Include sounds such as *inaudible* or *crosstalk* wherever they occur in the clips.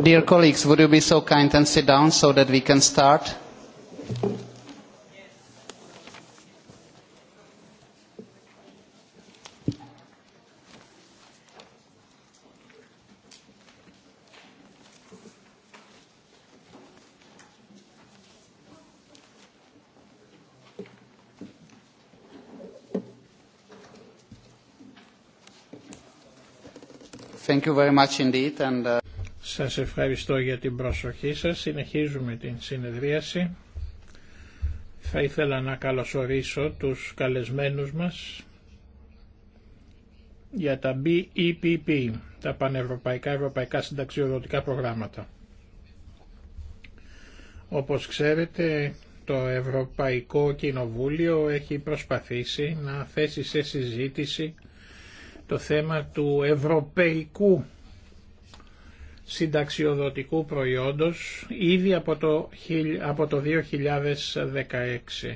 Dear colleagues, would you be so kind and sit down so that we can start? Thank you very much indeed and σας ευχαριστώ για την προσοχή σας. Συνεχίζουμε την συνεδρίαση. Θα ήθελα να καλωσορίσω τους καλεσμένους μας για τα BEPP, τα Πανευρωπαϊκά Ευρωπαϊκά Συνταξιοδοτικά Προγράμματα. Όπως ξέρετε, το Ευρωπαϊκό Κοινοβούλιο έχει προσπαθήσει να θέσει σε συζήτηση το θέμα του Ευρωπαϊκού συνταξιοδοτικού προϊόντος ήδη από το, 2016.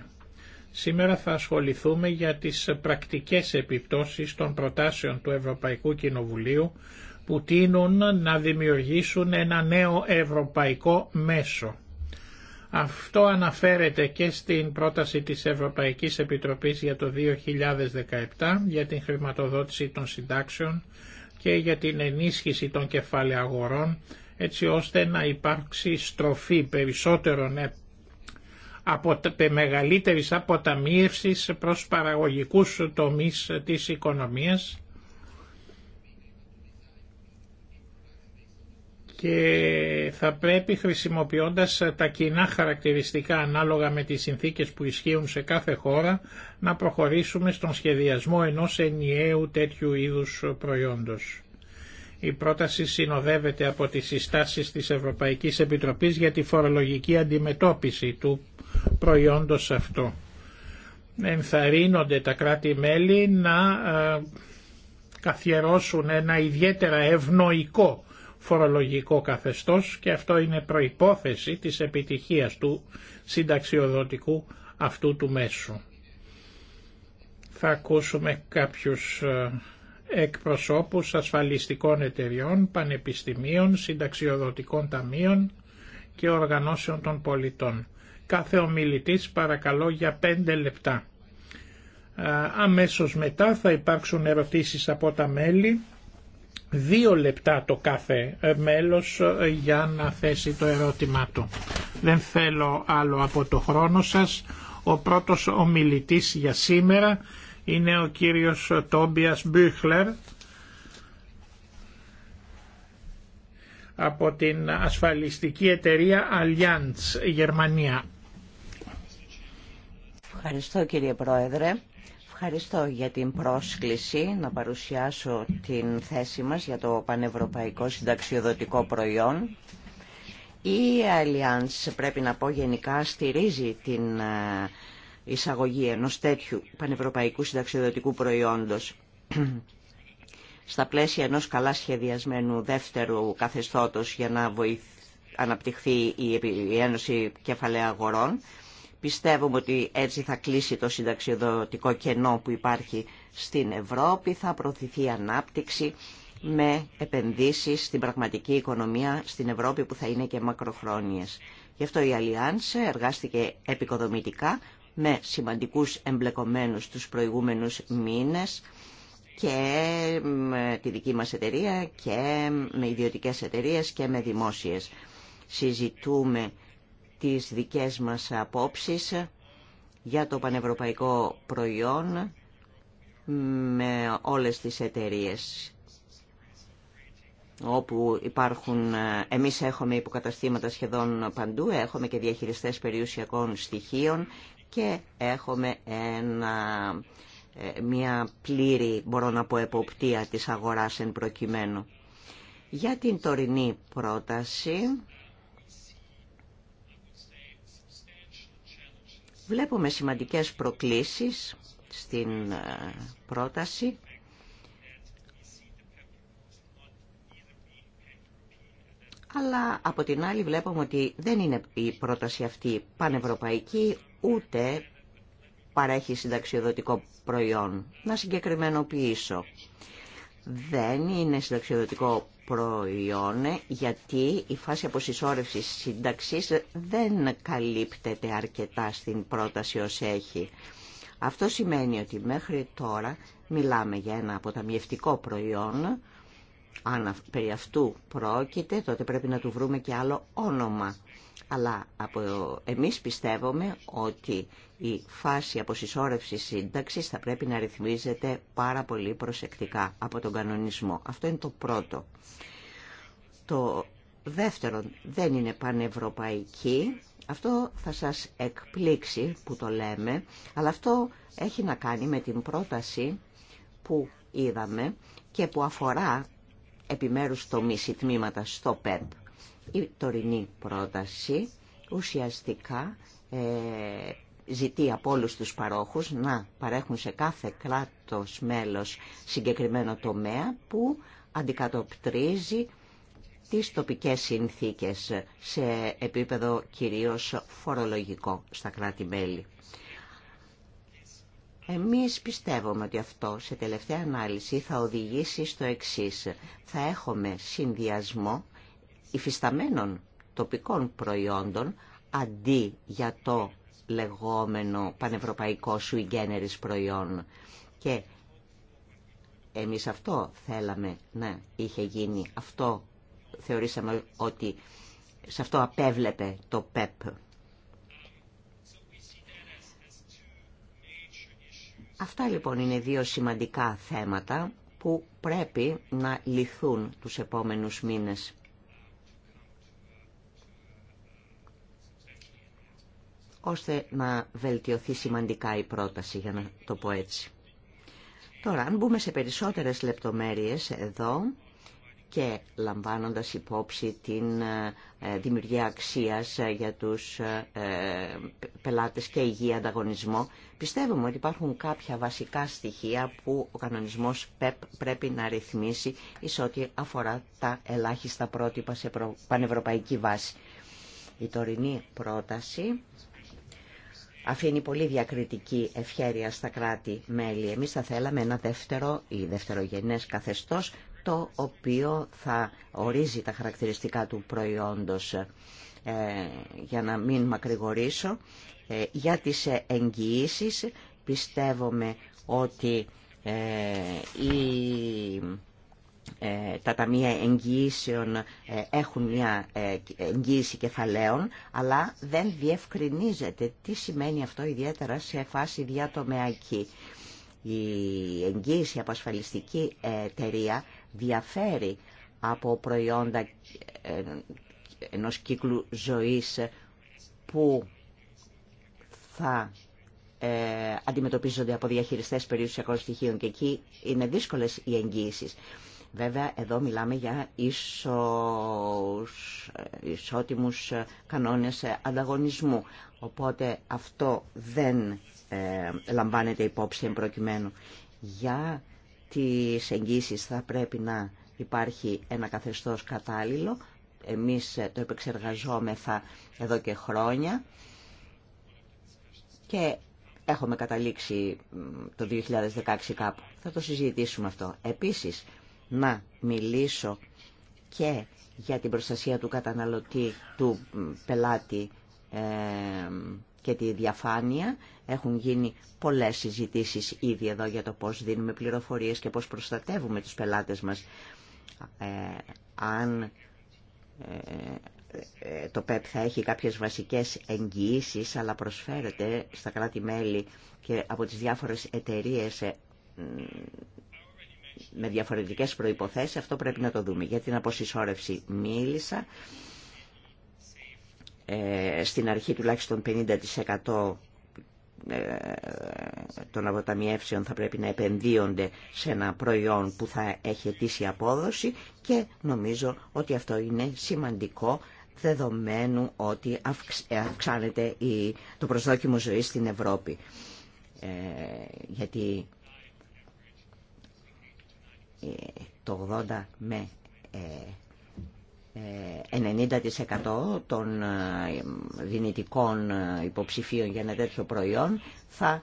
Σήμερα θα ασχοληθούμε για τις πρακτικές επιπτώσεις των προτάσεων του Ευρωπαϊκού Κοινοβουλίου που τίνουν να δημιουργήσουν ένα νέο ευρωπαϊκό μέσο. Αυτό αναφέρεται και στην πρόταση της Ευρωπαϊκής Επιτροπής για το 2017 για την χρηματοδότηση των συντάξεων και για την ενίσχυση των κεφαλαίων έτσι ώστε να υπάρξει στροφή περισσότερων ε, από μεγαλύτερης αποταμίευσης προς παραγωγικούς τομείς της οικονομίας και θα πρέπει χρησιμοποιώντας τα κοινά χαρακτηριστικά ανάλογα με τις συνθήκες που ισχύουν σε κάθε χώρα να προχωρήσουμε στον σχεδιασμό ενός ενιαίου τέτοιου είδους προϊόντος. Η πρόταση συνοδεύεται από τις συστάσεις της Ευρωπαϊκής Επιτροπής για τη φορολογική αντιμετώπιση του προϊόντος αυτό. Ενθαρρύνονται τα κράτη-μέλη να ε, καθιερώσουν ένα ιδιαίτερα ευνοϊκό φορολογικό καθεστώς και αυτό είναι προϋπόθεση της επιτυχίας του συνταξιοδοτικού αυτού του μέσου. Θα ακούσουμε κάποιους ε, εκπροσώπους ασφαλιστικών εταιριών, πανεπιστημίων, συνταξιοδοτικών ταμείων και οργανώσεων των πολιτών. Κάθε ομιλητής παρακαλώ για πέντε λεπτά. Ε, αμέσως μετά θα υπάρξουν ερωτήσεις από τα μέλη δύο λεπτά το κάθε ε, μέλος ε, για να θέσει το ερώτημά του. Δεν θέλω άλλο από το χρόνο σας. Ο πρώτος ομιλητής για σήμερα είναι ο κύριος Τόμπιας Μπίχλερ από την ασφαλιστική εταιρεία Allianz Γερμανία. Ευχαριστώ κύριε Πρόεδρε. Ευχαριστώ για την πρόσκληση να παρουσιάσω την θέση μας για το Πανευρωπαϊκό Συνταξιοδοτικό Προϊόν. Η Allianz πρέπει να πω γενικά στηρίζει την ε, εισαγωγή ενός τέτοιου πανευρωπαϊκού συνταξιοδοτικού προϊόντος *clears throat* στα πλαίσια ενός καλά σχεδιασμένου δεύτερου καθεστώτος για να αναπτυχθεί η Ένωση Κεφαλαία Αγορών Πιστεύουμε ότι έτσι θα κλείσει το συνταξιοδοτικό κενό που υπάρχει στην Ευρώπη, θα προωθηθεί η ανάπτυξη με επενδύσεις στην πραγματική οικονομία στην Ευρώπη που θα είναι και μακροχρόνιες. Γι' αυτό η Αλιάνσε εργάστηκε επικοδομητικά με σημαντικούς εμπλεκομένους τους προηγούμενους μήνες και με τη δική μας εταιρεία και με ιδιωτικές εταιρείες και με δημόσιες. Συζητούμε τις δικές μας απόψεις για το πανευρωπαϊκό προϊόν με όλες τις εταιρείες όπου υπάρχουν, εμείς έχουμε υποκαταστήματα σχεδόν παντού, έχουμε και διαχειριστές περιουσιακών στοιχείων και έχουμε ένα, ε, μια πλήρη, μπορώ να πω, εποπτεία της αγοράς εν προκειμένου. Για την τωρινή πρόταση, Βλέπουμε σημαντικές προκλήσεις στην ε, πρόταση. Αλλά από την άλλη βλέπουμε ότι δεν είναι η πρόταση αυτή πανευρωπαϊκή, ούτε παρέχει συνταξιοδοτικό προϊόν. Να συγκεκριμενοποιήσω. Δεν είναι συνταξιοδοτικό προϊόν γιατί η φάση αποσυσσόρευσης σύνταξης δεν καλύπτεται αρκετά στην πρόταση ως έχει. Αυτό σημαίνει ότι μέχρι τώρα μιλάμε για ένα αποταμιευτικό προϊόν, αν περί αυτού πρόκειται τότε πρέπει να του βρούμε και άλλο όνομα αλλά από, εμείς πιστεύουμε ότι η φάση αποσυσσόρευσης σύνταξης θα πρέπει να ρυθμίζεται πάρα πολύ προσεκτικά από τον κανονισμό. Αυτό είναι το πρώτο. Το δεύτερον, δεν είναι πανευρωπαϊκή. Αυτό θα σας εκπλήξει που το λέμε, αλλά αυτό έχει να κάνει με την πρόταση που είδαμε και που αφορά επιμέρους τομείς ή τμήματα στο ΠΕΠ. Η τωρινή πρόταση ουσιαστικά ε, ζητεί από όλους τους παρόχους να παρέχουν σε κάθε κράτος μέλος συγκεκριμένο τομέα που αντικατοπτρίζει τις τοπικές συνθήκες σε επίπεδο κυρίως φορολογικό στα κράτη-μέλη. Εμείς πιστεύουμε ότι αυτό σε τελευταία ανάλυση θα οδηγήσει στο εξής. Θα έχουμε συνδυασμό υφισταμένων τοπικών προϊόντων αντί για το λεγόμενο πανευρωπαϊκό σου generis προϊόν. Και εμείς αυτό θέλαμε να είχε γίνει. Αυτό θεωρήσαμε ότι σε αυτό απέβλεπε το ΠΕΠ. Αυτά λοιπόν είναι δύο σημαντικά θέματα που πρέπει να λυθούν τους επόμενους μήνες. ώστε να βελτιωθεί σημαντικά η πρόταση, για να το πω έτσι. Τώρα, αν μπούμε σε περισσότερες λεπτομέρειες εδώ και λαμβάνοντας υπόψη την ε, δημιουργία αξίας ε, για τους ε, πελάτες και υγιή ανταγωνισμό, πιστεύουμε ότι υπάρχουν κάποια βασικά στοιχεία που ο κανονισμός ΠΕΠ πρέπει να ρυθμίσει εις ό,τι αφορά τα ελάχιστα πρότυπα σε πανευρωπαϊκή βάση. Η τωρινή πρόταση αφήνει πολύ διακριτική ευχέρεια στα κράτη-μέλη. Εμείς θα θέλαμε ένα δεύτερο ή δευτερογενές καθεστώς, το οποίο θα ορίζει τα χαρακτηριστικά του προϊόντος. Ε, για να μην μακρηγορήσω, ε, για τις εγγυήσεις πιστεύουμε ότι ε, η ε, τα ταμεία εγγυήσεων ε, έχουν μια ε, εγγύηση κεφαλαίων, αλλά δεν διευκρινίζεται τι σημαίνει αυτό ιδιαίτερα σε φάση διατομεακή. Η εγγύηση ασφαλιστική εταιρεία διαφέρει από προϊόντα ενός κύκλου ζωής που θα αντιμετωπίζονται από διαχειριστές περιουσιακών στοιχείων και εκεί είναι δύσκολες οι εγγύησεις. Βέβαια, εδώ μιλάμε για ίσως, ισότιμους κανόνες ανταγωνισμού. Οπότε αυτό δεν ε, λαμβάνεται υπόψη προκειμένου. Για τις εγγύσεις θα πρέπει να υπάρχει ένα καθεστώς κατάλληλο. Εμείς το επεξεργαζόμεθα εδώ και χρόνια και έχουμε καταλήξει το 2016 κάπου. Θα το συζητήσουμε αυτό. Επίσης, να μιλήσω και για την προστασία του καταναλωτή, του πελάτη ε, και τη διαφάνεια. Έχουν γίνει πολλές συζητήσεις ήδη εδώ για το πώς δίνουμε πληροφορίες και πώς προστατεύουμε τους πελάτες μας. Ε, αν ε, το ΠΕΠ θα έχει κάποιες βασικές εγγυήσεις, αλλά προσφέρεται στα κράτη-μέλη και από τις διάφορες εταιρείες με διαφορετικές προϋποθέσεις, αυτό πρέπει να το δούμε. Για την αποσυσσόρευση μίλησα, ε, στην αρχή τουλάχιστον 50% ε, των αποταμιεύσεων θα πρέπει να επενδύονται σε ένα προϊόν που θα έχει αιτήσει απόδοση και νομίζω ότι αυτό είναι σημαντικό δεδομένου ότι ε, αυξάνεται το προσδόκιμο ζωής στην Ευρώπη. Ε, γιατί ε, το 80 με 90% ε, ε, των δυνητικών υποψηφίων για ένα τέτοιο προϊόν θα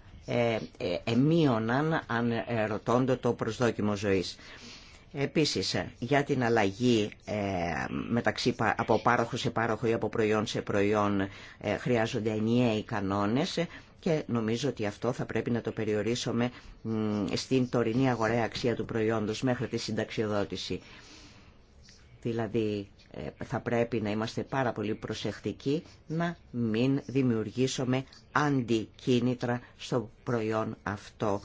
εμείωναν αν ρωτώνται το προσδόκιμο ζωής. Επίσης, για την αλλαγή ε, μεταξύ από πάροχο σε πάροχο ή από προϊόν σε προϊόν ε, χρειάζονται ενιαίοι κανόνες και νομίζω ότι αυτό θα πρέπει να το περιορίσουμε στην τωρινή αγοραία αξία του προϊόντος μέχρι τη συνταξιοδότηση. Δηλαδή, ε, θα πρέπει να είμαστε πάρα πολύ προσεκτικοί να μην δημιουργήσουμε αντικίνητρα στο προϊόν αυτό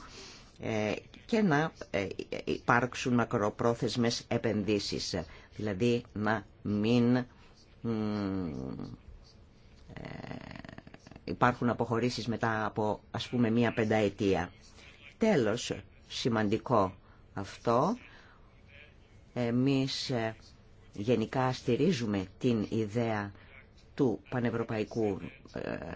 και να ε, υπάρξουν μακροπρόθεσμες επενδύσεις. Δηλαδή να μην ε, υπάρχουν αποχωρήσεις μετά από ας πούμε μία πενταετία. Τέλος, σημαντικό αυτό, εμείς ε, γενικά στηρίζουμε την ιδέα του πανευρωπαϊκού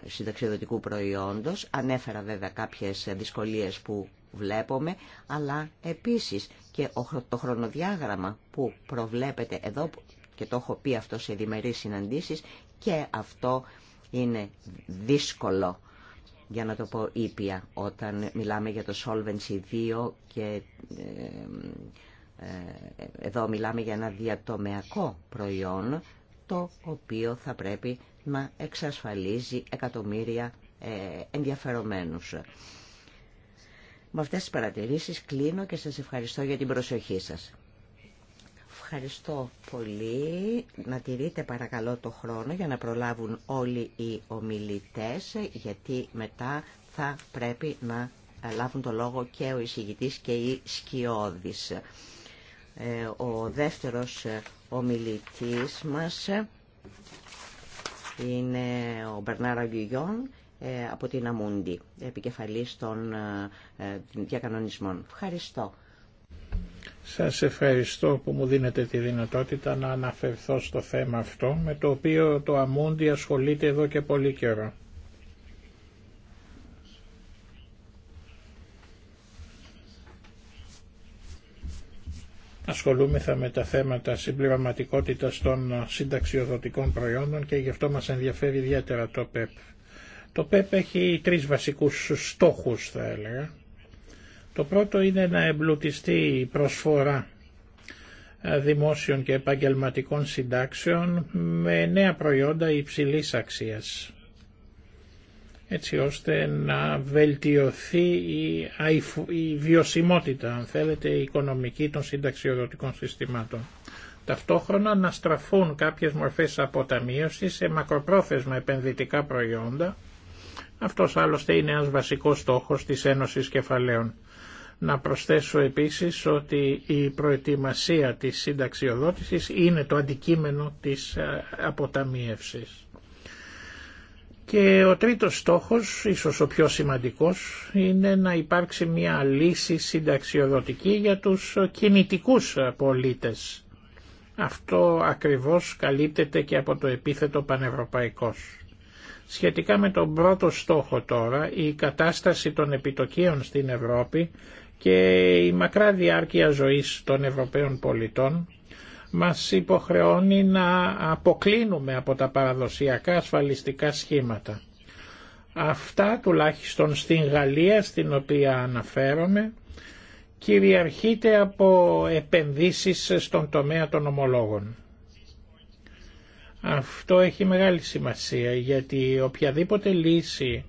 συνταξιδοτικού προϊόντος. Ανέφερα βέβαια κάποιες δυσκολίες που βλέπουμε, αλλά επίσης και το χρονοδιάγραμμα που προβλέπεται εδώ, και το έχω πει αυτό σε διμερείς συναντήσεις, και αυτό είναι δύσκολο, για να το πω ήπια, όταν μιλάμε για το Solvency 2 και ε, ε, εδώ μιλάμε για ένα διατομεακό προϊόν, το οποίο θα πρέπει να εξασφαλίζει εκατομμύρια ε, ενδιαφερομένους. Με αυτές τις παρατηρήσεις κλείνω και σας ευχαριστώ για την προσοχή σας. Ευχαριστώ πολύ. Να τηρείτε παρακαλώ το χρόνο για να προλάβουν όλοι οι ομιλητές, γιατί μετά θα πρέπει να ε, λάβουν το λόγο και ο εισηγητής και η σκιώδης. Ε, ο δεύτερος ε, ομιλητής μας είναι ο Μπερνάρα Γκυγιόν ε, από την Αμούντι, επικεφαλής των διακανονισμών. Ε, ε, ευχαριστώ. Σας ευχαριστώ που μου δίνετε τη δυνατότητα να αναφερθώ στο θέμα αυτό, με το οποίο το Αμούντι ασχολείται εδώ και πολύ καιρό. Ασχολούμεθα με τα θέματα συμπληρωματικότητας των συνταξιοδοτικών προϊόντων και γι' αυτό μας ενδιαφέρει ιδιαίτερα το ΠΕΠ. Το ΠΕΠ έχει τρεις βασικούς στόχους θα έλεγα. Το πρώτο είναι να εμπλουτιστεί η προσφορά ε, δημόσιων και επαγγελματικών συντάξεων με νέα προϊόντα υψηλής αξίας έτσι ώστε να βελτιωθεί η, η βιωσιμότητα, αν θέλετε, η οικονομική των συνταξιοδοτικών συστημάτων. Ταυτόχρονα να στραφούν κάποιες μορφές αποταμίωσης σε μακροπρόθεσμα επενδυτικά προϊόντα, αυτός άλλωστε είναι ένας βασικός στόχος της Ένωσης Κεφαλαίων. Να προσθέσω επίσης ότι η προετοιμασία της συνταξιοδότησης είναι το αντικείμενο της ε, αποταμίευσης. Και ο τρίτος στόχος, ίσως ο πιο σημαντικός, είναι να υπάρξει μια λύση συνταξιοδοτική για τους κινητικούς πολίτες. Αυτό ακριβώς καλύπτεται και από το επίθετο πανευρωπαϊκός. Σχετικά με τον πρώτο στόχο τώρα, η κατάσταση των επιτοκίων στην Ευρώπη και η μακρά διάρκεια ζωής των Ευρωπαίων πολιτών μας υποχρεώνει να αποκλίνουμε από τα παραδοσιακά ασφαλιστικά σχήματα. Αυτά τουλάχιστον στην Γαλλία στην οποία αναφέρομαι κυριαρχείται από επενδύσεις στον τομέα των ομολόγων. Αυτό έχει μεγάλη σημασία γιατί οποιαδήποτε λύση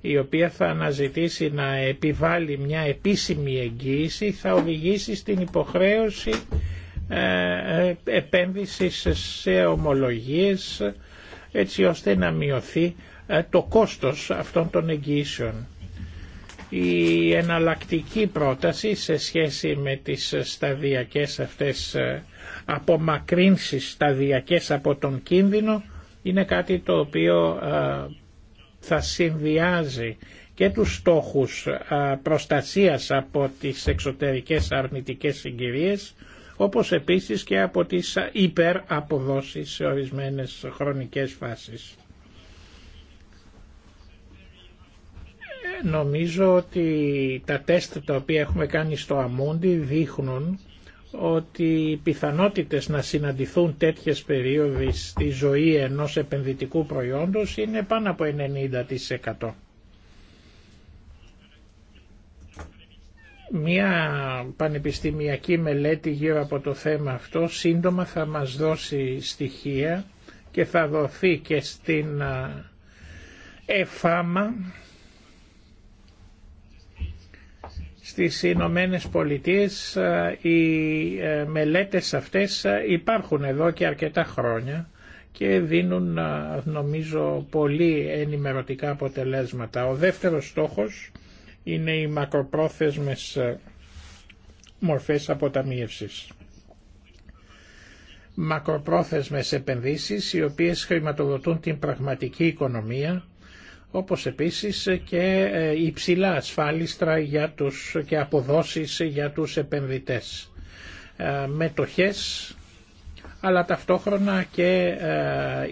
η οποία θα αναζητήσει να επιβάλλει μια επίσημη εγγύηση θα οδηγήσει στην υποχρέωση ε, ε, επένδυσης σε ομολογίες έτσι ώστε να μειωθεί ε, το κόστος αυτών των εγγύσεων. Η εναλλακτική πρόταση σε σχέση με τις σταδιακές αυτές απομακρύνσεις σταδιακές από τον κίνδυνο είναι κάτι το οποίο θα συνδυάζει και τους στόχους προστασίας από τις εξωτερικές αρνητικές συγκυρίες όπως επίσης και από τις υπεραποδόσεις σε ορισμένες χρονικές φάσεις. Ε, νομίζω ότι τα τεστ τα οποία έχουμε κάνει στο Αμούντι δείχνουν ότι οι πιθανότητες να συναντηθούν τέτοιες περίοδοι στη ζωή ενός επενδυτικού προϊόντος είναι πάνω από 90%. Μία πανεπιστημιακή μελέτη γύρω από το θέμα αυτό σύντομα θα μας δώσει στοιχεία και θα δοθεί και στην εφάμα Στις Ηνωμένε Πολιτείε ε, οι ε, μελέτες αυτές ε, υπάρχουν εδώ και αρκετά χρόνια και δίνουν νομίζω πολύ ενημερωτικά αποτελέσματα. Ο δεύτερος στόχος είναι οι μακροπρόθεσμες μορφές αποταμίευσης. Μακροπρόθεσμες επενδύσεις οι οποίες χρηματοδοτούν την πραγματική οικονομία όπως επίσης και ε, υψηλά ασφάλιστρα για τους, και αποδόσεις για τους επενδυτές. Ε, μετοχές αλλά ταυτόχρονα και ε,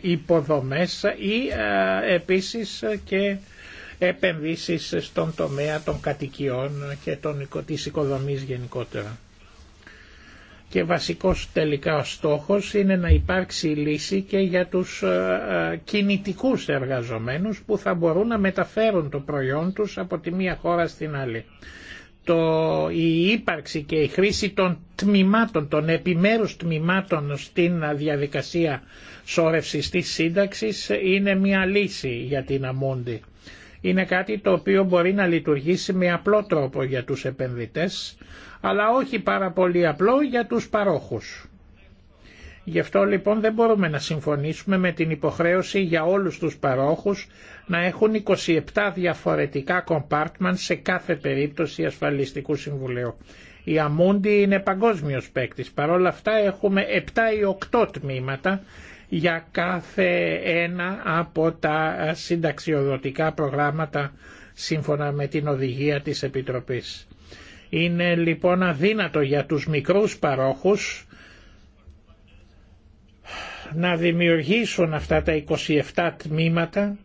υποδομές ή επίσης και επενδύσεις στον τομέα των κατοικιών και των, της οικοδομής γενικότερα και βασικός τελικά ο στόχος είναι να υπάρξει λύση και για τους ε, ε, κινητικούς εργαζομένους που θα μπορούν να μεταφέρουν το προϊόν τους από τη μία χώρα στην άλλη. Το, η ύπαρξη και η χρήση των τμήματων, των επιμέρους τμήματων στην διαδικασία σώρευσης της σύνταξης είναι μια λύση για την αμόντι. Είναι κάτι το οποίο μπορεί να λειτουργήσει με απλό τρόπο για τους επενδυτές αλλά όχι πάρα πολύ απλό για τους παρόχους. Γι' αυτό λοιπόν δεν μπορούμε να συμφωνήσουμε με την υποχρέωση για όλους τους παρόχους να έχουν 27 διαφορετικά κομπάρτμαν σε κάθε περίπτωση ασφαλιστικού συμβουλίου. Η Αμούντι είναι παγκόσμιος παίκτη. όλα αυτά έχουμε 7 ή 8 τμήματα για κάθε ένα από τα συνταξιοδοτικά προγράμματα σύμφωνα με την οδηγία της Επιτροπής. Είναι λοιπόν αδύνατο για τους μικρούς παρόχους να δημιουργήσουν αυτά τα 27 τμήματα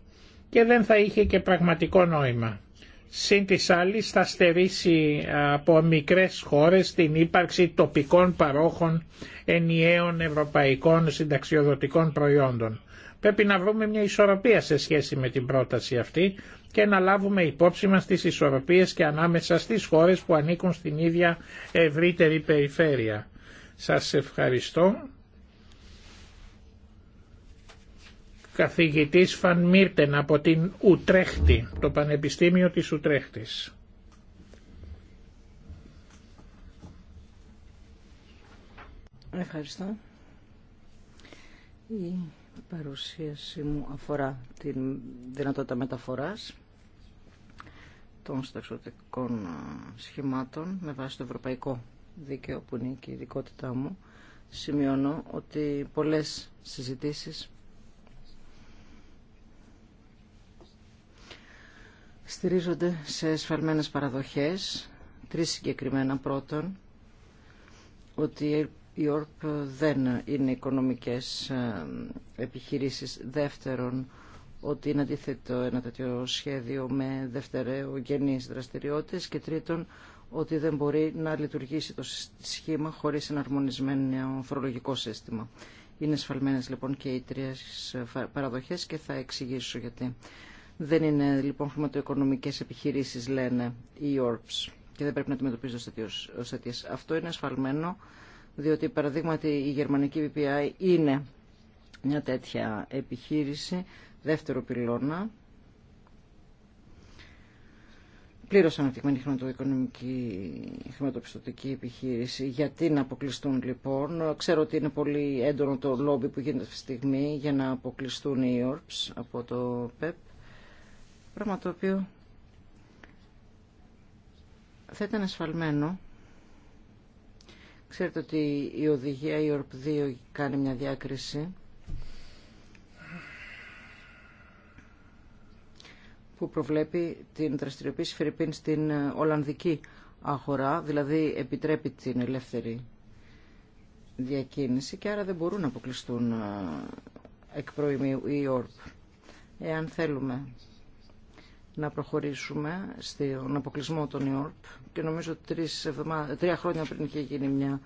και δεν θα είχε και πραγματικό νόημα. Συν της άλλης θα στερήσει από μικρές χώρες την ύπαρξη τοπικών παρόχων ενιαίων ευρωπαϊκών συνταξιοδοτικών προϊόντων. Πρέπει να βρούμε μια ισορροπία σε σχέση με την πρόταση αυτή και να λάβουμε υπόψη μας τις ισορροπίες και ανάμεσα στις χώρες που ανήκουν στην ίδια ευρύτερη περιφέρεια. Σας ευχαριστώ. Καθηγητής Φαν Μίρτεν από την Ουτρέχτη, το Πανεπιστήμιο της Ουτρέχτης. Ευχαριστώ. Η παρουσίαση μου αφορά την δυνατότητα μεταφοράς των συνταξιωτικών ε, σχημάτων με βάση το ευρωπαϊκό δίκαιο που είναι και η ειδικότητά μου σημειώνω ότι πολλές συζητήσεις στηρίζονται σε εσφαλμένες παραδοχές τρεις συγκεκριμένα πρώτον ότι η ΟΡΠ δεν είναι οικονομικές ε, επιχειρήσεις δεύτερον ότι είναι αντίθετο ένα τέτοιο σχέδιο με δευτερεογενείς δραστηριότητες και τρίτον ότι δεν μπορεί να λειτουργήσει το σχήμα χωρίς αρμονισμένο φορολογικό σύστημα. Είναι σφαλμένες λοιπόν και οι τρεις ε, παραδοχές και θα εξηγήσω γιατί. Δεν είναι λοιπόν χρηματοοικονομικές επιχειρήσεις λένε οι ORPS και δεν πρέπει να αντιμετωπίζονται ως τέτοιες. Αυτό είναι ασφαλμένο διότι παραδείγματι η γερμανική BPI είναι μια τέτοια επιχείρηση δεύτερο πυλώνα πλήρως αναπτυγμένη χρηματοοικονομική χρηματοπιστωτική επιχείρηση. Γιατί να αποκλειστούν λοιπόν. Ξέρω ότι είναι πολύ έντονο το λόμπι που γίνεται αυτή τη στιγμή για να αποκλειστούν οι ΙΟΡΠΣ e από το ΠΕΠ. E Πράγμα το οποίο θα ήταν ασφαλμένο. Ξέρετε ότι η οδηγία η e 2 κάνει μια διάκριση που προβλέπει την δραστηριοποίηση Φερρυπίν στην ε, Ολλανδική αγορά, δηλαδή επιτρέπει την ελεύθερη διακίνηση και άρα δεν μπορούν να αποκλειστούν ε, εκ προημίου ή ΟΡΠ. Εάν θέλουμε να προχωρήσουμε στον αποκλεισμό των ΙΟΡΠ και νομίζω τρία χρόνια πριν είχε γίνει μια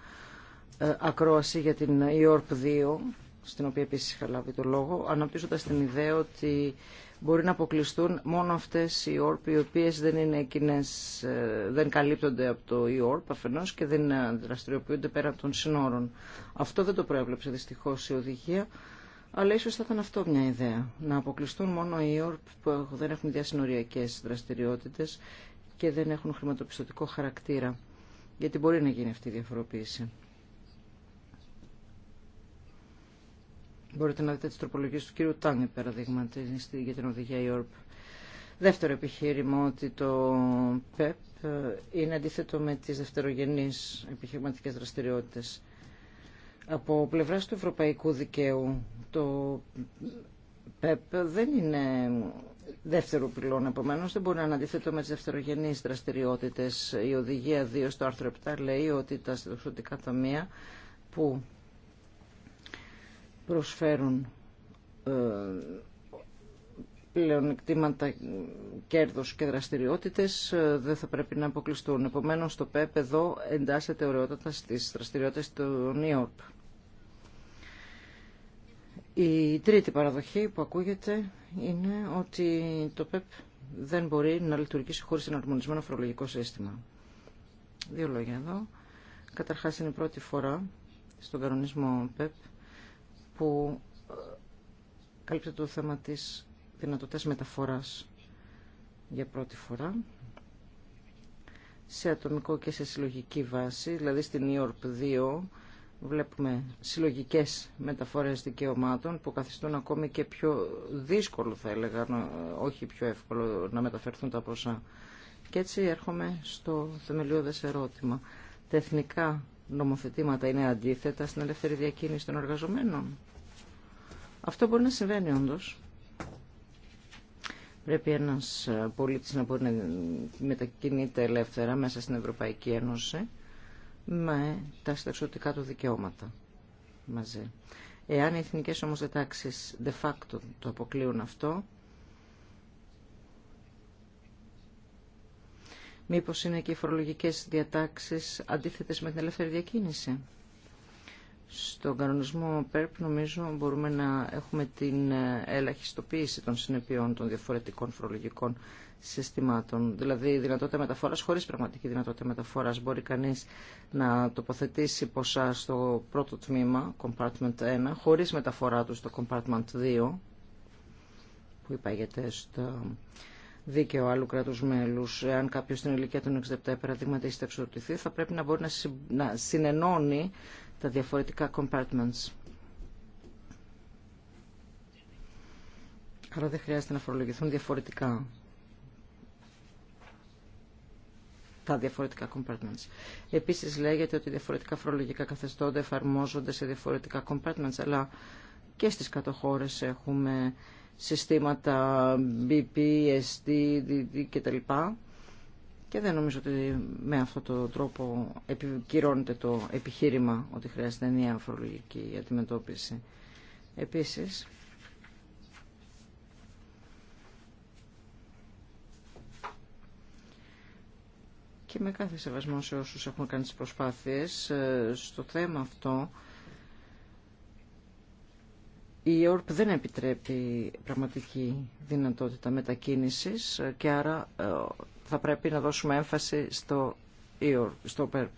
ε, ακρόαση για την ΙΟΡΠ 2 στην οποία επίσης είχα λάβει το λόγο, αναπτύσσοντας την ιδέα ότι μπορεί να αποκλειστούν μόνο αυτές οι όρπ οι οποίες δεν είναι κοινέ, ε, δεν καλύπτονται από το ΙΟΡΠ e αφενός και δεν ε, δραστηριοποιούνται πέραν των συνόρων. Αυτό δεν το προέβλεψε δυστυχώς η οδηγία, αλλά ίσως θα ήταν αυτό μια ιδέα. Να αποκλειστούν μόνο οι ΙΟΡΠ e που δεν έχουν διασυνοριακές δραστηριότητες και δεν έχουν χρηματοπιστωτικό χαρακτήρα. Γιατί μπορεί να γίνει αυτή η διαφοροποίηση. Μπορείτε να δείτε τις τροπολογίες του κύριου Τάνι, παραδείγματι, για την οδηγία ΙΟΡΠ. Δεύτερο επιχείρημα ότι το ΠΕΠ ε, είναι αντίθετο με τις δευτερογενείς επιχειρηματικές δραστηριότητες. Από πλευράς του ευρωπαϊκού δικαίου, το ΠΕΠ δεν είναι δεύτερο πυλόν, επομένω δεν μπορεί να είναι αντίθετο με τις δευτερογενείς δραστηριότητες. Η οδηγία 2 στο άρθρο 7 λέει ότι τα τα ταμεία που προσφέρουν ε, πλεονεκτήματα κέρδος και δραστηριότητες ε, δεν θα πρέπει να αποκλειστούν. Επομένως το ΠΕΠ εδώ εντάσσεται ωραιότατα στις δραστηριότητες του ΝΙΟΡΠ. Η τρίτη παραδοχή που ακούγεται είναι ότι το ΠΕΠ δεν μπορεί να λειτουργήσει χωρίς ένα αρμονισμένο φορολογικό σύστημα. Δύο λόγια εδώ. Καταρχάς είναι η πρώτη φορά στον κανονισμό ΠΕΠ που κάλυψε το θέμα της δυνατότητας μεταφοράς για πρώτη φορά σε ατομικό και σε συλλογική βάση, δηλαδή στην ΙΟΡΠ 2 βλέπουμε συλλογικές μεταφορές δικαιωμάτων που καθιστούν ακόμη και πιο δύσκολο θα έλεγα, όχι πιο εύκολο να μεταφερθούν τα ποσά. Και έτσι έρχομαι στο θεμελιώδες ερώτημα. Τεθνικά νομοθετήματα είναι αντίθετα στην ελεύθερη διακίνηση των εργαζομένων. Αυτό μπορεί να συμβαίνει όντω. Πρέπει ένας ε, πολίτης να μπορεί να μετακινείται ελεύθερα μέσα στην Ευρωπαϊκή Ένωση με τα συνταξιωτικά του δικαιώματα μαζί. Εάν οι εθνικές όμως δετάξεις de facto το αποκλείουν αυτό, Μήπως είναι και οι φορολογικές διατάξεις αντίθετες με την ελεύθερη διακίνηση. Στον κανονισμό ΠΕΡΠ νομίζω μπορούμε να έχουμε την ε, ελαχιστοποίηση των συνεπειών των διαφορετικών φορολογικών συστημάτων. Δηλαδή δυνατότητα μεταφοράς χωρίς πραγματική δυνατότητα μεταφοράς. Μπορεί κανείς να τοποθετήσει ποσά στο πρώτο τμήμα, compartment 1, χωρίς μεταφορά του στο compartment 2, που υπάγεται στο δίκαιο άλλου κράτου μέλου. Αν κάποιο στην ηλικία των 67 παραδείγματα έχει ταξιδοτηθεί, θα πρέπει να μπορεί να συνενώνει τα διαφορετικά compartments. Άρα δεν χρειάζεται να φορολογηθούν διαφορετικά τα διαφορετικά compartments. Επίσης λέγεται ότι διαφορετικά φορολογικά καθεστώτα εφαρμόζονται σε διαφορετικά compartments, αλλά και στις κατοχώρες έχουμε συστήματα BP, SD, τα λοιπά Και δεν νομίζω ότι με αυτόν τον τρόπο επικυρώνεται το επιχείρημα ότι χρειάζεται μια φορολογική αντιμετώπιση. Επίσης, και με κάθε σεβασμό σε όσους έχουν κάνει τις προσπάθειες, ε, στο θέμα αυτό η ΕΟΡΠ δεν επιτρέπει πραγματική δυνατότητα μετακίνησης και άρα ε, θα πρέπει να δώσουμε έμφαση στο ΕΟΡΠ, στο ΠΕΡΠ.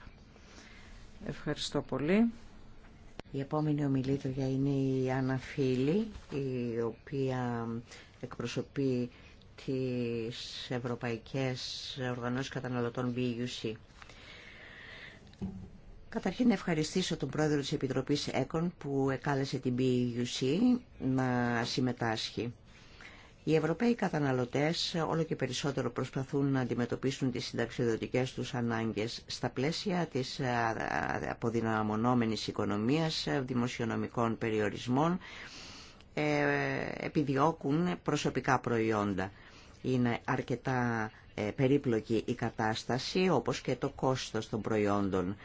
Ευχαριστώ πολύ. Η επόμενη ομιλήτρια είναι η Άννα Φίλη, η οποία εκπροσωπεί τις Ευρωπαϊκές Οργανώσεις Καταναλωτών BUC. Καταρχήν να ευχαριστήσω τον πρόεδρο της Επιτροπής ΕΚΟΝ που εκάλεσε την BUC να συμμετάσχει. Οι Ευρωπαίοι καταναλωτές όλο και περισσότερο προσπαθούν να αντιμετωπίσουν τις συνταξιδοτικές τους ανάγκες στα πλαίσια της αποδυναμωνόμενης οικονομίας, δημοσιονομικών περιορισμών, ε, επιδιώκουν προσωπικά προϊόντα. Είναι αρκετά ε, περίπλοκη η κατάσταση, όπως και το κόστος των προϊόντων.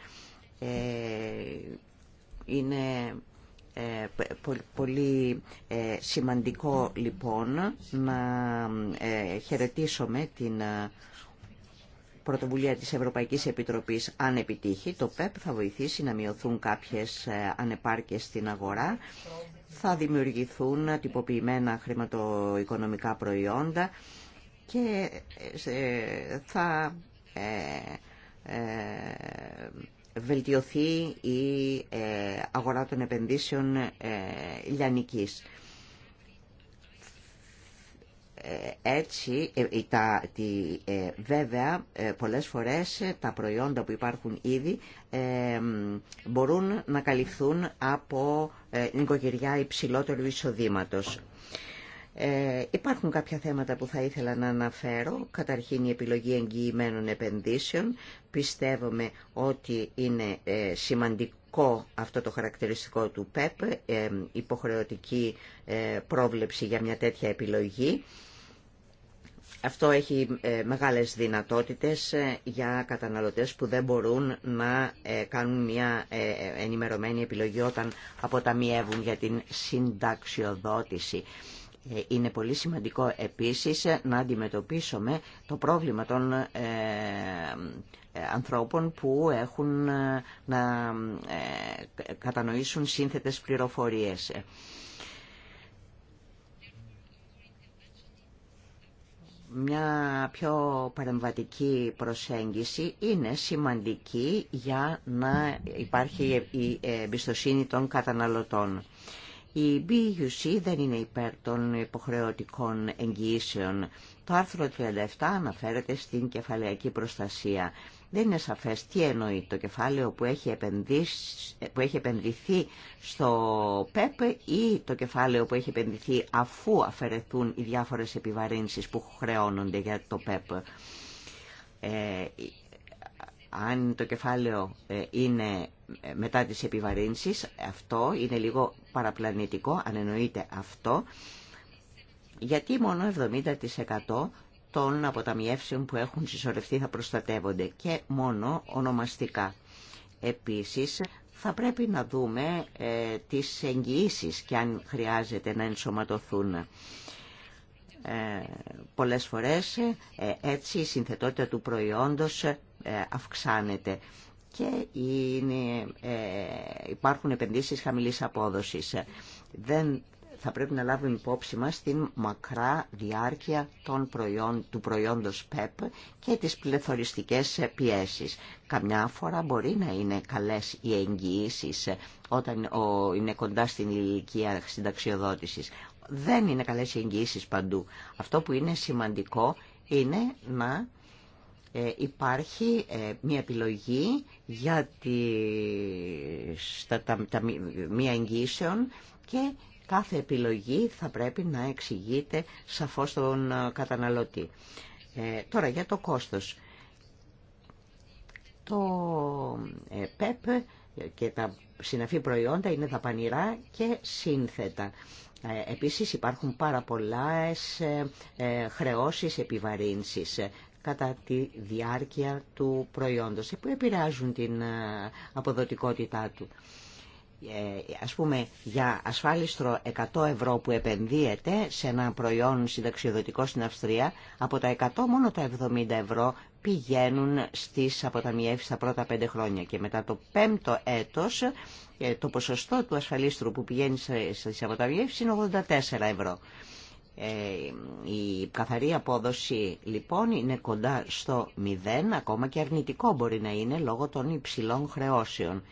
Ε, είναι ε, πολύ ε, σημαντικό λοιπόν να χαιρετήσουμε την πρωτοβουλία της Ευρωπαϊκής Επιτροπής αν επιτύχει. Το ΠΕΠ θα βοηθήσει να μειωθούν κάποιες ανεπάρκειες στην αγορά. Θα δημιουργηθούν τυποποιημένα χρηματοοικονομικά προϊόντα και θα βελτιωθεί η ε, αγορά των επενδύσεων ε, λιανικής. Ε, έτσι, τα, τη, βέβαια, πολλές φορές τα προϊόντα που υπάρχουν ήδη μπορούν να καλυφθούν από νοικοκυριά υψηλότερου εισοδήματος. Ε, υπάρχουν κάποια θέματα που θα ήθελα να αναφέρω. Καταρχήν η επιλογή εγγυημένων επενδύσεων. Πιστεύουμε ότι είναι ε, σημαντικό αυτό το χαρακτηριστικό του ΠΕΠ, ε, υποχρεωτική ε, πρόβλεψη για μια τέτοια επιλογή. Αυτό έχει μεγάλες δυνατότητες για καταναλωτές που δεν μπορούν να κάνουν μια ενημερωμένη επιλογή όταν αποταμιεύουν για την συνταξιοδότηση. Ε, είναι πολύ σημαντικό επίσης να αντιμετωπίσουμε το πρόβλημα των ε, ε, ανθρώπων που έχουν να κατανοήσουν σύνθετες πληροφορίες. Μια πιο παρεμβατική προσέγγιση είναι σημαντική για να υπάρχει η εμπιστοσύνη των καταναλωτών. Η BUC δεν είναι υπέρ των υποχρεωτικών εγγυήσεων. Το άρθρο 37 αναφέρεται στην κεφαλαιακή προστασία. Δεν είναι σαφές τι εννοεί το κεφάλαιο που έχει, που έχει επενδυθεί στο ΠΕΠ ή το κεφάλαιο που έχει επενδυθεί αφού αφαιρεθούν οι διάφορες επιβαρύνσεις που χρεώνονται για το ΠΕΠ. Ε, αν το κεφάλαιο ε, είναι ε, μετά τις επιβαρύνσεις, αυτό είναι λίγο παραπλανητικό, αν εννοείται αυτό, γιατί μόνο 70% των αποταμιεύσεων που έχουν συσσωρευτεί θα προστατεύονται και μόνο ονομαστικά. Επίσης, θα πρέπει να δούμε ε, τις εγγυήσεις και αν χρειάζεται να ενσωματωθούν. Ε, πολλές φορές ε, έτσι η συνθετότητα του προϊόντος ε, αυξάνεται και είναι, υπάρχουν επενδύσεις χαμηλής απόδοσης. Δεν θα πρέπει να λάβουμε υπόψη μας την μακρά διάρκεια των προϊόν, του προϊόντος ΠΕΠ και τις πληθωριστικές πιέσεις. Καμιά φορά μπορεί να είναι καλές οι εγγυήσει όταν ο, είναι κοντά στην ηλικία συνταξιοδότησης δεν είναι καλές οι παντού. Αυτό που είναι σημαντικό είναι να ε, υπάρχει ε, μια επιλογή για τα μία εγγύησεων και κάθε επιλογή θα πρέπει να εξηγείται σαφώς τον ε, καταναλωτή. Τώρα για το κόστος. Το ΠΕΠ και τα συναφή προϊόντα είναι τα πανηρά και σύνθετα. Ε, επίσης υπάρχουν πάρα πολλές ε, ε, χρεώσεις επιβαρύνσεις κατά τη διάρκεια του προϊόντος που επηρεάζουν την αποδοτικότητά του. Ας πούμε για ασφάλιστρο 100 ευρώ που επενδύεται σε ένα προϊόν συνταξιοδοτικό στην Αυστρία από τα 100 μόνο τα 70 ευρώ πηγαίνουν στις αποταμιεύσεις τα πρώτα 5 χρόνια και μετά το πέμπτο έτος ε, το ποσοστό του ασφαλίστρου που πηγαίνει στις αποταμιεύσεις είναι 84 ευρώ. Ε, η καθαρή απόδοση λοιπόν είναι κοντά στο 0, ακόμα και αρνητικό μπορεί να είναι λόγω των υψηλών χρεώσεων.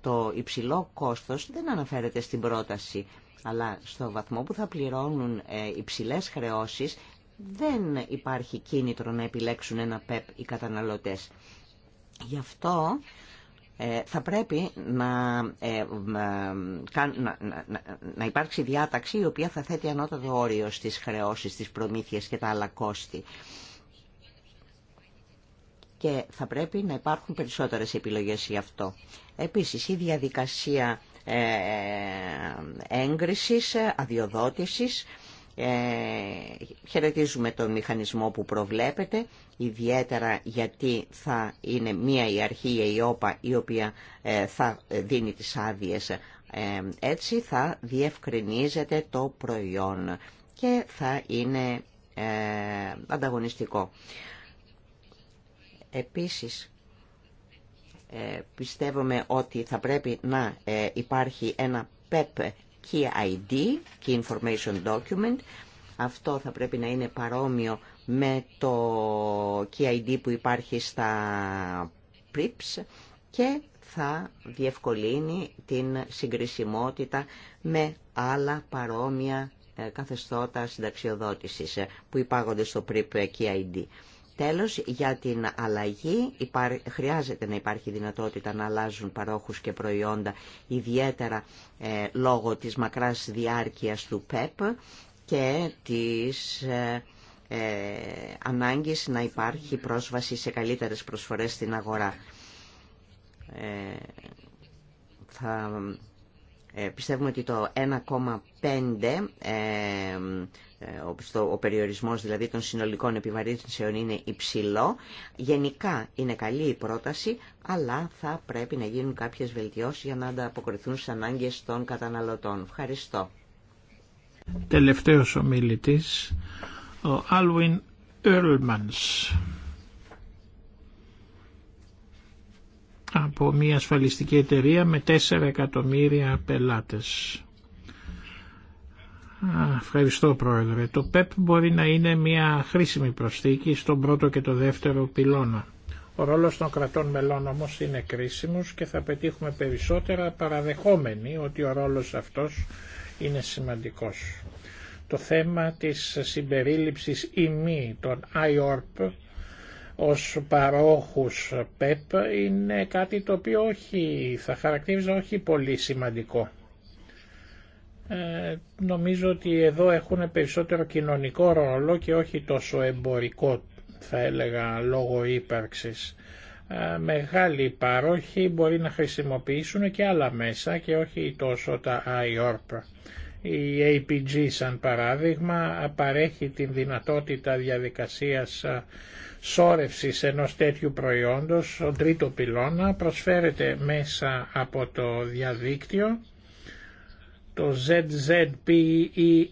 Το υψηλό κόστος δεν αναφέρεται στην πρόταση, αλλά στο βαθμό που θα πληρώνουν ε, υψηλές χρεώσεις δεν υπάρχει κίνητρο να επιλέξουν ένα ΠΕΠ οι καταναλωτές. Γι' αυτό ε, θα πρέπει ε, να, να, υπάρξει διάταξη η οποία θα θέτει ανώτατο όριο στις χρεώσεις, στις προμήθειες και τα άλλα κόστη. Και θα πρέπει να υπάρχουν περισσότερες επιλογές γι' αυτό. Επίσης, η διαδικασία ε, έγκρισης, αδειοδότησης, ε, χαιρετίζουμε τον μηχανισμό που προβλέπεται, ιδιαίτερα γιατί θα είναι μία η αρχή, η ΟΠΑ, η οποία ε, θα δίνει τις άδειες. Ε, έτσι θα διευκρινίζεται το προϊόν και θα είναι ε, ανταγωνιστικό. Επίσης, πιστεύουμε ότι θα πρέπει να υπάρχει ένα πέπ Key ID, Key Information Document. Αυτό θα πρέπει να είναι παρόμοιο με το Key ID που υπάρχει στα PRIPS και θα διευκολύνει την συγκρισιμότητα με άλλα παρόμοια ε, καθεστώτα συνταξιοδότησης ε, που υπάγονται στο PRIP Key ID. Τέλος, για την αλλαγή χρειάζεται να υπάρχει δυνατότητα να αλλάζουν παρόχους και προϊόντα, ιδιαίτερα ε, λόγω της μακράς διάρκειας του ΠΕΠ και της ε, ε, ανάγκης να υπάρχει πρόσβαση σε καλύτερες προσφορές στην αγορά. Ε, ε, πιστεύουμε ότι το 1,5, ε, ε, ο περιορισμός δηλαδή των συνολικών επιβαρύνσεων είναι υψηλό. Γενικά είναι καλή η πρόταση, αλλά θα πρέπει να γίνουν κάποιες βελτιώσεις για να ανταποκριθούν στις ανάγκες των καταναλωτών. Ευχαριστώ. Τελευταίος ομιλητής, ο Άλουιν Ερλμανς. από μια ασφαλιστική εταιρεία με 4 εκατομμύρια πελάτες. Ευχαριστώ Πρόεδρε. Το ΠΕΠ μπορεί να είναι μια χρήσιμη προσθήκη στον πρώτο και το δεύτερο πυλώνα. Ο ρόλος των κρατών μελών όμως είναι κρίσιμος και θα πετύχουμε περισσότερα παραδεχόμενοι ότι ο ρόλος αυτός είναι σημαντικός. Το θέμα της συμπερίληψης ή μη των IORP ως παρόχους ΠΕΠ είναι κάτι το οποίο όχι, θα χαρακτήριζα όχι πολύ σημαντικό. Ε, νομίζω ότι εδώ έχουν περισσότερο κοινωνικό ρόλο και όχι τόσο εμπορικό θα έλεγα λόγω ύπαρξης. Ε, μεγάλοι παρόχοι μπορεί να χρησιμοποιήσουν και άλλα μέσα και όχι τόσο τα IORP. Η APG σαν παράδειγμα παρέχει την δυνατότητα διαδικασίας σόρευσης ενός τέτοιου προϊόντος, ο τρίτο πυλώνα, προσφέρεται μέσα από το διαδίκτυο, το ZZPE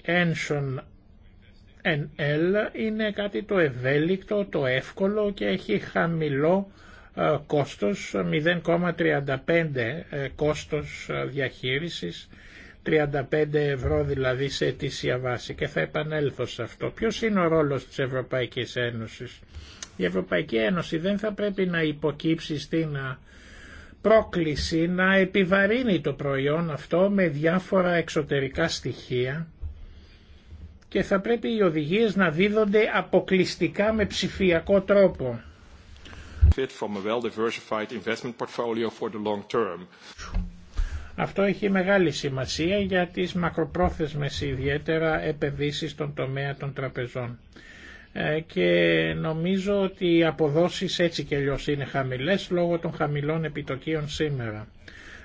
NL είναι κάτι το ευέλικτο, το εύκολο και έχει χαμηλό ε, κόστος, 0,35 ε, κόστος ε, διαχείρισης, 35 ευρώ δηλαδή σε αιτήσια βάση και θα επανέλθω σε αυτό. Ποιος είναι ο ρόλος της Ευρωπαϊκής Ένωσης. Η Ευρωπαϊκή Ένωση δεν θα πρέπει να υποκύψει στην πρόκληση να επιβαρύνει το προϊόν αυτό με διάφορα εξωτερικά στοιχεία και θα πρέπει οι οδηγίες να δίδονται αποκλειστικά με ψηφιακό τρόπο. Αυτό έχει μεγάλη σημασία για τις μακροπρόθεσμες ιδιαίτερα επενδύσεις στον τομέα των τραπεζών. Ε, και νομίζω ότι οι αποδόσεις έτσι και αλλιώς είναι χαμηλές λόγω των χαμηλών επιτοκίων σήμερα.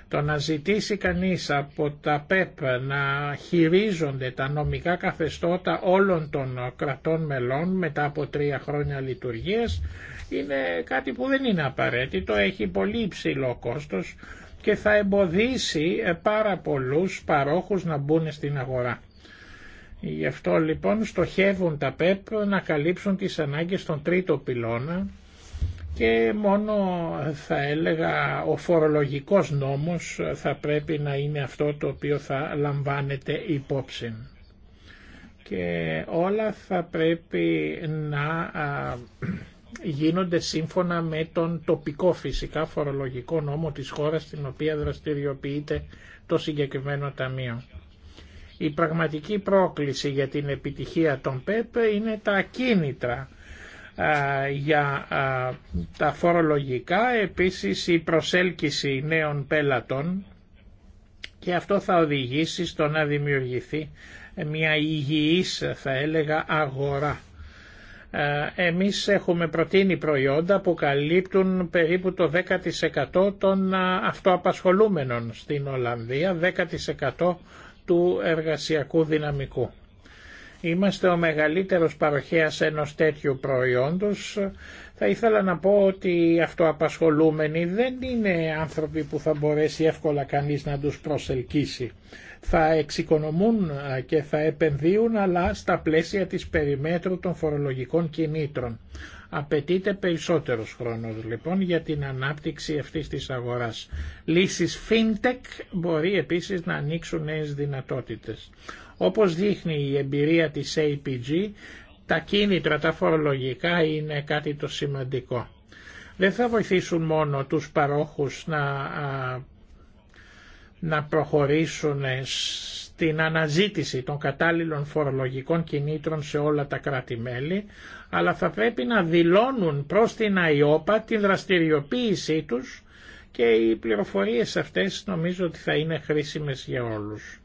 Το να ζητήσει κανείς από τα ΠΕΠ να χειρίζονται τα νομικά καθεστώτα όλων των κρατών μελών μετά από τρία χρόνια λειτουργίας είναι κάτι που δεν είναι απαραίτητο, έχει πολύ υψηλό κόστος και θα εμποδίσει πάρα πολλούς παρόχους να μπουν στην αγορά. Γι' αυτό λοιπόν στοχεύουν τα ΠΕΠ να καλύψουν τις ανάγκες των τρίτο πυλώνα και μόνο θα έλεγα ο φορολογικός νόμος θα πρέπει να είναι αυτό το οποίο θα λαμβάνεται υπόψη. Και όλα θα πρέπει να γίνονται σύμφωνα με τον τοπικό φυσικά φορολογικό νόμο της χώρας στην οποία δραστηριοποιείται το συγκεκριμένο ταμείο. Η πραγματική πρόκληση για την επιτυχία των ΠΕΠ είναι τα ακίνητρα για τα φορολογικά, επίσης η προσέλκυση νέων πελατών και αυτό θα οδηγήσει στο να δημιουργηθεί μια υγιής θα έλεγα αγορά. Εμείς έχουμε προτείνει προϊόντα που καλύπτουν περίπου το 10% των αυτοαπασχολούμενων στην Ολλανδία, 10% του εργασιακού δυναμικού. Είμαστε ο μεγαλύτερος παροχέας ενός τέτοιου προϊόντος. Θα ήθελα να πω ότι οι αυτοαπασχολούμενοι δεν είναι άνθρωποι που θα μπορέσει εύκολα κανείς να τους προσελκύσει. Θα εξοικονομούν και θα επενδύουν αλλά στα πλαίσια της περιμέτρου των φορολογικών κινήτρων. Απαιτείται περισσότερος χρόνος λοιπόν για την ανάπτυξη αυτής της αγοράς. Λύσεις fintech μπορεί επίσης να ανοίξουν νέες δυνατότητες. Όπως δείχνει η εμπειρία της APG, τα κίνητρα, τα φορολογικά είναι κάτι το σημαντικό. Δεν θα βοηθήσουν μόνο τους παρόχους να, να προχωρήσουν στην αναζήτηση των κατάλληλων φορολογικών κινήτρων σε όλα τα κράτη-μέλη, αλλά θα πρέπει να δηλώνουν προς την ΑΙΟΠΑ την δραστηριοποίησή τους και οι πληροφορίες αυτές νομίζω ότι θα είναι χρήσιμες για όλους.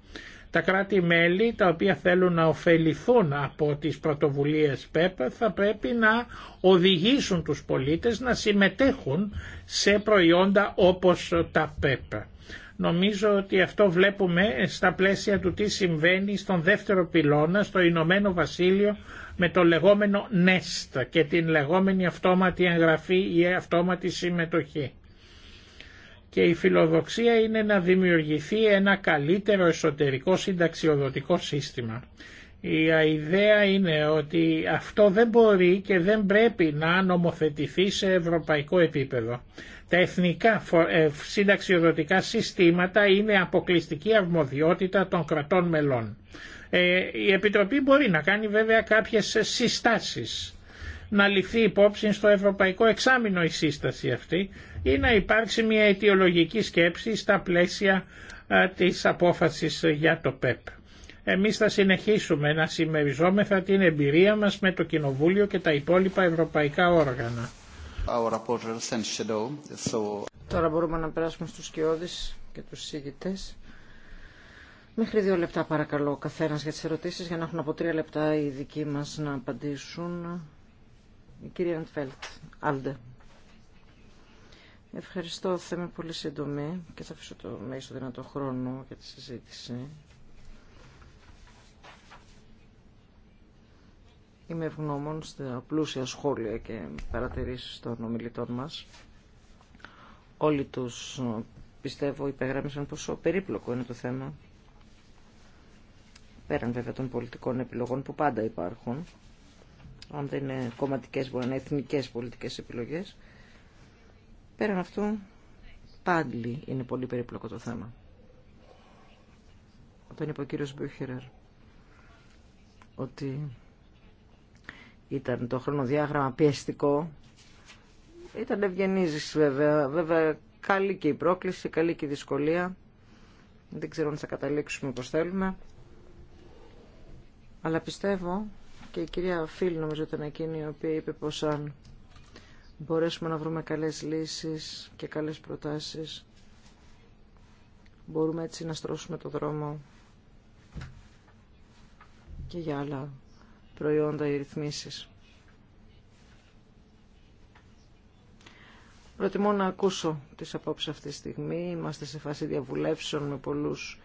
Τα κράτη-μέλη τα οποία θέλουν να ωφεληθούν από τις πρωτοβουλίες ΠΕΠ θα πρέπει να οδηγήσουν τους πολίτες να συμμετέχουν σε προϊόντα όπως τα ΠΕΠ. Νομίζω ότι αυτό βλέπουμε στα πλαίσια του τι συμβαίνει στον δεύτερο πυλώνα στο Ηνωμένο Βασίλειο με το λεγόμενο NEST και την λεγόμενη αυτόματη εγγραφή ή αυτόματη συμμετοχή. Και η φιλοδοξία είναι να δημιουργηθεί ένα καλύτερο εσωτερικό συνταξιοδοτικό σύστημα. Η ιδέα είναι ότι αυτό δεν μπορεί και δεν πρέπει να νομοθετηθεί σε ευρωπαϊκό επίπεδο. Τα εθνικά ε, συνταξιοδοτικά συστήματα είναι αποκλειστική αρμοδιότητα των κρατών μελών. Ε, η Επιτροπή μπορεί να κάνει βέβαια κάποιες συστάσεις να ληφθεί υπόψη στο ευρωπαϊκό εξάμεινο η σύσταση αυτή ή να υπάρξει μια αιτιολογική σκέψη στα πλαίσια ε, της απόφασης για το ΠΕΠ. Εμείς θα συνεχίσουμε να συμμεριζόμεθα την εμπειρία μας με το Κοινοβούλιο και τα υπόλοιπα ευρωπαϊκά όργανα. Τώρα μπορούμε να περάσουμε στους σκιώδεις και τους συζητητές. Μέχρι δύο λεπτά παρακαλώ ο καθένας για τις ερωτήσεις για να έχουν από τρία λεπτά οι δικοί μας να απαντήσουν. Η κυρία Αντφέλτ, Άλντε. Ευχαριστώ, θα είμαι πολύ σύντομη και θα αφήσω το μέσο δυνατό χρόνο για τη συζήτηση. Είμαι ευγνώμων στα πλούσια σχόλια και παρατηρήσεις των ομιλητών μας. Όλοι τους πιστεύω υπεγράμμισαν πόσο περίπλοκο είναι το θέμα πέραν βέβαια των πολιτικών επιλογών που πάντα υπάρχουν, αν δεν είναι κομματικές μπορεί να είναι εθνικές πολιτικές επιλογές, πέραν αυτού πάλι είναι πολύ περίπλοκο το θέμα. Όταν είπε ο κύριος Μπιούχερερ ότι ήταν το χρονοδιάγραμμα πιεστικό, ήταν ευγενής βέβαια, βέβαια καλή και η πρόκληση, καλή και η δυσκολία. Δεν ξέρω αν θα καταλήξουμε όπως θέλουμε. Αλλά πιστεύω και η κυρία Φίλ νομίζω ήταν εκείνη η οποία είπε πως αν μπορέσουμε να βρούμε καλές λύσεις και καλές προτάσεις μπορούμε έτσι να στρώσουμε το δρόμο και για άλλα προϊόντα ή ρυθμίσεις. Προτιμώ να ακούσω τις απόψεις αυτή τη στιγμή. Είμαστε σε φάση διαβουλεύσεων με πολλούς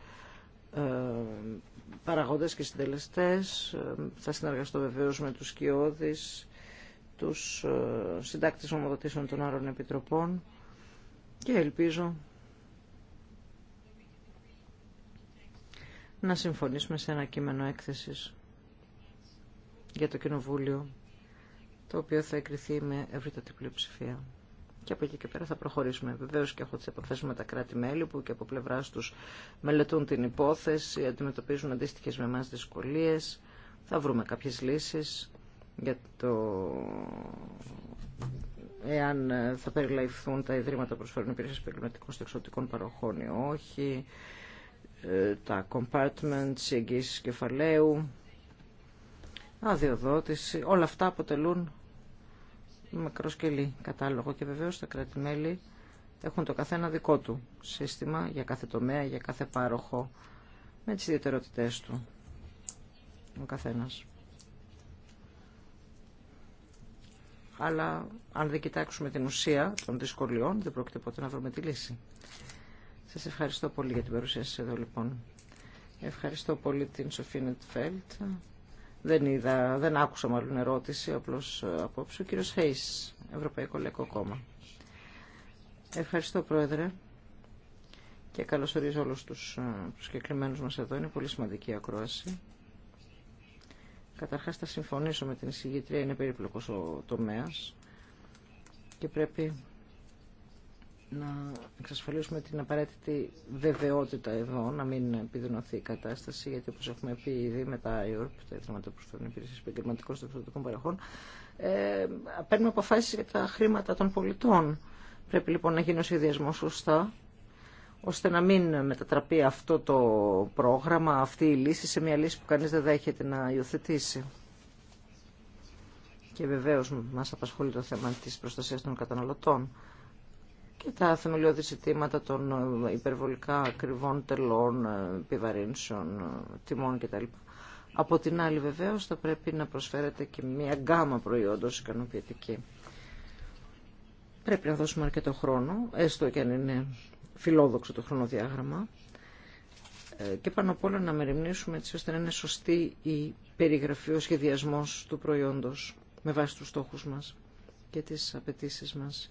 ε, παραγόντες και συντελεστές. Ε, θα συνεργαστώ βεβαίως με τους κοιόδης, τους ε, συντάκτες ομοδοτήσεων των άλλων επιτροπών και ελπίζω να συμφωνήσουμε σε ένα κείμενο έκθεσης για το Κοινοβούλιο, το οποίο θα εκριθεί με ευρύτατη πλειοψηφία και από εκεί και πέρα θα προχωρήσουμε. Βεβαίω και έχω τι επαφέ με τα κράτη-μέλη που και από πλευρά του μελετούν την υπόθεση, αντιμετωπίζουν αντίστοιχε με εμά δυσκολίε. Θα βρούμε κάποιε λύσει για το εάν ε, θα περιλαϊφθούν τα ιδρύματα που προσφέρουν υπηρεσίε περιβαλλοντικών και εξωτικών παροχών ή όχι, ε, τα compartments, οι εγγύσει κεφαλαίου, αδειοδότηση. Όλα αυτά αποτελούν μακροσκελή κατάλογο και βεβαίως τα κρατη έχουν το καθένα δικό του σύστημα για κάθε τομέα, για κάθε πάροχο με τις ιδιαιτερότητές του ο καθένας. Αλλά αν δεν κοιτάξουμε την ουσία των δυσκολιών δεν πρόκειται ποτέ να βρούμε τη λύση. Σας ευχαριστώ πολύ για την παρουσία σας εδώ λοιπόν. Ευχαριστώ πολύ την Σοφίνετ Φέλτ. Δεν είδα, δεν άκουσα μάλλον ερώτηση, απλώς ε, απόψε. Ο κύριος Χέις, Ευρωπαϊκό Λαϊκό Κόμμα. Ευχαριστώ Πρόεδρε και καλωσορίζω όλους ε, τους συγκεκριμένους μας εδώ. Είναι πολύ σημαντική η ακρόαση. Καταρχάς θα συμφωνήσω με την εισηγήτρια, είναι περίπλοκος ο τομέας και πρέπει να εξασφαλίσουμε την απαραίτητη βεβαιότητα εδώ, να μην επιδεινωθεί η κατάσταση, γιατί όπως έχουμε πει ήδη με τα ΙΟΡΠ, τα Ιδρύματα Προσφέρων Υπηρεσίας Επαγγελματικών Στρατιωτικών Παραχών, ε, παίρνουμε αποφάσεις για τα χρήματα των πολιτών. Πρέπει λοιπόν να γίνει ο σχεδιασμό σωστά, ώστε να μην μετατραπεί αυτό το πρόγραμμα, αυτή η λύση, σε μια λύση που κανείς δεν δέχεται να υιοθετήσει. Και βεβαίως μας απασχολεί το θέμα της προστασία των καταναλωτών και τα θεμελιώδη ζητήματα των ε, υπερβολικά ακριβών τελών, ε, επιβαρύνσεων, ε, τιμών κτλ. Από την άλλη βεβαίως θα πρέπει να προσφέρεται και μια γκάμα προϊόντος ικανοποιητική. Πρέπει να δώσουμε αρκετό χρόνο, έστω και αν είναι φιλόδοξο το χρονοδιάγραμμα, και πάνω απ' όλα να μεριμνήσουμε έτσι ώστε να είναι σωστή η περιγραφή, ο σχεδιασμός του προϊόντος με βάση τους στόχους μας και τις απαιτήσει μας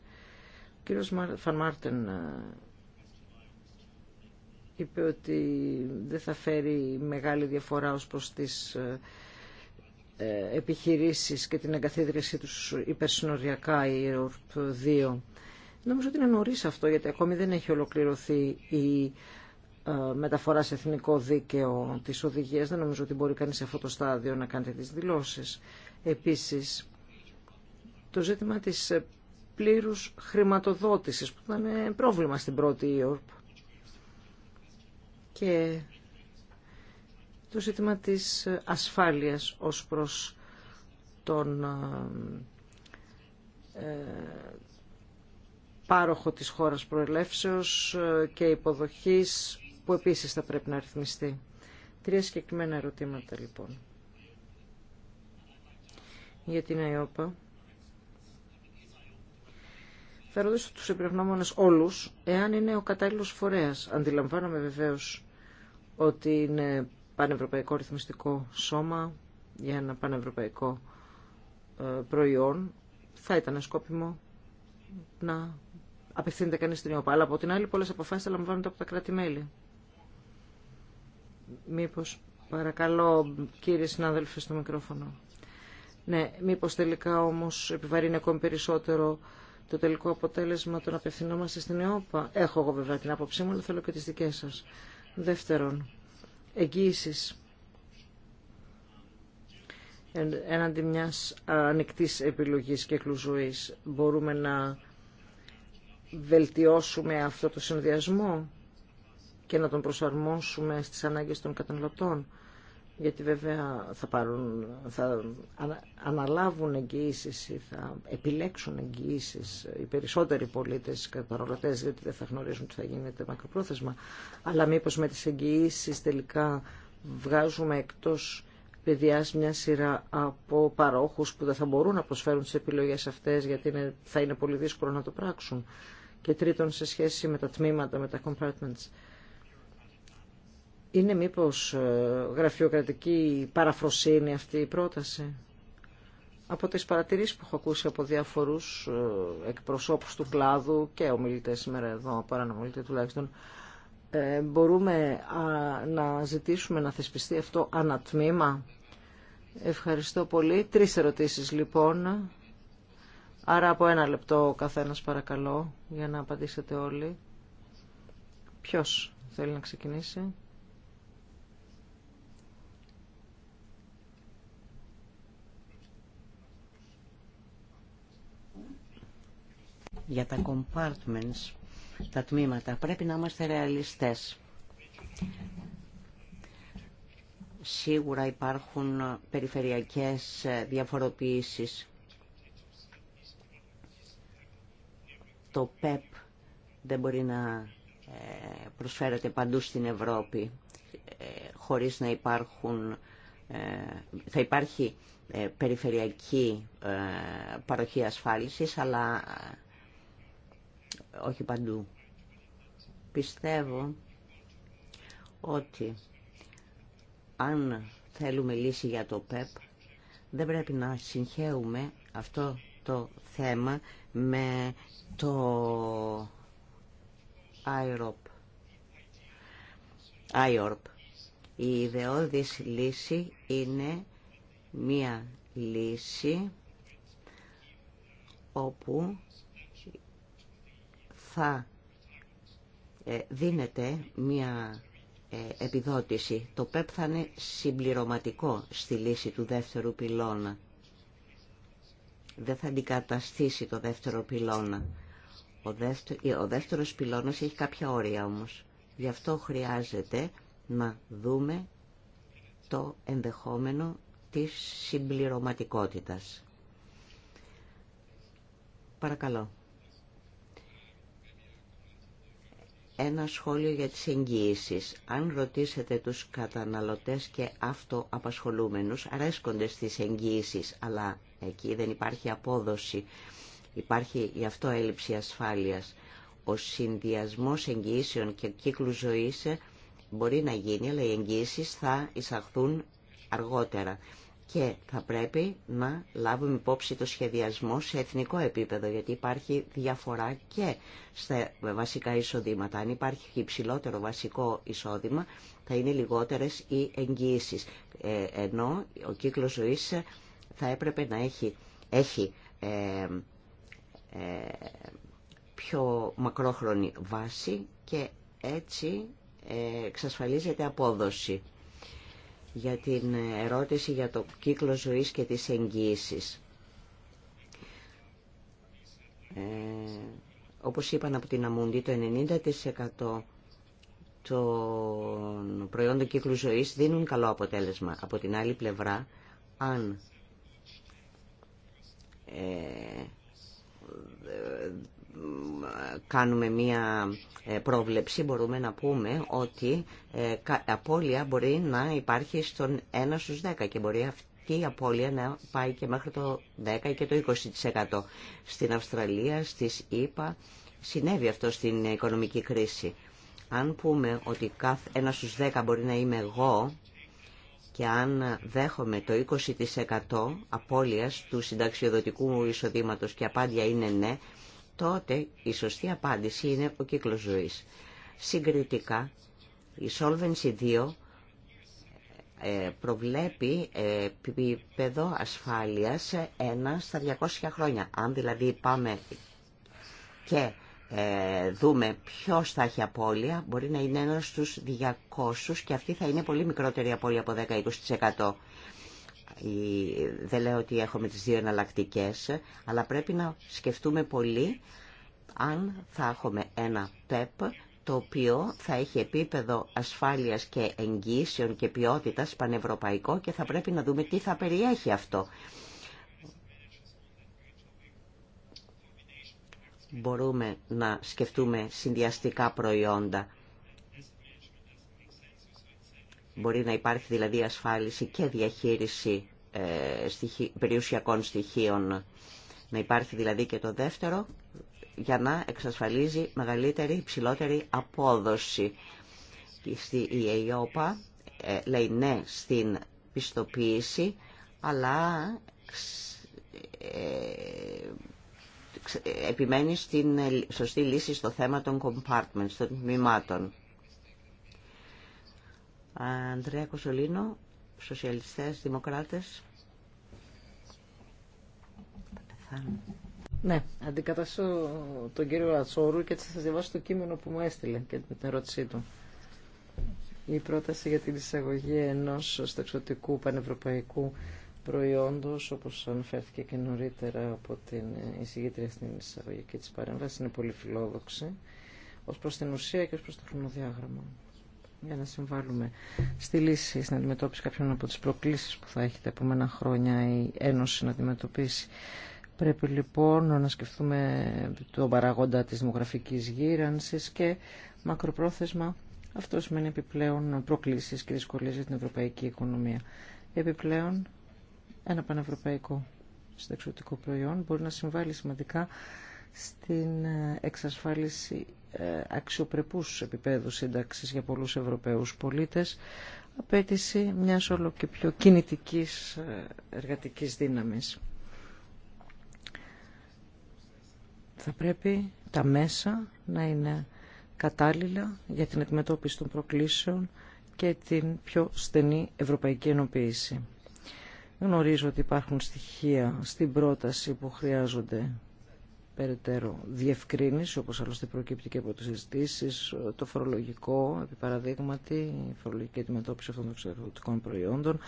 κύριος Μάρτεν ε, είπε ότι δεν θα φέρει μεγάλη διαφορά ως προς τις ε, ε, επιχειρήσεις και την εγκαθίδρυση τους υπερσυνοριακά η εορτ 2. Νομίζω ότι είναι νωρίς αυτό γιατί ακόμη δεν έχει ολοκληρωθεί η μεταφορά σε εθνικό δίκαιο της οδηγίας. Δεν νομίζω ότι μπορεί κανείς σε αυτό το στάδιο να κάνει τις δηλώσεις. Επίσης, το ζήτημα της πλήρους χρηματοδότησης που ήταν ε, πρόβλημα στην πρώτη ΕΟΡΠ και το ζήτημα της ε, ασφάλειας ως προς τον ε, πάροχο της χώρας προελεύσεως και υποδοχής που επίσης θα πρέπει να ρυθμιστεί. Τρία συγκεκριμένα ερωτήματα λοιπόν για την ΑΕΟΠΑ. Θα ρωτήσω τους εμπειρογνώμονες όλους, εάν είναι ο κατάλληλος φορέας. Αντιλαμβάνομαι βεβαίως ότι είναι πανευρωπαϊκό ρυθμιστικό σώμα για ένα πανευρωπαϊκό ε, προϊόν. Θα ήταν σκόπιμο να απευθύνεται κανείς στην ΕΟΠΑ. Αλλά από την άλλη πολλές αποφάσεις θα λαμβάνονται από τα κράτη-μέλη. Μήπως, παρακαλώ κύριε συνάδελφε στο μικρόφωνο. Ναι, μήπως τελικά όμως επιβαρύνει ακόμη περισσότερο το τελικό αποτέλεσμα των απευθυνόμαστε στην ΕΟΠΑ. Έχω εγώ βέβαια την άποψή μου, αλλά θέλω και τις δικές σας. Δεύτερον, εγγύηση έναντι μιας ανοιχτή επιλογής και ζωή Μπορούμε να βελτιώσουμε αυτό το συνδυασμό και να τον προσαρμόσουμε στις ανάγκες των καταναλωτών γιατί βέβαια θα, πάρουν, θα αναλάβουν εγγυήσει ή θα επιλέξουν εγγυήσει οι περισσότεροι πολίτε καταναλωτέ, γιατί δεν θα γνωρίζουν τι θα γίνεται μακροπρόθεσμα. Αλλά μήπω με τι εγγυήσει τελικά βγάζουμε εκτό παιδιά μια σειρά από παρόχου που δεν θα μπορούν να προσφέρουν τι επιλογέ αυτέ, γιατί είναι, θα είναι πολύ δύσκολο να το πράξουν. Και τρίτον, σε σχέση με τα τμήματα, με τα compartments είναι μήπως ε, γραφειοκρατική παραφροσύνη αυτή η πρόταση. Από τις παρατηρήσεις που έχω ακούσει από διάφορους ε, εκπροσώπους του κλάδου και ομιλητές σήμερα εδώ, παρανομιλητές τουλάχιστον, ε, μπορούμε να ζητήσουμε να θεσπιστεί αυτό ανατμήμα. Ευχαριστώ πολύ. Τρεις ερωτήσεις λοιπόν. Άρα από ένα λεπτό ο καθένας παρακαλώ για να απαντήσετε όλοι. Ποιος θέλει να ξεκινήσει. για τα compartments, τα τμήματα. Πρέπει να είμαστε ρεαλιστές. Σίγουρα υπάρχουν περιφερειακές διαφοροποιήσεις. Το ΠΕΠ e δεν μπορεί να ε, προσφέρεται παντού στην Ευρώπη ε, χωρίς να υπάρχουν ε, θα υπάρχει περιφερειακή παροχή ασφάλισης αλλά όχι παντού. Πιστεύω ότι αν θέλουμε λύση για το ΠΕΠ, δεν πρέπει να συγχέουμε αυτό το θέμα με το IORP. Η ιδεώδης λύση είναι μία λύση όπου θα ε, δίνεται μια ε, επιδότηση. Το ΠΕΠ θα είναι συμπληρωματικό στη λύση του δεύτερου πυλώνα. Δεν θα αντικαταστήσει το δεύτερο πυλώνα. Ο, δεύτερο, ε, ο δεύτερος πυλώνας έχει κάποια όρια όμως. Γι' αυτό χρειάζεται να δούμε το ενδεχόμενο της συμπληρωματικότητας. Παρακαλώ. Ένα σχόλιο για τις εγγύησεις. Αν ρωτήσετε τους καταναλωτές και αυτοαπασχολούμενους, αρέσκονται στις εγγύησεις, αλλά εκεί δεν υπάρχει απόδοση. Υπάρχει γι' αυτό έλλειψη ασφάλειας. Ο συνδυασμός εγγυήσεων και κύκλου ζωής μπορεί να γίνει, αλλά οι εγγύησεις θα εισαχθούν αργότερα και θα πρέπει να λάβουμε υπόψη το σχεδιασμό σε εθνικό επίπεδο, γιατί υπάρχει διαφορά και στα βασικά εισοδήματα. Αν υπάρχει υψηλότερο βασικό εισόδημα, θα είναι λιγότερες οι εγγύησεις. Ε, ενώ ο κύκλος ζωής θα έπρεπε να έχει, έχει ε, ε, πιο μακρόχρονη βάση και έτσι εξασφαλίζεται απόδοση για την ερώτηση για το κύκλο ζωής και τις εγγύησεις. Ε, όπως είπαν από την Αμούντι, το 90% των προϊόντων κύκλου ζωής δίνουν καλό αποτέλεσμα. Από την άλλη πλευρά, αν ε, κάνουμε μία ε, πρόβλεψη μπορούμε να πούμε ότι ε, απώλεια μπορεί να υπάρχει στον 1 στους 10 και μπορεί αυτή η απώλεια να πάει και μέχρι το 10 και το 20%. Στην Αυστραλία, στις ΗΠΑ συνέβη αυτό στην οικονομική κρίση. Αν πούμε ότι κάθε ένα στους 10 μπορεί να είμαι εγώ και αν δέχομαι το 20% απώλειας του συνταξιοδοτικού μου εισοδήματος και απάντια είναι ναι, τότε η σωστή απάντηση είναι ο κύκλος ζωής. Συγκριτικά, η Solvency 2 ε, προβλέπει επίπεδο ασφάλειας ένα στα 200 χρόνια. Αν δηλαδή πάμε και ε, δούμε ποιος θα έχει απώλεια, μπορεί να είναι ένας στους 200 και αυτή θα είναι πολύ μικρότερη απώλεια από 10-20% δεν λέω ότι έχουμε τις δύο εναλλακτικέ, αλλά πρέπει να σκεφτούμε πολύ αν θα έχουμε ένα ΠΕΠ το οποίο θα έχει επίπεδο ασφάλειας και εγγύσεων και ποιότητας πανευρωπαϊκό και θα πρέπει να δούμε τι θα περιέχει αυτό. Μπορούμε να σκεφτούμε συνδυαστικά προϊόντα Μπορεί να υπάρχει δηλαδή ασφάλιση και διαχείριση ε, περιουσιακών στοιχείων. Να υπάρχει δηλαδή και το δεύτερο για να εξασφαλίζει μεγαλύτερη, υψηλότερη απόδοση. Η ΕΙΟΠΑ ε, λέει ναι στην πιστοποίηση, αλλά ε, επιμένει στην σωστή λύση στο θέμα των compartments, των τμήματων. Αντρέα Κοσολίνο, Σοσιαλιστές, Δημοκράτες. Ναι, αντικαταστώ τον κύριο Ατσόρου και θα σας διαβάσω το κείμενο που μου έστειλε και την ερώτησή του. Η πρόταση για την εισαγωγή ενός στεξωτικού πανευρωπαϊκού προϊόντος, όπως αναφέρθηκε και νωρίτερα από την εισηγήτρια στην εισαγωγική της παρέμβαση, είναι πολύ φιλόδοξη, ως προς την ουσία και ως προς το χρονοδιάγραμμα για να συμβάλλουμε στη λύση, στην αντιμετώπιση κάποιων από τις προκλήσεις που θα έχει τα επόμενα χρόνια η Ένωση να αντιμετωπίσει. Πρέπει λοιπόν να σκεφτούμε τον παραγόντα της δημογραφικής γύρανσης και μακροπρόθεσμα αυτό σημαίνει επιπλέον προκλήσεις και δυσκολίες για την ευρωπαϊκή οικονομία. Επιπλέον ένα πανευρωπαϊκό συνταξιωτικό προϊόν μπορεί να συμβάλλει σημαντικά στην εξασφάλιση ε, αξιοπρεπούς επίπεδου σύνταξης για πολλούς Ευρωπαίους πολίτες, απέτηση μιας όλο και πιο κινητικής ε, εργατικής δύναμης. Θα πρέπει τα μέσα να είναι κατάλληλα για την εκμετώπιση των προκλήσεων και την πιο στενή ευρωπαϊκή ενοποίηση. Γνωρίζω ότι υπάρχουν στοιχεία στην πρόταση που χρειάζονται περαιτέρω διευκρίνηση, όπως άλλωστε προκύπτει και από τις συζητήσει, το φορολογικό, επί παραδείγματι, η φορολογική αντιμετώπιση αυτών των εξωτερικών προϊόντων,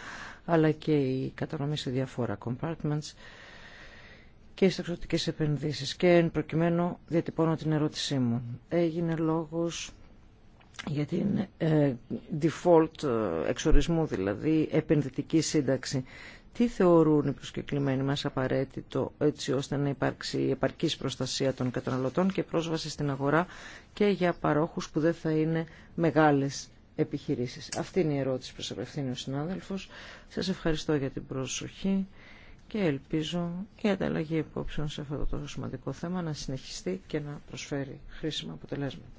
αλλά και η κατανομή σε διάφορα compartments και στις εξωτικές επενδύσεις. Και εν προκειμένου διατυπώνω την ερώτησή μου. Έγινε λόγος για την ε, default ε, εξορισμού δηλαδή επενδυτική σύνταξη τι θεωρούν οι προσκεκλημένοι μας απαραίτητο έτσι ώστε να υπάρξει επαρκής προστασία των καταναλωτών και πρόσβαση στην αγορά και για παρόχους που δεν θα είναι μεγάλες επιχειρήσεις. Αυτή είναι η ερώτηση προς απευθύνει ο συνάδελφος. Σας ευχαριστώ για την προσοχή και ελπίζω η ανταλλαγή υπόψεων σε αυτό το τόσο σημαντικό θέμα να συνεχιστεί και να προσφέρει χρήσιμα αποτελέσματα.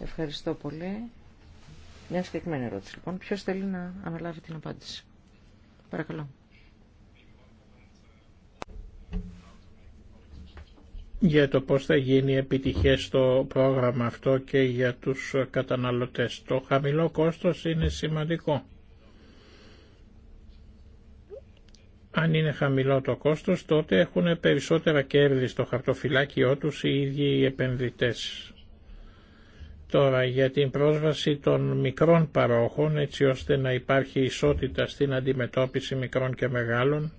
Ευχαριστώ πολύ. Μια συγκεκριμένη ερώτηση λοιπόν. Ποιος θέλει να αναλάβει την απάντηση. Παρακαλώ. για το πώς θα γίνει επιτυχές στο πρόγραμμα αυτό και για τους καταναλωτές. Το χαμηλό κόστος είναι σημαντικό. Αν είναι χαμηλό το κόστος τότε έχουν περισσότερα κέρδη στο χαρτοφυλάκιό τους οι ίδιοι οι επενδυτές. Τώρα για την πρόσβαση των μικρών παρόχων έτσι ώστε να υπάρχει ισότητα στην αντιμετώπιση μικρών και μεγάλων.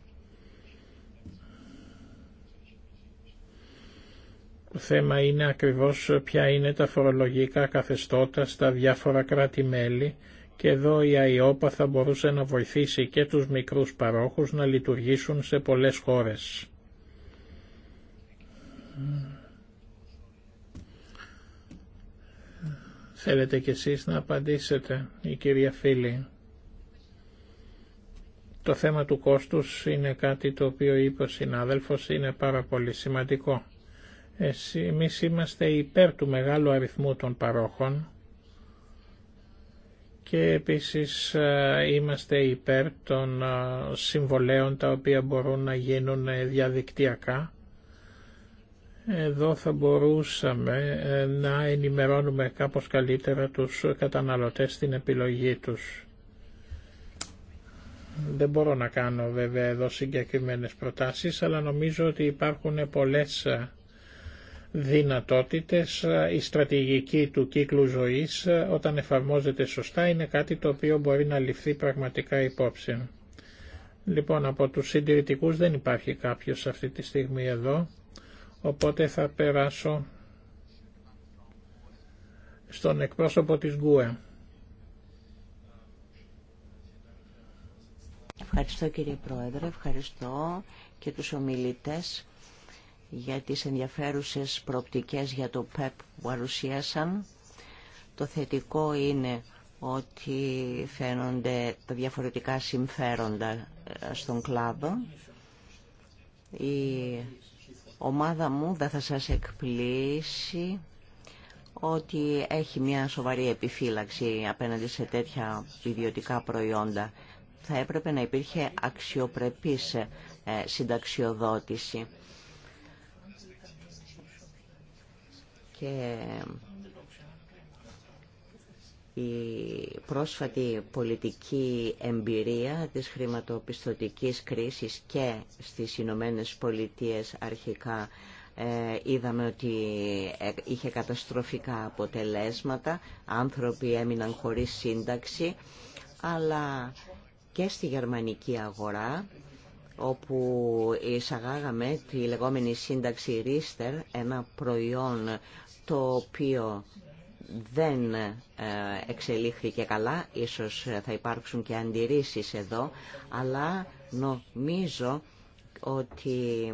Το θέμα είναι ακριβώς ποια είναι τα φορολογικά καθεστώτα στα διάφορα κράτη-μέλη και εδώ η ΑΙΟΠΑ θα μπορούσε να βοηθήσει και τους μικρούς παρόχους να λειτουργήσουν σε πολλές χώρες. Θέλετε κι εσείς να απαντήσετε, η κυρία Φίλη. Το θέμα του κόστους είναι κάτι το οποίο είπε ο συνάδελφος, είναι πάρα πολύ σημαντικό. Εσύ, εμείς είμαστε υπέρ του μεγάλου αριθμού των παρόχων και επίσης είμαστε υπέρ των συμβολέων τα οποία μπορούν να γίνουν ε, διαδικτυακά εδώ θα μπορούσαμε ε, να ενημερώνουμε κάπως καλύτερα τους καταναλωτές στην επιλογή τους. Δεν μπορώ να κάνω βέβαια εδώ συγκεκριμένες προτάσεις, αλλά νομίζω ότι υπάρχουν πολλές ε, δυνατότητες. Ε, η στρατηγική του κύκλου ζωής όταν εφαρμόζεται σωστά είναι κάτι το οποίο μπορεί να ληφθεί πραγματικά υπόψη. Λοιπόν, από τους συντηρητικούς δεν υπάρχει κάποιος αυτή τη στιγμή εδώ. Οπότε θα περάσω στον εκπρόσωπο της ΓΚΟΕ. Ευχαριστώ κύριε Πρόεδρε, ευχαριστώ και τους ομιλητές για τις ενδιαφέρουσες προοπτικές για το ΠΕΠ που αρουσίασαν. Το θετικό είναι ότι φαίνονται τα διαφορετικά συμφέροντα ε, στον κλάδο. Η ομάδα μου δεν θα σας εκπλήσει ότι έχει μια σοβαρή επιφύλαξη απέναντι σε τέτοια ιδιωτικά προϊόντα. Θα έπρεπε να υπήρχε αξιοπρεπής ε, συνταξιοδότηση η πρόσφατη πολιτική εμπειρία της χρηματοπιστωτικής κρίσης και στις Ηνωμένε Πολιτείες αρχικά ε, είδαμε ότι ε, είχε καταστροφικά αποτελέσματα, άνθρωποι έμειναν χωρίς σύνταξη, αλλά και στη γερμανική αγορά όπου εισαγάγαμε τη λεγόμενη σύνταξη Ρίστερ, ένα προϊόν το οποίο δεν ε, εξελίχθηκε καλά, ίσως ε, θα υπάρξουν και αντιρρήσεις εδώ, αλλά νομίζω ότι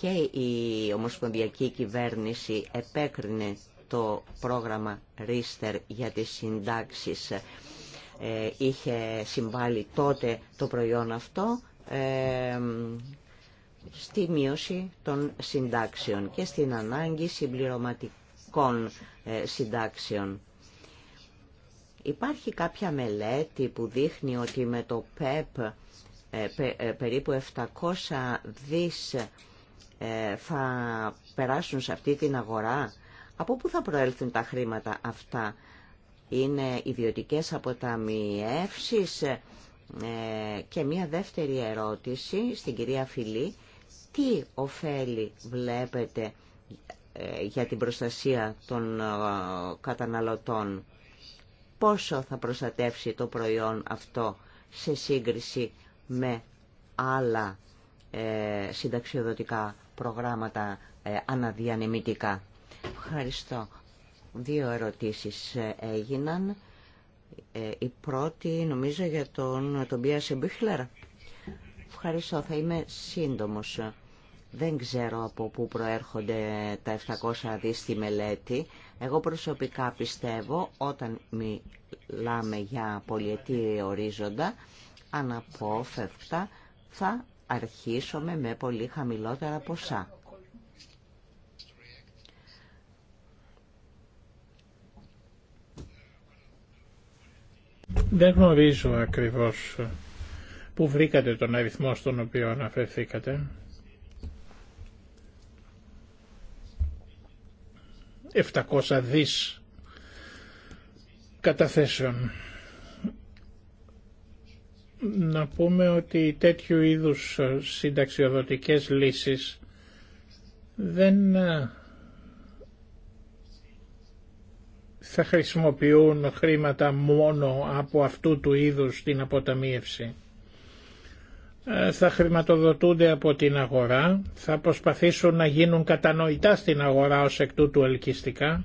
και η Ομοσπονδιακή Κυβέρνηση επέκρινε το πρόγραμμα Ρίστερ για τις συντάξεις. Ε, είχε συμβάλει τότε το προϊόν αυτό στη μείωση των συντάξεων και στην ανάγκη συμπληρωματικών ε, συντάξεων. Υπάρχει κάποια μελέτη που δείχνει ότι με το ΠΕΠ ε, ε, περίπου 700 δις θα περάσουν σε αυτή την αγορά. Από πού θα προέλθουν τα χρήματα αυτά. Είναι ιδιωτικές αποταμιεύσεις. Και μία δεύτερη ερώτηση στην κυρία Φιλή. Τι ωφέλη βλέπετε ε, για την προστασία των ε, καταναλωτών. Πόσο θα προστατεύσει το προϊόν αυτό σε σύγκριση με άλλα ε, συνταξιοδοτικά προγράμματα αναδιανεμητικά. Ευχαριστώ. Δύο ερωτήσεις έγιναν. Η πρώτη νομίζω για τον Τομπία Σεμπίχλερ. Ευχαριστώ. Θα είμαι σύντομος. Δεν ξέρω από πού προέρχονται τα 700 δις στη μελέτη. Εγώ προσωπικά πιστεύω όταν μιλάμε για πολιετή ορίζοντα, αναπόφευκτα θα αρχίσουμε με πολύ χαμηλότερα ποσά. Δεν γνωρίζω ακριβώς πού βρήκατε τον αριθμό στον οποίο αναφερθήκατε. 700 δις καταθέσεων. Να πούμε ότι τέτοιου είδους συνταξιοδοτικές λύσεις δεν ε, θα χρησιμοποιούν χρήματα μόνο από αυτού του είδους την αποταμίευση. Ε, θα χρηματοδοτούνται από την αγορά, θα προσπαθήσουν να γίνουν κατανοητά στην αγορά ως εκ τούτου ελκυστικά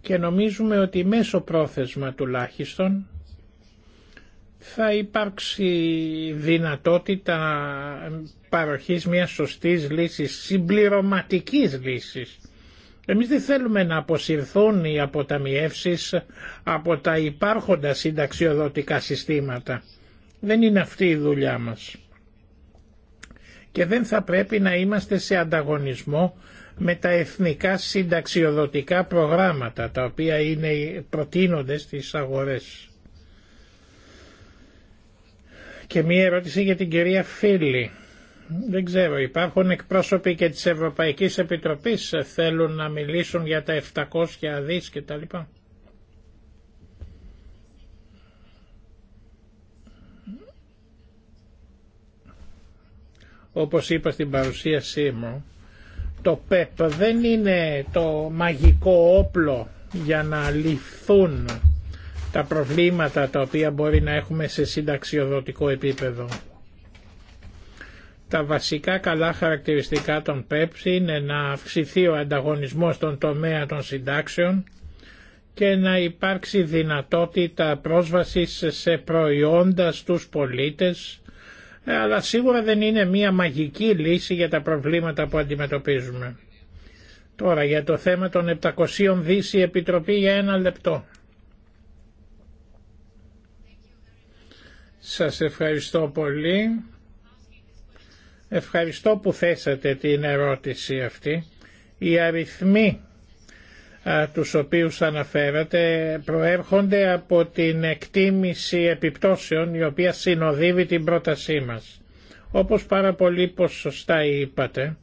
και νομίζουμε ότι μέσω πρόθεσμα τουλάχιστον θα υπάρξει δυνατότητα παροχής μιας σωστής λύσης, συμπληρωματικής λύσης εμείς δεν θέλουμε να αποσυρθούν οι αποταμιεύσεις από τα υπάρχοντα συνταξιοδοτικά συστήματα. Δεν είναι αυτή η δουλειά μας. Και δεν θα πρέπει να είμαστε σε ανταγωνισμό με τα εθνικά συνταξιοδοτικά προγράμματα τα οποία είναι, προτείνονται στις αγορές. Και μία ερώτηση για την κυρία Φίλη. Δεν ξέρω, υπάρχουν εκπρόσωποι και της Ευρωπαϊκής Επιτροπής ε, θέλουν να μιλήσουν για τα 700 δις και τα λοιπά. Όπως είπα στην παρουσίασή μου, το ΠΕΠ δεν είναι το μαγικό όπλο για να λυθούν τα προβλήματα τα οποία μπορεί να έχουμε σε συνταξιοδοτικό επίπεδο. Τα βασικά καλά χαρακτηριστικά των ΠΕΠΣ είναι να αυξηθεί ο ανταγωνισμός στον τομέα των συντάξεων και να υπάρξει δυνατότητα πρόσβασης σε προϊόντα στους πολίτες, αλλά σίγουρα δεν είναι μία μαγική λύση για τα προβλήματα που αντιμετωπίζουμε. Τώρα για το θέμα των 700 δις Επιτροπή για ένα λεπτό. Σας ευχαριστώ πολύ. Ευχαριστώ που θέσατε την ερώτηση αυτή. Οι αριθμοί α, τους οποίους αναφέρατε προέρχονται από την εκτίμηση επιπτώσεων η οποία συνοδεύει την πρότασή μας. Όπως πάρα πολύ σωστά είπατε,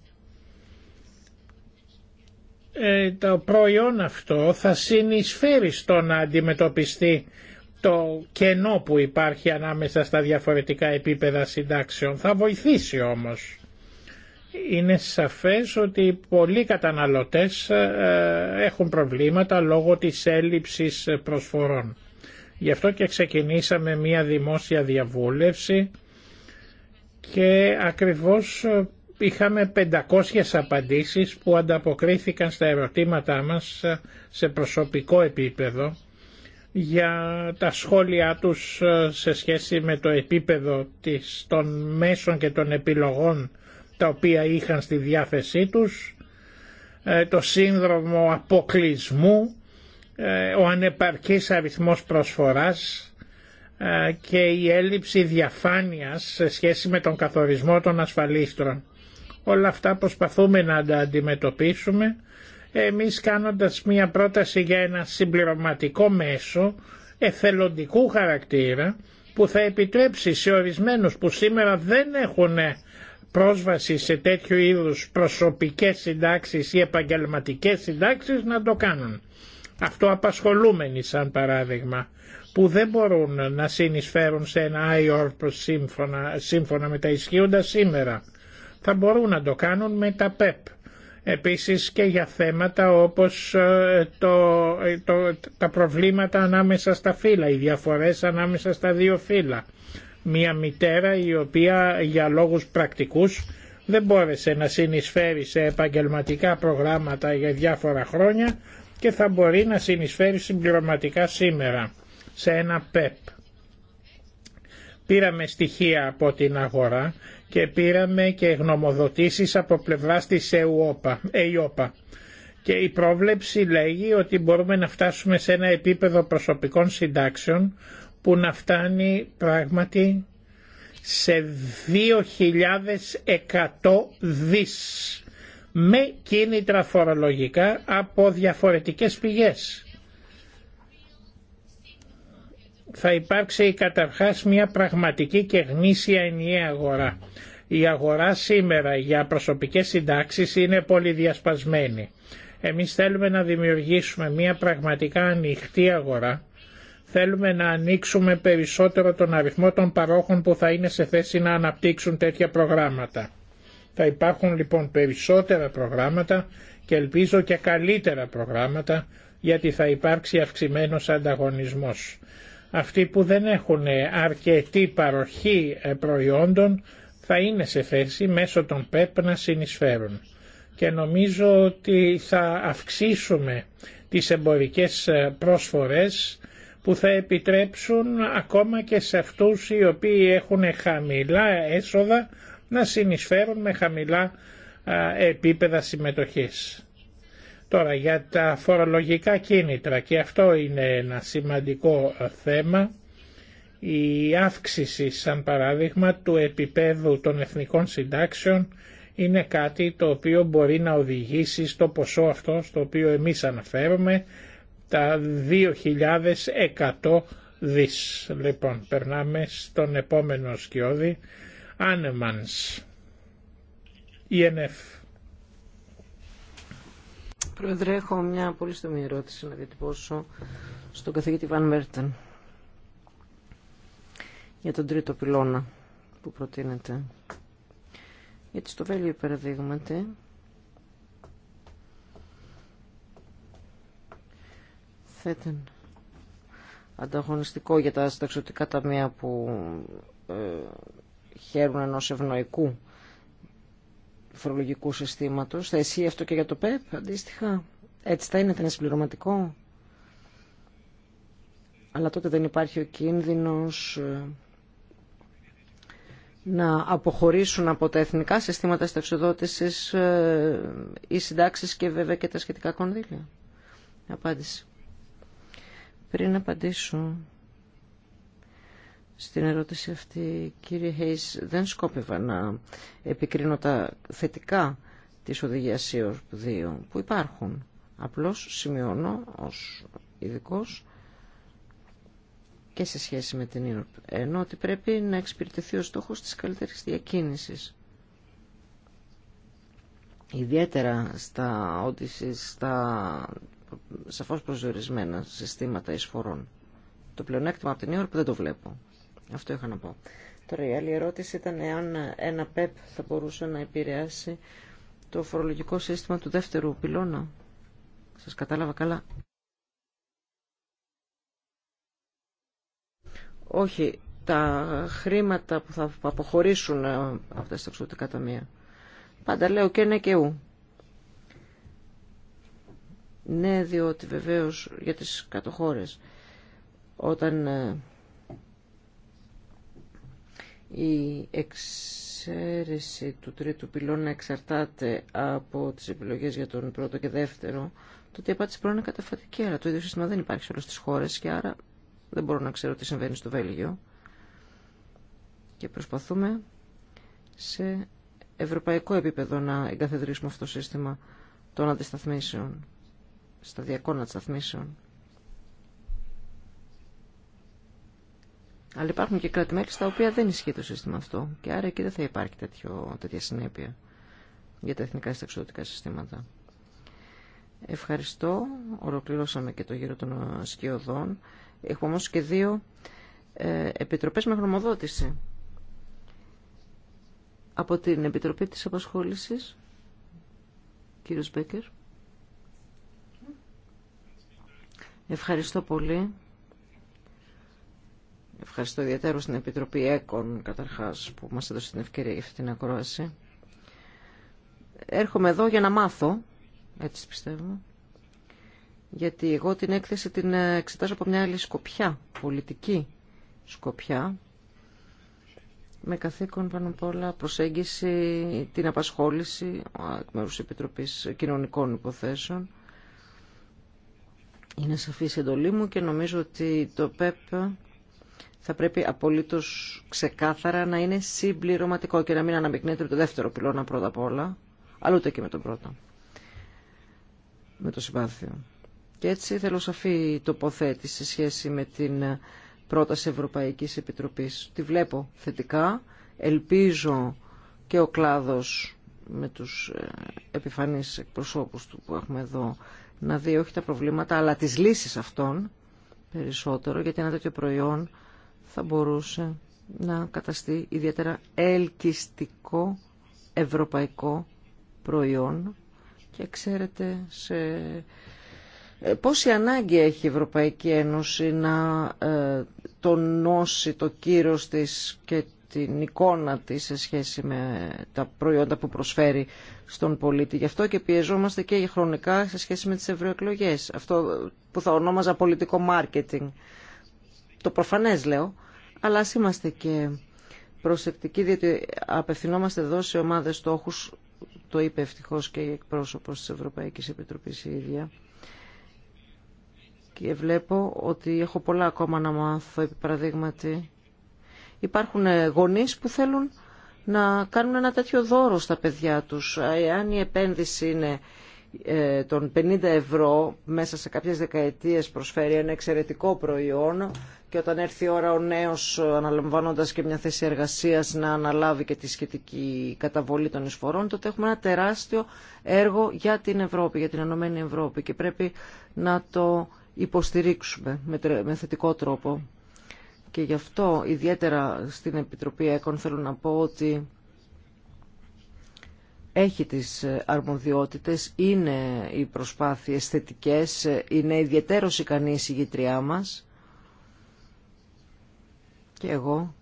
ε, το προϊόν αυτό θα συνεισφέρει στο να αντιμετωπιστεί το κενό που υπάρχει ανάμεσα στα διαφορετικά επίπεδα συντάξεων. Θα βοηθήσει όμως. Είναι σαφές ότι πολλοί καταναλωτές ε, έχουν προβλήματα λόγω της έλλειψης προσφορών. Γι' αυτό και ξεκινήσαμε μία δημόσια διαβούλευση και ακριβώς ε, είχαμε 500 απαντήσεις που ανταποκρίθηκαν στα ερωτήματά μας ε, σε προσωπικό επίπεδο για τα σχόλιά τους ε, σε σχέση με το επίπεδο της, των μέσων και των επιλογών τα οποία είχαν στη διάθεσή τους, ε, το σύνδρομο αποκλεισμού, ε, ο ανεπαρκής αριθμός προσφοράς και η έλλειψη διαφάνειας σε σχέση με τον καθορισμό των ασφαλίστρων. Όλα αυτά προσπαθούμε να τα αντιμετωπίσουμε εμείς κάνοντας μία πρόταση για ένα συμπληρωματικό μέσο εθελοντικού χαρακτήρα που θα επιτρέψει σε ορισμένους που σήμερα δεν έχουν πρόσβαση σε τέτοιου είδους προσωπικές συντάξεις ή επαγγελματικές συντάξεις να το κάνουν. Αυτό απασχολούμενοι σαν παράδειγμα που δεν μπορούν να συνεισφέρουν σε ένα IORP σύμφωνα, σύμφωνα με τα ισχύοντα σήμερα. Θα μπορούν να το κάνουν με τα PEP e Επίσης και για θέματα όπως ε, ε, το, τα προβλήματα ανάμεσα στα φύλλα, οι διαφορές ανάμεσα στα δύο φύλλα. Μία μητέρα η οποία για λόγους πρακτικούς δεν μπόρεσε να συνεισφέρει σε επαγγελματικά προγράμματα για διάφορα χρόνια και θα μπορεί να συνεισφέρει συμπληρωματικά σήμερα σε ένα ΠΕΠ. Πήραμε στοιχεία από την αγορά και πήραμε και γνωμοδοτήσεις από πλευράς της ΕΙΟΠΑ. Και η πρόβλεψη λέγει ότι μπορούμε να φτάσουμε σε ένα επίπεδο προσωπικών συντάξεων που να φτάνει πράγματι σε 2.100 δις με κίνητρα φορολογικά από διαφορετικές πηγές. θα υπάρξει καταρχάς μια πραγματική και γνήσια ενιαία αγορά. Η αγορά σήμερα για προσωπικές συντάξεις είναι πολύ διασπασμένη. Εμείς θέλουμε να δημιουργήσουμε μια πραγματικά ανοιχτή αγορά. Θέλουμε να ανοίξουμε περισσότερο τον αριθμό των παρόχων που θα είναι σε θέση να αναπτύξουν τέτοια προγράμματα. Θα υπάρχουν λοιπόν περισσότερα προγράμματα και ελπίζω και καλύτερα προγράμματα γιατί θα υπάρξει αυξημένος ανταγωνισμός αυτοί που δεν έχουν αρκετή παροχή ε, προϊόντων θα είναι σε θέση μέσω των ΠΕΠ να συνεισφέρουν. Και νομίζω ότι θα αυξήσουμε τις εμπορικές ε, πρόσφορες που θα επιτρέψουν ακόμα και σε αυτούς οι οποίοι έχουν χαμηλά έσοδα να συνεισφέρουν με χαμηλά ε, επίπεδα συμμετοχής. Τώρα για τα φορολογικά κίνητρα και αυτό είναι ένα σημαντικό ε, θέμα. Η αύξηση σαν παράδειγμα του επίπεδου των εθνικών συντάξεων είναι κάτι το οποίο μπορεί να οδηγήσει στο ποσό αυτό στο οποίο εμείς αναφέρουμε τα 2.100 δις. Λοιπόν, περνάμε στον επόμενο σκιώδη, Άνεμανς, ENF. Πρόεδρε, έχω μια πολύ στενή ερώτηση να διατυπώσω στον καθηγητή Βαν Μέρτεν για τον τρίτο πυλώνα που προτείνεται. Γιατί στο Βέλιο, παραδείγματι, θα ήταν ανταγωνιστικό για τα συνταξιωτικά ταμεία που ε, χαίρουν ενός ευνοϊκού φορολογικού συστήματος. Θα εσύ αυτό και για το ΠΕΠ αντίστοιχα. Έτσι θα είναι, θα είναι συμπληρωματικό. Αλλά τότε δεν υπάρχει ο κίνδυνος ε, να αποχωρήσουν από τα εθνικά συστήματα σταξιδότησης ε, οι συντάξεις και βέβαια και τα σχετικά κονδύλια. Απάντηση. Πριν απαντήσω στην ερώτηση αυτή, κύριε Χέις, δεν σκόπευα να επικρίνω τα θετικά της οδηγίας ΣΥΟΡ 2 που υπάρχουν. Απλώς σημειώνω ως ειδικό και σε σχέση με την ΕΡΟΠ, ενώ ότι πρέπει να εξυπηρετηθεί ο στόχος της καλύτερης διακίνησης. Ιδιαίτερα στα, όντιση, στα σαφώς προσδιορισμένα συστήματα εισφορών. Το πλεονέκτημα από την ΕΟΡΠ δεν το βλέπω. Αυτό είχα να πω. Τώρα η άλλη ερώτηση ήταν εάν ένα ΠΕΠ θα μπορούσε να επηρεάσει το φορολογικό σύστημα του δεύτερου πυλώνα. Σας κατάλαβα καλά. Όχι, τα χρήματα που θα αποχωρήσουν ε, από τα εξωτικά ταμεία. Πάντα λέω και ναι και ου. Ναι, διότι βεβαίως για τις κατοχώρες όταν ε, η εξαίρεση του τρίτου πυλώνα εξαρτάται από τις επιλογές για τον πρώτο και δεύτερο, ότι η απάντηση μπορεί να είναι καταφατική. Αλλά το ίδιο σύστημα δεν υπάρχει σε όλες τις χώρες και άρα δεν μπορώ να ξέρω τι συμβαίνει στο Βέλγιο. Και προσπαθούμε σε ευρωπαϊκό επίπεδο να εγκαθιδρύσουμε αυτό το σύστημα των αντισταθμίσεων, σταδιακών αντισταθμίσεων. Αλλά υπάρχουν και κράτη-μέλη στα οποία δεν ισχύει το σύστημα αυτό και άρα εκεί δεν θα υπάρχει τέτοιο, τέτοια συνέπεια για τα εθνικά συνταξιδοτικά συστήματα. Ευχαριστώ. Ολοκληρώσαμε και το γύρο των σκιωδών. Έχουμε όμω και δύο ε, επιτροπές με γνωμοδότηση. Από την Επιτροπή της Απασχόλησης, κύριος Μπέκερ. Ευχαριστώ πολύ. Ευχαριστώ ιδιαίτερα στην Επιτροπή ΕΚΟΝ καταρχάς που μας έδωσε την ευκαιρία για αυτή την ακρόαση. Έρχομαι εδώ για να μάθω, έτσι πιστεύω, γιατί εγώ την έκθεση την ε, εξετάζω από μια άλλη σκοπιά, πολιτική σκοπιά, με καθήκον πάνω απ' όλα προσέγγιση την απασχόληση εκ μέρους Επιτροπής Κοινωνικών Υποθέσεων. Είναι σαφή η εντολή μου και νομίζω ότι το ΠΕΠ θα πρέπει απολύτω ξεκάθαρα να είναι συμπληρωματικό και να μην αναμεικνύεται με το δεύτερο πυλώνα πρώτα απ' όλα, αλλά ούτε και με τον πρώτο, με το συμπάθειο. Και έτσι θέλω σαφή τοποθέτηση σε σχέση με την πρόταση Ευρωπαϊκή Επιτροπής. Τη βλέπω θετικά, ελπίζω και ο κλάδος με τους ε, επιφανείς εκπροσώπους του που έχουμε εδώ να δει όχι τα προβλήματα αλλά τις λύσεις αυτών περισσότερο γιατί ένα τέτοιο προϊόν θα μπορούσε να καταστεί ιδιαίτερα ελκυστικό ευρωπαϊκό προϊόν και ξέρετε σε ε, πόση ανάγκη έχει η Ευρωπαϊκή Ένωση να ε, τονώσει το κύρος της και την εικόνα της σε σχέση με τα προϊόντα που προσφέρει στον πολίτη. Γι' αυτό και πιεζόμαστε και χρονικά σε σχέση με τις ευρωεκλογές. Αυτό που θα ονόμαζα πολιτικό μάρκετινγκ το προφανές λέω, αλλά ας είμαστε και προσεκτικοί, διότι απευθυνόμαστε εδώ σε ομάδες στόχους, το είπε ευτυχώ και η εκπρόσωπος της Ευρωπαϊκής Επιτροπής η ίδια. Και βλέπω ότι έχω πολλά ακόμα να μάθω, επί παραδείγματι. Υπάρχουν γονείς που θέλουν να κάνουν ένα τέτοιο δώρο στα παιδιά τους. Ε, αν η επένδυση είναι ε, τον 50 ευρώ μέσα σε κάποιες δεκαετίες προσφέρει ένα εξαιρετικό προϊόν και όταν έρθει η ώρα ο νέος αναλαμβάνοντας και μια θέση εργασίας να αναλάβει και τη σχετική καταβολή των εισφορών τότε έχουμε ένα τεράστιο έργο για την Ευρώπη, για την Ενωμένη Ευρώπη και πρέπει να το υποστηρίξουμε με θετικό τρόπο. Και γι' αυτό ιδιαίτερα στην Επιτροπή ΕΚΟΝ θέλω να πω ότι έχει τις αρμοδιότητες, είναι οι προσπάθειες θετικές, είναι ιδιαίτερος ικανή η συγγητριά μας και εγώ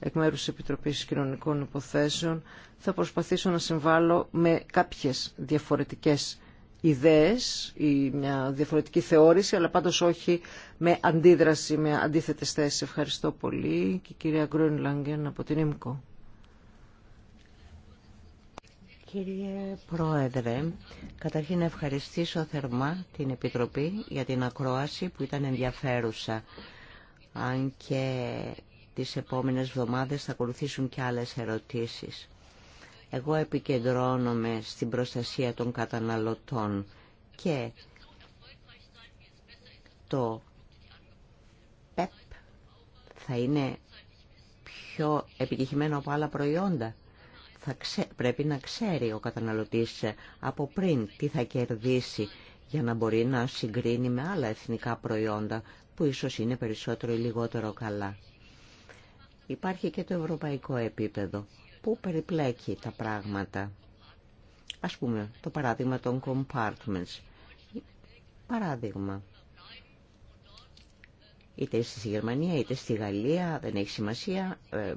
εκ μέρους της Επιτροπής Κοινωνικών Υποθέσεων θα προσπαθήσω να συμβάλλω με κάποιες διαφορετικές ιδέες ή μια διαφορετική θεώρηση, αλλά πάντως όχι με αντίδραση, με αντίθετες θέσεις. Ευχαριστώ πολύ και κυρία από την ΕΜΚΟ. Κύριε Πρόεδρε, καταρχήν ευχαριστήσω θερμά την Επιτροπή για την ακρόαση που ήταν ενδιαφέρουσα. Αν και τις επόμενες εβδομάδες θα ακολουθήσουν και άλλες ερωτήσεις. Εγώ επικεντρώνομαι στην προστασία των καταναλωτών και το ΠΕΠ θα είναι πιο επιτυχημένο από άλλα προϊόντα θα πρέπει να ξέρει ο καταναλωτής από πριν τι θα κερδίσει για να μπορεί να συγκρίνει με άλλα εθνικά προϊόντα που ίσως είναι περισσότερο ή λιγότερο καλά. Υπάρχει και το ευρωπαϊκό επίπεδο που περιπλέκει τα πράγματα. Ας πούμε το παράδειγμα των compartments. Παράδειγμα, είτε στη Γερμανία είτε στη Γαλλία, δεν έχει σημασία, ε,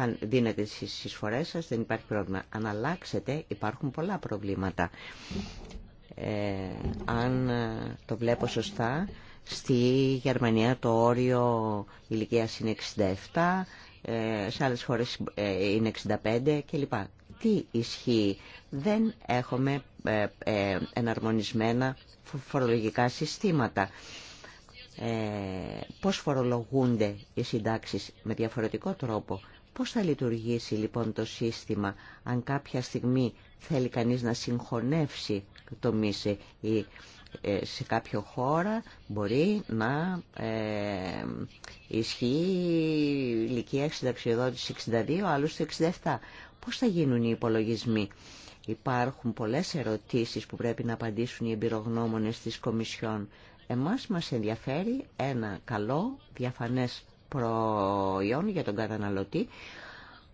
ε, δίνετε στις εισφορές σας, δεν υπάρχει πρόβλημα. Αν αλλάξετε υπάρχουν πολλά προβλήματα. Ε, αν ε, το βλέπω σωστά, στη Γερμανία το όριο ηλικίας είναι 67, σε άλλες χώρες είναι 65 κλπ. Τι ισχύει. Δεν έχουμε εναρμονισμένα φορολογικά συστήματα. Ε, πώς φορολογούνται οι συντάξεις με διαφορετικό τρόπο. Πώς θα λειτουργήσει λοιπόν το σύστημα αν κάποια στιγμή θέλει κανείς να συγχωνεύσει το μίση ή ε, σε κάποιο χώρα μπορεί να ε, ισχύει ηλικία συνταξιοδότηση 62, άλλους 67. Πώς θα γίνουν οι υπολογισμοί. Υπάρχουν πολλές ερωτήσεις που πρέπει να απαντήσουν οι εμπειρογνώμονες της Κομισιόν Εμάς μας ενδιαφέρει ένα καλό, διαφανές προϊόν για τον καταναλωτή.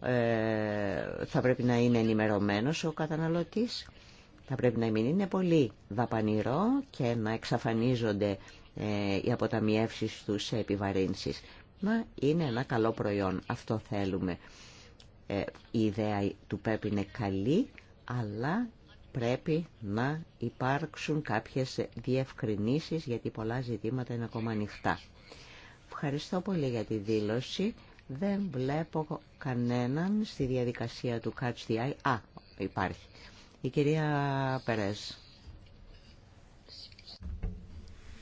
Ε, θα πρέπει να είναι ενημερωμένος ο καταναλωτής. Θα πρέπει να μην είναι πολύ δαπανηρό και να εξαφανίζονται ε, οι αποταμιεύσεις τους σε επιβαρύνσεις. Να είναι ένα καλό προϊόν. Αυτό θέλουμε. Ε, η ιδέα του ΠΕΠ είναι καλή, αλλά πρέπει να υπάρξουν κάποιες διευκρινήσεις γιατί πολλά ζητήματα είναι ακόμα ανοιχτά. Ευχαριστώ πολύ για τη δήλωση. Δεν βλέπω κανέναν στη διαδικασία του Catch the Eye. Α, υπάρχει. Η κυρία Περές.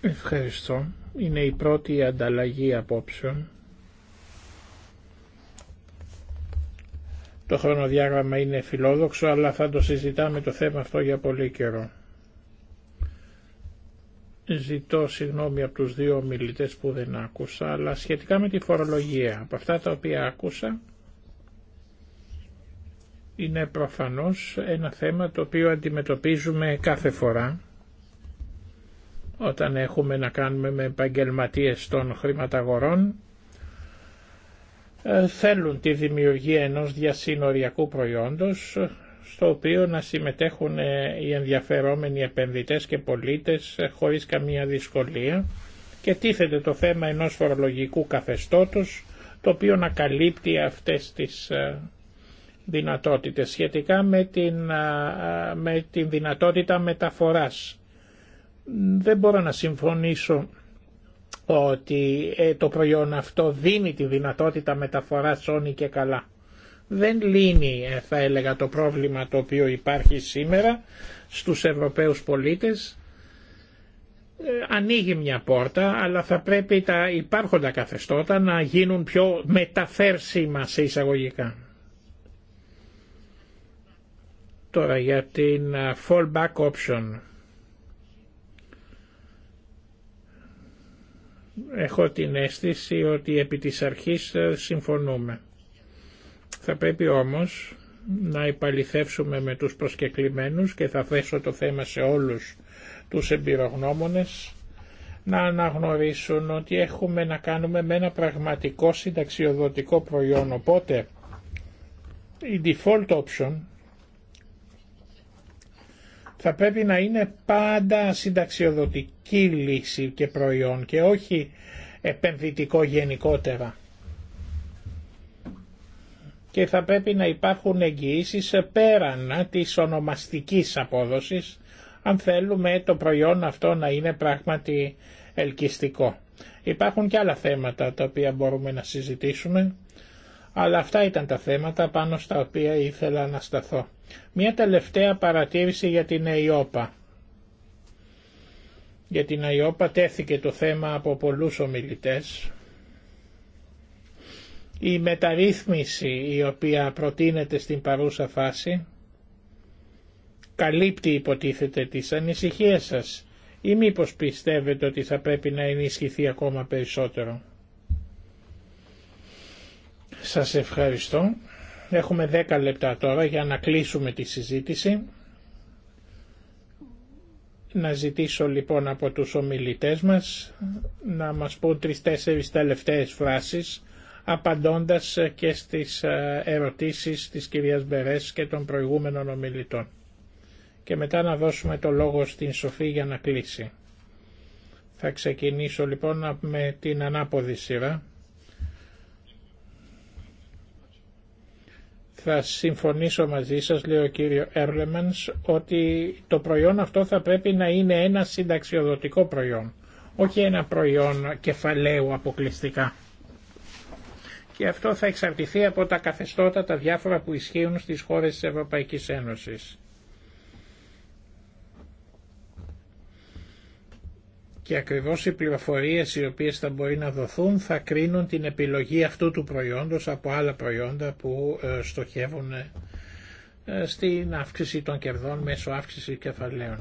Ευχαριστώ. Είναι η πρώτη ανταλλαγή απόψεων Το χρονοδιάγραμμα είναι φιλόδοξο, αλλά θα το συζητάμε το θέμα αυτό για πολύ καιρό. Ζητώ συγγνώμη από τους δύο ομιλητές που δεν άκουσα, αλλά σχετικά με τη φορολογία, από αυτά τα οποία άκουσα, είναι προφανώς ένα θέμα το οποίο αντιμετωπίζουμε κάθε φορά όταν έχουμε να κάνουμε με επαγγελματίε των χρηματαγορών ε, θέλουν τη δημιουργία ενός διασύνοριακού προϊόντος στο οποίο να συμμετέχουν ε, οι ενδιαφερόμενοι επενδυτές και πολίτες ε, χωρίς καμία δυσκολία και τίθεται το θέμα ενός φορολογικού καθεστώτος το οποίο να καλύπτει αυτές τις δυνατότητες σχετικά με την, δυνατότητα μεταφοράς. Δεν μπορώ να συμφωνήσω ότι ε, το προϊόν αυτό δίνει τη δυνατότητα μεταφοράς όνει και καλά. Δεν λύνει ε, θα έλεγα το πρόβλημα το οποίο υπάρχει σήμερα στους Ευρωπαίους πολίτες. Ε, ανοίγει μια πόρτα αλλά θα πρέπει τα υπάρχοντα καθεστώτα να γίνουν πιο μεταφέρσιμα σε εισαγωγικά. Τώρα για την fallback option έχω την αίσθηση ότι επί της αρχής ε, συμφωνούμε. Θα πρέπει όμως να υπαλληθεύσουμε με τους προσκεκλημένους και θα θέσω το θέμα σε όλους τους εμπειρογνώμονες να αναγνωρίσουν ότι έχουμε να κάνουμε με ένα πραγματικό συνταξιοδοτικό προϊόν. Οπότε η default option θα πρέπει να είναι πάντα συνταξιοδοτική λύση και προϊόν και όχι επενδυτικό γενικότερα. Και θα πρέπει να υπάρχουν εγγυήσεις πέραν της ονομαστικής απόδοσης αν θέλουμε το προϊόν αυτό να είναι πράγματι ελκυστικό. Υπάρχουν και άλλα θέματα τα οποία μπορούμε να συζητήσουμε. Αλλά αυτά ήταν τα θέματα πάνω στα οποία ήθελα να σταθώ. Μια τελευταία παρατήρηση για την ΑΙΟΠΑ. Για την ΑΙΟΠΑ τέθηκε το θέμα από πολλούς ομιλητές. Η μεταρρύθμιση η οποία προτείνεται στην παρούσα φάση καλύπτει υποτίθεται τις ανησυχίες σας ή μήπως πιστεύετε ότι θα πρέπει να ενισχυθεί ακόμα περισσότερο. Σας ευχαριστώ. Έχουμε 10 λεπτά τώρα για να κλείσουμε τη συζήτηση. Να ζητήσω λοιπόν από τους ομιλητές μας να μας πούν τρεις-τέσσερις τελευταίες φράσεις απαντώντας και στις ε, ερωτήσεις της κυρίας Μπερές και των προηγούμενων ομιλητών. Και μετά να δώσουμε το λόγο στην Σοφή για να κλείσει. Θα ξεκινήσω λοιπόν με την ανάποδη σειρά. Θα συμφωνήσω μαζί σας, λέει ο κύριο Έρλεμενς, ότι το προϊόν αυτό θα πρέπει να είναι ένα συνταξιοδοτικό προϊόν, όχι ένα προϊόν κεφαλαίου αποκλειστικά. Και αυτό θα εξαρτηθεί από τα καθεστώτα τα διάφορα που ισχύουν στις χώρες της Ευρωπαϊκής Ένωσης. και ακριβώς οι πληροφορίες οι οποίες θα μπορεί να δοθούν θα κρίνουν την επιλογή αυτού του προϊόντος από άλλα προϊόντα που ε, στοχεύουν ε, στην αύξηση των κερδών μέσω αύξηση κεφαλαίων.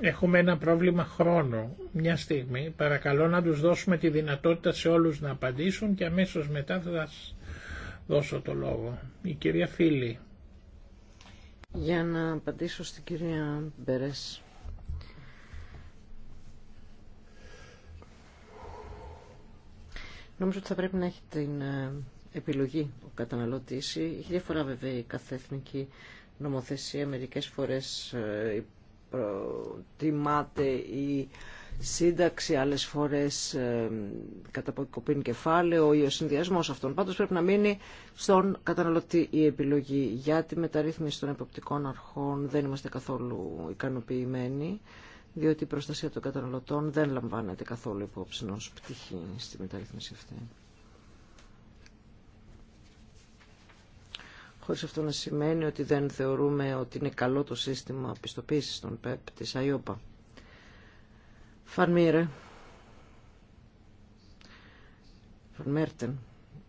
Έχουμε ένα πρόβλημα χρόνου. Μια στιγμή, παρακαλώ να τους δώσουμε τη δυνατότητα σε όλους να απαντήσουν και αμέσως μετά θα σας δώσω το λόγο. Η κυρία Φίλη. Για να απαντήσω στην κυρία Μπερές. Νομίζω ότι θα πρέπει να έχει την ε, επιλογή ο καταναλωτής. Έχει διαφορά βέβαια η καθεθνική νομοθεσία. Μερικές φορές προτιμάται ε, η σύνταξη, άλλες φορές ε, κατά κεφάλαιο ή ο συνδυασμός αυτών. Πάντως πρέπει να μείνει στον καταναλωτή η επιλογή. Για τη μεταρρύθμιση των εποπτικών αρχών δεν είμαστε καθόλου ικανοποιημένοι, διότι η προστασία των καταναλωτών δεν λαμβάνεται καθόλου υπόψη ως πτυχή στη μεταρρύθμιση αυτή. χωρίς αυτό να σημαίνει ότι δεν θεωρούμε ότι είναι καλό το σύστημα πιστοποίησης των ΠΕΠ της ΑΙΟΠΑ. Φαρμίρε, Φανμέρτεν.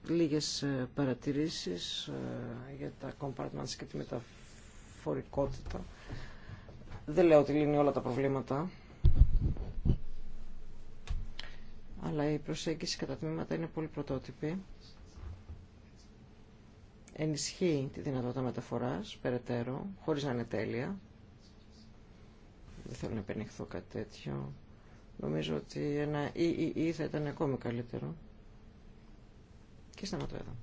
Λίγες ε, παρατηρήσεις ε, για τα compartments και τη μεταφορικότητα. Δεν λέω ότι λύνει όλα τα προβλήματα. Αλλά η προσέγγιση κατά τμήματα είναι πολύ πρωτότυπη. Ενισχύει τη δυνατότητα μεταφοράς, περαιτέρω, χωρίς να είναι τέλεια. Δεν θέλω να επενεχθώ κάτι τέτοιο. Νομίζω ότι ένα ή θα ήταν ακόμη καλύτερο. Και σταματώ εδώ.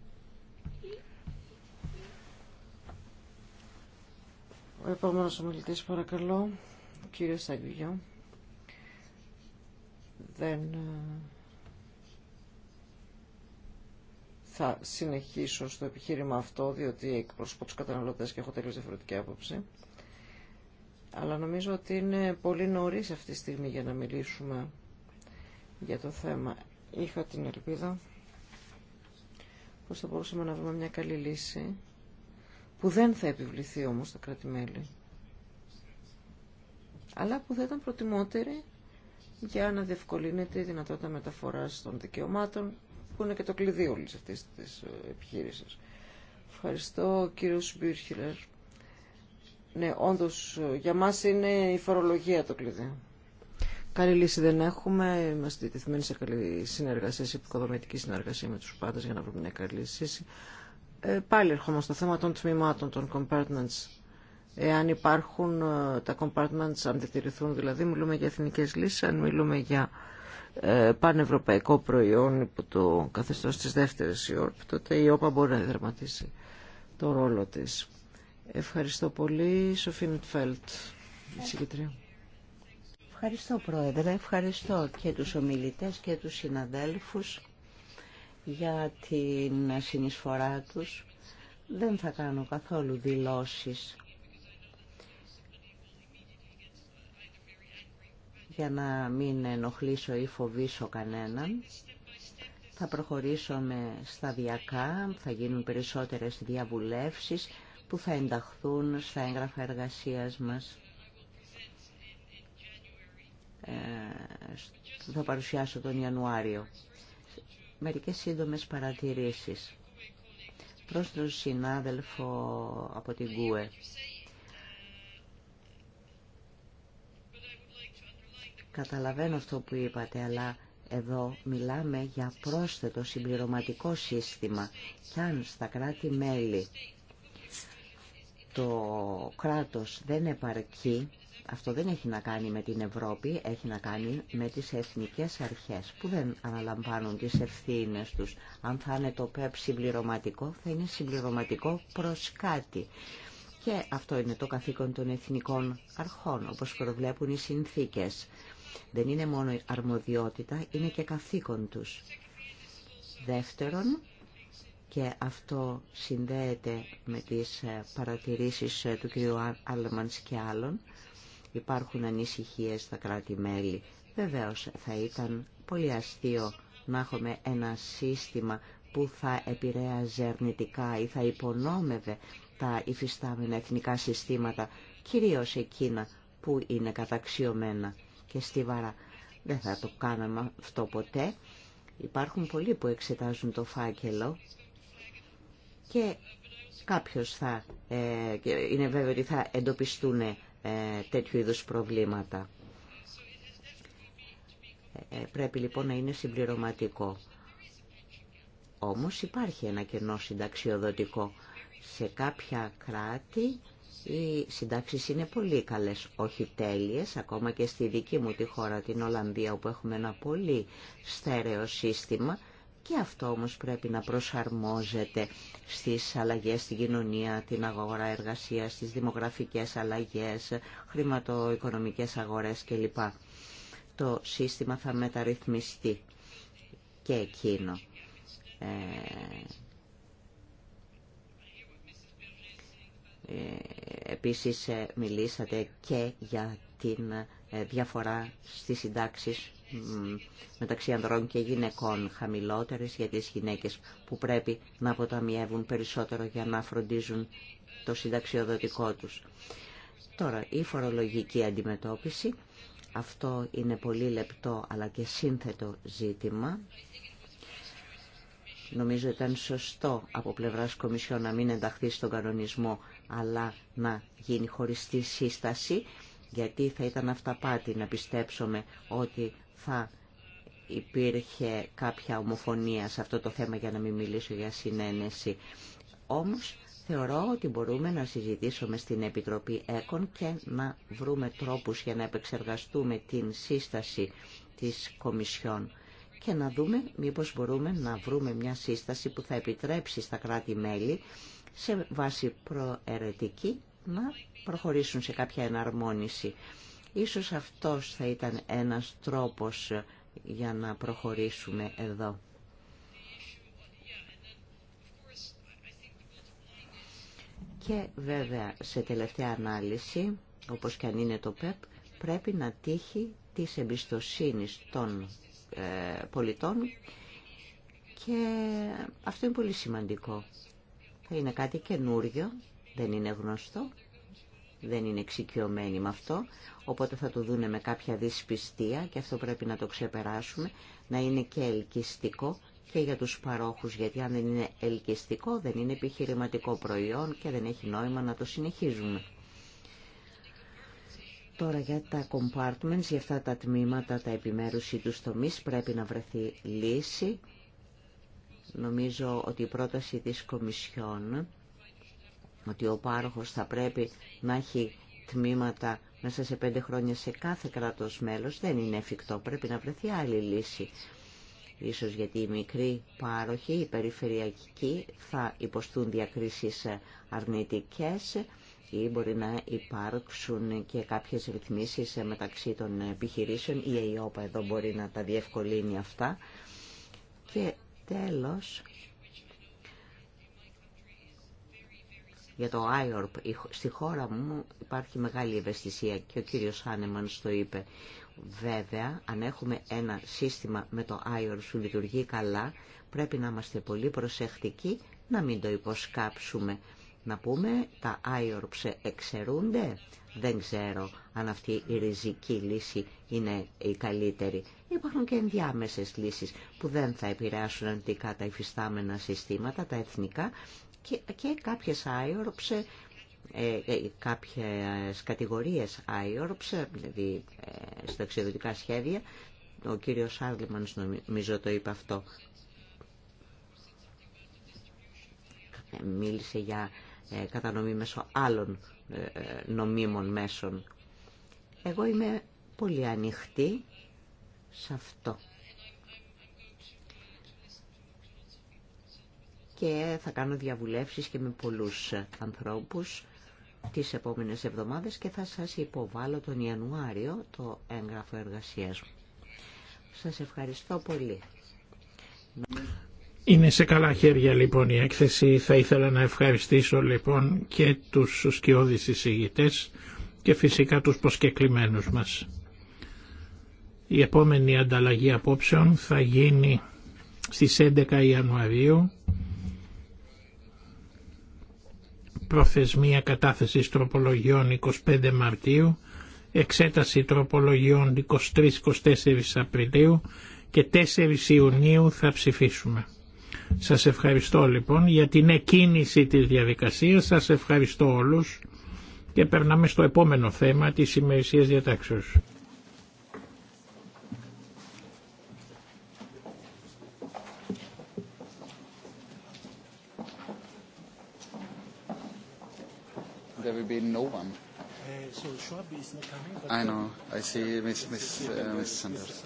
Ο επόμενος ομιλητής παρακαλώ, ο κύριος Δεν ε, θα συνεχίσω στο επιχείρημα αυτό, διότι εκπροσωπώ τους καταναλωτές και έχω τελείως διαφορετική άποψη αλλά νομίζω ότι είναι πολύ νωρίς αυτή τη στιγμή για να μιλήσουμε για το θέμα. Είχα την ελπίδα πως θα μπορούσαμε να βρούμε μια καλή λύση που δεν θα επιβληθεί όμως τα κρατη αλλά που θα ήταν προτιμότερη για να διευκολύνεται η δυνατότητα μεταφοράς των δικαιωμάτων που είναι και το κλειδί όλης αυτής της ε, επιχείρησης. Ευχαριστώ κύριο Σμπίρχιλερ. Ναι, όντω για μα είναι η φορολογία το κλειδί. Καλή λύση δεν έχουμε. Είμαστε τεθειμένοι σε καλή συνεργασία, σε υποδομητική συνεργασία με του πάντες για να βρούμε μια καλή λύση. Ε, πάλι ερχόμαστε στο θέμα των τμήματων, των compartments. Εάν υπάρχουν ε, τα compartments, αν διατηρηθούν δηλαδή, μιλούμε για εθνικέ λύσει, αν μιλούμε για ε, πανευρωπαϊκό προϊόν υπό το καθεστώ τη δεύτερη ΙΟΡΠ, τότε η ΟΠΑ μπορεί να δραματίσει το ρόλο τη. Ευχαριστώ πολύ. Σοφίνη Φέλτ, συγκεκριμένη. Ευχαριστώ Πρόεδρε, ευχαριστώ και τους ομιλητές και τους συναδέλφους για την συνεισφορά τους. Δεν θα κάνω καθόλου δηλώσεις για να μην ενοχλήσω ή φοβήσω κανέναν. Θα προχωρήσω με σταδιακά, θα γίνουν περισσότερες διαβουλεύσεις που θα ενταχθούν στα έγγραφα εργασίας μας. Ε, θα παρουσιάσω τον Ιανουάριο. Μερικές σύντομες παρατηρήσεις. Προς τον συνάδελφο από την ΚΟΕ. Καταλαβαίνω αυτό που είπατε, αλλά εδώ μιλάμε για πρόσθετο συμπληρωματικό σύστημα. Κι αν στα κράτη-μέλη το κράτος δεν επαρκεί, αυτό δεν έχει να κάνει με την Ευρώπη, έχει να κάνει με τις εθνικές αρχές που δεν αναλαμβάνουν τις ευθύνες τους. Αν θα είναι το ΠΕΠ συμπληρωματικό, θα είναι συμπληρωματικό προς κάτι. Και αυτό είναι το καθήκον των εθνικών αρχών, όπως προβλέπουν οι συνθήκες. Δεν είναι μόνο αρμοδιότητα, είναι και καθήκον τους. Δεύτερον, και αυτό συνδέεται με τις ε, παρατηρήσεις ε, του κ. Άλμανς και άλλων. Υπάρχουν ανησυχίες στα κράτη-μέλη. Βεβαίως θα ήταν πολύ αστείο να έχουμε ένα σύστημα που θα επηρέαζε αρνητικά ή θα υπονόμευε τα υφιστάμενα εθνικά συστήματα, κυρίως εκείνα που είναι καταξιωμένα και στιβαρά. Δεν θα το κάναμε αυτό ποτέ. Υπάρχουν πολλοί που εξετάζουν το φάκελο και κάποιος θα, ε, είναι βέβαιο ότι θα εντοπιστούν ε, τέτοιου είδους προβλήματα. Ε, πρέπει λοιπόν να είναι συμπληρωματικό. Όμως υπάρχει ένα κενό συνταξιοδοτικό. Σε κάποια κράτη οι συντάξει είναι πολύ καλές, όχι τέλειες, ακόμα και στη δική μου τη χώρα, την Ολλανδία, όπου έχουμε ένα πολύ στέρεο σύστημα και αυτό όμως πρέπει να προσαρμόζεται στις αλλαγές στην κοινωνία, την αγορά εργασίας, στις δημογραφικές αλλαγές, χρηματοοικονομικές αγορές κλπ. Το σύστημα θα μεταρρυθμιστεί και εκείνο. Ε, ε επίσης ε, μιλήσατε και για την ε, διαφορά στις συντάξεις μεταξύ ανδρών και γυναικών χαμηλότερες για τις γυναίκες που πρέπει να αποταμιεύουν περισσότερο για να φροντίζουν το συνταξιοδοτικό τους. Τώρα, η φορολογική αντιμετώπιση. Αυτό είναι πολύ λεπτό αλλά και σύνθετο ζήτημα. Νομίζω ήταν σωστό από πλευράς Κομισιόν να μην ενταχθεί στον κανονισμό αλλά να γίνει χωριστή σύσταση γιατί θα ήταν αυταπάτη να πιστέψουμε ότι θα υπήρχε κάποια ομοφωνία σε αυτό το θέμα για να μην μιλήσω για συνένεση. Όμως θεωρώ ότι μπορούμε να συζητήσουμε στην Επιτροπή ΕΚΟΝ και να βρούμε τρόπους για να επεξεργαστούμε την σύσταση της Κομισιόν και να δούμε μήπως μπορούμε να βρούμε μια σύσταση που θα επιτρέψει στα κράτη-μέλη σε βάση προαιρετική να προχωρήσουν σε κάποια εναρμόνιση. Ίσως αυτός θα ήταν ένας τρόπος για να προχωρήσουμε εδώ. Και βέβαια σε τελευταία ανάλυση, όπως και αν είναι το ΠΕΠ, πρέπει να τύχει της εμπιστοσύνης των ε, πολιτών και αυτό είναι πολύ σημαντικό. Θα είναι κάτι καινούριο, δεν είναι γνωστό δεν είναι εξοικειωμένοι με αυτό, οπότε θα το δούνε με κάποια δυσπιστία και αυτό πρέπει να το ξεπεράσουμε, να είναι και ελκυστικό και για τους παρόχους, γιατί αν δεν είναι ελκυστικό δεν είναι επιχειρηματικό προϊόν και δεν έχει νόημα να το συνεχίζουμε. Τώρα για τα compartments, για αυτά τα τμήματα, τα επιμέρους ή τους τομείς πρέπει να βρεθεί λύση. Νομίζω ότι η πρόταση της Κομισιόν ότι ο πάροχος θα πρέπει να έχει τμήματα μέσα σε πέντε χρόνια σε κάθε κράτος μέλος δεν είναι εφικτό. Πρέπει να βρεθεί άλλη λύση. Ίσως γιατί οι μικροί πάροχοι, οι περιφερειακοί θα υποστούν διακρίσεις αρνητικές ή μπορεί να υπάρξουν και κάποιες ρυθμίσεις μεταξύ των επιχειρήσεων. Η ΕΙΟΠΑ εδώ μπορεί να τα διευκολύνει αυτά. Και τέλος, για το IORP. Στη χώρα μου υπάρχει μεγάλη ευαισθησία και ο κύριος Χάνεμαν το είπε. Βέβαια, αν έχουμε ένα σύστημα με το IORP που λειτουργεί καλά, πρέπει να είμαστε πολύ προσεκτικοί να μην το υποσκάψουμε. Να πούμε, τα IORP εξαιρούνται. Δεν ξέρω αν αυτή η ριζική λύση είναι η καλύτερη. Υπάρχουν και ενδιάμεσες λύσεις που δεν θα επηρεάσουν αντικά τα υφιστάμενα συστήματα, τα εθνικά, και, και κάποιες άιορψε, ε, κάποιες κατηγορίες άιορψε, δηλαδή ε, στα εξαιρετικά σχέδια. Ο κύριος Άρλιμανς νομίζω το είπε αυτό. Ε, μίλησε για κατανομή μέσω άλλων νομίμων μέσων. Εγώ είμαι πολύ ανοιχτή σε αυτό. και θα κάνω διαβουλεύσεις και με πολλούς ανθρώπους τις επόμενες εβδομάδες και θα σας υποβάλω τον Ιανουάριο το έγγραφο εργασίας μου. Σας ευχαριστώ πολύ. Είναι σε καλά χέρια λοιπόν η έκθεση. Θα ήθελα να ευχαριστήσω λοιπόν και τους σκιώδεις εισηγητές και φυσικά τους προσκεκλημένους μας. Η επόμενη ανταλλαγή απόψεων θα γίνει στις 11 Ιανουαρίου προθεσμία κατάθεση τροπολογιών 25 Μαρτίου, εξέταση τροπολογιών 23-24 Απριλίου και 4 Ιουνίου θα ψηφίσουμε. Σας ευχαριστώ λοιπόν για την εκκίνηση της διαδικασίας, σας ευχαριστώ όλους και περνάμε στο επόμενο θέμα της ημερησίας διατάξεως. will been? no one. So Schwab is not coming. I know. I see Miss Miss Miss Sanders.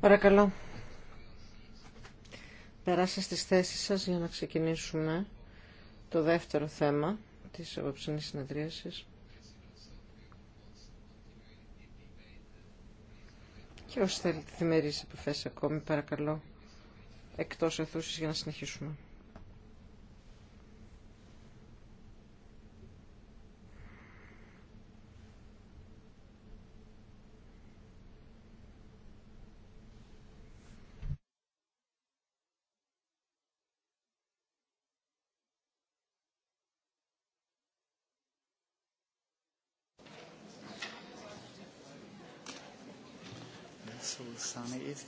Παρακαλώ. Περάστε στις θέσεις σας για να ξεκινήσουμε το δεύτερο θέμα της απόψινής συνεδρίασης. Και όσοι θέλετε θεμερίες επαφές ακόμη, παρακαλώ, εκτός αιθούσης για να συνεχίσουμε.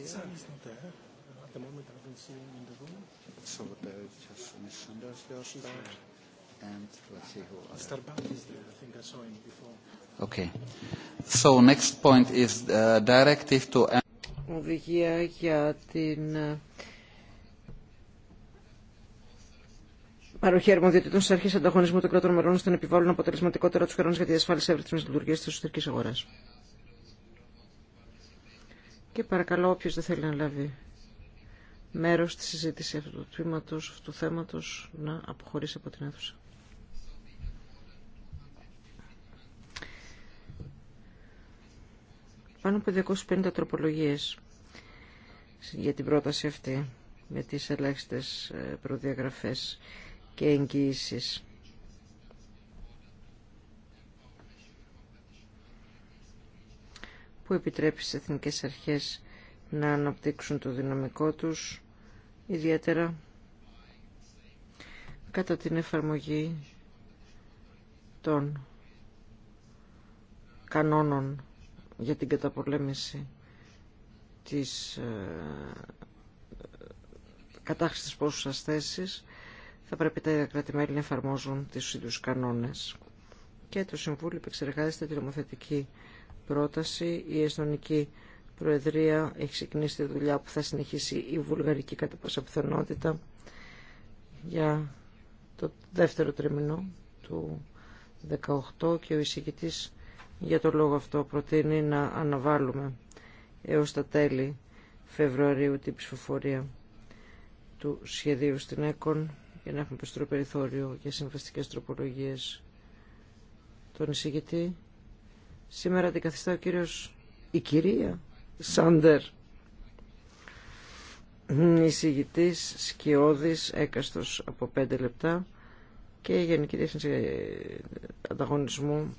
Uh, Οδηγία για την ε, παροχή αρμοδιοτήτων στι αρχέ ανταγωνισμού των κρατών μερών ώστε να του κανόνε για τη διασφάλιση εύρυθμη λειτουργία τη εσωτερική αγορά. Και παρακαλώ όποιος δεν θέλει να λάβει μέρος στη συζήτηση αυτού του τμήματος, του θέματος, να αποχωρήσει από την αίθουσα. Πάνω από 250 τροπολογίες για την πρόταση αυτή με τις ελάχιστες ε, προδιαγραφές και εγγύησεις. που επιτρέπει στις εθνικές αρχές να αναπτύξουν το δυναμικό τους, ιδιαίτερα κατά την εφαρμογή των κανόνων για την καταπολέμηση της ε, κατάχρησης της πόσουσας θέσης θα πρέπει τα κρατη να εφαρμόζουν τις ίδιους κανόνες. Και το Συμβούλιο επεξεργάζεται τη νομοθετική πρόταση. Η Εστονική Προεδρία έχει ξεκινήσει τη δουλειά που θα συνεχίσει η Βουλγαρική κατά πάσα πιθανότητα για το δεύτερο τριμηνό του 18 και ο εισηγητής για το λόγο αυτό προτείνει να αναβάλουμε έως τα τέλη Φεβρουαρίου την ψηφοφορία του σχεδίου στην ΕΚΟΝ για να έχουμε περισσότερο περιθώριο για συμβαστικές τροπολογίες τον εισηγητή Σήμερα καθιστά ο κύριος, η κυρία Σάντερ. Εισηγητής Σκιώδης έκαστος από πέντε λεπτά και η Γενική Διεύθυνση Ανταγωνισμού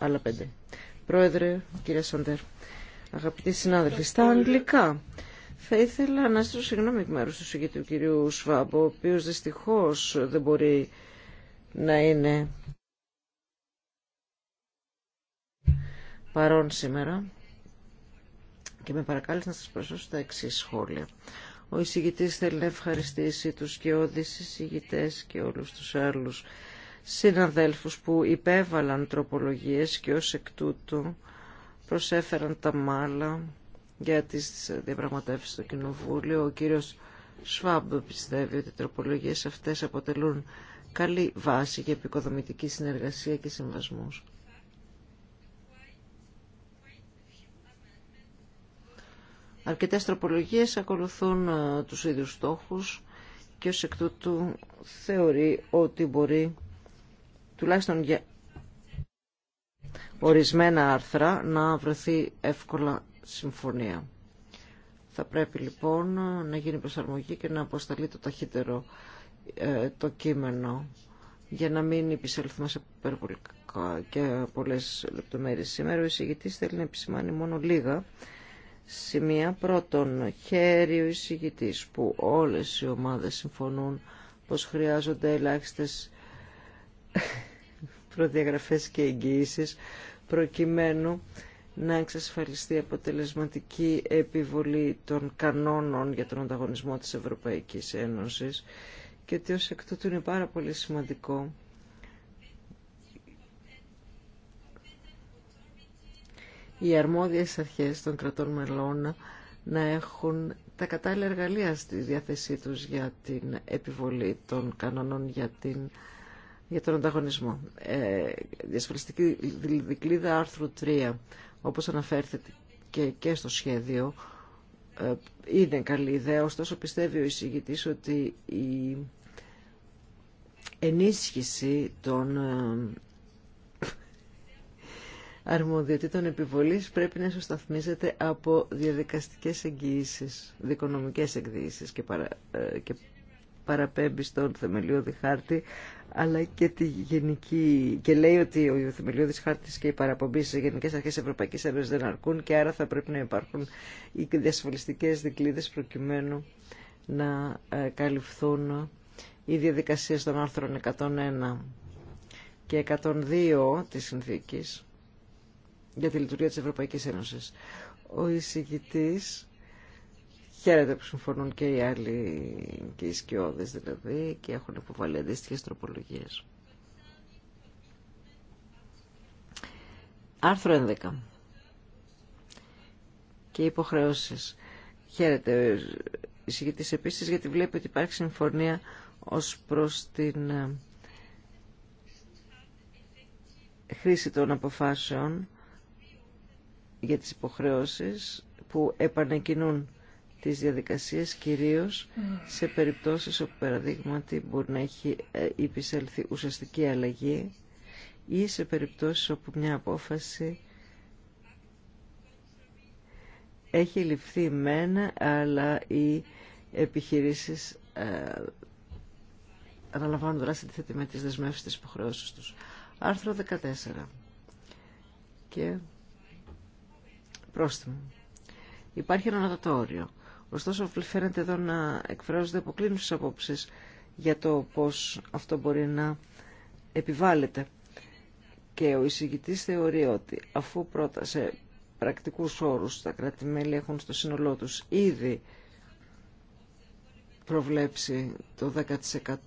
άλλα πέντε. Πρόεδρε, κυρία Σάντερ, αγαπητοί συνάδελφοι, στα αγγλικά. Θα ήθελα να στείλω συγγνώμη εκ μέρους του του κυρίου Σβάμπο, ο οποίος δυστυχώς δεν μπορεί να είναι παρόν σήμερα και με παρακάλεσε να σας προσώσω τα εξή σχόλια. Ο εισηγητής θέλει να ευχαριστήσει τους και όδης εισηγητές και όλους τους άλλους συναδέλφους που υπέβαλαν τροπολογίες και ως εκ τούτου προσέφεραν τα μάλα για τις διαπραγματεύσεις στο Κοινοβούλιο. Ο κύριος Σφάμπ πιστεύει ότι οι τροπολογίες αυτές αποτελούν καλή βάση για επικοδομητική συνεργασία και συμβασμούς. Αρκετές τροπολογίες ακολουθούν ε, τους ίδιους στόχους και ως εκ τούτου θεωρεί ότι μπορεί τουλάχιστον για ορισμένα άρθρα να βρεθεί εύκολα συμφωνία. Θα πρέπει λοιπόν να γίνει προσαρμογή και να αποσταλεί το ταχύτερο ε, το κείμενο για να μην επισέλθουμε σε υπερβολικά και πολλές λεπτομέρειες. Σήμερα ο εισηγητής θέλει να επισημάνει μόνο λίγα σημεία. Πρώτον, χέρι ο εισηγητής που όλες οι ομάδες συμφωνούν πως χρειάζονται ελάχιστες προδιαγραφές και εγγύησεις προκειμένου να εξασφαλιστεί αποτελεσματική επιβολή των κανόνων για τον ανταγωνισμό της Ευρωπαϊκής Ένωσης και ότι ως εκ τούτου είναι πάρα πολύ σημαντικό οι αρμόδιες αρχές των κρατών μελών να έχουν τα κατάλληλα εργαλεία στη διάθεσή τους για την επιβολή των κανόνων για, την, για τον ανταγωνισμό. Ε, διασφαλιστική δικλίδα άρθρου 3, όπως αναφέρθηκε και, στο σχέδιο, ε, είναι καλή ιδέα, ωστόσο πιστεύει ο εισηγητής ότι η ενίσχυση των ε, αρμοδιοτήτων επιβολής πρέπει να ισοσταθμίζεται από διαδικαστικές εγγυήσεις, δικονομικές εγγυήσεις και, ε, και παραπέμπει στον θεμελιώδη χάρτη αλλά και τη γενική και λέει ότι ο θεμελιώδης χάρτης και η παραπομπή στις γενικές αρχές Ευρωπαϊκής Ένωσης δεν αρκούν και άρα θα πρέπει να υπάρχουν οι διασφαλιστικές δικλείδες προκειμένου να ε, καλυφθούν οι διαδικασίες των άρθρων 101 και 102 της συνθήκης για τη λειτουργία της Ευρωπαϊκής Ένωσης. Ο εισηγητής χαίρεται που συμφωνούν και οι άλλοι και οι σκιώδες δηλαδή και έχουν υποβάλει αντίστοιχε τροπολογίες. Άρθρο 11 και υποχρεώσεις. Χαίρεται ο εισηγητής επίσης γιατί βλέπει ότι υπάρχει συμφωνία ως προς την ε, χρήση των αποφάσεων για τις υποχρεώσεις που επανακινούν τις διαδικασίες κυρίως σε περιπτώσεις όπου παραδείγματι μπορεί να έχει ε, υπησέλθει ουσιαστική αλλαγή ή σε περιπτώσεις όπου μια απόφαση έχει ληφθεί μένα αλλά οι επιχειρήσεις ε, αναλαμβάνουν δράση αντιθέτη με τις δεσμεύσεις της υποχρεώσεις τους. Άρθρο 14. Και πρόστιμο. Υπάρχει ένα ανατατόριο. Ωστόσο, φαίνεται εδώ να εκφράζονται αποκλίνουσες απόψεις για το πώς αυτό μπορεί να επιβάλλεται. Και ο εισηγητής θεωρεί ότι αφού πρώτα σε πρακτικούς όρους τα κράτη-μέλη έχουν στο σύνολό τους ήδη προβλέψει το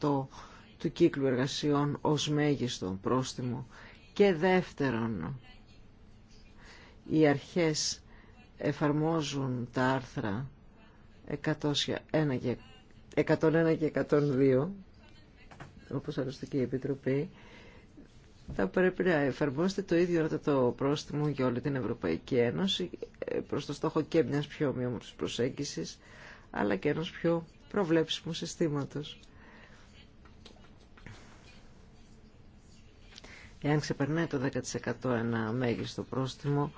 10% του κύκλου εργασιών ως μέγιστο πρόστιμο και δεύτερον οι αρχές εφαρμόζουν τα άρθρα 101 και 102 όπως άλλωστε και η Επιτροπή θα πρέπει να εφαρμόσετε το ίδιο το πρόστιμο για όλη την Ευρωπαϊκή Ένωση ε, προς το στόχο και μιας πιο ομοιόμορφης προσέγγισης αλλά και ενός πιο προβλέψιμου συστήματος. Εάν ξεπερνάει το 10% ένα μέγιστο πρόστιμο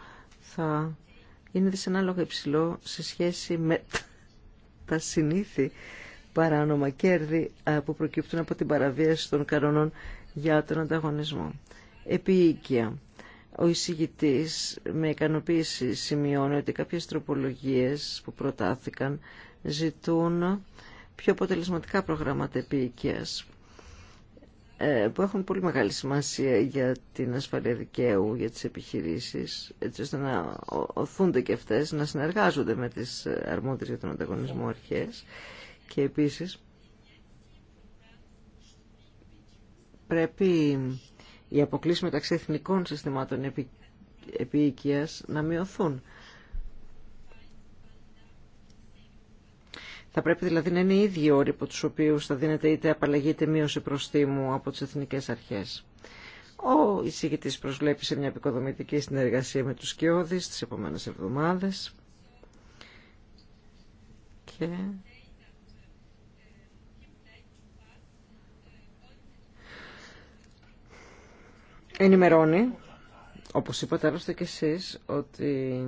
θα είναι δυσανάλογα υψηλό σε σχέση με τα συνήθη παράνομα κέρδη ε, που προκύπτουν από την παραβίαση των κανόνων για τον ανταγωνισμό. Επίοικια. Ο εισηγητής με ικανοποίηση σημειώνει ότι κάποιες τροπολογίες που προτάθηκαν ζητούν πιο αποτελεσματικά προγράμματα επίοικιας ε, που έχουν πολύ μεγάλη σημασία για την ασφαλεία δικαίου, για τις επιχειρήσεις, έτσι ώστε να οθούνται και αυτές να συνεργάζονται με τις αρμόδιες για τον ανταγωνισμό αρχές και επίσης πρέπει οι αποκλήσεις μεταξύ εθνικών συστημάτων επί, επίοικιας να μειωθούν Θα πρέπει δηλαδή να είναι οι ίδιοι όροι από του οποίου θα δίνεται είτε απαλλαγή είτε μείωση προστήμου από τις εθνικές αρχές. Ο εισηγητή προσβλέπει σε μια επικοδομητική συνεργασία με τους Κιώδης τις επόμενες εβδομάδες. Και... Ενημερώνει, όπως είπατε άλλωστε και εσείς, ότι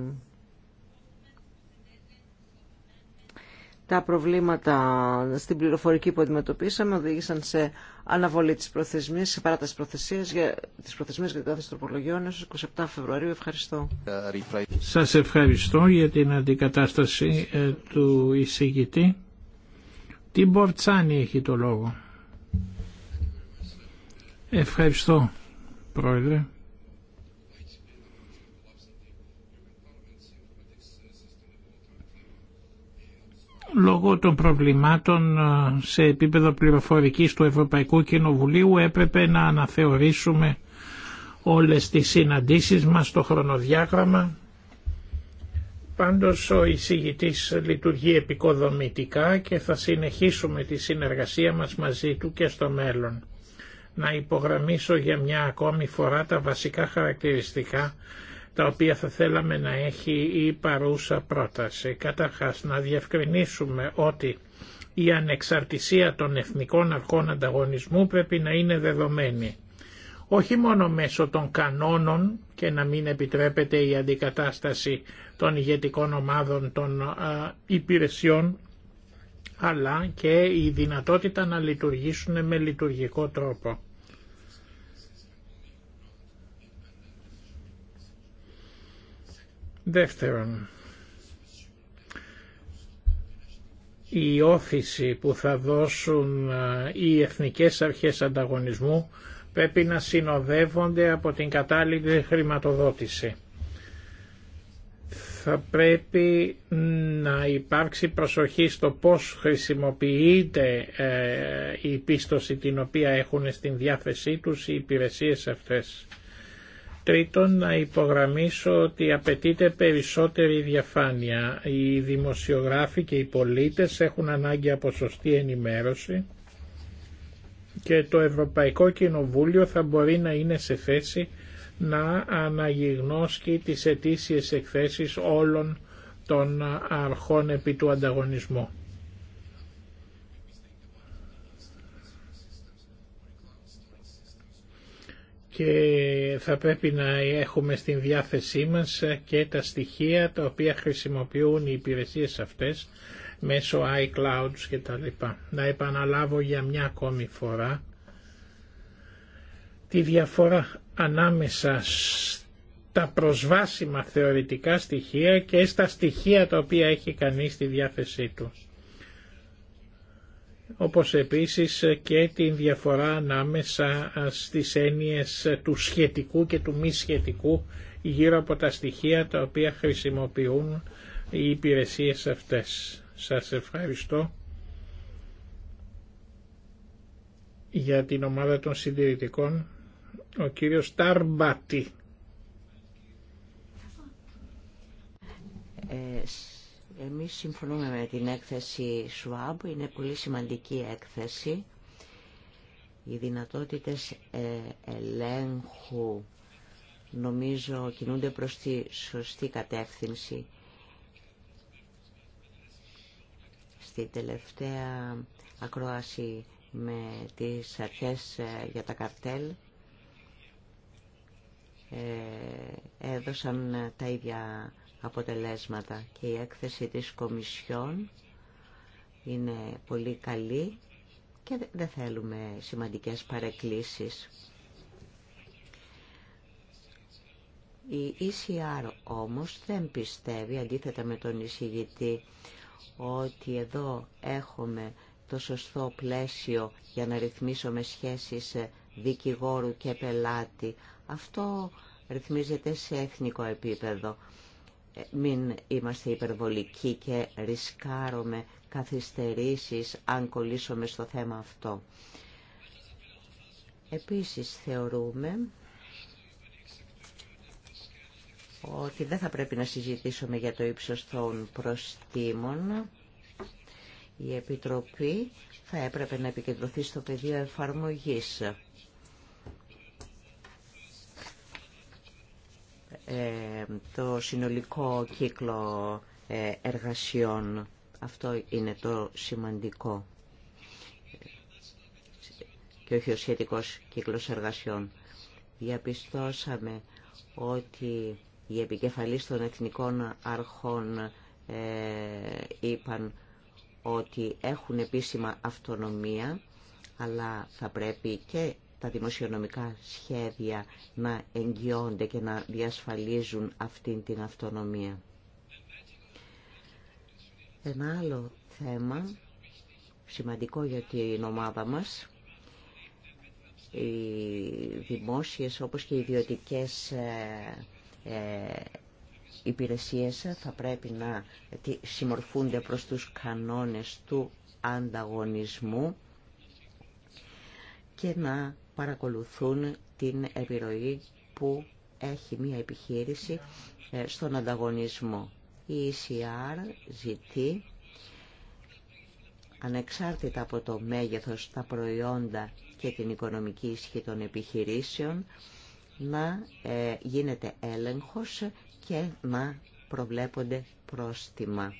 τα προβλήματα στην πληροφορική που αντιμετωπίσαμε οδήγησαν σε αναβολή της προθεσμίας, σε παράταση προθεσίας για, τις προθεσμίες για την κάθε τροπολογιών έως 27 Φεβρουαρίου. Ευχαριστώ. Σας ευχαριστώ για την αντικατάσταση ε, του εισηγητή. Τι Μπορτσάνη έχει το λόγο. Ευχαριστώ, Πρόεδρε. λόγω των προβλημάτων ε, σε επίπεδο πληροφορικής του Ευρωπαϊκού Κοινοβουλίου έπρεπε να αναθεωρήσουμε όλες τις συναντήσεις μας στο χρονοδιάγραμμα. Πάντως ο εισηγητής λειτουργεί επικοδομητικά και θα συνεχίσουμε τη συνεργασία μας μαζί του και στο μέλλον. Να υπογραμμίσω για μια ακόμη φορά τα βασικά χαρακτηριστικά τα οποία θα θέλαμε να έχει η παρούσα πρόταση. Καταρχάς να διευκρινίσουμε ότι η ανεξαρτησία των εθνικών αρχών ανταγωνισμού πρέπει να είναι δεδομένη. Όχι μόνο μέσω των κανόνων και να μην επιτρέπεται η αντικατάσταση των ηγετικών ομάδων των υπηρεσιών, αλλά και η δυνατότητα να λειτουργήσουν με λειτουργικό τρόπο. Δεύτερον, η όθηση που θα δώσουν οι εθνικές αρχές ανταγωνισμού πρέπει να συνοδεύονται από την κατάλληλη χρηματοδότηση. Θα πρέπει να υπάρξει προσοχή στο πώς χρησιμοποιείται ε, η πίστοση την οποία έχουν στην διάθεσή τους οι υπηρεσίες αυτές. Τρίτον, να υπογραμμίσω ότι απαιτείται περισσότερη διαφάνεια. Οι δημοσιογράφοι και οι πολίτες έχουν ανάγκη από σωστή ενημέρωση και το Ευρωπαϊκό Κοινοβούλιο θα μπορεί να είναι σε θέση να αναγυγνώσκει τις ετήσιες εκθέσεις όλων των αρχών επί του ανταγωνισμού. και θα πρέπει να έχουμε στην διάθεσή μας και τα στοιχεία τα οποία χρησιμοποιούν οι υπηρεσίες αυτές μέσω iCloud και τα λοιπά. Να επαναλάβω για μια ακόμη φορά τη διαφορά ανάμεσα στα προσβάσιμα θεωρητικά στοιχεία και στα στοιχεία τα οποία έχει κανείς στη διάθεσή του όπως επίσης και την διαφορά ανάμεσα στις έννοιες του σχετικού και του μη σχετικού γύρω από τα στοιχεία τα οποία χρησιμοποιούν οι υπηρεσίες αυτές. Σας ευχαριστώ για την ομάδα των συντηρητικών ο κύριος Ταρμπάτη. Ε, εμείς συμφωνούμε με την έκθεση ΣΟΑΜ. είναι πολύ σημαντική έκθεση. Οι δυνατότητες ε, ελέγχου νομίζω κινούνται προς τη σωστή κατεύθυνση. Στη τελευταία ακρόαση με τις αρχές ε, για τα καρτέλ ε, έδωσαν τα ίδια αποτελέσματα και η έκθεση της Κομισιόν είναι πολύ καλή και δεν θέλουμε σημαντικές παρεκκλήσεις. Η ECR όμως δεν πιστεύει, αντίθετα με τον εισηγητή, ότι εδώ έχουμε το σωστό πλαίσιο για να ρυθμίσουμε σχέσεις δικηγόρου και πελάτη. Αυτό ρυθμίζεται σε εθνικό επίπεδο μην είμαστε υπερβολικοί και ρισκάρουμε καθυστερήσεις αν κολλήσουμε στο θέμα αυτό. Επίσης θεωρούμε ότι δεν θα πρέπει να συζητήσουμε για το ύψος των προστήμων. Η Επιτροπή θα έπρεπε να επικεντρωθεί στο πεδίο εφαρμογής Ε, το συνολικό κύκλο ε, εργασιών. Αυτό είναι το σημαντικό και όχι ο σχετικός κύκλος εργασιών. Διαπιστώσαμε ότι οι επικεφαλής των εθνικών αρχών ε, είπαν ότι έχουν επίσημα αυτονομία αλλά θα πρέπει και τα δημοσιονομικά σχέδια να εγγυώνται και να διασφαλίζουν αυτήν την αυτονομία. Ένα άλλο θέμα σημαντικό για την ομάδα μας οι δημόσιες όπως και οι ιδιωτικές ε, ε, υπηρεσίες θα πρέπει να συμμορφούνται προς τους κανόνες του ανταγωνισμού και να παρακολουθούν την επιρροή που έχει μια επιχείρηση ε, στον ανταγωνισμό. Η ECR ζητεί ανεξάρτητα από το μέγεθος, τα προϊόντα και την οικονομική ισχύ των επιχειρήσεων να ε, γίνεται έλεγχος και να προβλέπονται πρόστιμα.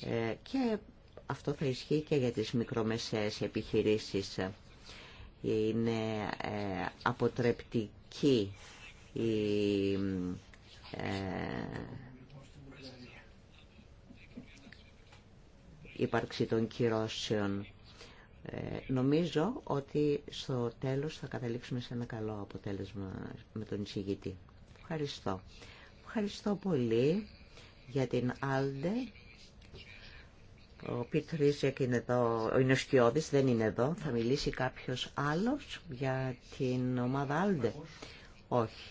Ε, και αυτό θα ισχύει και για τις μικρομεσαίες επιχειρήσεις είναι ε, αποτρεπτική η ε, ύπαρξη των κυρώσεων. Ε, νομίζω ότι στο τέλος θα καταλήξουμε σε ένα καλό αποτέλεσμα με τον εισηγητή. Ευχαριστώ. Ευχαριστώ πολύ για την Άλντε ο Πιτ Ρίζεκ είναι εδώ, ο Ινωσκιώδη δεν είναι εδώ. Θα μιλήσει κάποιος άλλος για την ομάδα Άλντε. Όχι.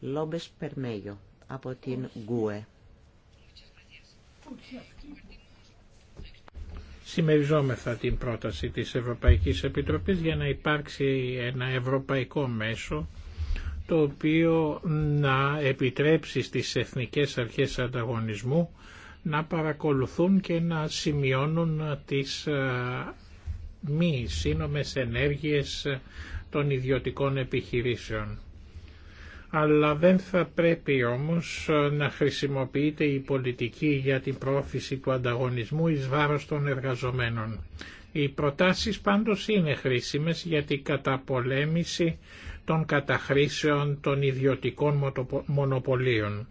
Λόμπες Περμέγιο από την Γκουε. Σημεριζόμεθα την πρόταση της Ευρωπαϊκής Επιτροπής για να υπάρξει ένα ευρωπαϊκό μέσο το οποίο να επιτρέψει στις εθνικές αρχές ανταγωνισμού να παρακολουθούν και να σημειώνουν τις ε, μη σύνομες ενέργειες των ιδιωτικών επιχειρήσεων. Αλλά δεν θα πρέπει όμως ε, να χρησιμοποιείται η πολιτική για την πρόφηση του ανταγωνισμού εις βάρος των εργαζομένων. Οι προτάσεις πάντως είναι χρήσιμες για την καταπολέμηση των καταχρήσεων των ιδιωτικών μονοπωλίων.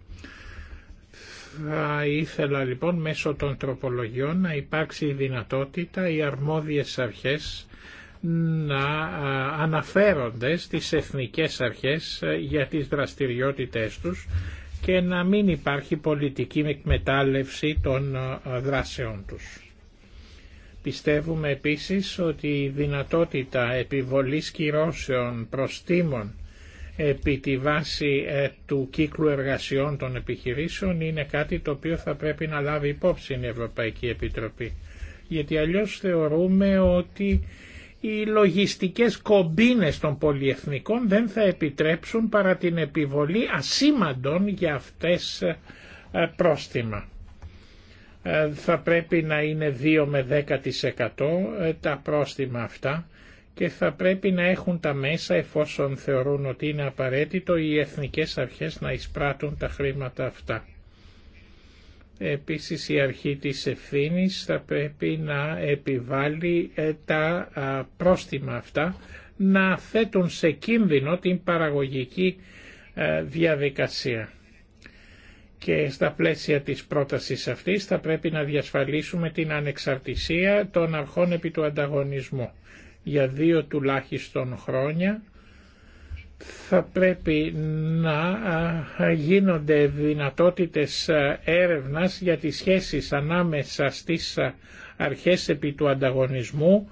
Θα ήθελα λοιπόν μέσω των τροπολογιών να υπάρξει η δυνατότητα οι αρμόδιες αρχές να αναφέρονται στις εθνικές αρχές ε, για τις δραστηριότητές τους και να μην υπάρχει πολιτική εκμετάλλευση των δράσεων τους. Πιστεύουμε επίσης ότι η δυνατότητα επιβολής κυρώσεων προστήμων επί τη βάση ε, του κύκλου εργασιών των επιχειρήσεων είναι κάτι το οποίο θα πρέπει να λάβει υπόψη η Ευρωπαϊκή Επιτροπή. Γιατί αλλιώς θεωρούμε ότι οι λογιστικές κομπίνες των πολιεθνικών δεν θα επιτρέψουν παρά την επιβολή ασήμαντων για αυτές ε, ε, πρόστιμα. Θα πρέπει να είναι 2 με 10% τα πρόστιμα αυτά και θα πρέπει να έχουν τα μέσα εφόσον θεωρούν ότι είναι απαραίτητο οι εθνικές αρχές να εισπράττουν τα χρήματα αυτά. Επίσης η αρχή της ευθύνης θα πρέπει να επιβάλλει ε, τα πρόστιμα αυτά να θέτουν σε κίνδυνο την παραγωγική ε, διαδικασία. Και στα πλαίσια της πρότασης αυτής θα πρέπει να διασφαλίσουμε την ανεξαρτησία των αρχών επί του ανταγωνισμού για δύο τουλάχιστον χρόνια θα πρέπει να γίνονται δυνατότητες έρευνας για τις σχέσεις ανάμεσα στις αρχές επί του ανταγωνισμού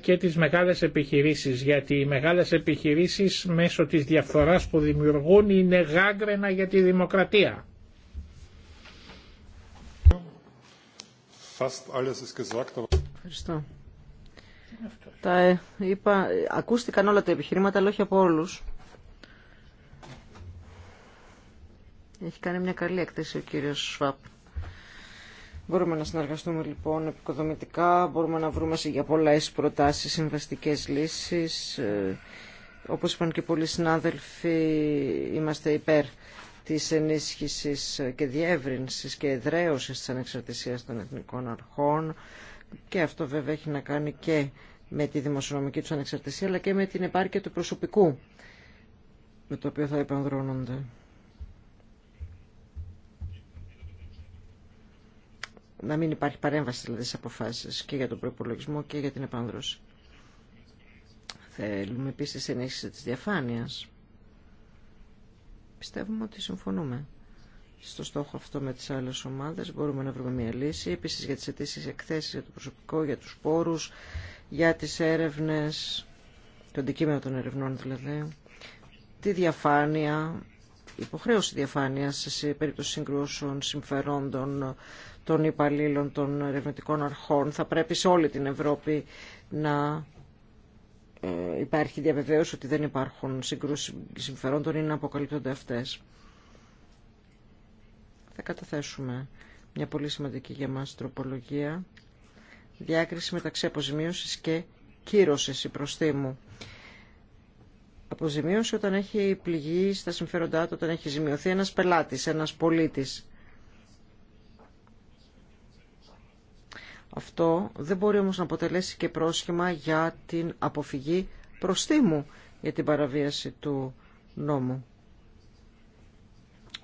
και τις μεγάλες επιχειρήσεις γιατί οι μεγάλες επιχειρήσεις μέσω της διαφθοράς που δημιουργούν είναι γάγκρενα για τη δημοκρατία. Ευχαριστώ. Τα ε, είπα, ακούστηκαν όλα τα επιχειρήματα, αλλά όχι από όλου. Έχει κάνει μια καλή έκθεση ο κύριος Σφάπ. Μπορούμε να συνεργαστούμε λοιπόν επικοδομητικά, μπορούμε να βρούμε για πολλές προτάσεις συμβαστικές λύσεις. Ε, όπως είπαν και πολλοί συνάδελφοι, είμαστε υπέρ της ενίσχυση και διεύρυνση και εδραίωση τη ανεξαρτησία των εθνικών αρχών και αυτό βέβαια έχει να κάνει και με τη δημοσιονομική τους ανεξαρτησία, αλλά και με την επάρκεια του προσωπικού με το οποίο θα επανδρώνονται. Να μην υπάρχει παρέμβαση δηλαδή στις αποφάσεις και για τον προπολογισμό και για την επανδρώση. Θέλουμε επίσης ενίσχυση της διαφάνειας. Πιστεύουμε ότι συμφωνούμε στο στόχο αυτό με τις άλλες ομάδες. Μπορούμε να βρούμε μια λύση. Επίσης για τις αιτήσεις εκθέσεις, για το προσωπικό, για τους πόρους, για τις έρευνες, το αντικείμενο των ερευνών δηλαδή, τη διαφάνεια, υποχρέωση διαφάνεια σε περίπτωση συγκρούσεων συμφερόντων των υπαλλήλων των ερευνητικών αρχών. Θα πρέπει σε όλη την Ευρώπη να ε, υπάρχει διαβεβαίωση ότι δεν υπάρχουν συγκρούσεις συμφερόντων ή να αποκαλύπτονται αυτές θα καταθέσουμε μια πολύ σημαντική για μας τροπολογία διάκριση μεταξύ αποζημίωσης και κύρωσης η προστήμου. Αποζημίωση όταν έχει πληγεί στα συμφέροντά του, όταν έχει ζημιωθεί ένας πελάτης, ένας πολίτης. Αυτό δεν μπορεί όμως να αποτελέσει και πρόσχημα για την αποφυγή προστήμου για την παραβίαση του νόμου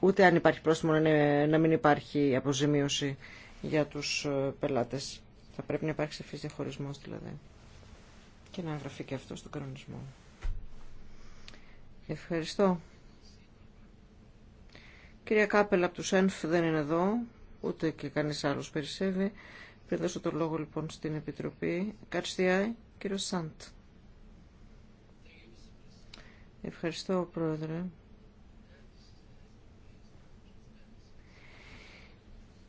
ούτε αν υπάρχει πρόστιμο να μην υπάρχει αποζημίωση για τους ε, πελάτες. Θα πρέπει να υπάρχει σαφής διαχωρισμός δηλαδή και να γραφεί και αυτό στον κανονισμό. Ευχαριστώ. Κυρία Κάπελα από τους ΕΝΦ δεν είναι εδώ, ούτε και κανείς άλλος περισσεύει. Πριν δώσω το λόγο λοιπόν στην Επιτροπή, Καρστιάη, κύριο Σάντ. Ευχαριστώ, Πρόεδρε.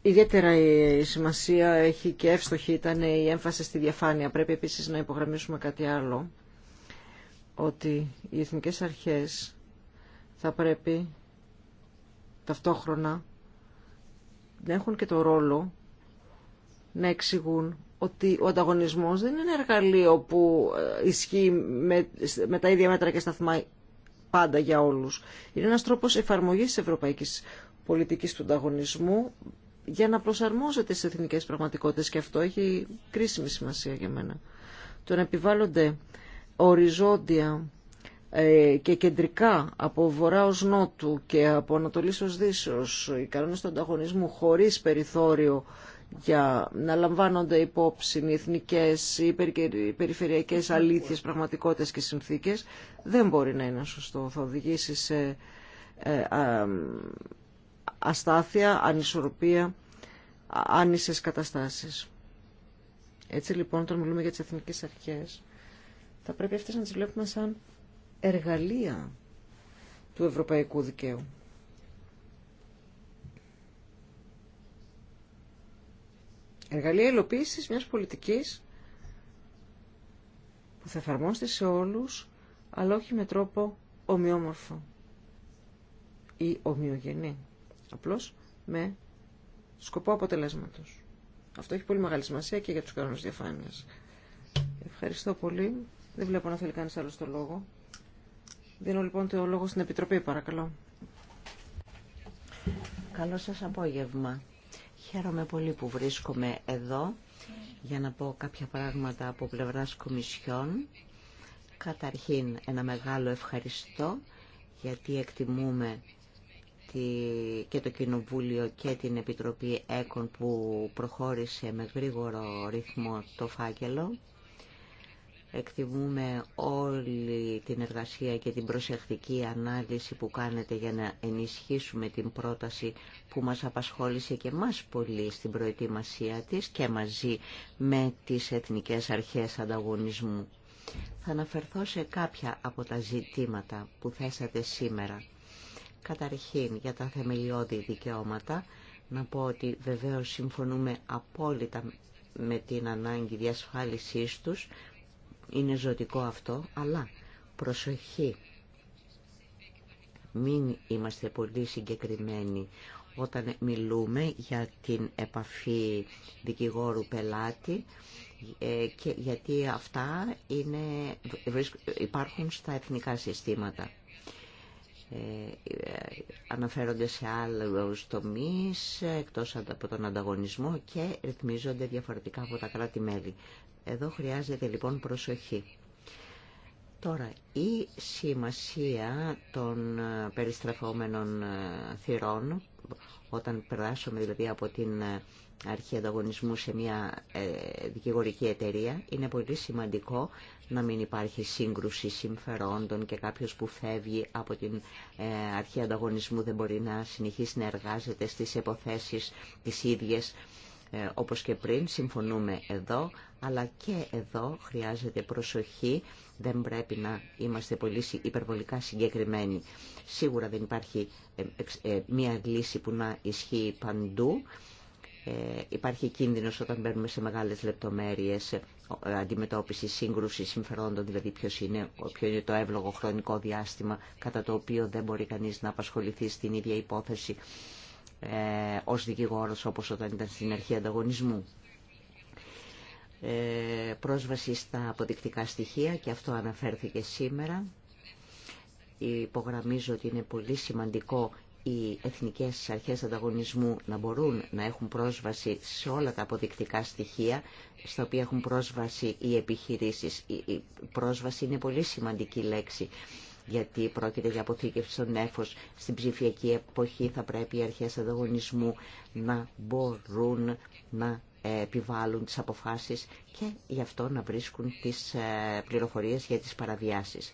Ιδιαίτερα η σημασία έχει και εύστοχη ήταν η έμφαση στη διαφάνεια. Πρέπει επίσης να υπογραμμίσουμε κάτι άλλο, ότι οι εθνικές αρχές θα πρέπει ταυτόχρονα να έχουν και το ρόλο να εξηγούν ότι ο ανταγωνισμός δεν είναι ένα εργαλείο που ε, ισχύει με, τα ίδια μέτρα και σταθμά πάντα για όλους. Είναι ένας τρόπος εφαρμογής ευρωπαϊκής πολιτικής του ανταγωνισμού για να προσαρμόζεται στις εθνικές πραγματικότητες και αυτό έχει κρίσιμη σημασία για μένα. Το να επιβάλλονται οριζόντια ε, και κεντρικά από βορρά ως νότου και από ανατολής ως δύσεως οι κανόνες του ανταγωνισμού χωρίς περιθώριο για να λαμβάνονται υπόψη οι εθνικές ή περιφερειακές αλήθειες, πραγματικότητες και συνθήκες δεν μπορεί να είναι σωστό. Θα οδηγήσει σε ε, αστάθεια, ανισορροπία, άνισες καταστάσεις. Έτσι λοιπόν όταν μιλούμε για τις εθνικές αρχές θα πρέπει αυτές να τις βλέπουμε σαν εργαλεία του ευρωπαϊκού δικαίου. Εργαλεία υλοποίησης μιας πολιτικής που θα εφαρμόστε σε όλους αλλά όχι με τρόπο ομοιόμορφο ή ομοιογενή. Απλώς με σκοπό αποτελέσματος. Αυτό έχει πολύ μεγάλη σημασία και για τους κανόνες διαφάνειας. Ευχαριστώ πολύ. Δεν βλέπω να θέλει κανείς άλλο το λόγο. Δίνω λοιπόν το λόγο στην Επιτροπή, παρακαλώ. Καλό σας απόγευμα. Χαίρομαι πολύ που βρίσκομαι εδώ για να πω κάποια πράγματα από πλευράς Κομισιόν. Καταρχήν ένα μεγάλο ευχαριστώ γιατί εκτιμούμε και το Κοινοβούλιο και την Επιτροπή ΕΚΟΝ που προχώρησε με γρήγορο ρυθμό το φάκελο. Εκτιμούμε όλη την εργασία και την προσεκτική ανάλυση που κάνετε για να ενισχύσουμε την πρόταση που μας απασχόλησε και μας πολύ στην προετοιμασία της και μαζί με τις Εθνικές Αρχές Ανταγωνισμού. Θα αναφερθώ σε κάποια από τα ζητήματα που θέσατε σήμερα. Καταρχήν, για τα θεμελιώδη δικαιώματα, να πω ότι βεβαίως συμφωνούμε απόλυτα με την ανάγκη διασφάλισής τους, είναι ζωτικό αυτό, αλλά προσοχή, μην είμαστε πολύ συγκεκριμένοι όταν μιλούμε για την επαφή δικηγόρου-πελάτη, ε, και γιατί αυτά είναι, υπάρχουν στα εθνικά συστήματα. Ε, ε, αναφέρονται σε άλλους τομείς εκτός από τον ανταγωνισμό και ρυθμίζονται διαφορετικά από τα κράτη-μέλη. Εδώ χρειάζεται λοιπόν προσοχή. Τώρα, η σημασία των ε, περιστρεφόμενων θυρών, όταν περάσουμε δηλαδή από την αρχή ανταγωνισμού σε μια ε, δικηγορική εταιρεία, είναι πολύ σημαντικό να μην υπάρχει σύγκρουση συμφερόντων και κάποιος που φεύγει από την ε, αρχή ανταγωνισμού δεν μπορεί να συνεχίσει να εργάζεται στις υποθέσεις τις ίδιες ε, όπως και πριν. Συμφωνούμε εδώ, αλλά και εδώ χρειάζεται προσοχή. Δεν πρέπει να είμαστε πολύ υπερβολικά συγκεκριμένοι. Σίγουρα δεν υπάρχει μία λύση που να ισχύει παντού. Ε, υπάρχει κίνδυνος όταν μπαίνουμε σε μεγάλες λεπτομέρειες ε, ε, αντιμετώπιση σύγκρουση συμφερόντων, δηλαδή ποιο είναι, ποιο είναι το εύλογο χρονικό διάστημα κατά το οποίο δεν μπορεί κανείς να απασχοληθεί στην ίδια υπόθεση ε, ως δικηγόρος όπως όταν ήταν στην αρχή ανταγωνισμού. Ε, πρόσβαση στα αποδεικτικά στοιχεία και αυτό αναφέρθηκε σήμερα. Υπογραμμίζω ότι είναι πολύ σημαντικό οι εθνικές αρχές ανταγωνισμού να μπορούν να έχουν πρόσβαση σε όλα τα αποδεικτικά στοιχεία στα οποία έχουν πρόσβαση οι επιχειρήσεις. Η πρόσβαση είναι πολύ σημαντική λέξη γιατί πρόκειται για αποθήκευση στον νέφος. Στην ψηφιακή εποχή θα πρέπει οι αρχές ανταγωνισμού να μπορούν να ε, επιβάλλουν τις αποφάσεις και γι' αυτό να βρίσκουν τις ε, πληροφορίες για τις παραβιάσεις.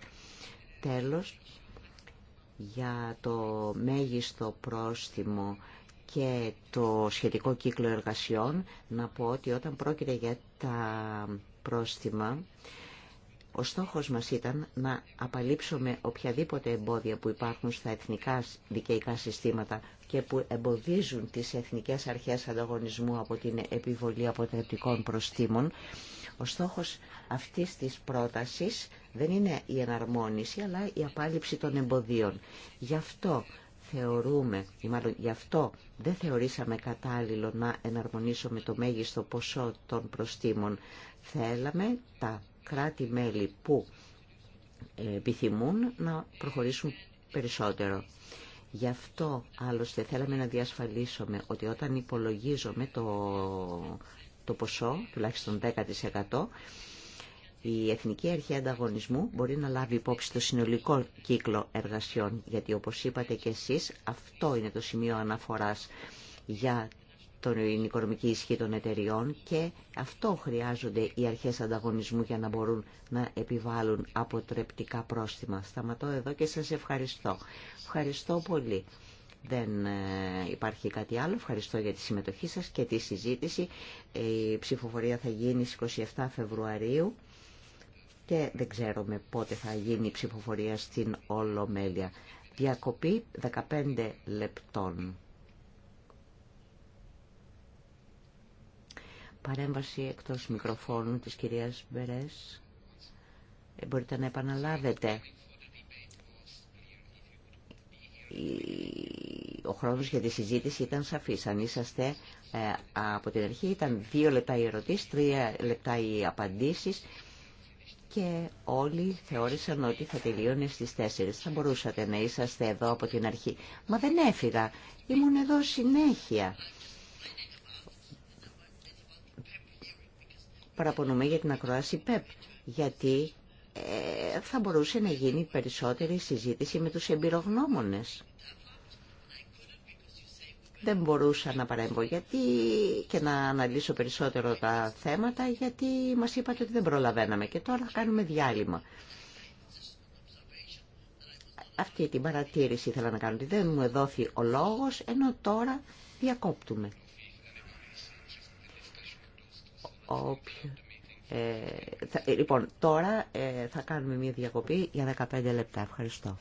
Τέλος, για το μέγιστο πρόστιμο και το σχετικό κύκλο εργασιών, να πω ότι όταν πρόκειται για τα πρόστιμα, ο στόχος μας ήταν να απαλείψουμε οποιαδήποτε εμπόδια που υπάρχουν στα εθνικά δικαιικά συστήματα και που εμποδίζουν τις εθνικές αρχές ανταγωνισμού από την επιβολή αποτρεπτικών προστήμων ο στόχος αυτής της πρότασης δεν είναι η εναρμόνιση, αλλά η απάλληψη των εμποδίων. Γι' αυτό θεωρούμε, ή μάλλον γι' αυτό δεν θεωρήσαμε κατάλληλο να εναρμονίσουμε το μέγιστο ποσό των προστήμων. Θέλαμε τα κράτη-μέλη που επιθυμούν να προχωρήσουν περισσότερο. Γι' αυτό άλλωστε θέλαμε να διασφαλίσουμε ότι όταν υπολογίζουμε το το ποσό, τουλάχιστον 10%, η Εθνική Αρχή Ανταγωνισμού μπορεί να λάβει υπόψη το συνολικό κύκλο εργασιών, γιατί όπως είπατε και εσείς, αυτό είναι το σημείο αναφοράς για την οικονομική ισχύ των εταιριών και αυτό χρειάζονται οι αρχές ανταγωνισμού για να μπορούν να επιβάλλουν αποτρεπτικά πρόστιμα. Σταματώ εδώ και σας ευχαριστώ. Ευχαριστώ πολύ δεν ε, υπάρχει κάτι άλλο. Ευχαριστώ για τη συμμετοχή σας και τη συζήτηση. Ε, η ψηφοφορία θα γίνει στις 27 Φεβρουαρίου και δεν ξέρουμε πότε θα γίνει η ψηφοφορία στην Ολομέλεια. Διακοπή 15 λεπτών. Παρέμβαση εκτός μικροφώνου της κυρίας Μπερές. Ε, μπορείτε να επαναλάβετε ο χρόνος για τη συζήτηση ήταν σαφής. Αν είσαστε ε, από την αρχή ήταν δύο λεπτά οι ερωτήσεις, τρία λεπτά οι απαντήσεις και όλοι θεώρησαν ότι θα τελειώνει στις τέσσερις. Θα μπορούσατε να είσαστε εδώ από την αρχή. Μα δεν έφυγα. Ήμουν εδώ συνέχεια. Παραπονούμε για την ακρόαση ΠΕΠ, γιατί ε, θα μπορούσε να γίνει περισσότερη συζήτηση με τους εμπειρογνώμονες. Δεν μπορούσα να παρέμβω και να αναλύσω περισσότερο τα θέματα γιατί μας είπατε ότι δεν προλαβαίναμε και τώρα κάνουμε διάλειμμα. Αυτή την παρατήρηση ήθελα να κάνω ότι δεν μου δόθη ο λόγος ενώ τώρα διακόπτουμε. Όποιο ε, ε, λοιπόν, τώρα ε, θα κάνουμε μια διακοπή για 15 λεπτά. Ευχαριστώ.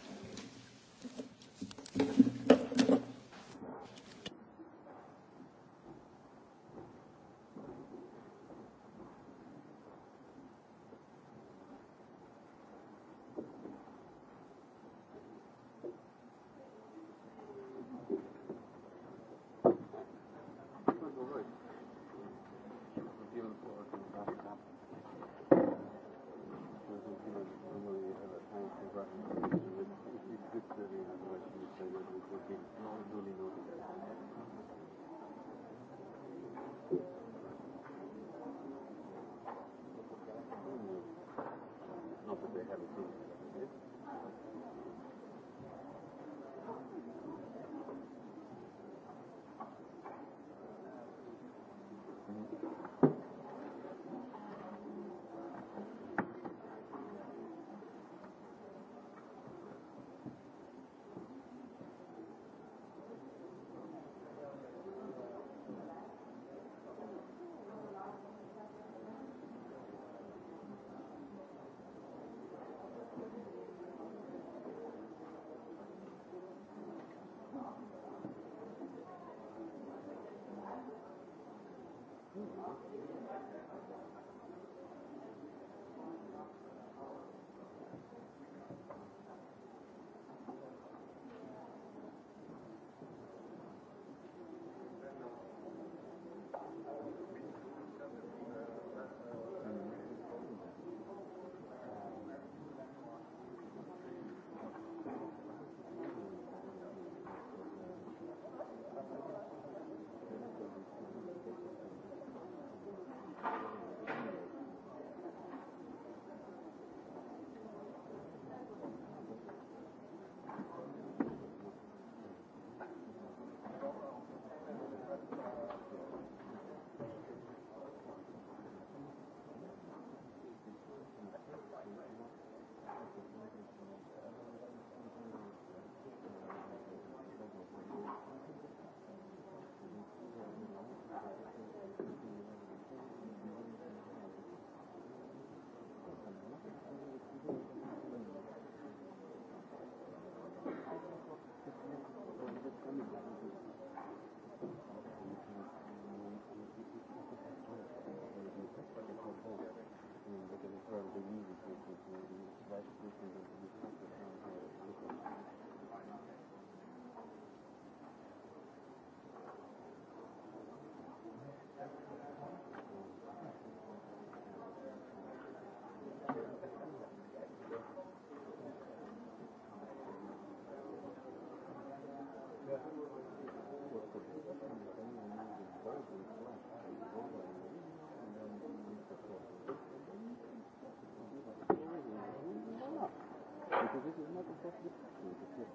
Vice President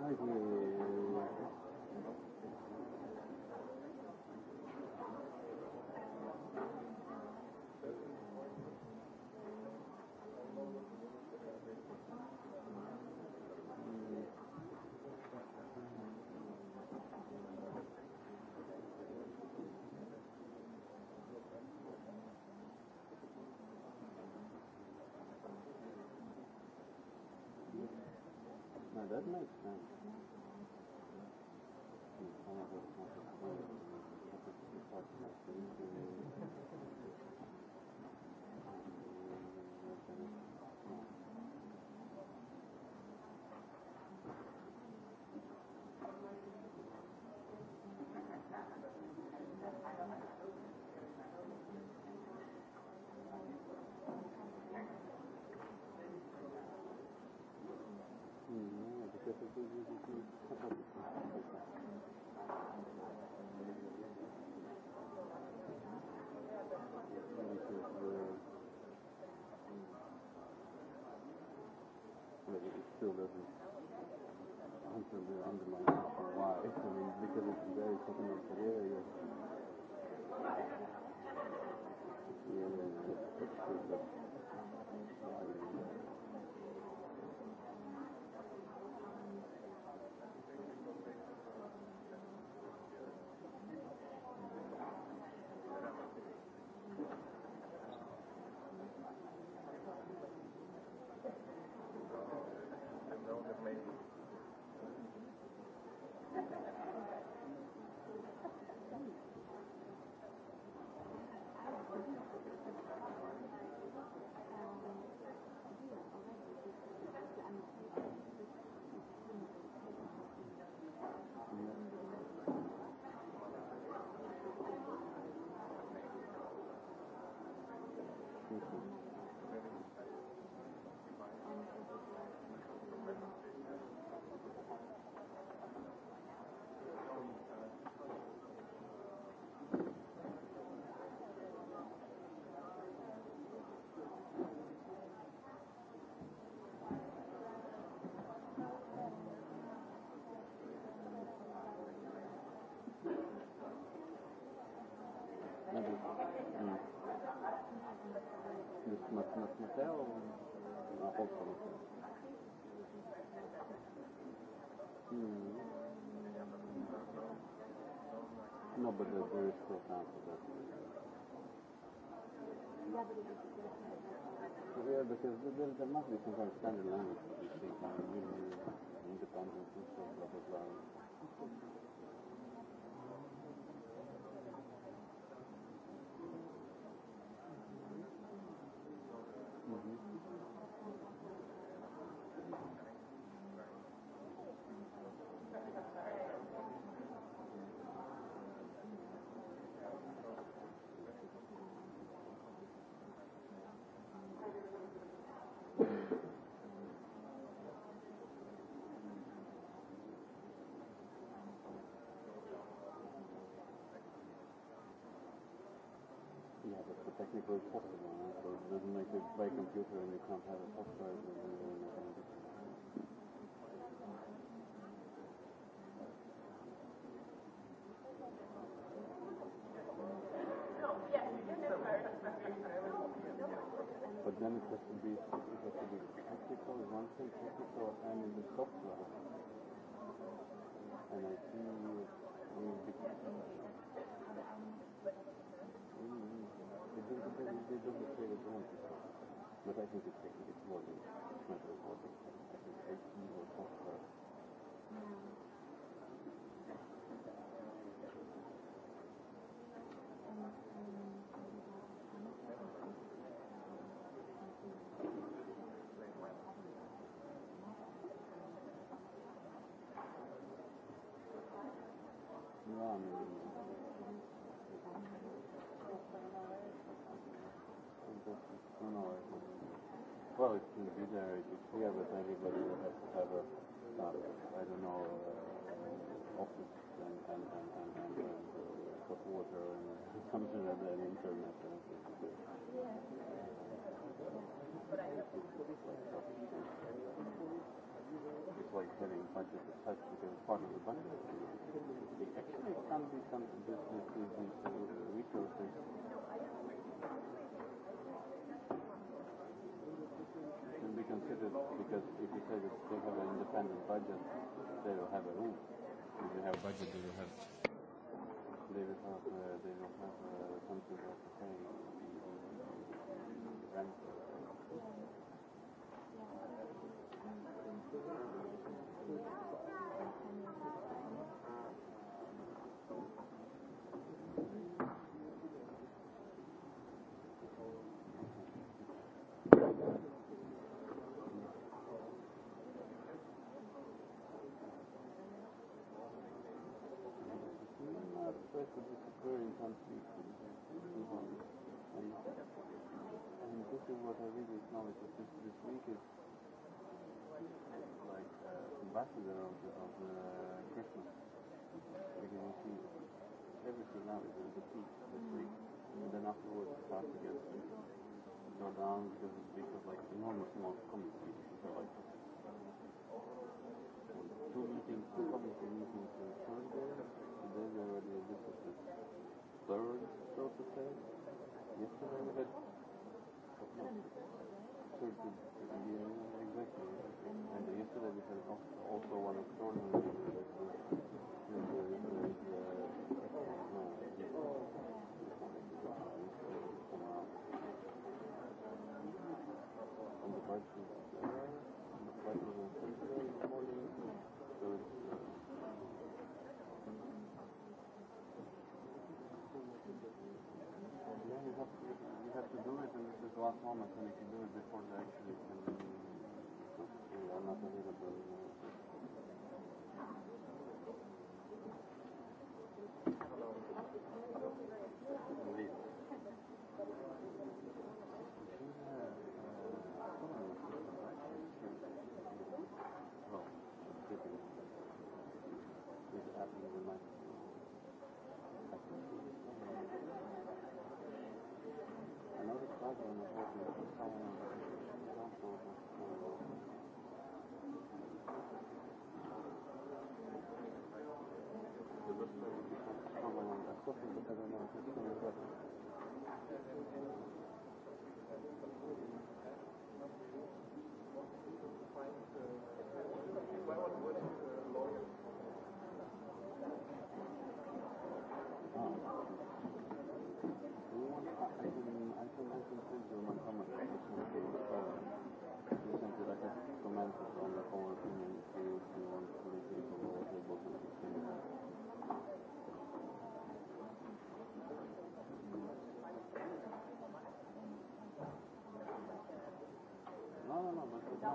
Thank you. still doesn't under for a while. because it's very να, να από No, but there's very still time for Yeah, because there, there must be some kind of standard language that you independent, blah, blah, blah. technically possible. So it doesn't make it by computer and you can't have a software. It doesn't make any difference. But then it has to be it has to be technical is one thing, technical and in the software. And I think we'll be mean they don't say the But I think it's, it's more than it's say that they have an independent budget, they will have a room. If they have a budget, they will have, they will have, uh, they will have uh, something like to pay rent. Yeah. Jetzt sind Exactly. And yesterday we had also one extraordinary last moment and you can do it before the actually can, be, not available.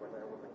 when I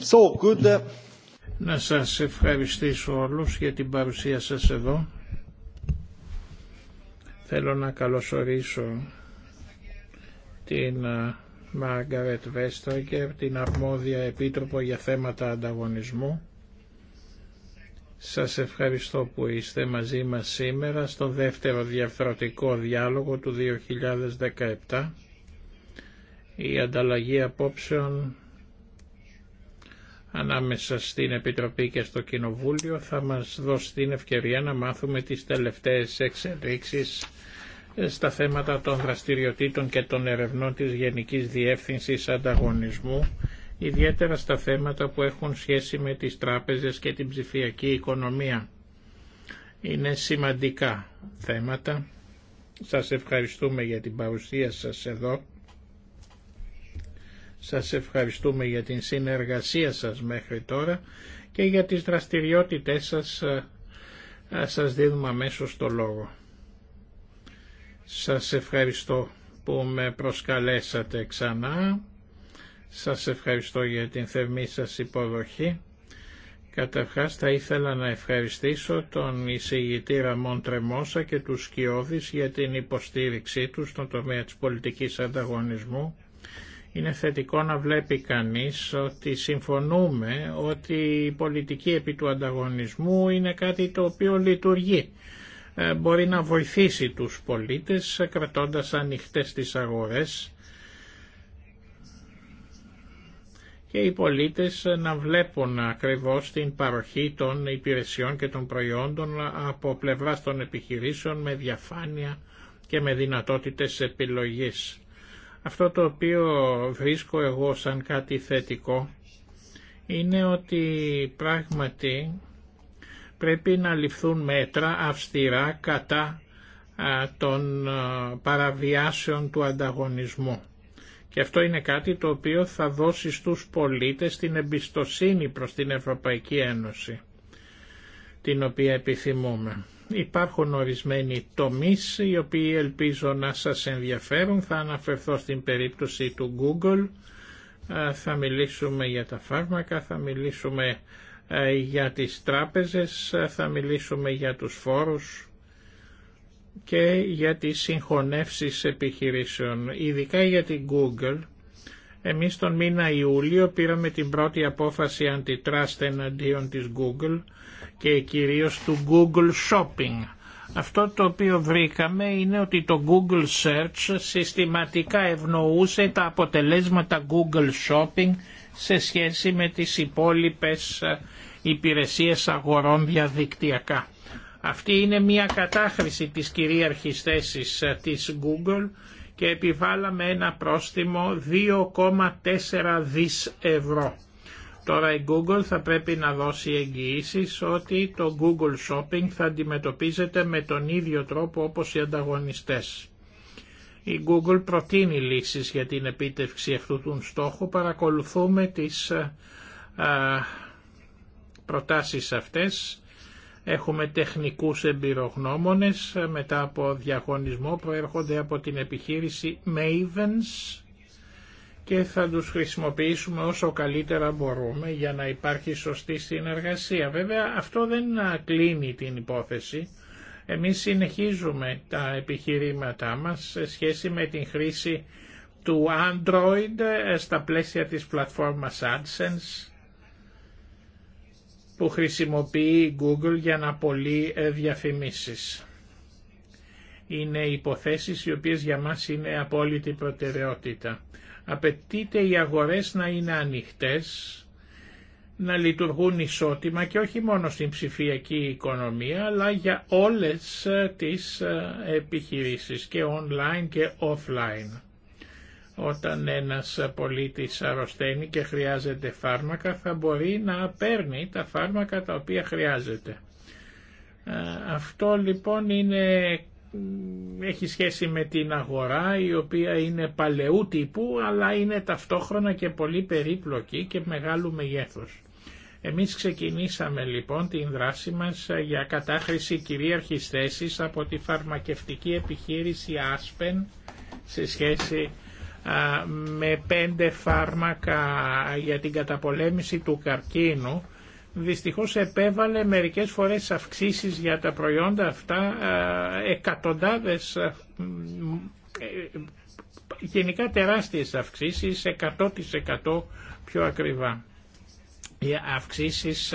So, uh, Να σας ευχαριστήσω όλους για την παρουσία σας εδώ. Θέλω να καλωσορίσω την ε, Μάργαρετ Βέστραγκερ την αρμόδια επίτροπο για θέματα ανταγωνισμού. Σας ευχαριστώ που είστε μαζί μας σήμερα στο δεύτερο διαφθρωτικό διάλογο του 2017. Η ανταλλαγή απόψεων ανάμεσα στην Επιτροπή και στο Κοινοβούλιο θα μας δώσει την ευκαιρία να μάθουμε τις τελευταίες εξελίξεις ε, στα θέματα των δραστηριοτήτων και των ερευνών της Γενικής Διεύθυνσης Ανταγωνισμού, ιδιαίτερα στα θέματα που έχουν σχέση με τις τράπεζες και την ψηφιακή οικονομία. Είναι σημαντικά θέματα. Σας ευχαριστούμε για την παρουσία σας εδώ. Σας ευχαριστούμε για την συνεργασία σας μέχρι τώρα και για τις δραστηριότητές σας ε, ε, σας δίνουμε αμέσω το λόγο. Σας ευχαριστώ που με προσκαλέσατε ξανά. Σας ευχαριστώ για την θερμή σας υποδοχή. Καταρχάς θα ήθελα να ευχαριστήσω τον εισηγητή Ραμόν Τρεμόσα και τους Σκιώδης για την υποστήριξή τους στον τομέα της πολιτικής ανταγωνισμού είναι θετικό να βλέπει κανείς ότι συμφωνούμε ότι η πολιτική επί του ανταγωνισμού είναι κάτι το οποίο λειτουργεί. Ε, μπορεί να βοηθήσει τους πολίτες ε, κρατώντας ανοιχτές τις αγορές και οι πολίτες ε, να βλέπουν ακριβώς την παροχή των υπηρεσιών και των προϊόντων από πλευράς των επιχειρήσεων με διαφάνεια και με δυνατότητες επιλογής. Αυτό το οποίο βρίσκω εγώ σαν κάτι θετικό είναι ότι πράγματι πρέπει να ληφθούν μέτρα αυστηρά κατά των παραβιάσεων του ανταγωνισμού. Και αυτό είναι κάτι το οποίο θα δώσει στους πολίτες την εμπιστοσύνη προς την Ευρωπαϊκή Ένωση την οποία επιθυμούμε. Υπάρχουν ορισμένοι τομείς οι οποίοι ελπίζω να σας ενδιαφέρουν. Θα αναφερθώ στην περίπτωση του Google, θα μιλήσουμε για τα φάρμακα, θα μιλήσουμε για τις τράπεζες, θα μιλήσουμε για τους φόρους και για τις συγχωνεύσεις επιχειρήσεων. Ειδικά για την Google, εμείς τον μήνα Ιούλιο πήραμε την πρώτη απόφαση αντιτράστ εναντίον της Google, και κυρίως του Google Shopping. Αυτό το οποίο βρήκαμε είναι ότι το Google Search συστηματικά ευνοούσε τα αποτελέσματα Google Shopping σε σχέση με τις υπόλοιπες ε, υπηρεσίες αγορών διαδικτυακά. Αυτή είναι μια κατάχρηση της κυρίαρχης θέσης ε, της Google και επιβάλαμε ένα πρόστιμο 2,4 δις ευρώ. Τώρα η Google θα πρέπει να δώσει εγγυήσει ότι το Google Shopping θα αντιμετωπίζεται με τον ίδιο τρόπο όπως οι ανταγωνιστές. Η Google προτείνει λύσεις για την επίτευξη αυτού του στόχου. Παρακολουθούμε τις ε, ε, προτάσεις αυτές. Έχουμε τεχνικούς εμπειρογνώμονες ε, μετά από διαγωνισμό προέρχονται από την επιχείρηση Mavens και θα τους χρησιμοποιήσουμε όσο καλύτερα μπορούμε για να υπάρχει σωστή συνεργασία. Βέβαια αυτό δεν κλείνει την υπόθεση. Εμείς συνεχίζουμε τα επιχειρήματά μας σε σχέση με την χρήση του Android ε, στα πλαίσια της πλατφόρμας AdSense που χρησιμοποιεί η Google για να πωλεί ε, διαφημίσεις. Είναι υποθέσεις οι οποίες για μας είναι απόλυτη προτεραιότητα. Απαιτείται οι αγορές να είναι ανοιχτές, να λειτουργούν ισότιμα και όχι μόνο στην ψηφιακή οικονομία, αλλά για όλες τις ε, επιχειρήσεις και online και offline. Όταν ένας πολίτης αρρωσταίνει και χρειάζεται φάρμακα, θα μπορεί να παίρνει τα φάρμακα τα οποία χρειάζεται. Ε, αυτό λοιπόν είναι έχει σχέση με την αγορά η οποία είναι παλαιού τύπου αλλά είναι ταυτόχρονα και πολύ περίπλοκη και μεγάλου μεγέθους. Εμείς ξεκινήσαμε λοιπόν την δράση μας για κατάχρηση κυρίαρχης θέσης από τη φαρμακευτική επιχείρηση Aspen σε σχέση με πέντε φάρμακα για την καταπολέμηση του καρκίνου δυστυχώς επέβαλε μερικές φορές αυξήσεις για τα προϊόντα αυτά εκατοντάδες, ε, γενικά τεράστιες αυξήσεις, 100% πιο ακριβά. Οι αυξήσεις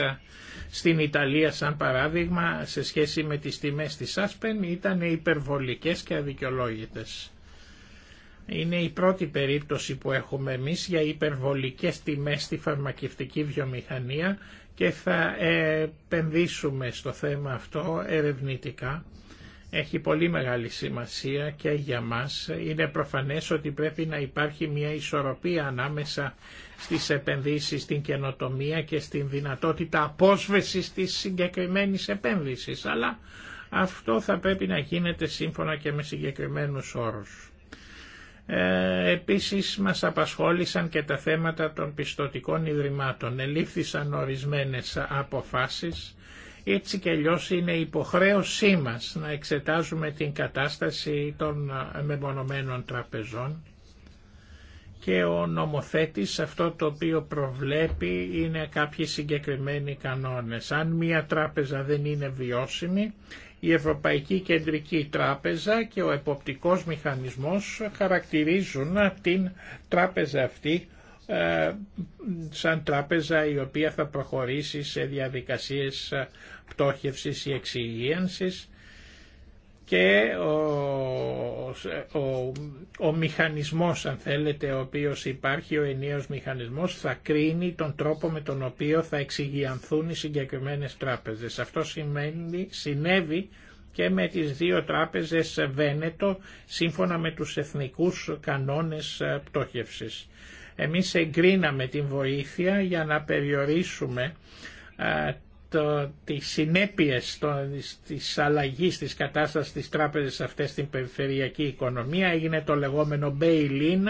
στην Ιταλία σαν παράδειγμα σε σχέση με τις τιμές της Άσπεν ήταν υπερβολικές και αδικαιολόγητες. Είναι η πρώτη περίπτωση που έχουμε εμείς για υπερβολικές τιμές στη φαρμακευτική βιομηχανία και θα επενδύσουμε στο θέμα αυτό ερευνητικά. Έχει πολύ μεγάλη σημασία και για μας. Είναι προφανές ότι πρέπει να υπάρχει μια ισορροπία ανάμεσα στις επενδύσεις, στην καινοτομία και στην δυνατότητα απόσβεσης της συγκεκριμένης επένδυσης. Αλλά αυτό θα πρέπει να γίνεται σύμφωνα και με συγκεκριμένους όρους. Ε, επίσης μας απασχόλησαν και τα θέματα των πιστοτικών ιδρυμάτων. Ελήφθησαν ορισμένες αποφάσεις. Έτσι και αλλιώ είναι υποχρέωσή μας να εξετάζουμε την κατάσταση των μεμονωμένων τραπεζών και ο νομοθέτης αυτό το οποίο προβλέπει είναι κάποιοι συγκεκριμένοι κανόνες. Αν μία τράπεζα δεν είναι βιώσιμη η Ευρωπαϊκή Κεντρική Τράπεζα και ο εποπτικός μηχανισμός χαρακτηρίζουν την τράπεζα αυτή ε, σαν τράπεζα η οποία θα προχωρήσει σε διαδικασίες πτώχευσης ή εξυγίανσης και ε, ο, ο μηχανισμός αν θέλετε ο οποίος υπάρχει, ο ενίος μηχανισμός θα κρίνει τον τρόπο με τον οποίο θα εξηγιανθούν οι συγκεκριμένες τράπεζες. Αυτό σημαίνει, συνέβη και με τις δύο τράπεζες Βένετο σύμφωνα με τους εθνικούς κανόνες ε, πτώχευσης. Εμείς εγκρίναμε την βοήθεια για να περιορίσουμε ε, το, τις συνέπειες το, της αλλαγής της κατάστασης της τράπεζας αυτές στην περιφερειακή οικονομία έγινε το λεγόμενο bail-in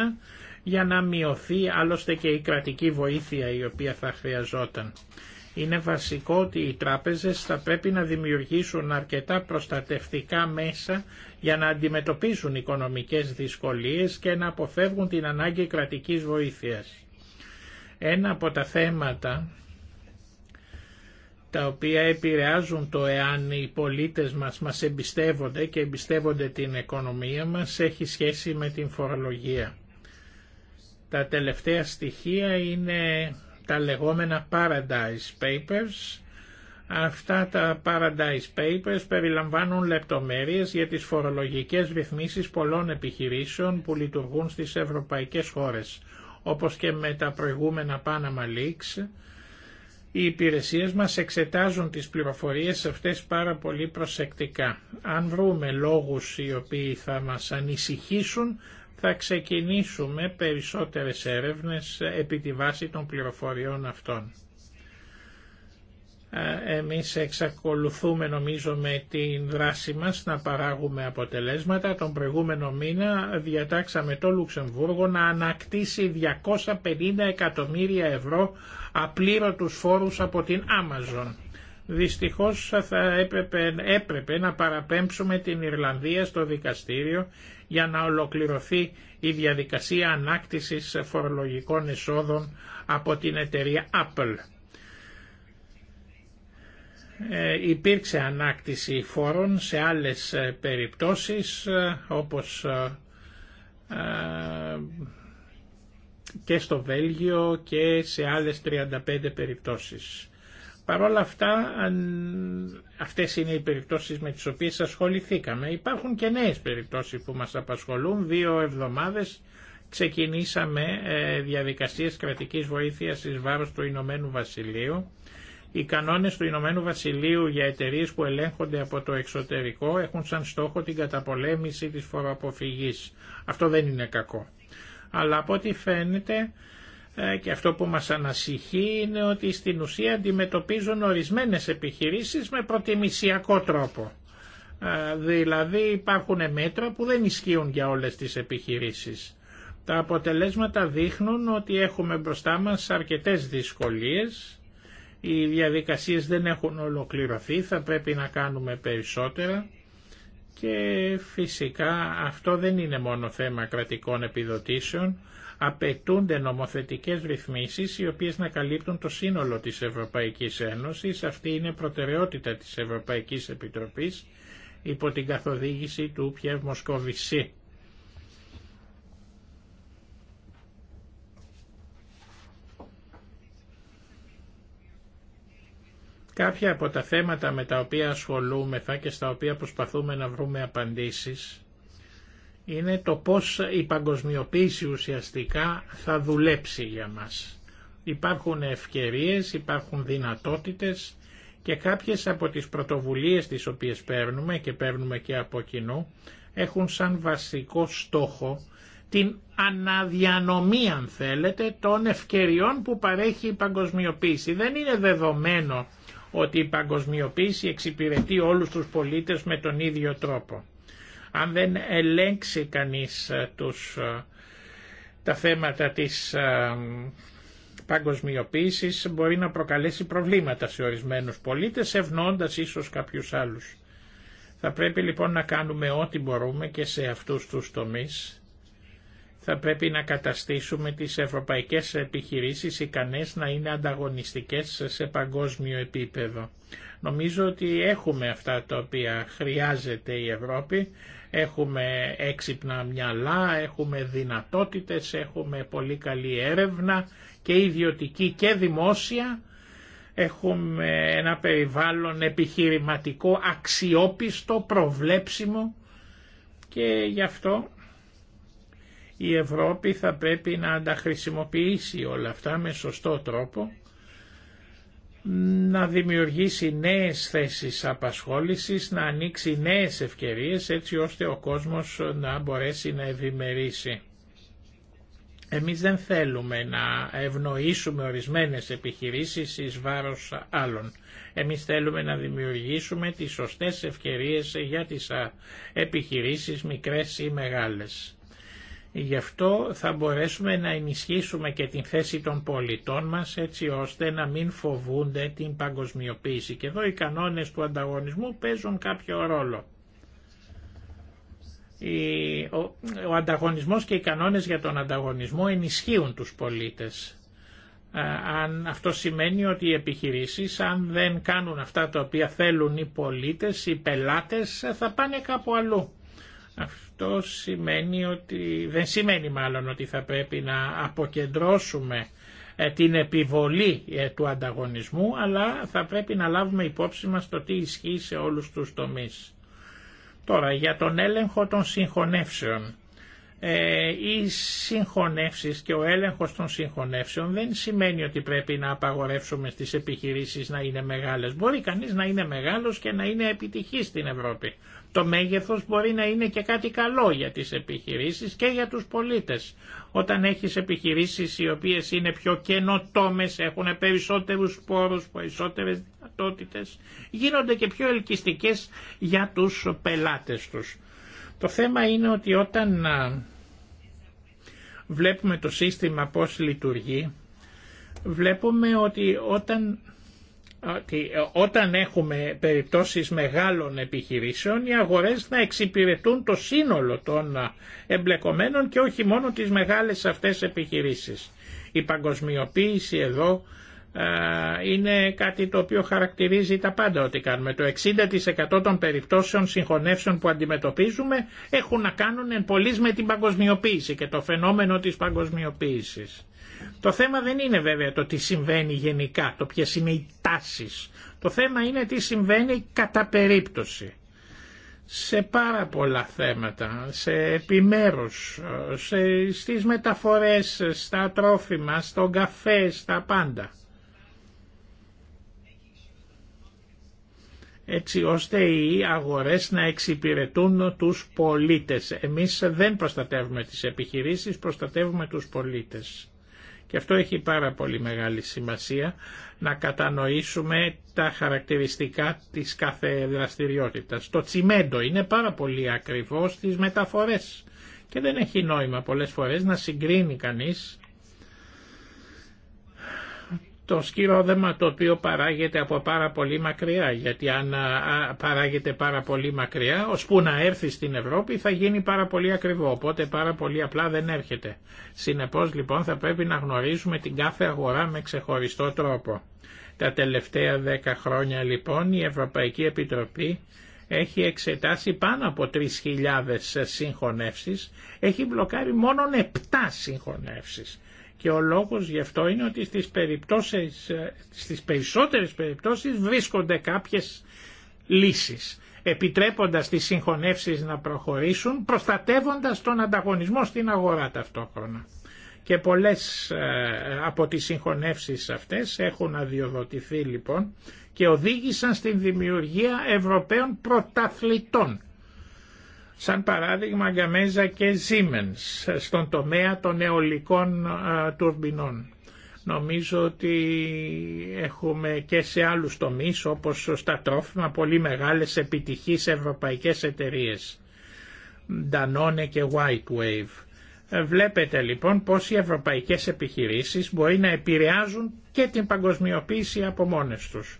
για να μειωθεί άλλωστε και η κρατική βοήθεια η οποία θα χρειαζόταν. Είναι βασικό ότι οι τράπεζες θα πρέπει να δημιουργήσουν αρκετά προστατευτικά μέσα για να αντιμετωπίσουν οικονομικές δυσκολίες και να αποφεύγουν την ανάγκη κρατικής βοήθειας. Ένα από τα θέματα τα οποία επηρεάζουν το εάν οι πολίτες μας μας εμπιστεύονται και εμπιστεύονται την οικονομία μας έχει σχέση με την φορολογία. Τα τελευταία στοιχεία είναι τα λεγόμενα Paradise Papers. Αυτά τα Paradise Papers περιλαμβάνουν λεπτομέρειες για τις φορολογικές ρυθμίσεις πολλών επιχειρήσεων που λειτουργούν στις ευρωπαϊκές χώρες, όπως και με τα προηγούμενα Panama Leaks, οι υπηρεσίες μας εξετάζουν τις πληροφορίες αυτές πάρα πολύ προσεκτικά. Αν βρούμε λόγους οι οποίοι θα μας ανησυχήσουν, θα ξεκινήσουμε περισσότερες έρευνες επί τη βάση των πληροφοριών αυτών. Ε, εμείς εξακολουθούμε νομίζω με την δράση μας να παράγουμε αποτελέσματα. Τον προηγούμενο μήνα διατάξαμε το Λουξεμβούργο να ανακτήσει 250 εκατομμύρια ευρώ απλήρωτους φόρους από την Amazon. Δυστυχώς θα έπρεπε, να παραπέμψουμε την Ιρλανδία στο δικαστήριο για να ολοκληρωθεί η διαδικασία ανάκτησης φορολογικών εσόδων από την εταιρεία Apple. Ε, υπήρξε ανάκτηση φόρων σε άλλες ε, περιπτώσεις ε, όπως και στο Βέλγιο και σε άλλες 35 περιπτώσεις. Παρ' όλα αυτά, αυτές είναι οι περιπτώσεις με τις οποίες ασχοληθήκαμε. Υπάρχουν και νέες περιπτώσεις που μας απασχολούν. Δύο εβδομάδες ξεκινήσαμε διαδικασίες κρατικής βοήθειας εις βάρος του Ηνωμένου Βασιλείου οι κανόνες του Ηνωμένου Βασιλείου για εταιρείε που ελέγχονται από το εξωτερικό έχουν σαν στόχο την καταπολέμηση της φοροαποφυγής. Αυτό δεν είναι κακό. Αλλά από ό,τι φαίνεται ε, και αυτό που μας ανασυχεί είναι ότι στην ουσία αντιμετωπίζουν ορισμένες επιχειρήσεις με προτιμησιακό τρόπο. Ε, δηλαδή υπάρχουν μέτρα που δεν ισχύουν για όλες τις επιχειρήσεις. Τα αποτελέσματα δείχνουν ότι έχουμε μπροστά μας αρκετές δυσκολίες οι διαδικασίες δεν έχουν ολοκληρωθεί, θα πρέπει να κάνουμε περισσότερα και φυσικά αυτό δεν είναι μόνο θέμα κρατικών επιδοτήσεων, απαιτούνται νομοθετικές ρυθμίσεις οι οποίες να καλύπτουν το σύνολο της Ευρωπαϊκής Ένωσης. Αυτή είναι προτεραιότητα της Ευρωπαϊκής Επιτροπής υπό την καθοδήγηση του Πιεύ Μοσκοβισή. Κάποια από τα θέματα με τα οποία ασχολούμεθα και στα οποία προσπαθούμε να βρούμε απαντήσεις είναι το πώς η παγκοσμιοποίηση ουσιαστικά θα δουλέψει για μας. Υπάρχουν ευκαιρίες, υπάρχουν δυνατότητες και κάποιες από τις πρωτοβουλίες τις οποίες παίρνουμε και παίρνουμε και από κοινού έχουν σαν βασικό στόχο την αναδιανομή αν θέλετε των ευκαιριών που παρέχει η παγκοσμιοποίηση. Δεν είναι δεδομένο ότι η παγκοσμιοποίηση εξυπηρετεί όλους τους πολίτες με τον ίδιο τρόπο. Αν δεν ελέγξει κανείς ε, τους, ε, τα θέματα της ε, παγκοσμιοποίησης μπορεί να προκαλέσει προβλήματα σε ορισμένους πολίτες ευνοώντας ίσως κάποιους άλλους. Θα πρέπει λοιπόν να κάνουμε ό,τι μπορούμε και σε αυτούς τους τομείς θα πρέπει να καταστήσουμε τις ευρωπαϊκές επιχειρήσεις ικανές να είναι ανταγωνιστικές σε παγκόσμιο επίπεδο. Νομίζω ότι έχουμε αυτά τα οποία χρειάζεται η Ευρώπη. Έχουμε έξυπνα μυαλά, έχουμε δυνατότητες, έχουμε πολύ καλή έρευνα και ιδιωτική και δημόσια. Έχουμε ένα περιβάλλον επιχειρηματικό αξιόπιστο, προβλέψιμο και γι' αυτό η Ευρώπη θα πρέπει να τα χρησιμοποιήσει όλα αυτά με σωστό τρόπο, να δημιουργήσει νέες θέσεις απασχόλησης, να ανοίξει νέες ευκαιρίες έτσι ώστε ο κόσμος να μπορέσει να ευημερήσει. Εμείς δεν θέλουμε να ευνοήσουμε ορισμένες επιχειρήσεις εις βάρος άλλων. Εμείς θέλουμε να δημιουργήσουμε τις σωστές ευκαιρίες για τις επιχειρήσεις μικρές ή μεγάλες. Γι' αυτό θα μπορέσουμε να ενισχύσουμε και την θέση των πολιτών μας έτσι ώστε να μην φοβούνται την παγκοσμιοποίηση. Και εδώ οι κανόνες του ανταγωνισμού παίζουν κάποιο ρόλο. Ο ανταγωνισμός και οι κανόνες για τον ανταγωνισμό ενισχύουν τους πολίτες. Αν αυτό σημαίνει ότι οι επιχειρήσεις αν δεν κάνουν αυτά τα οποία θέλουν οι πολίτες, οι πελάτες θα πάνε κάπου αλλού σημαίνει ότι, δεν σημαίνει μάλλον ότι θα πρέπει να αποκεντρώσουμε ε, την επιβολή ε, του ανταγωνισμού, αλλά θα πρέπει να λάβουμε υπόψη μας το τι ισχύει σε όλους τους τομείς. Τώρα, για τον έλεγχο των συγχωνεύσεων. Ε, οι συγχωνεύσεις και ο έλεγχος των συγχωνεύσεων δεν σημαίνει ότι πρέπει να απαγορεύσουμε στις επιχειρήσεις να είναι μεγάλες. Μπορεί κανείς να είναι μεγάλος και να είναι επιτυχής στην Ευρώπη. Το μέγεθος μπορεί να είναι και κάτι καλό για τις επιχειρήσεις και για τους πολίτες. Όταν έχεις επιχειρήσεις οι οποίες είναι πιο καινοτόμες, έχουν περισσότερους πόρους, περισσότερες δυνατότητες, γίνονται και πιο ελκυστικές για τους πελάτες τους. Το θέμα είναι ότι όταν βλέπουμε το σύστημα πώς λειτουργεί, βλέπουμε ότι όταν ότι ε, όταν έχουμε περιπτώσεις μεγάλων επιχειρήσεων οι αγορές να εξυπηρετούν το σύνολο των ε, εμπλεκομένων και όχι μόνο τις μεγάλες αυτές επιχειρήσεις. Η παγκοσμιοποίηση εδώ ε, είναι κάτι το οποίο χαρακτηρίζει τα πάντα ότι κάνουμε. Το 60% των περιπτώσεων συγχωνεύσεων που αντιμετωπίζουμε έχουν να κάνουν εν με την παγκοσμιοποίηση και το φαινόμενο της παγκοσμιοποίησης. Το θέμα δεν είναι βέβαια το τι συμβαίνει γενικά, το ποιε είναι οι τάσει. Το θέμα είναι τι συμβαίνει κατά περίπτωση. Σε πάρα πολλά θέματα, σε επιμέρους, σε, στις μεταφορές, στα τρόφιμα, στον καφέ, στα πάντα. έτσι ώστε οι αγορές να εξυπηρετούν τους πολίτες. Εμείς δεν προστατεύουμε τις επιχειρήσεις, προστατεύουμε τους πολίτες. Και αυτό έχει πάρα πολύ μεγάλη σημασία να κατανοήσουμε τα χαρακτηριστικά της κάθε δραστηριότητας. Το τσιμέντο είναι πάρα πολύ ακριβώς στις μεταφορές και δεν έχει νόημα πολλές φορές να συγκρίνει κανείς το σκυρόδεμα το οποίο παράγεται από πάρα πολύ μακριά, γιατί αν παράγεται πάρα πολύ μακριά, ώσπου να έρθει στην Ευρώπη θα γίνει πάρα πολύ ακριβό, οπότε πάρα πολύ απλά δεν έρχεται. Συνεπώς λοιπόν θα πρέπει να γνωρίζουμε την κάθε αγορά με ξεχωριστό τρόπο. Τα τελευταία δέκα χρόνια λοιπόν η Ευρωπαϊκή Επιτροπή έχει εξετάσει πάνω από 3.000 συγχωνεύσεις, έχει μπλοκάρει μόνον 7 συγχωνεύσεις. Και ο λόγος γι' αυτό είναι ότι στις, περιπτώσεις, στις περισσότερες περιπτώσεις βρίσκονται κάποιες λύσεις επιτρέποντας τις συγχωνεύσεις να προχωρήσουν, προστατεύοντας τον ανταγωνισμό στην αγορά ταυτόχρονα. Και πολλές ε, από τις συγχωνεύσεις αυτές έχουν αδειοδοτηθεί λοιπόν και οδήγησαν στην δημιουργία Ευρωπαίων πρωταθλητών σαν παράδειγμα Γκαμέζα και Siemens στον τομέα των αιωλικών τουρμπινών. Νομίζω ότι έχουμε και σε άλλους τομείς όπως στα τρόφιμα πολύ μεγάλες επιτυχείς ευρωπαϊκές εταιρείες. Danone και White Wave. Ε, βλέπετε λοιπόν πως οι ευρωπαϊκές επιχειρήσεις μπορεί να επηρεάζουν και την παγκοσμιοποίηση από μόνες τους.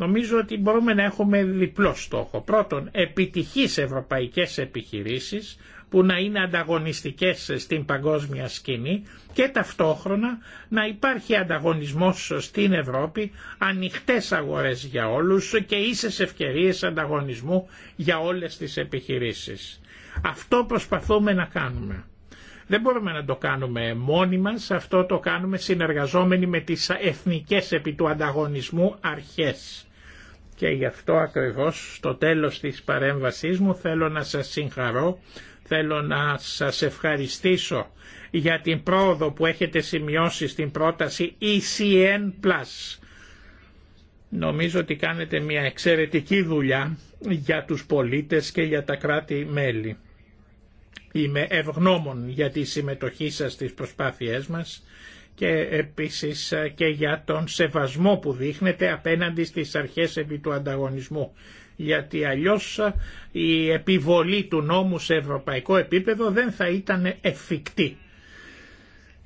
Νομίζω ότι μπορούμε να έχουμε διπλό στόχο. Πρώτον, επιτυχείς ευρωπαϊκές επιχειρήσεις που να είναι ανταγωνιστικές στην παγκόσμια σκηνή και ταυτόχρονα να υπάρχει ανταγωνισμός στην Ευρώπη, ανοιχτές αγορές για όλους και ίσες ευκαιρίες ανταγωνισμού για όλες τις επιχειρήσεις. Αυτό προσπαθούμε να κάνουμε. Δεν μπορούμε να το κάνουμε μόνοι μας, αυτό το κάνουμε συνεργαζόμενοι με τις εθνικές επί του ανταγωνισμού αρχές και γι' αυτό ακριβώς στο τέλος της παρέμβασής μου θέλω να σας συγχαρώ, θέλω να σας ευχαριστήσω για την πρόοδο που έχετε σημειώσει στην πρόταση ECN+. Νομίζω ότι κάνετε μια εξαιρετική δουλειά για τους πολίτες και για τα κράτη-μέλη. Είμαι ευγνώμων για τη συμμετοχή σας στις προσπάθειές μας και επίσης ε, και για τον σεβασμό που δείχνεται απέναντι στις αρχές επί του ανταγωνισμού. Γιατί αλλιώς ε, η επιβολή του νόμου σε ευρωπαϊκό επίπεδο δεν θα ήταν εφικτή.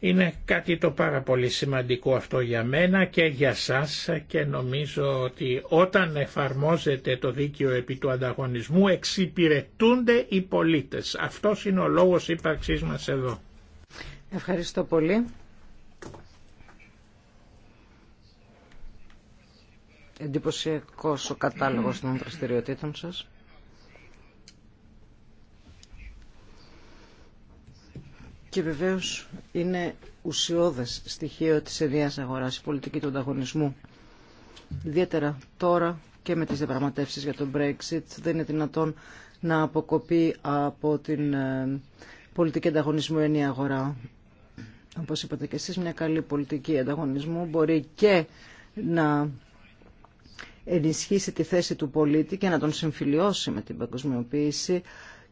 Είναι κάτι το πάρα πολύ σημαντικό αυτό για μένα και για σας και νομίζω ότι όταν εφαρμόζεται το δίκαιο επί του ανταγωνισμού εξυπηρετούνται οι πολίτες. Αυτός είναι ο λόγος ύπαρξής μας εδώ. Ευχαριστώ πολύ. Εντυπωσιακό ο κατάλογο των δραστηριοτήτων σα. Και βεβαίως είναι ουσιώδες στοιχείο της ενιαία αγοράς, η πολιτική του ανταγωνισμού. Ιδιαίτερα τώρα και με τις διαπραγματεύσει για τον Brexit δεν είναι δυνατόν να αποκοπεί από την ε, πολιτική ανταγωνισμού ενιαία αγορά. Όπως είπατε και εσείς, μια καλή πολιτική ανταγωνισμού μπορεί και να ενισχύσει τη θέση του πολίτη και να τον συμφιλιώσει με την παγκοσμιοποίηση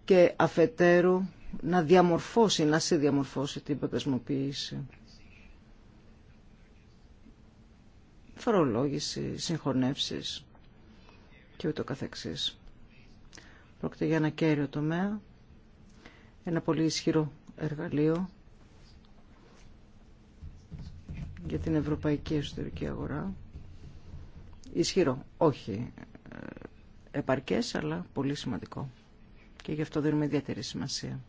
και αφετέρου να διαμορφώσει, να συνδιαμορφώσει την παγκοσμιοποίηση. Φορολόγηση, συγχωνεύσεις και ούτω καθεξής. Πρόκειται για ένα κέριο τομέα, ένα πολύ ισχυρό εργαλείο για την ευρωπαϊκή εσωτερική αγορά ισχυρό. Όχι ε, επαρκές, αλλά πολύ σημαντικό. Και γι' αυτό δίνουμε ιδιαίτερη σημασία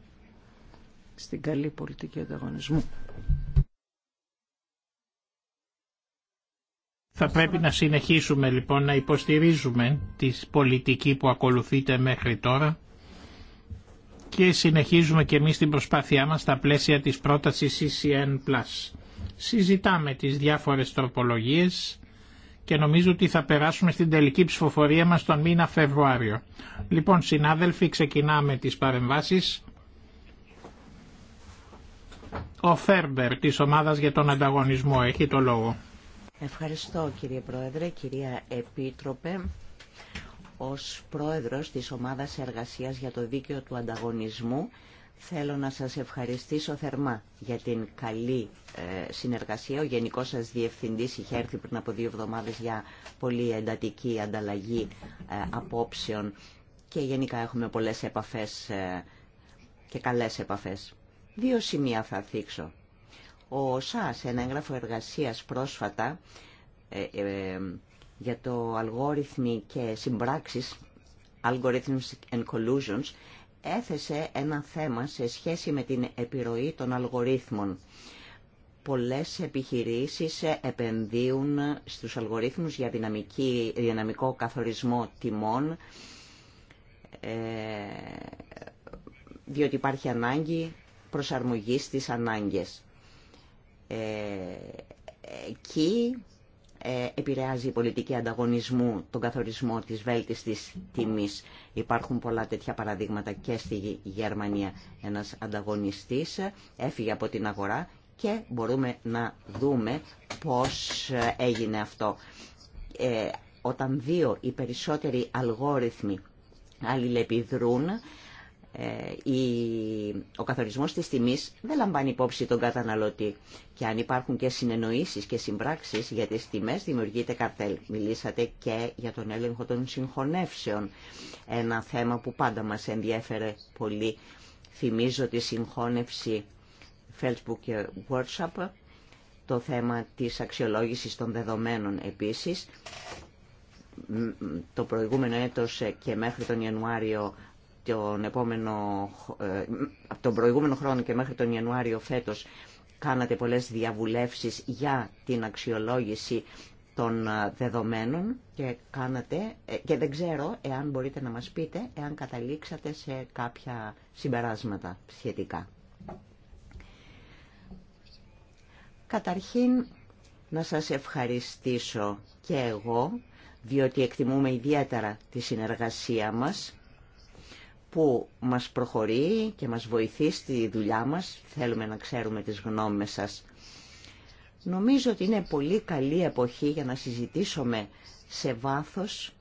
στην καλή πολιτική ανταγωνισμού. Θα πρέπει να συνεχίσουμε λοιπόν να υποστηρίζουμε τη πολιτική που ακολουθείτε μέχρι τώρα και συνεχίζουμε και εμείς την προσπάθειά μας στα πλαίσια της πρότασης CCN+. Συζητάμε τις διάφορες τροπολογίες και νομίζω ότι θα περάσουμε στην τελική ψηφοφορία μας τον μήνα Φεβρουάριο. Λοιπόν συνάδελφοι ξεκινάμε τις παρεμβάσεις. Ο Φέρμπερ της Ομάδας για τον Ανταγωνισμό έχει το λόγο. Ευχαριστώ κύριε Πρόεδρε, κυρία Επίτροπε. Ως Πρόεδρος της Ομάδας Εργασίας για το Δίκαιο του Ανταγωνισμού Θέλω να σας ευχαριστήσω θερμά για την καλή ε, συνεργασία. Ο Γενικός σας Διευθυντής είχε έρθει πριν από δύο εβδομάδες για πολύ εντατική ανταλλαγή ε, απόψεων και γενικά έχουμε πολλές επαφές ε, και καλές επαφές. Δύο σημεία θα θίξω. Ο ΣΑΣ, ένα έγγραφο εργασίας πρόσφατα για το αλγόριθμι και συμπράξεις, algorithms and collusions, έθεσε ένα θέμα σε σχέση με την επιρροή των αλγορίθμων. Πολλές επιχειρήσεις επενδύουν στους αλγορίθμους για δυναμική, δυναμικό καθορισμό τιμών, ε, διότι υπάρχει ανάγκη προσαρμογής στις ανάγκες. Ε, ε, επηρεάζει η πολιτική ανταγωνισμού τον καθορισμό της βέλτιστης τιμής. Υπάρχουν πολλά τέτοια παραδείγματα και στη Γερμανία. Ένας ανταγωνιστής έφυγε από την αγορά και μπορούμε να δούμε πώς ε, έγινε αυτό. Ε, όταν δύο ή περισσότεροι αλγόριθμοι αλληλεπιδρούν, ε, ο καθορισμός της τιμής δεν λαμβάνει υπόψη τον καταναλωτή και αν υπάρχουν και συνεννοήσεις και συμπράξεις για τις τιμές δημιουργείται καρτέλ. Μιλήσατε και για τον έλεγχο των συγχωνεύσεων, ένα θέμα που πάντα μας ενδιέφερε πολύ. Θυμίζω τη συγχώνευση Facebook και WhatsApp, το θέμα της αξιολόγησης των δεδομένων επίσης. Το προηγούμενο έτος και μέχρι τον Ιανουάριο τον, επόμενο, ε, από τον προηγούμενο χρόνο και μέχρι τον Ιανουάριο φέτος κάνατε πολλές διαβουλεύσεις για την αξιολόγηση των ε, δεδομένων και, κάνατε, ε, και δεν ξέρω εάν μπορείτε να μας πείτε εάν καταλήξατε σε κάποια συμπεράσματα σχετικά. Καταρχήν να σας ευχαριστήσω και εγώ διότι εκτιμούμε ιδιαίτερα τη συνεργασία μας που μας προχωρεί και μας βοηθεί στη δουλειά μας. Θέλουμε να ξέρουμε τις γνώμες σας. Νομίζω ότι είναι πολύ καλή εποχή για να συζητήσουμε σε βάθος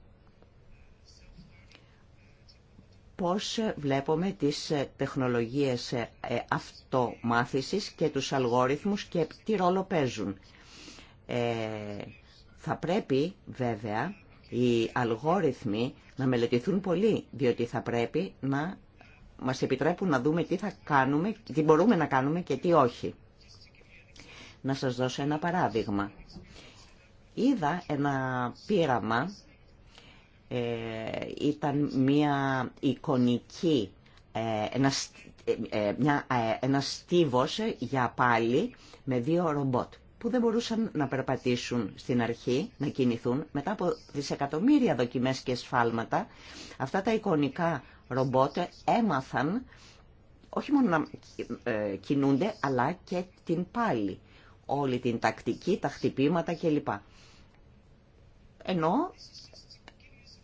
πώς βλέπουμε τις τεχνολογίες αυτομάθησης και τους αλγόριθμους και τι ρόλο παίζουν. Ε, θα πρέπει βέβαια οι αλγόριθμοι να μελετηθούν πολύ, διότι θα πρέπει να μας επιτρέπουν να δούμε τι θα κάνουμε, τι μπορούμε να κάνουμε και τι όχι. Να σας δώσω ένα παράδειγμα. Είδα ένα πείραμα, ε, ήταν μια εικονική, ε, ένα, ε, μια, στίβος για πάλι με δύο ρομπότ που δεν μπορούσαν να περπατήσουν στην αρχή, να κινηθούν, μετά από δισεκατομμύρια δοκιμές και σφάλματα, αυτά τα εικονικά ρομπότ έμαθαν όχι μόνο να ε, κινούνται, αλλά και την πάλι όλη την τακτική, τα χτυπήματα κλπ. Ενώ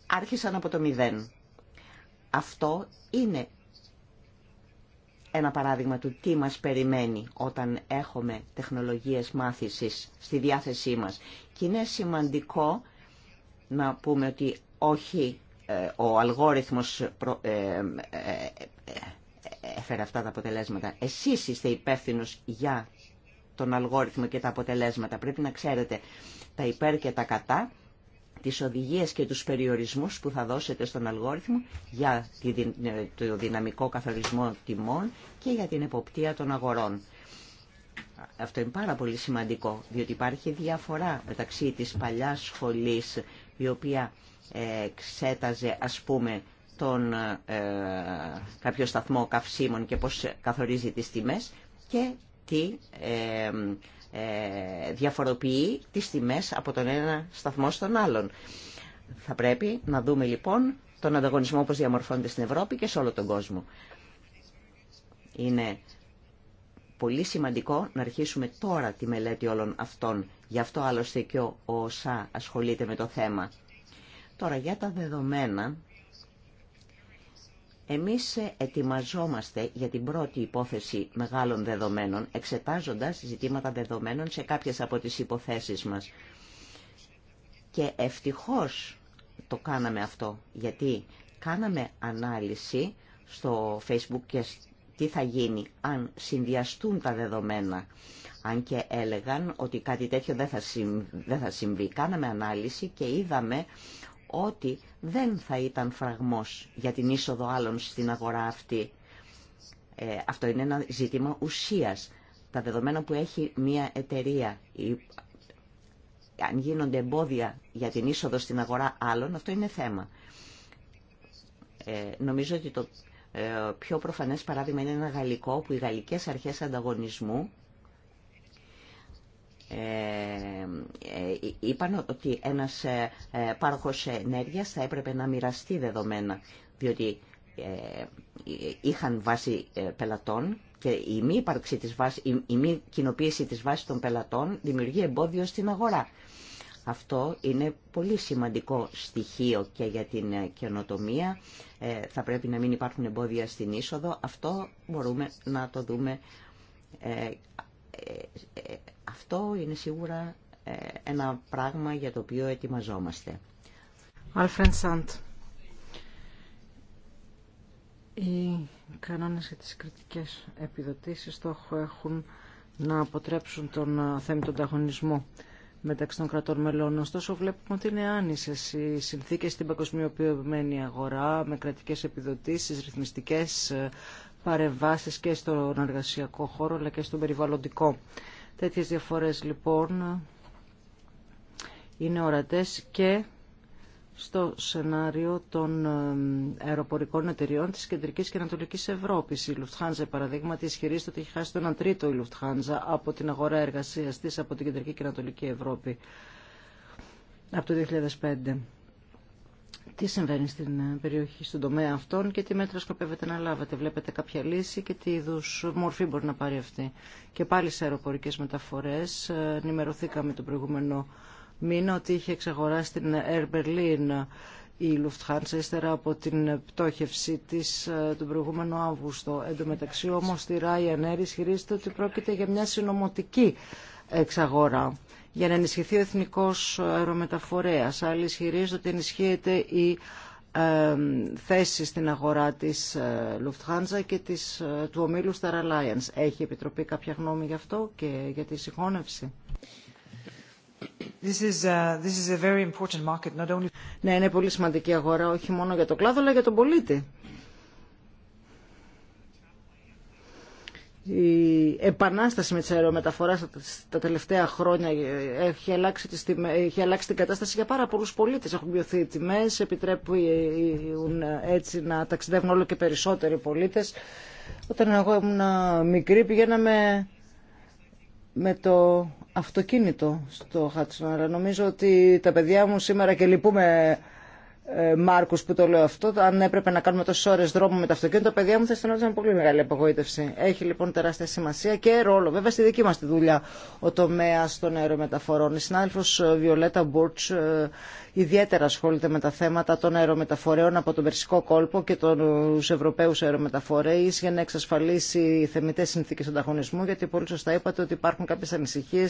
άρχισαν από το μηδέν. Αυτό είναι ένα παράδειγμα του τι μας περιμένει όταν έχουμε τεχνολογίες μάθησης στη διάθεσή μας. Και είναι σημαντικό να πούμε ότι όχι ε, ο αλγόριθμος ε, ε, ε, έφερε αυτά τα αποτελέσματα. Εσείς είστε υπεύθυνο για τον αλγόριθμο και τα αποτελέσματα. Πρέπει να ξέρετε τα υπέρ και τα κατά τις οδηγίες και τους περιορισμούς που θα δώσετε στον αλγόριθμο για ε, το δυναμικό καθορισμό τιμών και για την εποπτεία των αγορών. Αυτό είναι πάρα πολύ σημαντικό, διότι υπάρχει διαφορά μεταξύ της παλιάς σχολής η οποία ε, εξέταζε ας πούμε τον ε, κάποιο σταθμό καυσίμων και πώς καθορίζει τις τιμές και τι... Ε, διαφοροποιεί τις τιμές από τον ένα σταθμό στον άλλον. Θα πρέπει να δούμε λοιπόν τον ανταγωνισμό όπως διαμορφώνεται στην Ευρώπη και σε όλο τον κόσμο. Είναι πολύ σημαντικό να αρχίσουμε τώρα τη μελέτη όλων αυτών. Γι' αυτό άλλωστε και ο ΩΣΑ ασχολείται με το θέμα. Τώρα για τα δεδομένα εμείς ετοιμαζόμαστε για την πρώτη υπόθεση μεγάλων δεδομένων, εξετάζοντας ζητήματα δεδομένων σε κάποιες από τις υποθέσεις μας. Και ευτυχώς το κάναμε αυτό, γιατί κάναμε ανάλυση στο Facebook και τι θα γίνει αν συνδυαστούν τα δεδομένα. Αν και έλεγαν ότι κάτι τέτοιο δεν θα, συμβεί. Κάναμε ανάλυση και είδαμε ότι δεν θα ήταν φραγμός για την είσοδο άλλων στην αγορά αυτή. Ε, αυτό είναι ένα ζήτημα ουσίας. Τα δεδομένα που έχει μια εταιρεία, αν γίνονται εμπόδια για την είσοδο στην αγορά άλλων, αυτό είναι θέμα. Ε, νομίζω ότι το ε, πιο προφανές παράδειγμα είναι ένα γαλλικό που οι γαλλικές αρχές ανταγωνισμού ε, ε, είπαν ότι ένας ε, πάροχος ενέργειας θα έπρεπε να μοιραστεί δεδομένα, διότι είχαν βάση πελατών και η μη, της η, η μη κοινοποίηση της βάσης των πελατών δημιουργεί εμπόδιο στην αγορά. Αυτό είναι πολύ σημαντικό στοιχείο και για την καινοτομία. θα πρέπει να μην υπάρχουν εμπόδια στην είσοδο. Αυτό μπορούμε να το δούμε ε, αυτό είναι σίγουρα ε, ένα πράγμα για το οποίο ετοιμαζόμαστε. Αλφρεντ Σαντ. Οι κανόνες για τις κριτικές επιδοτήσεις στόχο έχουν να αποτρέψουν τον ε, θέμα τον ανταγωνισμό μεταξύ των κρατών μελών. Ωστόσο βλέπουμε ότι είναι άνησες οι συνθήκες στην παγκοσμιοποιημένη αγορά με κρατικές επιδοτήσεις, ρυθμιστικές ε, παρεμβάσεις και στον εργασιακό χώρο αλλά και στον περιβαλλοντικό. Τέτοιες διαφορές λοιπόν είναι ορατές και στο σενάριο των ε, αεροπορικών εταιριών της Κεντρικής και Ανατολικής Ευρώπης. Η Lufthansa, παραδείγματι, ισχυρίζεται ότι έχει χάσει τον τρίτο η Lufthansa από την αγορά εργασίας της από την Κεντρική και Ανατολική Ευρώπη από το 2005 τι συμβαίνει στην ε, περιοχή, στον τομέα αυτών και τι μέτρα σκοπεύετε να λάβετε. Βλέπετε κάποια λύση και τι είδου μορφή μπορεί να πάρει αυτή. Και πάλι σε αεροπορικέ μεταφορέ. Ε, ενημερωθήκαμε τον προηγούμενο μήνα ότι είχε εξαγοράσει την Air Berlin η Lufthansa ύστερα από την πτώχευση της ε, τον προηγούμενο Αύγουστο. Εν τω μεταξύ όμως τη Ryanair ισχυρίζεται ότι πρόκειται για μια συνωμοτική εξαγορά για να ενισχυθεί ο εθνικός αερομεταφορέας. Άλλοι ισχυρίζονται ότι ενισχύεται η ε, θέση στην αγορά της ε, Lufthansa και της, ε, του ομίλου Star Alliance. Έχει Επιτροπή κάποια γνώμη γι' αυτό και για τη συγχώνευση. This is uh, this is a very important market, not only... Ναι, είναι πολύ σημαντική αγορά, όχι μόνο για το κλάδο, αλλά για τον πολίτη. η επανάσταση με τις αερομεταφοράς τα τελευταία χρόνια έχει αλλάξει, τις έχει αλλάξει την κατάσταση για πάρα πολλούς πολίτες. Έχουν μειωθεί οι τιμές, επιτρέπουν έτσι να ταξιδεύουν όλο και περισσότεροι πολίτες. Όταν εγώ ήμουν μικρή πηγαίναμε με το αυτοκίνητο στο Χάτσον. Αλλά νομίζω ότι τα παιδιά μου σήμερα και λυπούμε ε, Μάρκο που το λέω αυτό. Αν έπρεπε να κάνουμε τόσε ώρε δρόμο με το αυτοκίνητα. παιδιά μου θα αισθανόταν πολύ μεγάλη απογοήτευση. Έχει λοιπόν τεράστια σημασία και ρόλο. Βέβαια στη δική μα τη δουλειά ο τομέα των αερομεταφορών. Η συνάδελφο ε, Βιολέτα Μπούρτ ε, ιδιαίτερα ασχολείται με τα θέματα των αερομεταφορέων από τον Περσικό κόλπο και του Ευρωπαίου Αερομεταφορέ για να εξασφαλίσει θεμητέ συνθήκε ανταγωνισμού γιατί πολύ σωστά είπατε ότι υπάρχουν κάποιε ανησυχίε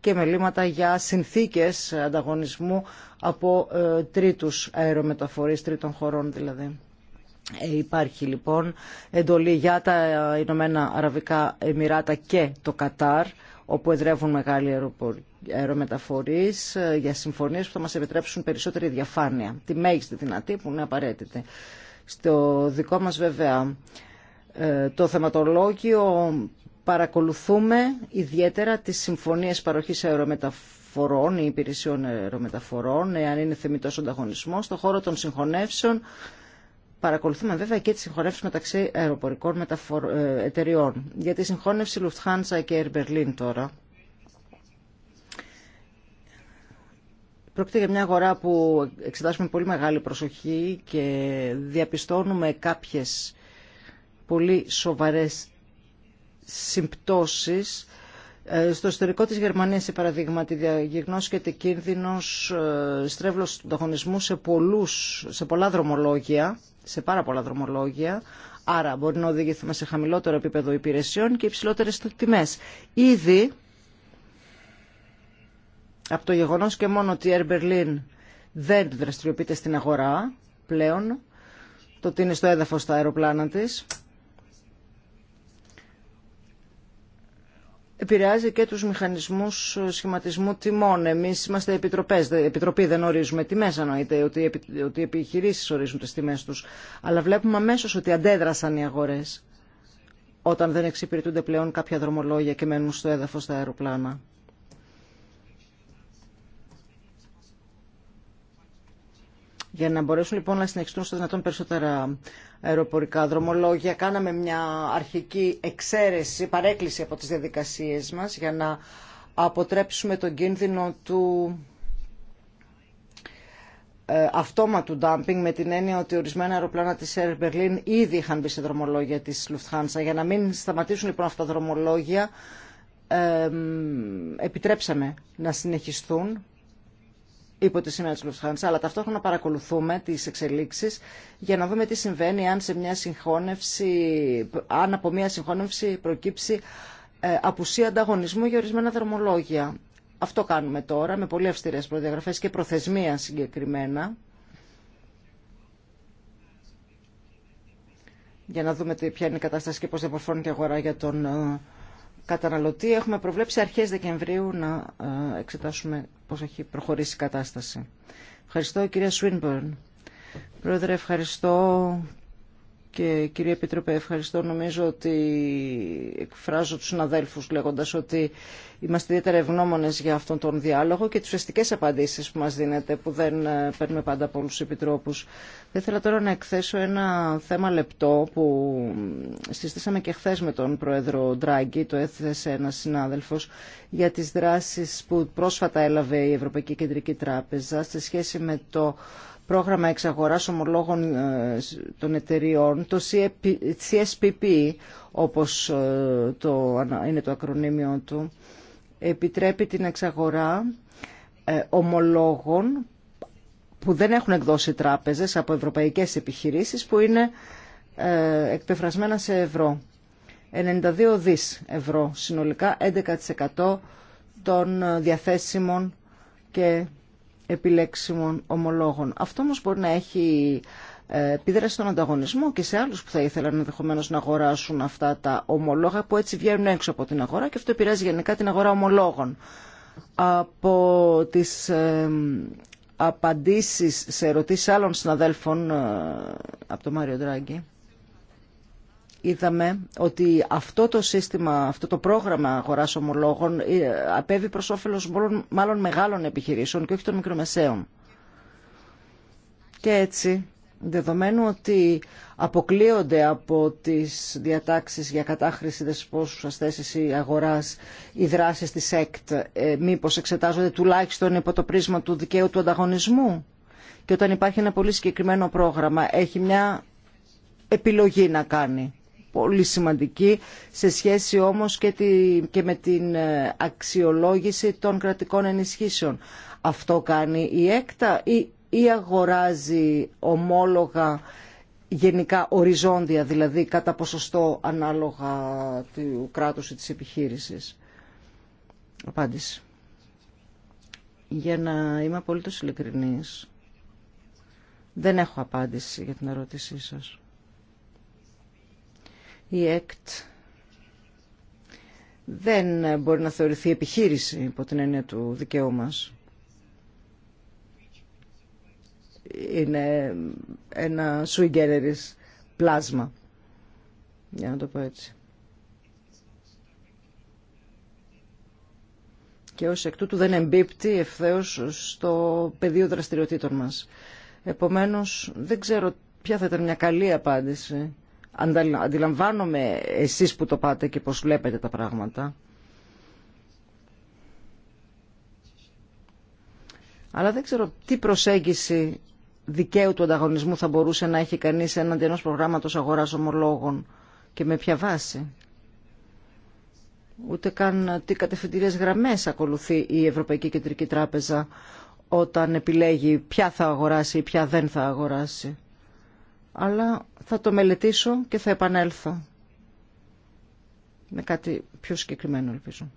και μελήματα για συνθήκε ανταγωνισμού από ε, τρίτου αερομεταφορείς, τρίτων χωρών δηλαδή. Ε, υπάρχει λοιπόν εντολή για τα Ηνωμένα Αραβικά Εμμυράτα και το Κατάρ, όπου εδρεύουν μεγάλοι αεροπορικοί αερομεταφορής ε, για συμφωνίες που θα μας επιτρέψουν περισσότερη διαφάνεια, τη μέγιστη δυνατή που είναι απαραίτητη. Στο δικό μας βέβαια ε, το θεματολόγιο παρακολουθούμε ιδιαίτερα τις συμφωνίες παροχής αερομεταφορών ή υπηρεσιών αερομεταφορών, εάν είναι θεμητός ανταγωνισμός, στον χώρο των συγχωνεύσεων Παρακολουθούμε βέβαια και τι συγχωνεύσει μεταξύ αεροπορικών ε, εταιριών. Για τη συγχώνευση Lufthansa και Air Berlin τώρα, Πρόκειται για μια αγορά που εξετάζουμε πολύ μεγάλη προσοχή και διαπιστώνουμε κάποιες πολύ σοβαρές συμπτώσεις. Ε, στο ιστορικό της Γερμανίας, σε παραδείγμα, τη διαγνώσκεται κίνδυνος ε, στρέβλος του ανταγωνισμού σε, πολλούς, σε πολλά δρομολόγια, σε πάρα πολλά δρομολόγια, άρα μπορεί να οδηγηθούμε σε χαμηλότερο επίπεδο υπηρεσιών και υψηλότερες τιμές. Ήδη από το γεγονός και μόνο ότι η Air Berlin δεν δραστηριοποιείται στην αγορά πλέον, το ότι είναι στο έδαφος τα αεροπλάνα της, επηρεάζει και τους μηχανισμούς σχηματισμού τιμών. Εμείς είμαστε επιτροπές, επιτροπή δεν ορίζουμε τιμές, εννοείται ότι, ότι οι επιχειρήσεις ορίζουν τις τιμές τους. Αλλά βλέπουμε αμέσως ότι αντέδρασαν οι αγορές όταν δεν εξυπηρετούνται πλέον κάποια δρομολόγια και μένουν στο έδαφος τα αεροπλάνα. Για να μπορέσουν λοιπόν να συνεχιστούν στο δυνατόν περισσότερα αεροπορικά δρομολόγια, κάναμε μια αρχική εξαίρεση, παρέκκληση από τις διαδικασίες μας για να αποτρέψουμε τον κίνδυνο του ε, αυτόματου dumping με την έννοια ότι ορισμένα αεροπλάνα της Air Berlin ήδη είχαν μπει σε δρομολόγια της Lufthansa. Για να μην σταματήσουν λοιπόν αυτά τα δρομολόγια, ε, επιτρέψαμε να συνεχιστούν υπό τη σημαία της Λουσχάνης, αλλά ταυτόχρονα παρακολουθούμε τις εξελίξεις για να δούμε τι συμβαίνει αν, σε μια συγχώνευση, αν από μια συγχώνευση προκύψει ε, απουσία ανταγωνισμού για ορισμένα δρομολόγια. Αυτό κάνουμε τώρα με πολύ αυστηρές προδιαγραφές και προθεσμία συγκεκριμένα. Για να δούμε ποια είναι η κατάσταση και πώς διαμορφώνει η αγορά για τον ε, καταναλωτή έχουμε προβλέψει αρχές Δεκεμβρίου να ε, εξετάσουμε πώς έχει προχωρήσει η κατάσταση. Ευχαριστώ κυρία Σουίνμπερν. Πρόεδρε, ευχαριστώ και κύριε Επίτροπε, ευχαριστώ. Νομίζω ότι εκφράζω τους συναδέλφους λέγοντας ότι είμαστε ιδιαίτερα ευγνώμονε για αυτόν τον διάλογο και τις ουσιαστικέ απαντήσεις που μας δίνετε που δεν ε, παίρνουμε πάντα από όλους τους επιτρόπους. Θα ήθελα τώρα να εκθέσω ένα θέμα λεπτό που συστήσαμε και χθε με τον πρόεδρο Ντράγκη, το έθεσε ένα συνάδελφος, για τις δράσεις που πρόσφατα έλαβε η Ευρωπαϊκή Κεντρική Τράπεζα σε σχέση με το πρόγραμμα εξαγοράς ομολόγων ε, των εταιριών, το CSPP, όπως ε, το, είναι το ακρονίμιο του, επιτρέπει την εξαγορά ε, ομολόγων που δεν έχουν εκδώσει τράπεζες από ευρωπαϊκές επιχειρήσεις που είναι εκπεφρασμένα σε ευρώ. 92 δις ευρώ συνολικά, 11% των διαθέσιμων και επιλέξιμων ομολόγων. Αυτό όμως μπορεί να έχει ε, επίδραση στον ανταγωνισμό και σε άλλους που θα ήθελαν ενδεχομένω να αγοράσουν αυτά τα ομολόγα που έτσι βγαίνουν έξω από την αγορά και αυτό επηρεάζει γενικά την αγορά ομολόγων. Από τις ε, απαντήσεις σε ερωτήσεις άλλων συναδέλφων ε, από τον Μάριο Ντράγκη είδαμε ότι αυτό το σύστημα, αυτό το πρόγραμμα αγοράς ομολόγων ε, απέβει προς όφελος μάλλον μεγάλων επιχειρήσεων και όχι των μικρομεσαίων. Και έτσι, δεδομένου ότι αποκλείονται από τις διατάξεις για κατάχρηση δεσπόσου θέσης ή αγοράς οι δράσεις της ΕΚΤ, ε, μήπως εξετάζονται τουλάχιστον υπό το πρίσμα του δικαίου του ανταγωνισμού. Και όταν υπάρχει ένα πολύ συγκεκριμένο πρόγραμμα, έχει μια επιλογή να κάνει πολύ σημαντική σε σχέση όμως και, τη, με την ε, αξιολόγηση των κρατικών ενισχύσεων. Αυτό κάνει η ΕΚΤΑ ή, ή αγοράζει ομόλογα γενικά οριζόντια, δηλαδή κατά ποσοστό ανάλογα του κράτους ή της επιχείρησης. Απάντηση. Για να είμαι απολύτως ειλικρινής, δεν έχω απάντηση για την ερώτησή σας η ΕΚΤ δεν μπορεί να θεωρηθεί επιχείρηση υπό την έννοια του δικαίου μας. Είναι ένα σουιγκέρερης πλάσμα, για να το πω έτσι. Και ως εκ τούτου δεν εμπίπτει ευθέως στο πεδίο δραστηριοτήτων μας. Επομένως, δεν ξέρω ποια θα ήταν μια καλή απάντηση Αντιλαμβάνομαι εσείς που το πάτε και πώς βλέπετε τα πράγματα. Αλλά δεν ξέρω τι προσέγγιση δικαίου του ανταγωνισμού θα μπορούσε να έχει κανείς έναντι ενός προγράμματος αγοράς ομολόγων και με ποια βάση. Ούτε καν τι κατευθυντήριες γραμμές ακολουθεί η Ευρωπαϊκή Κεντρική Τράπεζα όταν επιλέγει ποια θα αγοράσει ή ποια δεν θα αγοράσει αλλά θα το μελετήσω και θα επανέλθω με κάτι πιο συγκεκριμένο ελπίζω.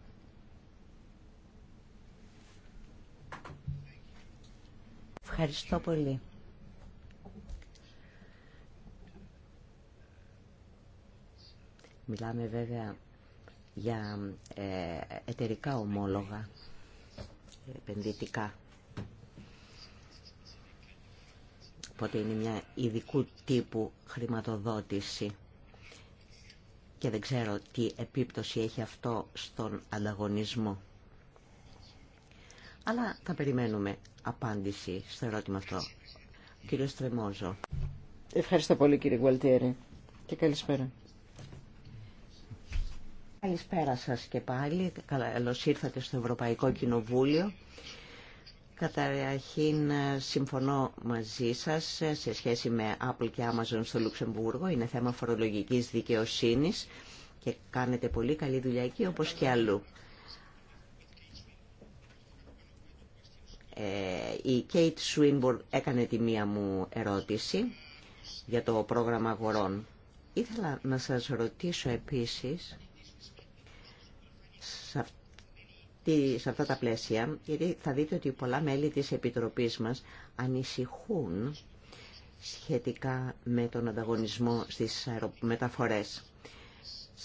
Ευχαριστώ πολύ. Μιλάμε βέβαια για ε, εταιρικά ομόλογα, επενδυτικά Οπότε είναι μια ειδικού τύπου χρηματοδότηση. Και δεν ξέρω τι επίπτωση έχει αυτό στον ανταγωνισμό. Αλλά θα περιμένουμε απάντηση στο ερώτημα αυτό. Κύριε Στρεμόζο. Ευχαριστώ πολύ κύριε Γουαλτιέρη και καλησπέρα. Καλησπέρα σας και πάλι. Καλώς ήρθατε στο Ευρωπαϊκό Κοινοβούλιο. Καταρχήν ε, συμφωνώ μαζί σας σε σχέση με Apple και Amazon στο Λουξεμβούργο. Είναι θέμα φορολογικής δικαιοσύνης και κάνετε πολύ καλή δουλειά εκεί όπως και αλλού. Ε, η Kate Swinburne έκανε τη μία μου ερώτηση για το πρόγραμμα αγορών. Ήθελα να σας ρωτήσω επίσης σε σε αυτά τα πλαίσια, γιατί θα δείτε ότι πολλά μέλη της Επιτροπής μας ανησυχούν σχετικά με τον ανταγωνισμό στις μεταφορές.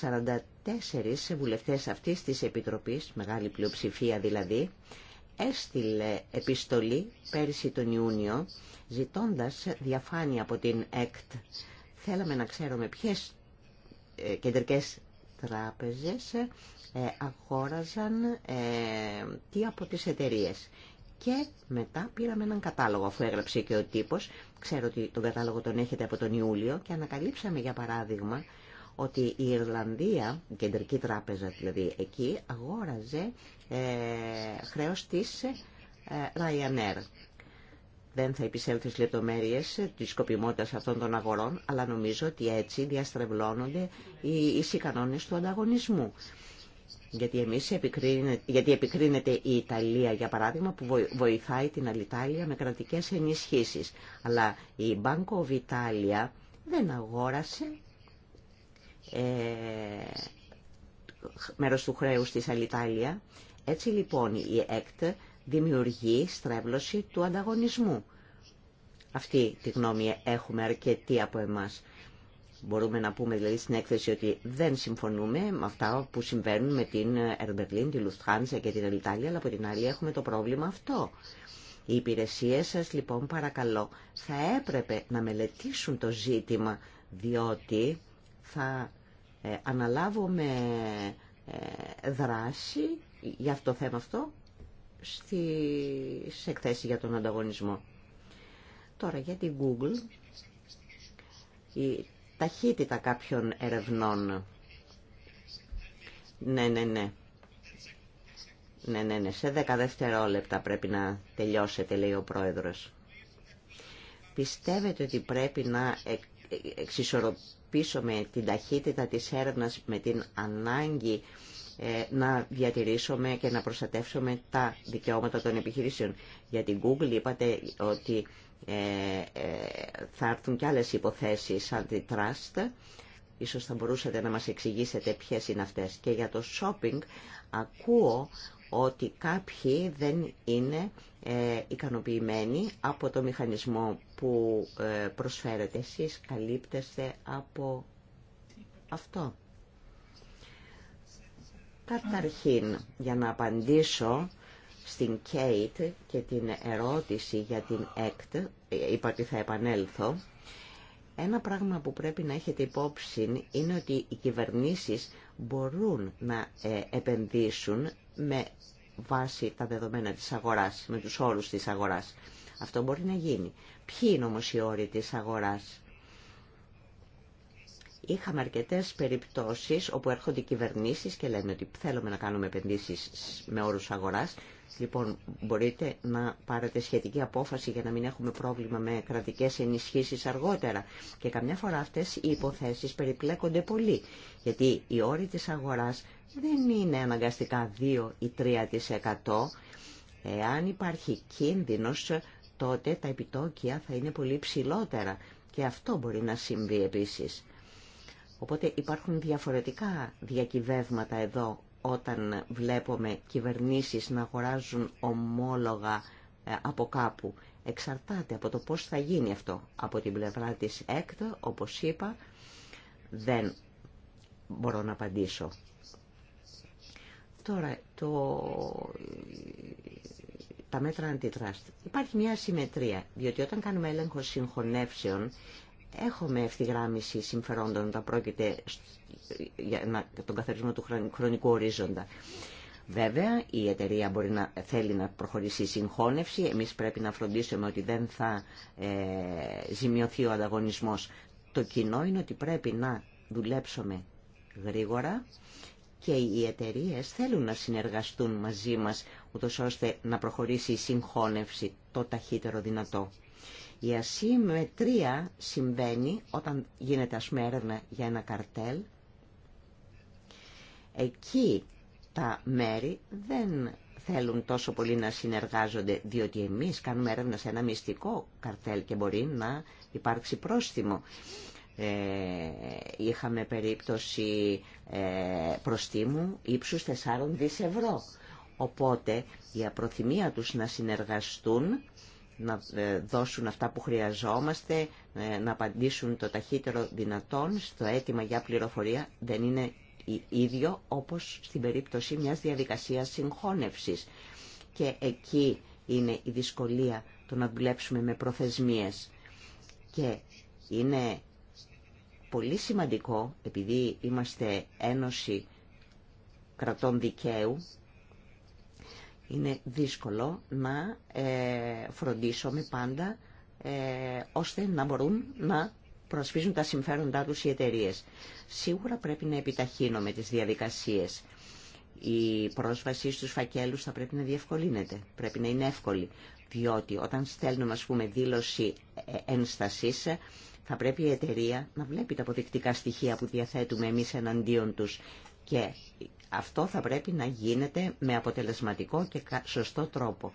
44 βουλευτές αυτής της Επιτροπής, μεγάλη πλειοψηφία δηλαδή, έστειλε επιστολή πέρσι τον Ιούνιο, ζητώντας διαφάνεια από την ΕΚΤ. Θέλαμε να ξέρουμε ποιες ε, κεντρικές τράπεζες ε, αγόραζαν ε, τι από τις εταιρείε. Και μετά πήραμε έναν κατάλογο, αφού έγραψε και ο τύπος. Ξέρω ότι τον κατάλογο τον έχετε από τον Ιούλιο και ανακαλύψαμε για παράδειγμα ότι η Ιρλανδία, η κεντρική τράπεζα δηλαδή εκεί, αγόραζε ε, χρέος της ε, Ryanair. Δεν θα επισέλθω στις λεπτομέρειες της σκοπιμότητας αυτών των αγορών, αλλά νομίζω ότι έτσι διαστρεβλώνονται οι ίσοι κανόνες του ανταγωνισμού. Γιατί, εμείς επικρίνεται, γιατί επικρίνεται η Ιταλία, για παράδειγμα, που βοηθάει την Αλιτάλια με κρατικές ενισχύσεις. Αλλά η Banco Italia... δεν αγόρασε ε, μέρος του χρέους της Αλιτάλια. Έτσι λοιπόν η ΕΚΤ δημιουργεί στρέβλωση του ανταγωνισμού. Αυτή τη γνώμη έχουμε αρκετοί από εμάς. Μπορούμε να πούμε δηλαδή στην έκθεση ότι δεν συμφωνούμε με αυτά που συμβαίνουν με την Ερμπερλίν, τη Λουφτχάνσα και την Ελιτάλια, αλλά από την άλλη έχουμε το πρόβλημα αυτό. Οι υπηρεσίες σας λοιπόν παρακαλώ θα έπρεπε να μελετήσουν το ζήτημα διότι θα ε, αναλάβουμε ε, δράση για αυτό το θέμα αυτό στη εκθέσει για τον ανταγωνισμό. Τώρα για την Google, η ταχύτητα κάποιων ερευνών. Ναι, ναι, ναι. Ναι, ναι, ναι. Σε δέκα δευτερόλεπτα πρέπει να τελειώσετε, λέει ο πρόεδρος. Πιστεύετε ότι πρέπει να ε, ε, εξισορροπήσουμε την ταχύτητα της έρευνας με την ανάγκη ε, να διατηρήσουμε και να προστατεύσουμε τα δικαιώματα των επιχειρήσεων. Για την Google είπατε ότι ε, ε, θα έρθουν και άλλες υποθέσεις antitrust. Ίσως θα μπορούσατε να μας εξηγήσετε ποιες είναι αυτές. Και για το shopping ακούω ότι κάποιοι δεν είναι ικανοποιημένοι από το μηχανισμό που προσφέρετε. Εσείς καλύπτεστε από αυτό. Καταρχήν, για να απαντήσω στην Κέιτ και την ερώτηση για την ΕΚΤ, είπα ότι θα επανέλθω, ένα πράγμα που πρέπει να έχετε υπόψη είναι ότι οι κυβερνήσεις μπορούν να ε, επενδύσουν με βάση τα δεδομένα της αγοράς, με τους όρους της αγοράς. Αυτό μπορεί να γίνει. Ποιοι είναι όμως οι όροι της αγοράς. Είχαμε αρκετέ περιπτώσει όπου έρχονται οι κυβερνήσει και λένε ότι θέλουμε να κάνουμε επενδύσει με όρου αγορά. Λοιπόν, μπορείτε να πάρετε σχετική απόφαση για να μην έχουμε πρόβλημα με κρατικέ ενισχύσει αργότερα. Και καμιά φορά αυτέ οι υποθέσει περιπλέκονται πολύ. Γιατί οι όροι τη αγορά δεν είναι αναγκαστικά 2 ή 3%. Εάν υπάρχει κίνδυνος, τότε τα επιτόκια θα είναι πολύ ψηλότερα. Και αυτό μπορεί να συμβεί επίσης. Οπότε υπάρχουν διαφορετικά διακυβεύματα εδώ όταν βλέπουμε κυβερνήσεις να αγοράζουν ομόλογα ε, από κάπου. Εξαρτάται από το πώς θα γίνει αυτό. Από την πλευρά της ΕΚΤ, όπως είπα, δεν μπορώ να απαντήσω. Τώρα, το... τα μέτρα αντιτράστ. Υπάρχει μια συμμετρία, διότι όταν κάνουμε έλεγχο συγχωνεύσεων, έχουμε ευθυγράμμιση συμφερόντων όταν πρόκειται για τον καθαρισμό του χρονικού ορίζοντα. Βέβαια, η εταιρεία μπορεί να θέλει να προχωρήσει συγχώνευση. Εμείς πρέπει να φροντίσουμε ότι δεν θα ε, ζημιωθεί ο ανταγωνισμός. Το κοινό είναι ότι πρέπει να δουλέψουμε γρήγορα και οι εταιρείες θέλουν να συνεργαστούν μαζί μας, ούτως ώστε να προχωρήσει η συγχώνευση το ταχύτερο δυνατό. Η ασύμμετρία συμβαίνει όταν γίνεται ας για ένα καρτέλ. Εκεί τα μέρη δεν θέλουν τόσο πολύ να συνεργάζονται, διότι εμείς κάνουμε έρευνα σε ένα μυστικό καρτέλ και μπορεί να υπάρξει πρόστιμο. Ε, είχαμε περίπτωση ε, προστίμου ύψους 4 δις ευρώ. Οπότε η απροθυμία τους να συνεργαστούν να ε, δώσουν αυτά που χρειαζόμαστε, ε, να απαντήσουν το ταχύτερο δυνατόν στο αίτημα για πληροφορία δεν είναι ίδιο όπως στην περίπτωση μιας διαδικασίας συγχώνευσης. Και εκεί είναι η δυσκολία το να δουλέψουμε με προθεσμίες. Και είναι πολύ σημαντικό, επειδή είμαστε ένωση κρατών δικαίου, είναι δύσκολο να ε, φροντίσουμε πάντα ε, ώστε να μπορούν να προσφύζουν τα συμφέροντά τους οι εταιρείε. Σίγουρα πρέπει να επιταχύνουμε τις διαδικασίες. Η πρόσβαση στους φακέλους θα πρέπει να διευκολύνεται, πρέπει να είναι εύκολη. Διότι όταν στέλνουμε ας πούμε δήλωση ε, ένστασης, θα πρέπει η εταιρεία να βλέπει τα αποδεικτικά στοιχεία που διαθέτουμε εμείς εναντίον τους και αυτό θα πρέπει να γίνεται με αποτελεσματικό και σωστό τρόπο.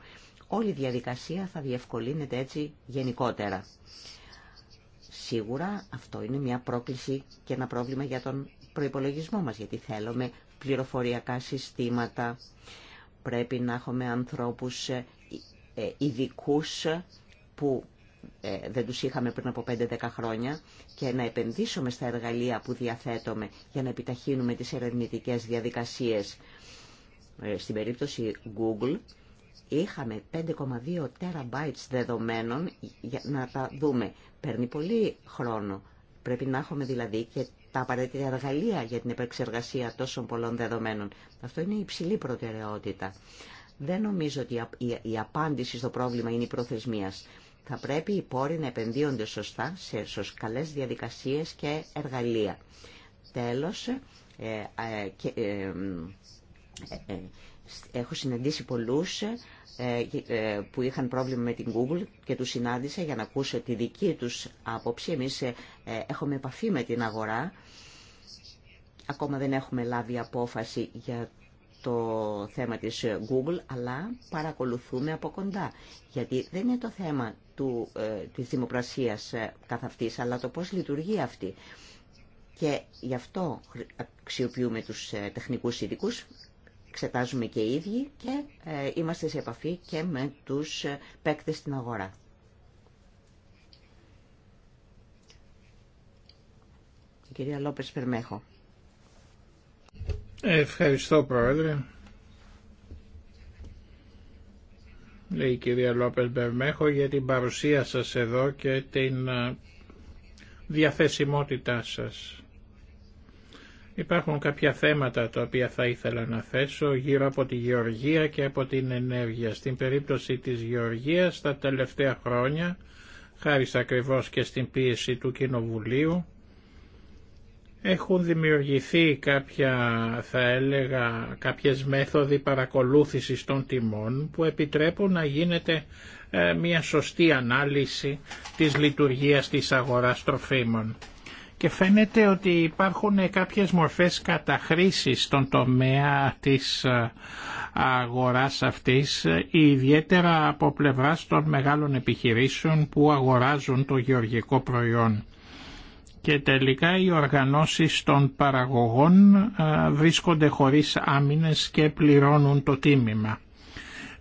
Όλη η διαδικασία θα διευκολύνεται έτσι γενικότερα. Σίγουρα αυτό είναι μια πρόκληση και ένα πρόβλημα για τον προϋπολογισμό μας, γιατί θέλουμε πληροφοριακά συστήματα, πρέπει να έχουμε ανθρώπους ε, ε, ειδικού που ε, δεν τους είχαμε πριν από 5-10 χρόνια και να επενδύσουμε στα εργαλεία που διαθέτουμε για να επιταχύνουμε τις ερευνητικές διαδικασίες. Ε, στην περίπτωση Google είχαμε 5,2 terabytes δεδομένων για να τα δούμε. Παίρνει πολύ χρόνο. Πρέπει να έχουμε δηλαδή και τα απαραίτητα εργαλεία για την επεξεργασία τόσων πολλών δεδομένων. Αυτό είναι υψηλή προτεραιότητα. Δεν νομίζω ότι η απάντηση στο πρόβλημα είναι η προθεσμίας. Θα πρέπει οι πόροι να επενδύονται σωστά σε καλές διαδικασίες και εργαλεία. Τέλος, ε, ε, ε, έχω συναντήσει πολλούς που είχαν πρόβλημα με την Google και του συνάντησα για να ακούσω τη δική τους άποψη. Εμείς έχουμε επαφή με την αγορά. Ακόμα δεν έχουμε λάβει απόφαση για το θέμα της Google, αλλά παρακολουθούμε από κοντά. Γιατί δεν είναι το θέμα του, ε, της δημοπρασίας ε, καθ' αυτής, αλλά το πώς λειτουργεί αυτή. Και γι' αυτό αξιοποιούμε τους ε, τεχνικούς ειδικούς, εξετάζουμε και οι ίδιοι και είμαστε σε επαφή και με τους παίκτες στην αγορά. κυρία Λόπες Περμέχο. Ευχαριστώ Πρόεδρε. Λέει η κυρία Λόπερ Μπερμέχο για την παρουσία σας εδώ και την ε, διαθεσιμότητά σας. Υπάρχουν κάποια θέματα τα οποία θα ήθελα να θέσω γύρω από τη γεωργία και από την ενέργεια. Στην περίπτωση της γεωργίας τα τελευταία χρόνια, χάρη ακριβώς και στην πίεση του Κοινοβουλίου, έχουν δημιουργηθεί κάποια, θα έλεγα, κάποιες μέθοδοι παρακολούθησης των τιμών που επιτρέπουν να γίνεται ε, μια σωστή ανάλυση της λειτουργίας της αγοράς τροφίμων. Και φαίνεται ότι υπάρχουν κάποιες μορφές καταχρήσης στον τομέα της ε, αγοράς αυτής, ιδιαίτερα από πλευράς των μεγάλων επιχειρήσεων που αγοράζουν το γεωργικό προϊόν και τελικά οι οργανώσεις των παραγωγών ε, βρίσκονται χωρίς άμυνες και πληρώνουν το τίμημα.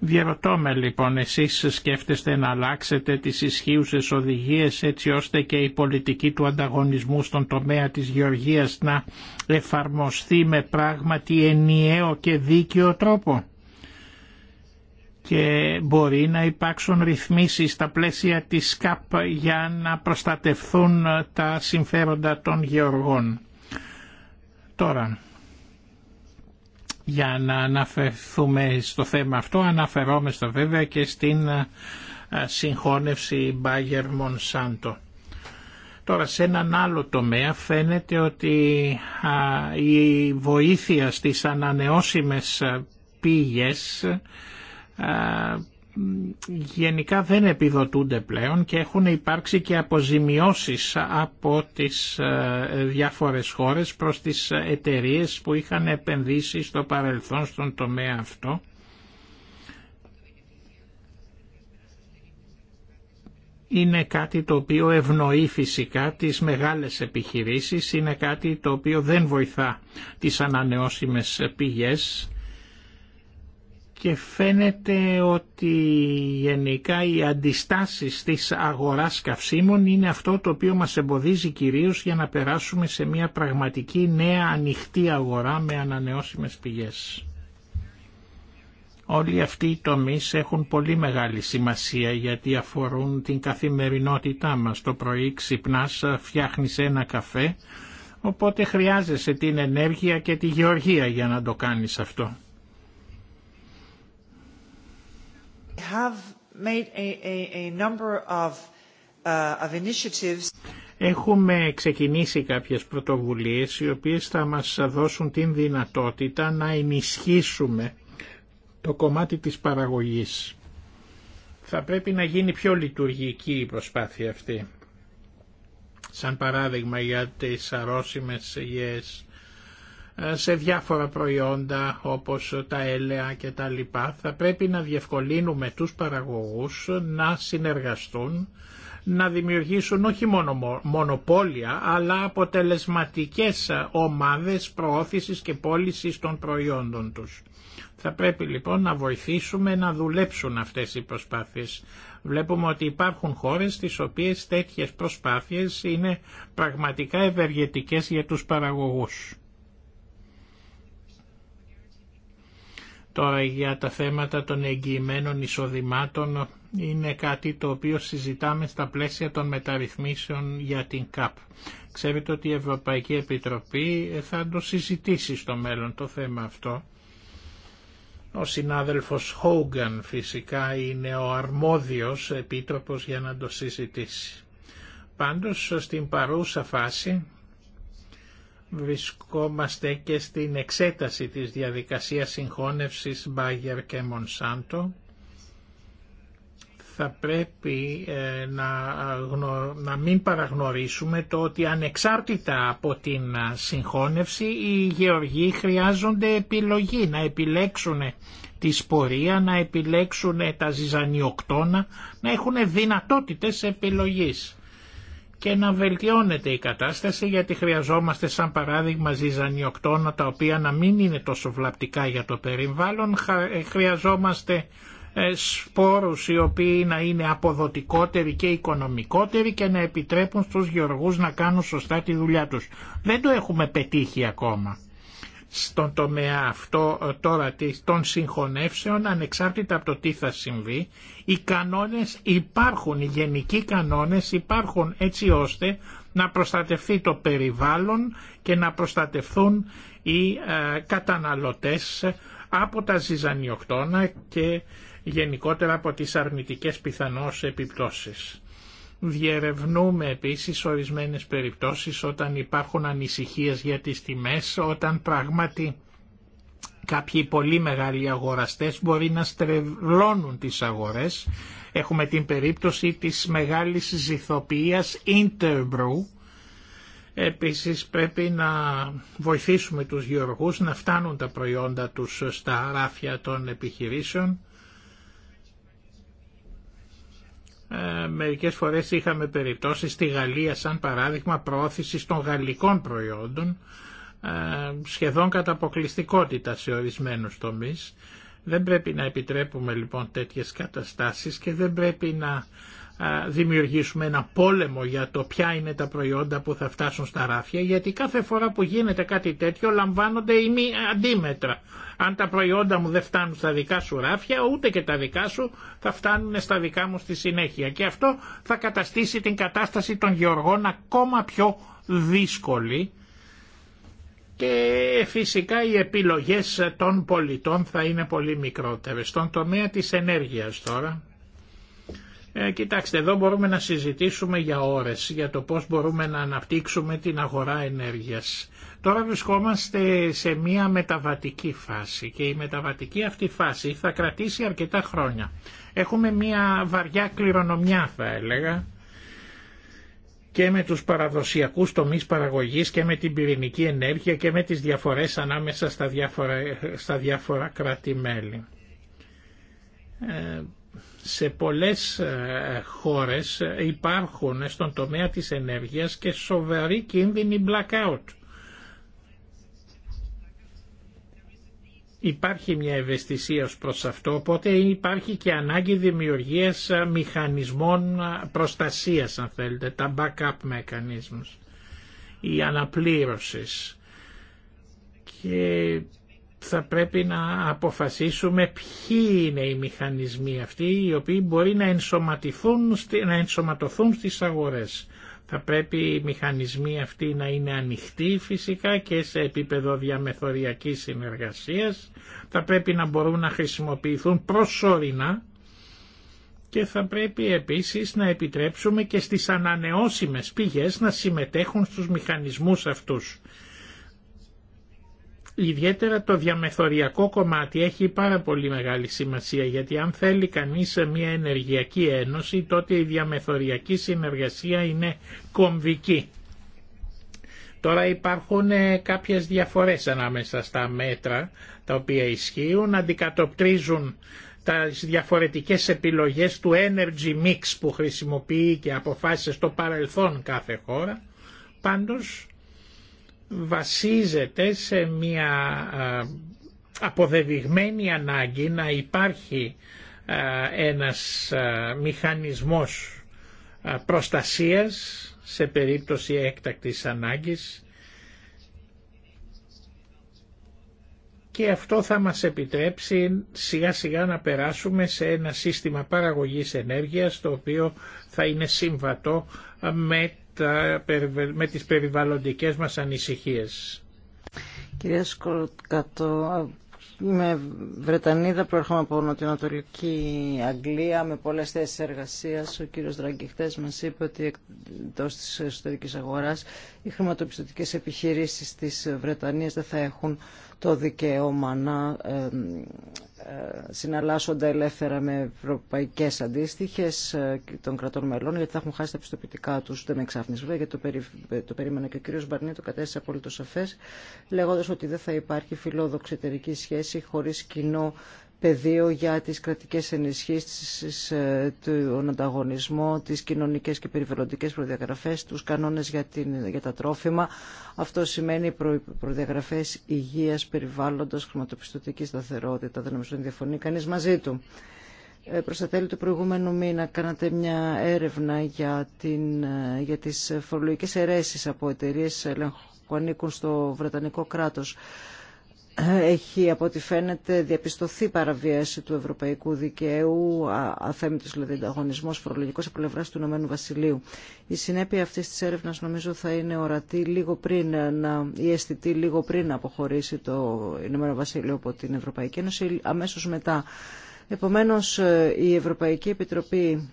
Διαρωτώ με λοιπόν εσείς σκέφτεστε να αλλάξετε τις ισχύουσες οδηγίες έτσι ώστε και η πολιτική του ανταγωνισμού στον τομέα της γεωργίας να εφαρμοστεί με πράγματι ενιαίο και δίκαιο τρόπο και μπορεί να υπάρξουν ρυθμίσεις στα πλαίσια της ΚΑΠ για να προστατευθούν τα συμφέροντα των γεωργών. Τώρα, για να αναφερθούμε στο θέμα αυτό, αναφερόμαστε βέβαια και στην συγχώνευση Μπάγερ Μονσάντο. Τώρα σε έναν άλλο τομέα φαίνεται ότι η βοήθεια στις ανανεώσιμες πήγες ε, γενικά δεν επιδοτούνται πλέον και έχουν υπάρξει και αποζημιώσεις από τις ε, διάφορες χώρες προς τις εταιρείες που είχαν επενδύσει στο παρελθόν στον τομέα αυτό. είναι κάτι το οποίο ευνοεί φυσικά τις μεγάλες επιχειρήσεις, είναι κάτι το οποίο δεν βοηθά τις ανανεώσιμες πηγές και φαίνεται ότι γενικά οι αντιστάσεις της αγοράς καυσίμων είναι αυτό το οποίο μας εμποδίζει κυρίως για να περάσουμε σε μια πραγματική νέα ανοιχτή αγορά με ανανεώσιμες πηγές. Όλοι αυτοί οι τομείς έχουν πολύ μεγάλη σημασία γιατί αφορούν την καθημερινότητά μας. Το πρωί ξυπνάς, φτιάχνεις ένα καφέ, οπότε χρειάζεσαι την ενέργεια και τη γεωργία για να το κάνεις αυτό. Uh, Έχουμε ξεκινήσει κάποιες πρωτοβουλίες οι οποίες θα μας δώσουν την δυνατότητα να ενισχύσουμε το κομμάτι της παραγωγής. Θα πρέπει να γίνει πιο λειτουργική η προσπάθεια αυτή. Σαν παράδειγμα για τις αρρώσιμες γεές σε διάφορα προϊόντα όπως τα έλαια και τα λοιπά θα πρέπει να διευκολύνουμε τους παραγωγούς να συνεργαστούν να δημιουργήσουν όχι μόνο μονοπόλια αλλά αποτελεσματικές ομάδες προώθησης και πώλησης των προϊόντων τους. Θα πρέπει λοιπόν να βοηθήσουμε να δουλέψουν αυτές οι προσπάθειες. Βλέπουμε ότι υπάρχουν χώρες στις οποίες τέτοιες προσπάθειες είναι πραγματικά ευεργετικές για τους παραγωγούς. Τώρα για τα θέματα των εγγυημένων εισοδημάτων είναι κάτι το οποίο συζητάμε στα πλαίσια των μεταρρυθμίσεων για την ΚΑΠ. Ξέρετε ότι η Ευρωπαϊκή Επιτροπή θα το συζητήσει στο μέλλον το θέμα αυτό. Ο συνάδελφος Χόγκαν φυσικά είναι ο αρμόδιος επίτροπος για να το συζητήσει. Πάντως στην παρούσα φάση βρισκόμαστε και στην εξέταση της διαδικασίας συγχώνευσης Bayer και Μονσάντο. Θα πρέπει ε, να, να μην παραγνωρίσουμε το ότι ανεξάρτητα από την ε, συγχώνευση οι γεωργοί χρειάζονται επιλογή, να επιλέξουν τη σπορία, να επιλέξουν τα ζυζανιοκτώνα, να έχουν δυνατότητες επιλογής και να βελτιώνεται η κατάσταση γιατί χρειαζόμαστε σαν παράδειγμα ζυζανιοκτώνα τα οποία να μην είναι τόσο βλαπτικά για το περιβάλλον, ε, χρειαζόμαστε ε, σπόρους οι οποίοι να είναι αποδοτικότεροι και οικονομικότεροι και να επιτρέπουν στους γεωργούς να κάνουν σωστά τη δουλειά τους. Δεν το έχουμε πετύχει ακόμα στον τομέα αυτό ε, τώρα των συγχωνεύσεων ανεξάρτητα από το τι θα συμβεί οι κανόνες υπάρχουν, οι γενικοί κανόνες υπάρχουν έτσι ώστε να προστατευτεί το περιβάλλον και να προστατευθούν οι ε, καταναλωτές από τα ζυζανιοκτώνα και γενικότερα από τις αρνητικές πιθανώς επιπτώσεις. Διερευνούμε επίσης ορισμένες περιπτώσεις όταν υπάρχουν ανησυχίες για τις τιμές, όταν πράγματι κάποιοι πολύ μεγάλοι αγοραστές μπορεί να στρεβλώνουν τις αγορές. Έχουμε την περίπτωση της μεγάλης ζηθοποιίας Interbrew. Επίσης πρέπει να βοηθήσουμε τους γεωργούς να φτάνουν τα προϊόντα τους στα ράφια των επιχειρήσεων Ε, μερικές φορές είχαμε περιπτώσεις στη Γαλλία σαν παράδειγμα προώθησης των γαλλικών προϊόντων ε, σχεδόν κατά αποκλειστικότητα σε ορισμένους τομείς. Δεν πρέπει να επιτρέπουμε λοιπόν τέτοιες καταστάσεις και δεν πρέπει να δημιουργήσουμε ένα πόλεμο για το ποια είναι τα προϊόντα που θα φτάσουν στα ράφια γιατί κάθε φορά που γίνεται κάτι τέτοιο λαμβάνονται οι μη αντίμετρα. Αν τα προϊόντα μου δεν φτάνουν στα δικά σου ράφια ούτε και τα δικά σου θα φτάνουν στα δικά μου στη συνέχεια και αυτό θα καταστήσει την κατάσταση των γεωργών ακόμα πιο δύσκολη και φυσικά οι επιλογές των πολιτών θα είναι πολύ μικρότερες. Στον τομέα της ενέργειας τώρα ε, κοιτάξτε, εδώ μπορούμε να συζητήσουμε για ώρες για το πώς μπορούμε να αναπτύξουμε την αγορά ενέργειας. Τώρα βρισκόμαστε σε μία μεταβατική φάση και η μεταβατική αυτή φάση θα κρατήσει αρκετά χρόνια. Έχουμε μία βαριά κληρονομιά θα έλεγα και με τους παραδοσιακούς τομείς παραγωγής και με την πυρηνική ενέργεια και με τις διαφορές ανάμεσα στα διάφορα, στα κρατη κράτη-μέλη. Ε, σε πολλές ε, χώρες ε, υπάρχουν στον τομέα της ενέργειας και σοβαροί κίνδυνοι blackout. Υπάρχει μια ευαισθησία ως προς αυτό, οπότε υπάρχει και ανάγκη δημιουργίας ε, μηχανισμών προστασίας, αν θέλετε, τα backup mechanisms, οι αναπλήρωσης. Και θα πρέπει να αποφασίσουμε ποιοι είναι οι μηχανισμοί αυτοί οι οποίοι μπορεί να, ενσωματωθούν, να ενσωματωθούν στις αγορές. Θα πρέπει οι μηχανισμοί αυτοί να είναι ανοιχτοί φυσικά και σε επίπεδο διαμεθοριακής συνεργασίας. Θα πρέπει να μπορούν να χρησιμοποιηθούν προσωρινά και θα πρέπει επίσης να επιτρέψουμε και στις ανανεώσιμες πηγές να συμμετέχουν στους μηχανισμούς αυτούς. Ιδιαίτερα το διαμεθοριακό κομμάτι έχει πάρα πολύ μεγάλη σημασία γιατί αν θέλει κανείς μια ενεργειακή ένωση τότε η διαμεθοριακή συνεργασία είναι κομβική. Τώρα υπάρχουν ε, κάποιες διαφορές ανάμεσα στα μέτρα τα οποία ισχύουν, αντικατοπτρίζουν τις διαφορετικές επιλογές του energy mix που χρησιμοποιεί και αποφάσισε στο παρελθόν κάθε χώρα. Πάντως βασίζεται σε μια αποδεδειγμένη ανάγκη να υπάρχει ένας μηχανισμός προστασίας σε περίπτωση έκτακτης ανάγκης και αυτό θα μας επιτρέψει σιγά σιγά να περάσουμε σε ένα σύστημα παραγωγής ενέργειας το οποίο θα είναι συμβατό με τα, με τις περιβαλλοντικές μας ανησυχίες. Κυρία Σκορτκατώ, είμαι Βρετανίδα, προέρχομαι από νοτιοανατολική Αγγλία με πολλές θέσεις εργασίας. Ο κύριος Δραγκη μας είπε ότι εκτός της εσωτερικής αγοράς οι χρηματοπιστωτικές επιχειρήσεις της Βρετανίας δεν θα έχουν το δικαίωμα να ε, συναλλάσσονται ελεύθερα με ευρωπαϊκέ αντίστοιχε ε, των κρατών μελών, γιατί θα έχουν χάσει τα πιστοποιητικά του. Δεν με βέβαια, γιατί το, περί... το και ο κύριο Μπαρνί, το κατέστησε απόλυτο σαφέ, λέγοντα ότι δεν θα υπάρχει φιλόδοξη εταιρική σχέση χωρί κοινό πεδίο για τις κρατικές ενισχύσεις, ε, του ανταγωνισμού, τις κοινωνικές και περιβαλλοντικές προδιαγραφές, τους κανόνες για, την, για τα τρόφιμα. Αυτό σημαίνει προ, προδιαγραφές υγείας, περιβάλλοντος, χρηματοπιστωτική σταθερότητα. Δεν νομίζω να διαφωνεί κανείς μαζί του. Ε, προς τα τέλη του προηγούμενου μήνα κάνατε μια έρευνα για, την, ε, για τις φορολογικές αιρέσεις από εταιρείε που ανήκουν στο Βρετανικό κράτος έχει από ό,τι φαίνεται διαπιστωθεί παραβίαση του ευρωπαϊκού δικαίου, αθέμητος δηλαδή ανταγωνισμός φορολογικός από πλευρά του Ηνωμένου Βασιλείου. Η συνέπεια αυτής της έρευνας νομίζω θα είναι ορατή λίγο πριν, να, ή αισθητή λίγο πριν να αποχωρήσει το Ηνωμένο Βασίλειο από την Ευρωπαϊκή Ένωση, αμέσως μετά. Επομένως ε, η Ευρωπαϊκή Επιτροπή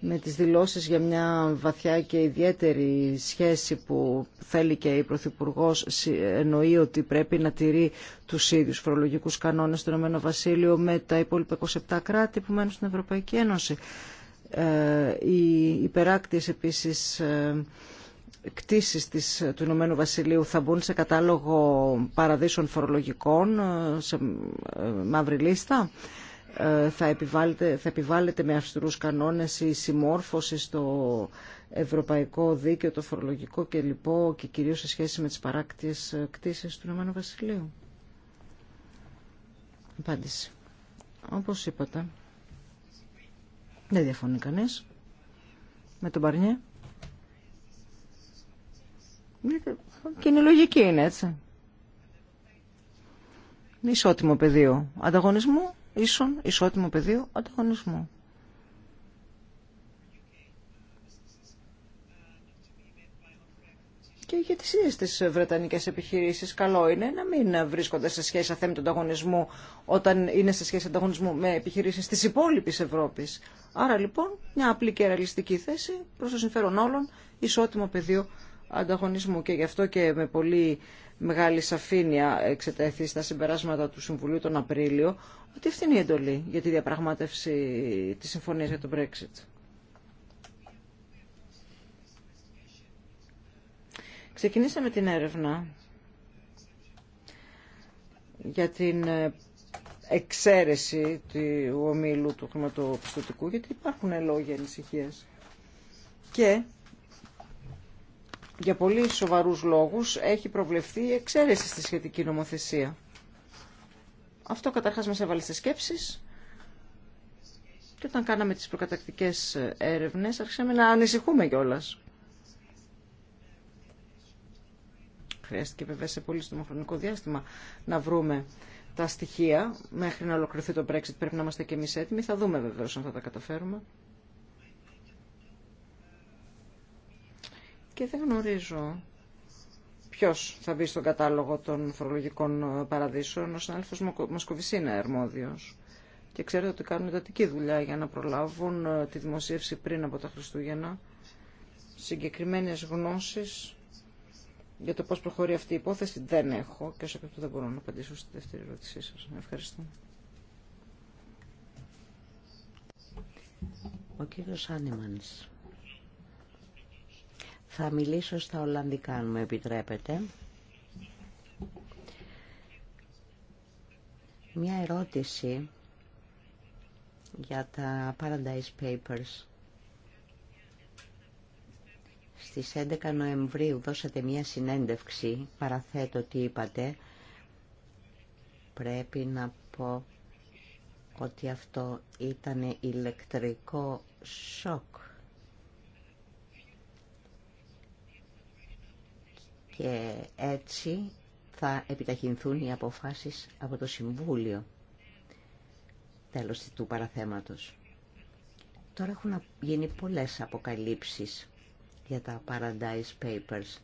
με τις δηλώσεις για μια βαθιά και ιδιαίτερη σχέση που θέλει και η Πρωθυπουργό εννοεί ότι πρέπει να τηρεί τους ίδιους φορολογικούς κανόνες του Ηνωμένου Βασίλειο με τα υπόλοιπα 27 κράτη που μένουν στην Ευρωπαϊκή Ένωση. Ε, οι υπεράκτιες επίσης ε, κτίσεις της, του Ηνωμένου Βασιλείου θα μπουν σε κατάλογο παραδείσων φορολογικών, ε, σε μαύρη λίστα. Ε, θα επιβάλλεται, θα με αυστηρούς κανόνες η συμμόρφωση στο ευρωπαϊκό δίκαιο, το φορολογικό και λοιπό και κυρίως σε σχέση με τις παράκτιες ε, κτίσεις του Ηνωμένου Βασιλείου. Απάντηση. Όπως είπατε, δεν διαφωνεί κανείς με τον Παρνιέ. Ναι, και είναι λογική είναι έτσι. Ισότιμο πεδίο ανταγωνισμού ίσον ισότιμο πεδίο ανταγωνισμού. Και για τις ίδιες τις βρετανικές επιχειρήσεις καλό είναι να μην βρίσκονται σε σχέση του ανταγωνισμού όταν είναι σε σχέση ανταγωνισμού με επιχειρήσεις της υπόλοιπης Ευρώπης. Άρα λοιπόν μια απλή και ρεαλιστική θέση προς το συμφέρον όλων ισότιμο πεδίο ανταγωνισμού και γι' αυτό και με πολύ μεγάλη σαφήνεια εξετέθη στα συμπεράσματα του Συμβουλίου τον Απρίλιο ότι αυτή είναι η εντολή για τη διαπραγμάτευση τη συμφωνία για το Brexit. Ξεκινήσαμε την έρευνα για την εξαίρεση του ομίλου του χρηματοπιστωτικού, γιατί υπάρχουν λόγια ανησυχία. Και για πολύ σοβαρούς λόγους έχει προβλεφθεί η εξαίρεση στη σχετική νομοθεσία. Αυτό καταρχάς μας έβαλε στις σκέψεις και όταν κάναμε τις προκατακτικές έρευνες άρχισαμε να ανησυχούμε κιόλα. Χρειάστηκε βέβαια σε πολύ στο διάστημα να βρούμε τα στοιχεία μέχρι να ολοκληρωθεί το Brexit. Πρέπει να είμαστε και εμείς έτοιμοι. Θα δούμε βεβαίως αν θα τα καταφέρουμε. και δεν γνωρίζω ποιο θα μπει στον κατάλογο των φορολογικών ε, παραδείσων. Ο συνάδελφο Μοσκοβισή είναι αρμόδιο. Και ξέρετε ότι κάνουν εντατική δουλειά για να προλάβουν ε, τη δημοσίευση πριν από τα Χριστούγεννα συγκεκριμένες γνώσεις για το πώς προχωρεί αυτή η υπόθεση δεν έχω και ω εκ δεν μπορώ να απαντήσω στη δεύτερη ερώτησή σα. Ευχαριστώ. Ο κύριος Άνιμανς. Θα μιλήσω στα Ολλανδικά, αν μου επιτρέπετε. Μια ερώτηση για τα Paradise Papers. Στις 11 Νοεμβρίου δώσατε μια συνέντευξη, παραθέτω τι είπατε. Πρέπει να πω ότι αυτό ήταν ηλεκτρικό σοκ και έτσι θα επιταχυνθούν οι αποφάσεις από το Συμβούλιο τέλος του παραθέματος. Τώρα έχουν γίνει πολλές αποκαλύψεις για τα Paradise Papers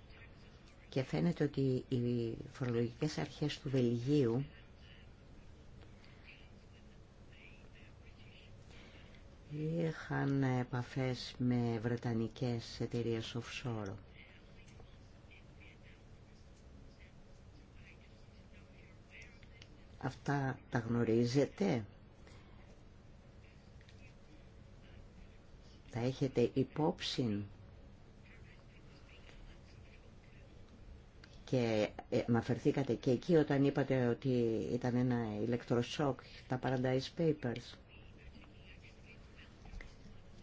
και φαίνεται ότι οι φορολογικές αρχές του Βελγίου είχαν επαφές με βρετανικές εταιρείες offshore. Αυτά τα γνωρίζετε. Τα έχετε υπόψη. Και ε, αφαιρθήκατε και εκεί όταν είπατε ότι ήταν ένα ηλεκτροσόκ, τα Paradise Papers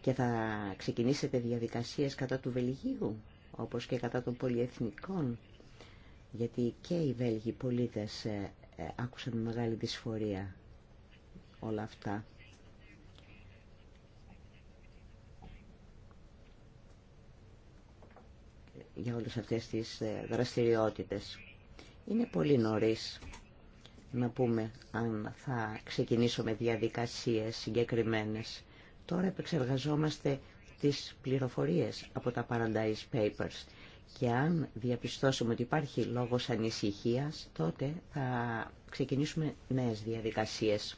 και θα ξεκινήσετε διαδικασίες κατά του Βελγίου, όπως και κατά των πολυεθνικών, γιατί και οι Βέλγοι πολίτες ε, ε, άκουσα με μεγάλη δυσφορία όλα αυτά. για όλες αυτές τις ε, δραστηριότητες. Είναι πολύ νωρίς να πούμε αν θα με διαδικασίες συγκεκριμένες. Τώρα επεξεργαζόμαστε τις πληροφορίες από τα Paradise Papers και αν διαπιστώσουμε ότι υπάρχει λόγος ανησυχίας, τότε θα ξεκινήσουμε νέες διαδικασίες.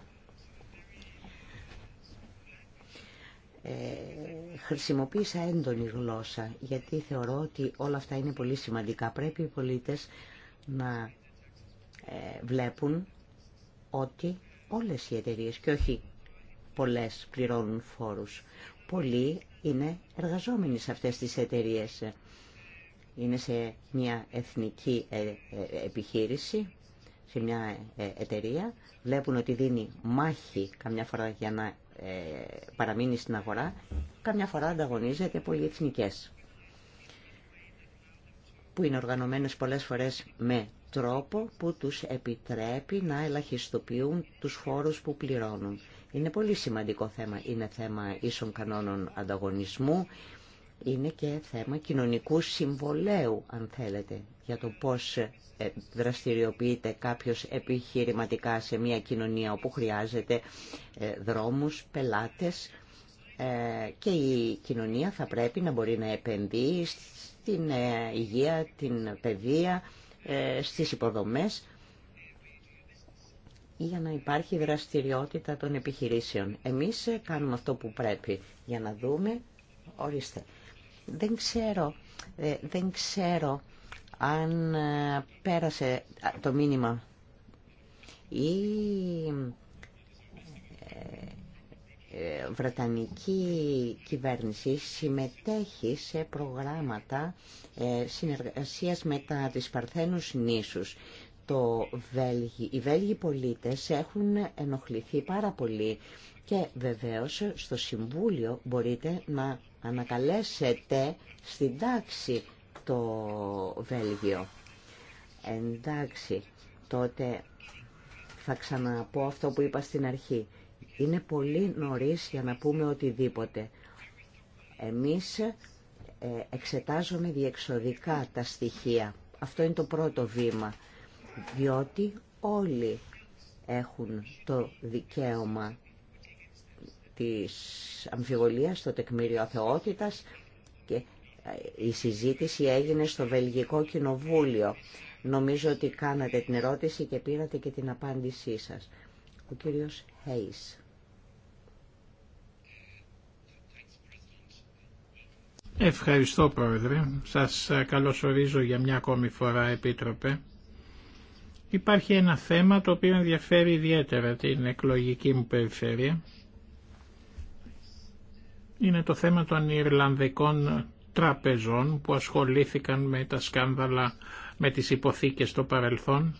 Ε, χρησιμοποίησα έντονη γλώσσα, γιατί θεωρώ ότι όλα αυτά είναι πολύ σημαντικά. Πρέπει οι πολίτες να ε, βλέπουν ότι όλες οι εταιρείε και όχι πολλές πληρώνουν φόρους. Πολλοί είναι εργαζόμενοι σε αυτές τις εταιρείες είναι σε μια εθνική ε, ε, επιχείρηση, σε μια ε, εταιρεία. Βλέπουν ότι δίνει μάχη καμιά φορά για να παραμείνει στην αγορά. Καμιά φορά ανταγωνίζεται εθνικές που είναι οργανωμένες πολλές φορές με τρόπο που τους επιτρέπει να ελαχιστοποιούν τους φόρους που πληρώνουν. Είναι πολύ σημαντικό θέμα. Είναι θέμα ίσων κανόνων ανταγωνισμού, είναι και θέμα κοινωνικού συμβολέου, αν θέλετε, για το πώς ε, δραστηριοποιείται κάποιος επιχειρηματικά σε μια κοινωνία όπου χρειάζεται ε, δρόμους, πελάτες ε, και η κοινωνία θα πρέπει να μπορεί να επενδύει στην υγεία, την παιδεία, στις υποδομές για να υπάρχει δραστηριότητα των επιχειρήσεων. Εμείς κάνουμε αυτό που πρέπει για να δούμε, ορίστε, δεν ξέρω, ε, δεν ξέρω αν ε, πέρασε το μήνυμα ή ε, Βρετανική κυβέρνηση συμμετέχει σε προγράμματα συνεργασίας με τα τις Παρθένους νήσους. Το Βέλγι, οι Βέλγοι πολίτες έχουν ενοχληθεί πάρα πολύ και βεβαίως στο Συμβούλιο μπορείτε να ανακαλέσετε στην τάξη το Βέλγιο. Εντάξει, τότε θα ξαναπώ αυτό που είπα στην αρχή. Είναι πολύ νωρίς για να πούμε οτιδήποτε. Εμείς ε, εξετάζουμε διεξοδικά τα στοιχεία. Αυτό είναι το πρώτο βήμα. Διότι όλοι έχουν το δικαίωμα της αμφιβολίας, στο τεκμήριο αθεότητας και ε, η συζήτηση έγινε στο Βελγικό Κοινοβούλιο. Νομίζω ότι κάνατε την ερώτηση και πήρατε και την απάντησή σας. Ο κύριος Χέις. Ευχαριστώ Πρόεδρε. Σας ε, καλωσορίζω για μια ακόμη φορά Επίτροπε. Υπάρχει ένα θέμα το οποίο ενδιαφέρει ιδιαίτερα την εκλογική μου περιφέρεια είναι το θέμα των Ιρλανδικών τραπεζών που ασχολήθηκαν με τα σκάνδαλα με τις υποθήκες στο παρελθόν.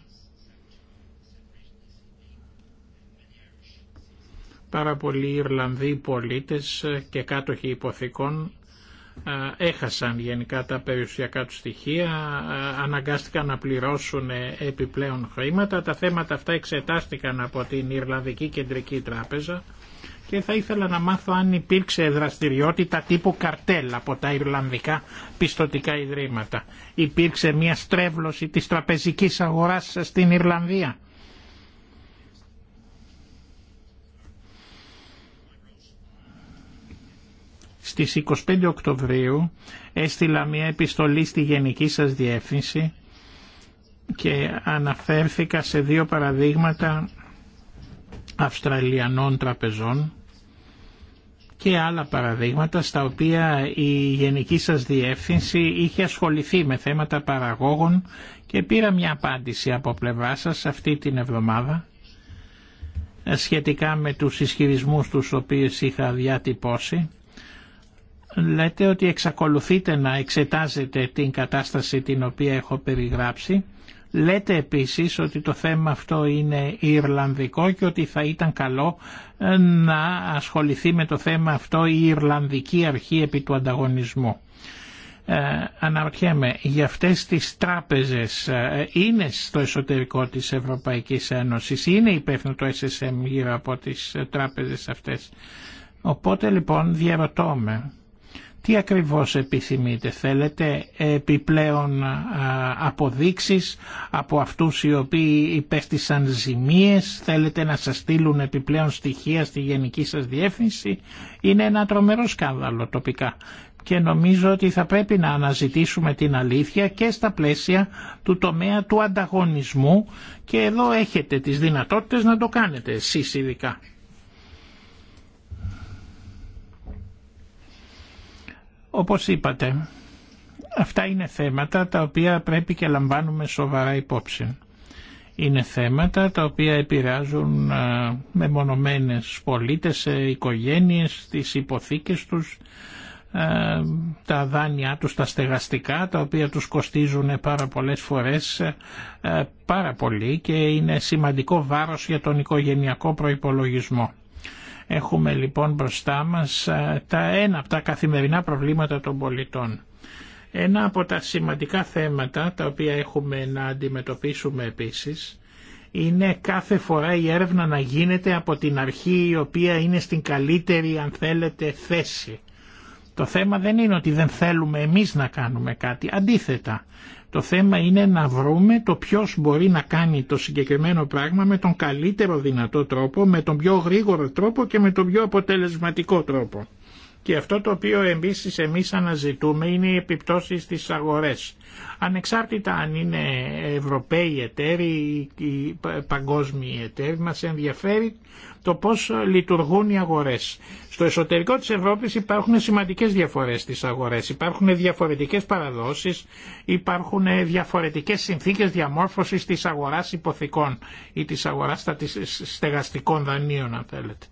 Πάρα πολλοί Ιρλανδοί πολίτες και κάτοχοι υποθήκων έχασαν γενικά τα περιουσιακά του στοιχεία, αναγκάστηκαν να πληρώσουν επιπλέον χρήματα. Τα θέματα αυτά εξετάστηκαν από την Ιρλανδική Κεντρική Τράπεζα και θα ήθελα να μάθω αν υπήρξε δραστηριότητα τύπου καρτέλ από τα Ιρλανδικά πιστοτικά ιδρύματα. Υπήρξε μια στρέβλωση της τραπεζικής αγοράς στην Ιρλανδία. Στις 25 Οκτωβρίου έστειλα μια επιστολή στη Γενική σας Διεύθυνση και αναφέρθηκα σε δύο παραδείγματα Αυστραλιανών τραπεζών και άλλα παραδείγματα στα οποία η γενική σας διεύθυνση είχε ασχοληθεί με θέματα παραγόγων και πήρα μια απάντηση από πλευρά σας αυτή την εβδομάδα σχετικά με τους ισχυρισμούς τους οποίους είχα διατυπώσει. Λέτε ότι εξακολουθείτε να εξετάζετε την κατάσταση την οποία έχω περιγράψει Λέτε επίσης ότι το θέμα αυτό είναι Ιρλανδικό και ότι θα ήταν καλό ε, να ασχοληθεί με το θέμα αυτό η Ιρλανδική Αρχή επί του ανταγωνισμού. Ε, αναρωτιέμαι, για αυτές τις τράπεζες ε, είναι στο εσωτερικό της Ευρωπαϊκής Ένωσης, είναι υπεύθυνο το SSM γύρω από τις τράπεζες αυτές. Οπότε λοιπόν διαρωτώ με, τι ακριβώς επιθυμείτε, θέλετε επιπλέον αποδείξεις από αυτούς οι οποίοι υπέστησαν ζημίες, θέλετε να σας στείλουν επιπλέον στοιχεία στη γενική σας διεύθυνση. Είναι ένα τρομερό σκάνδαλο τοπικά και νομίζω ότι θα πρέπει να αναζητήσουμε την αλήθεια και στα πλαίσια του τομέα του ανταγωνισμού και εδώ έχετε τις δυνατότητες να το κάνετε εσείς ειδικά. Όπως είπατε, αυτά είναι θέματα τα οποία πρέπει και λαμβάνουμε σοβαρά υπόψη. Είναι θέματα τα οποία επηρεάζουν μεμονωμένες πολίτες, ε, οικογένειες, τις υποθήκες τους, τα δάνειά τους, τα στεγαστικά, τα οποία τους κοστίζουν πάρα πολλές φορές ε, πάρα πολύ και είναι σημαντικό βάρος για τον οικογενειακό προϋπολογισμό. Έχουμε λοιπόν μπροστά μας ε, τα ένα από τα καθημερινά προβλήματα των πολιτών. Ένα από τα σημαντικά θέματα τα οποία έχουμε να αντιμετωπίσουμε επίσης είναι κάθε φορά η έρευνα να γίνεται από την αρχή η οποία είναι στην καλύτερη αν θέλετε θέση. Το θέμα δεν είναι ότι δεν θέλουμε εμείς να κάνουμε κάτι, αντίθετα. Το θέμα είναι να βρούμε το ποιος μπορεί να κάνει το συγκεκριμένο πράγμα με τον καλύτερο δυνατό τρόπο, με τον πιο γρήγορο τρόπο και με τον πιο αποτελεσματικό τρόπο. Και αυτό το οποίο εμείς, εμείς αναζητούμε είναι οι επιπτώσεις στις αγορές. Ανεξάρτητα αν είναι Ευρωπαίοι εταίροι ή παγκόσμιοι εταίροι, μας ενδιαφέρει το πώς λειτουργούν οι αγορές. Στο εσωτερικό της Ευρώπης υπάρχουν σημαντικές διαφορές στις αγορές. Υπάρχουν διαφορετικές παραδόσεις, υπάρχουν διαφορετικές συνθήκες διαμόρφωσης της αγοράς υποθηκών ή της αγοράς στεγαστικών δανείων, αν θέλετε.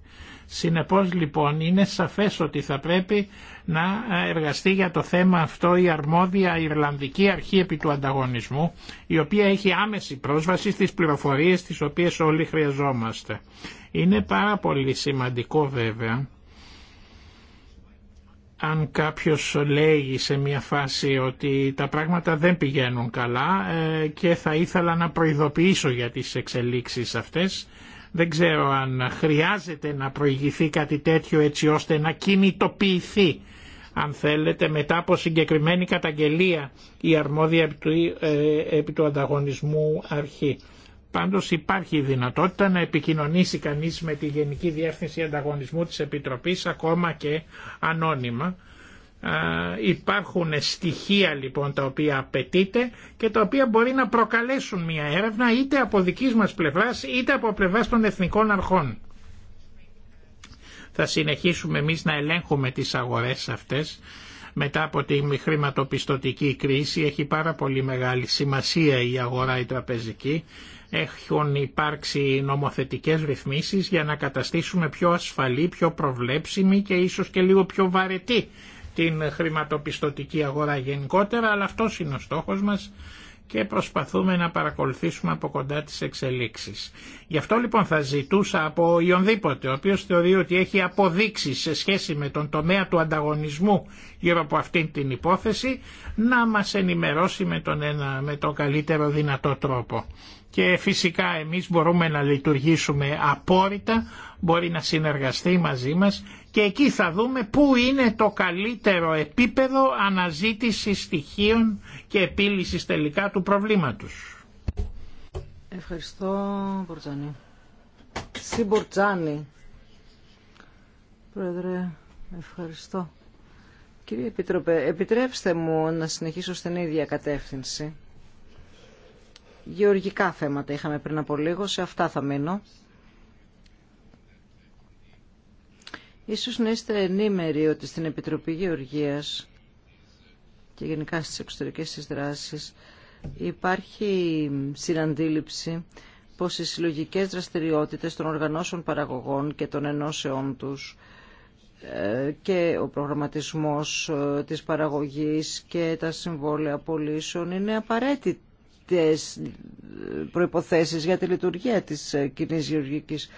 Συνεπώς λοιπόν είναι σαφές ότι θα πρέπει να εργαστεί για το θέμα αυτό η αρμόδια Ιρλανδική Αρχή επί του ανταγωνισμού η οποία έχει άμεση πρόσβαση στις πληροφορίες τις οποίες όλοι χρειαζόμαστε. Είναι πάρα πολύ σημαντικό βέβαια αν κάποιος λέει σε μια φάση ότι τα πράγματα δεν πηγαίνουν καλά ε, και θα ήθελα να προειδοποιήσω για τις εξελίξεις αυτές δεν ξέρω αν χρειάζεται να προηγηθεί κάτι τέτοιο έτσι ώστε να κινητοποιηθεί αν θέλετε μετά από συγκεκριμένη καταγγελία η αρμόδια επί του, ε, επί του ανταγωνισμού αρχή. Πάντως υπάρχει η δυνατότητα να επικοινωνήσει κανείς με τη Γενική Διεύθυνση Ανταγωνισμού της Επιτροπής ακόμα και ανώνυμα ε, υπάρχουν στοιχεία λοιπόν τα οποία απαιτείται και τα οποία μπορεί να προκαλέσουν μια έρευνα είτε από δικής μας πλευράς είτε από πλευράς των εθνικών αρχών. Θα συνεχίσουμε εμείς να ελέγχουμε τις αγορές αυτές μετά από τη χρηματοπιστωτική κρίση έχει πάρα πολύ μεγάλη σημασία η αγορά η τραπεζική. Έχουν υπάρξει νομοθετικές ρυθμίσεις για να καταστήσουμε πιο ασφαλή, πιο προβλέψιμη και ίσως και λίγο πιο βαρετή την χρηματοπιστωτική αγορά γενικότερα, αλλά αυτό είναι ο στόχος μας και προσπαθούμε να παρακολουθήσουμε από κοντά τις εξελίξεις. Γι' αυτό λοιπόν θα ζητούσα από οιονδήποτε, ο οποίος θεωρεί ότι έχει αποδείξει σε σχέση με τον τομέα του ανταγωνισμού γύρω από αυτήν την υπόθεση, να μας ενημερώσει με τον, ένα, με τον καλύτερο δυνατό τρόπο και φυσικά εμείς μπορούμε να λειτουργήσουμε απόρριτα, μπορεί να συνεργαστεί μαζί μας και εκεί θα δούμε πού είναι το καλύτερο επίπεδο αναζήτησης στοιχείων και επίλυσης τελικά του προβλήματος. Ευχαριστώ, Μπορτζάνη. Συμπορτζάνη. Πρόεδρε, ευχαριστώ. Κύριε Επιτροπέ, επιτρέψτε μου να συνεχίσω στην ίδια κατεύθυνση γεωργικά θέματα είχαμε πριν από λίγο, σε αυτά θα μείνω. Ίσως να είστε ενήμεροι ότι στην Επιτροπή Γεωργίας και γενικά στις εξωτερικές της δράσεις υπάρχει συναντήληψη πως οι συλλογικέ δραστηριότητες των οργανώσεων παραγωγών και των ενώσεών τους ε, και ο προγραμματισμός ε, της παραγωγής και τα συμβόλαια πωλήσεων είναι απαραίτητα τις προϋποθέσεις για τη λειτουργία της κοινή γεωργικής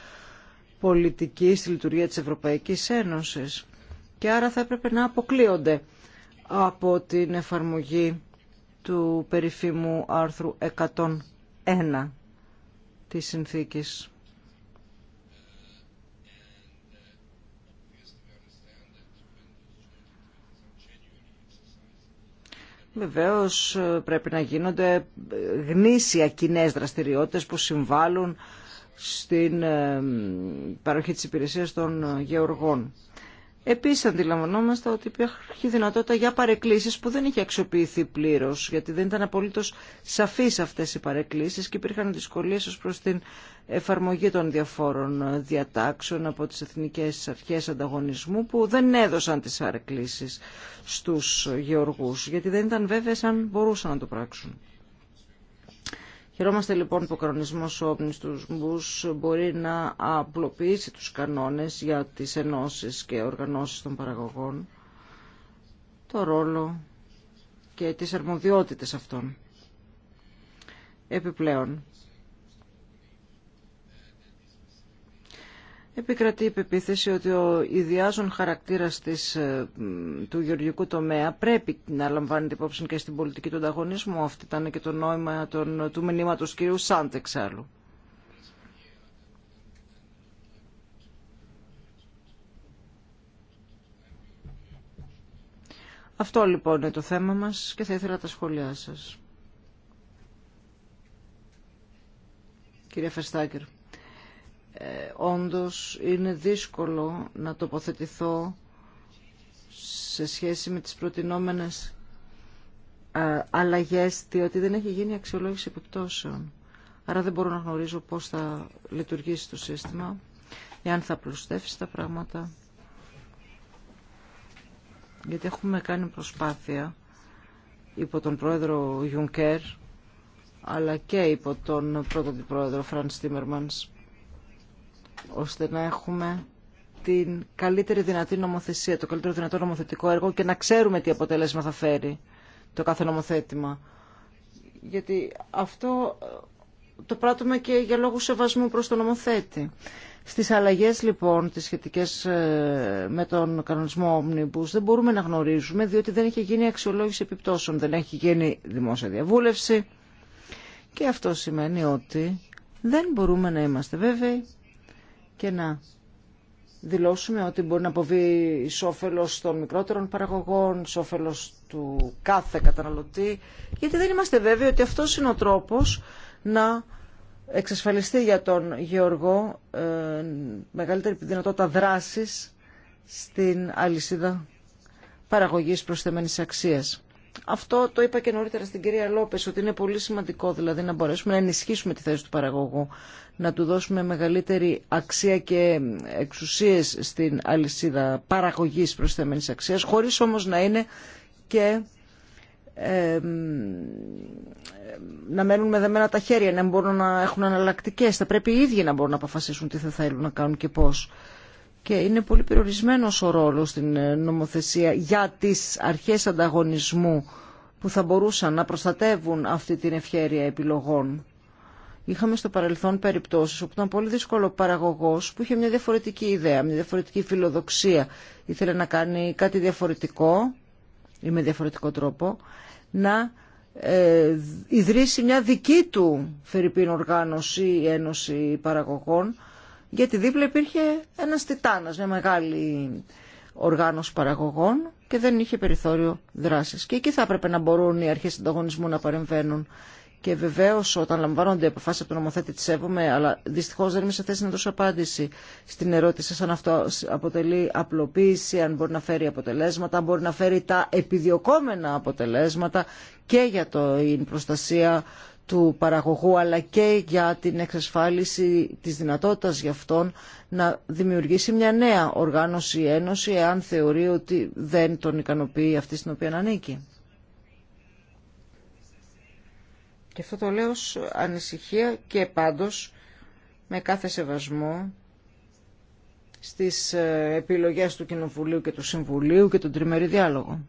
πολιτικής, τη λειτουργία της Ευρωπαϊκής Ένωσης. Και άρα θα έπρεπε να αποκλείονται από την εφαρμογή του περιφήμου άρθρου 101 της συνθήκης. Βεβαίω, ε, πρέπει να γίνονται ε, γνήσια κοινέ δραστηριότητε που συμβάλλουν στην ε, παροχή τη υπηρεσία των γεωργών. Επίσης αντιλαμβανόμαστε ότι υπήρχε δυνατότητα για παρεκκλήσεις που δεν είχε αξιοποιηθεί πλήρως, γιατί δεν ήταν απολύτως σαφείς αυτές οι παρεκκλήσεις και υπήρχαν δυσκολίες ω προς την εφαρμογή των διαφόρων διατάξεων από τις εθνικές αρχές ανταγωνισμού που δεν έδωσαν τις παρεκκλήσεις στους γεωργούς, γιατί δεν ήταν βέβαιες αν μπορούσαν να το πράξουν. Χαιρόμαστε λοιπόν που ο κανονισμό όπνης τους μπορεί να απλοποιήσει τους κανόνες για τις ενώσεις και οργανώσεις των παραγωγών, το ρόλο και τις αρμοδιότητες αυτών. Επιπλέον, επικρατεί η πεποίθηση ότι ο ιδιάζων χαρακτήρας της, ε, του γεωργικού τομέα πρέπει να λαμβάνεται υπόψη και στην πολιτική του ανταγωνισμού. Αυτό ήταν και το νόημα του μηνύματος κυρίου Σάντ εξάλλου. Αυτό λοιπόν είναι το θέμα μας και θα ήθελα τα σχόλιά σας. Κύριε Φεστάκερ ε, όντως είναι δύσκολο να τοποθετηθώ σε σχέση με τις προτινόμενες ε, αλλαγές, διότι δεν έχει γίνει αξιολόγηση επιπτώσεων. Άρα δεν μπορώ να γνωρίζω πώς θα λειτουργήσει το σύστημα, αν θα πλουστεύσει τα πράγματα. Γιατί έχουμε κάνει προσπάθεια υπό τον πρόεδρο Γιουνκέρ, αλλά και υπό τον πρώτο πρόεδρο Φραντ Τίμερμανς, ώστε να έχουμε την καλύτερη δυνατή νομοθεσία, το καλύτερο δυνατό νομοθετικό έργο και να ξέρουμε τι αποτέλεσμα θα φέρει το κάθε νομοθέτημα. Γιατί αυτό ε, το πράττουμε και για λόγους σεβασμού προς τον νομοθέτη. Στις αλλαγές λοιπόν, τις σχετικές ε, με τον κανονισμό Omnibus, δεν μπορούμε να γνωρίζουμε, διότι δεν έχει γίνει αξιολόγηση επιπτώσεων, δεν έχει γίνει δημόσια διαβούλευση. Και αυτό σημαίνει ότι δεν μπορούμε να είμαστε βέβαιοι και να δηλώσουμε ότι μπορεί να αποβεί ισόφελος των μικρότερων παραγωγών, όφελο του κάθε καταναλωτή, γιατί δεν είμαστε βέβαιοι ότι αυτός είναι ο τρόπος να εξασφαλιστεί για τον Γεωργό ε, μεγαλύτερη δυνατότητα δράσης στην αλυσίδα παραγωγής προσθεμένης αξίας. Αυτό το είπα και νωρίτερα στην κυρία Λόπες ότι είναι πολύ σημαντικό δηλαδή να μπορέσουμε να ενισχύσουμε τη θέση του παραγωγού να του δώσουμε μεγαλύτερη αξία και εξουσίες στην αλυσίδα παραγωγής προσθέμενης αξίας, χωρίς όμως να είναι και να μένουν με δεμένα τα χέρια, να μπορούν να έχουν αναλλακτικέ. Θα πρέπει οι ίδιοι να μπορούν να αποφασίσουν τι θα θέλουν να κάνουν και πώς. Και είναι πολύ περιορισμένος ο ρόλος στην νομοθεσία για τις αρχές ανταγωνισμού που θα μπορούσαν να προστατεύουν αυτή την ευχέρεια επιλογών. Είχαμε στο παρελθόν περιπτώσεις όπου ήταν πολύ δύσκολο παραγωγός που είχε μια διαφορετική ιδέα, μια διαφορετική φιλοδοξία. Ήθελε να κάνει κάτι διαφορετικό ή με διαφορετικό τρόπο, να ε, ιδρύσει μια δική του φερρυπίν οργάνωση ή ένωση παραγωγών, γιατί δίπλα υπήρχε ένας τιτάνας, μια μεγάλη οργάνωση παραγωγών και δεν είχε περιθώριο δράσης. Και εκεί θα έπρεπε να μπορούν οι αρχές συνταγωνισμού να παρεμβαίνουν και βεβαίω όταν λαμβάνονται αποφάσει από τον νομοθέτη τι σέβομαι, αλλά δυστυχώ δεν είμαι σε θέση να δώσω απάντηση στην ερώτηση αν αυτό αποτελεί απλοποίηση, αν μπορεί να φέρει αποτελέσματα, αν μπορεί να φέρει τα επιδιωκόμενα αποτελέσματα και για την προστασία του παραγωγού αλλά και για την εξασφάλιση της δυνατότητα για αυτόν να δημιουργήσει μια νέα οργάνωση ένωση εάν θεωρεί ότι δεν τον ικανοποιεί αυτή στην οποία ανήκει. Και αυτό το λέω ανησυχία και πάντως με κάθε σεβασμό στις ε, επιλογές του Κοινοβουλίου και του Συμβουλίου και τον τριμερή διάλογο.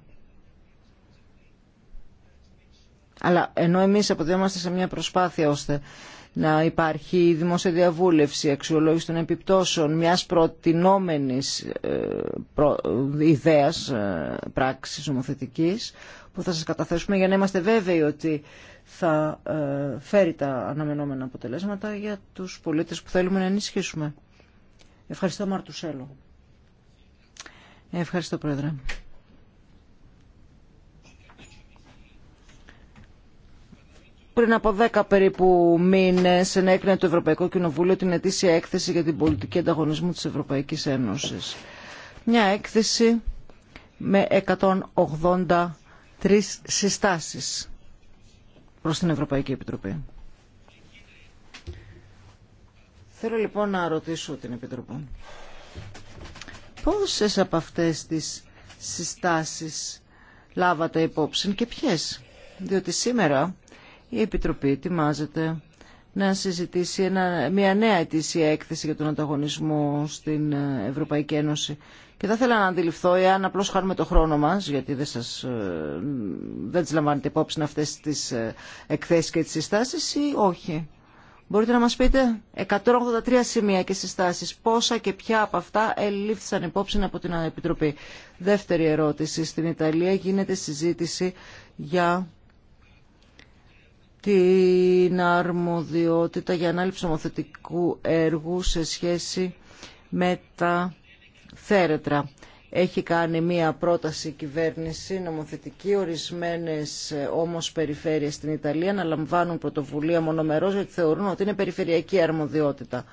Αλλά ενώ εμείς αποτελούμαστε σε μια προσπάθεια ώστε να υπάρχει δημόσια διαβούλευση, αξιολόγηση των επιπτώσεων μιας προτινόμενης ε, προ, ιδέας ε, πράξης ομοθετικής που θα σας καταθέσουμε για να είμαστε βέβαιοι ότι θα ε, φέρει τα αναμενόμενα αποτελέσματα για τους πολίτες που θέλουμε να ενισχύσουμε. Ευχαριστώ Μαρτουσέλο. Ευχαριστώ Πρόεδρε. Πριν από δέκα περίπου μήνες ενέκρινε το Ευρωπαϊκό Κοινοβούλιο την ετήσια έκθεση για την πολιτική ανταγωνισμού της Ευρωπαϊκής Ένωσης. Μια έκθεση με 183 συστάσεις προς την Ευρωπαϊκή Επιτροπή. Θέλω λοιπόν να ρωτήσω την Επιτροπή. Πόσες από αυτές τις συστάσεις λάβατε υπόψη και ποιες. Διότι σήμερα η Επιτροπή ετοιμάζεται να συζητήσει μια νέα ετήσια έκθεση για τον ανταγωνισμό στην Ευρωπαϊκή Ένωση και θα ήθελα να αντιληφθώ, εάν απλώ χάνουμε το χρόνο μα, γιατί δεν, σας, ε, δεν τις λαμβάνετε υπόψη αυτέ τι ε, εκθέσει και τι συστάσει, ή όχι. Μπορείτε να μας πείτε 183 σημεία και συστάσει. πόσα και ποια από αυτά ελήφθησαν υπόψη από την Επιτροπή. Δεύτερη ερώτηση. Στην Ιταλία γίνεται συζήτηση για την αρμοδιότητα για ανάληψη νομοθετικού έργου σε σχέση με τα θέρετρα. Έχει κάνει μία πρόταση κυβέρνηση νομοθετική, ορισμένες ε, όμως περιφέρειες στην Ιταλία να λαμβάνουν πρωτοβουλία μονομερός γιατί θεωρούν ότι είναι περιφερειακή αρμοδιότητα.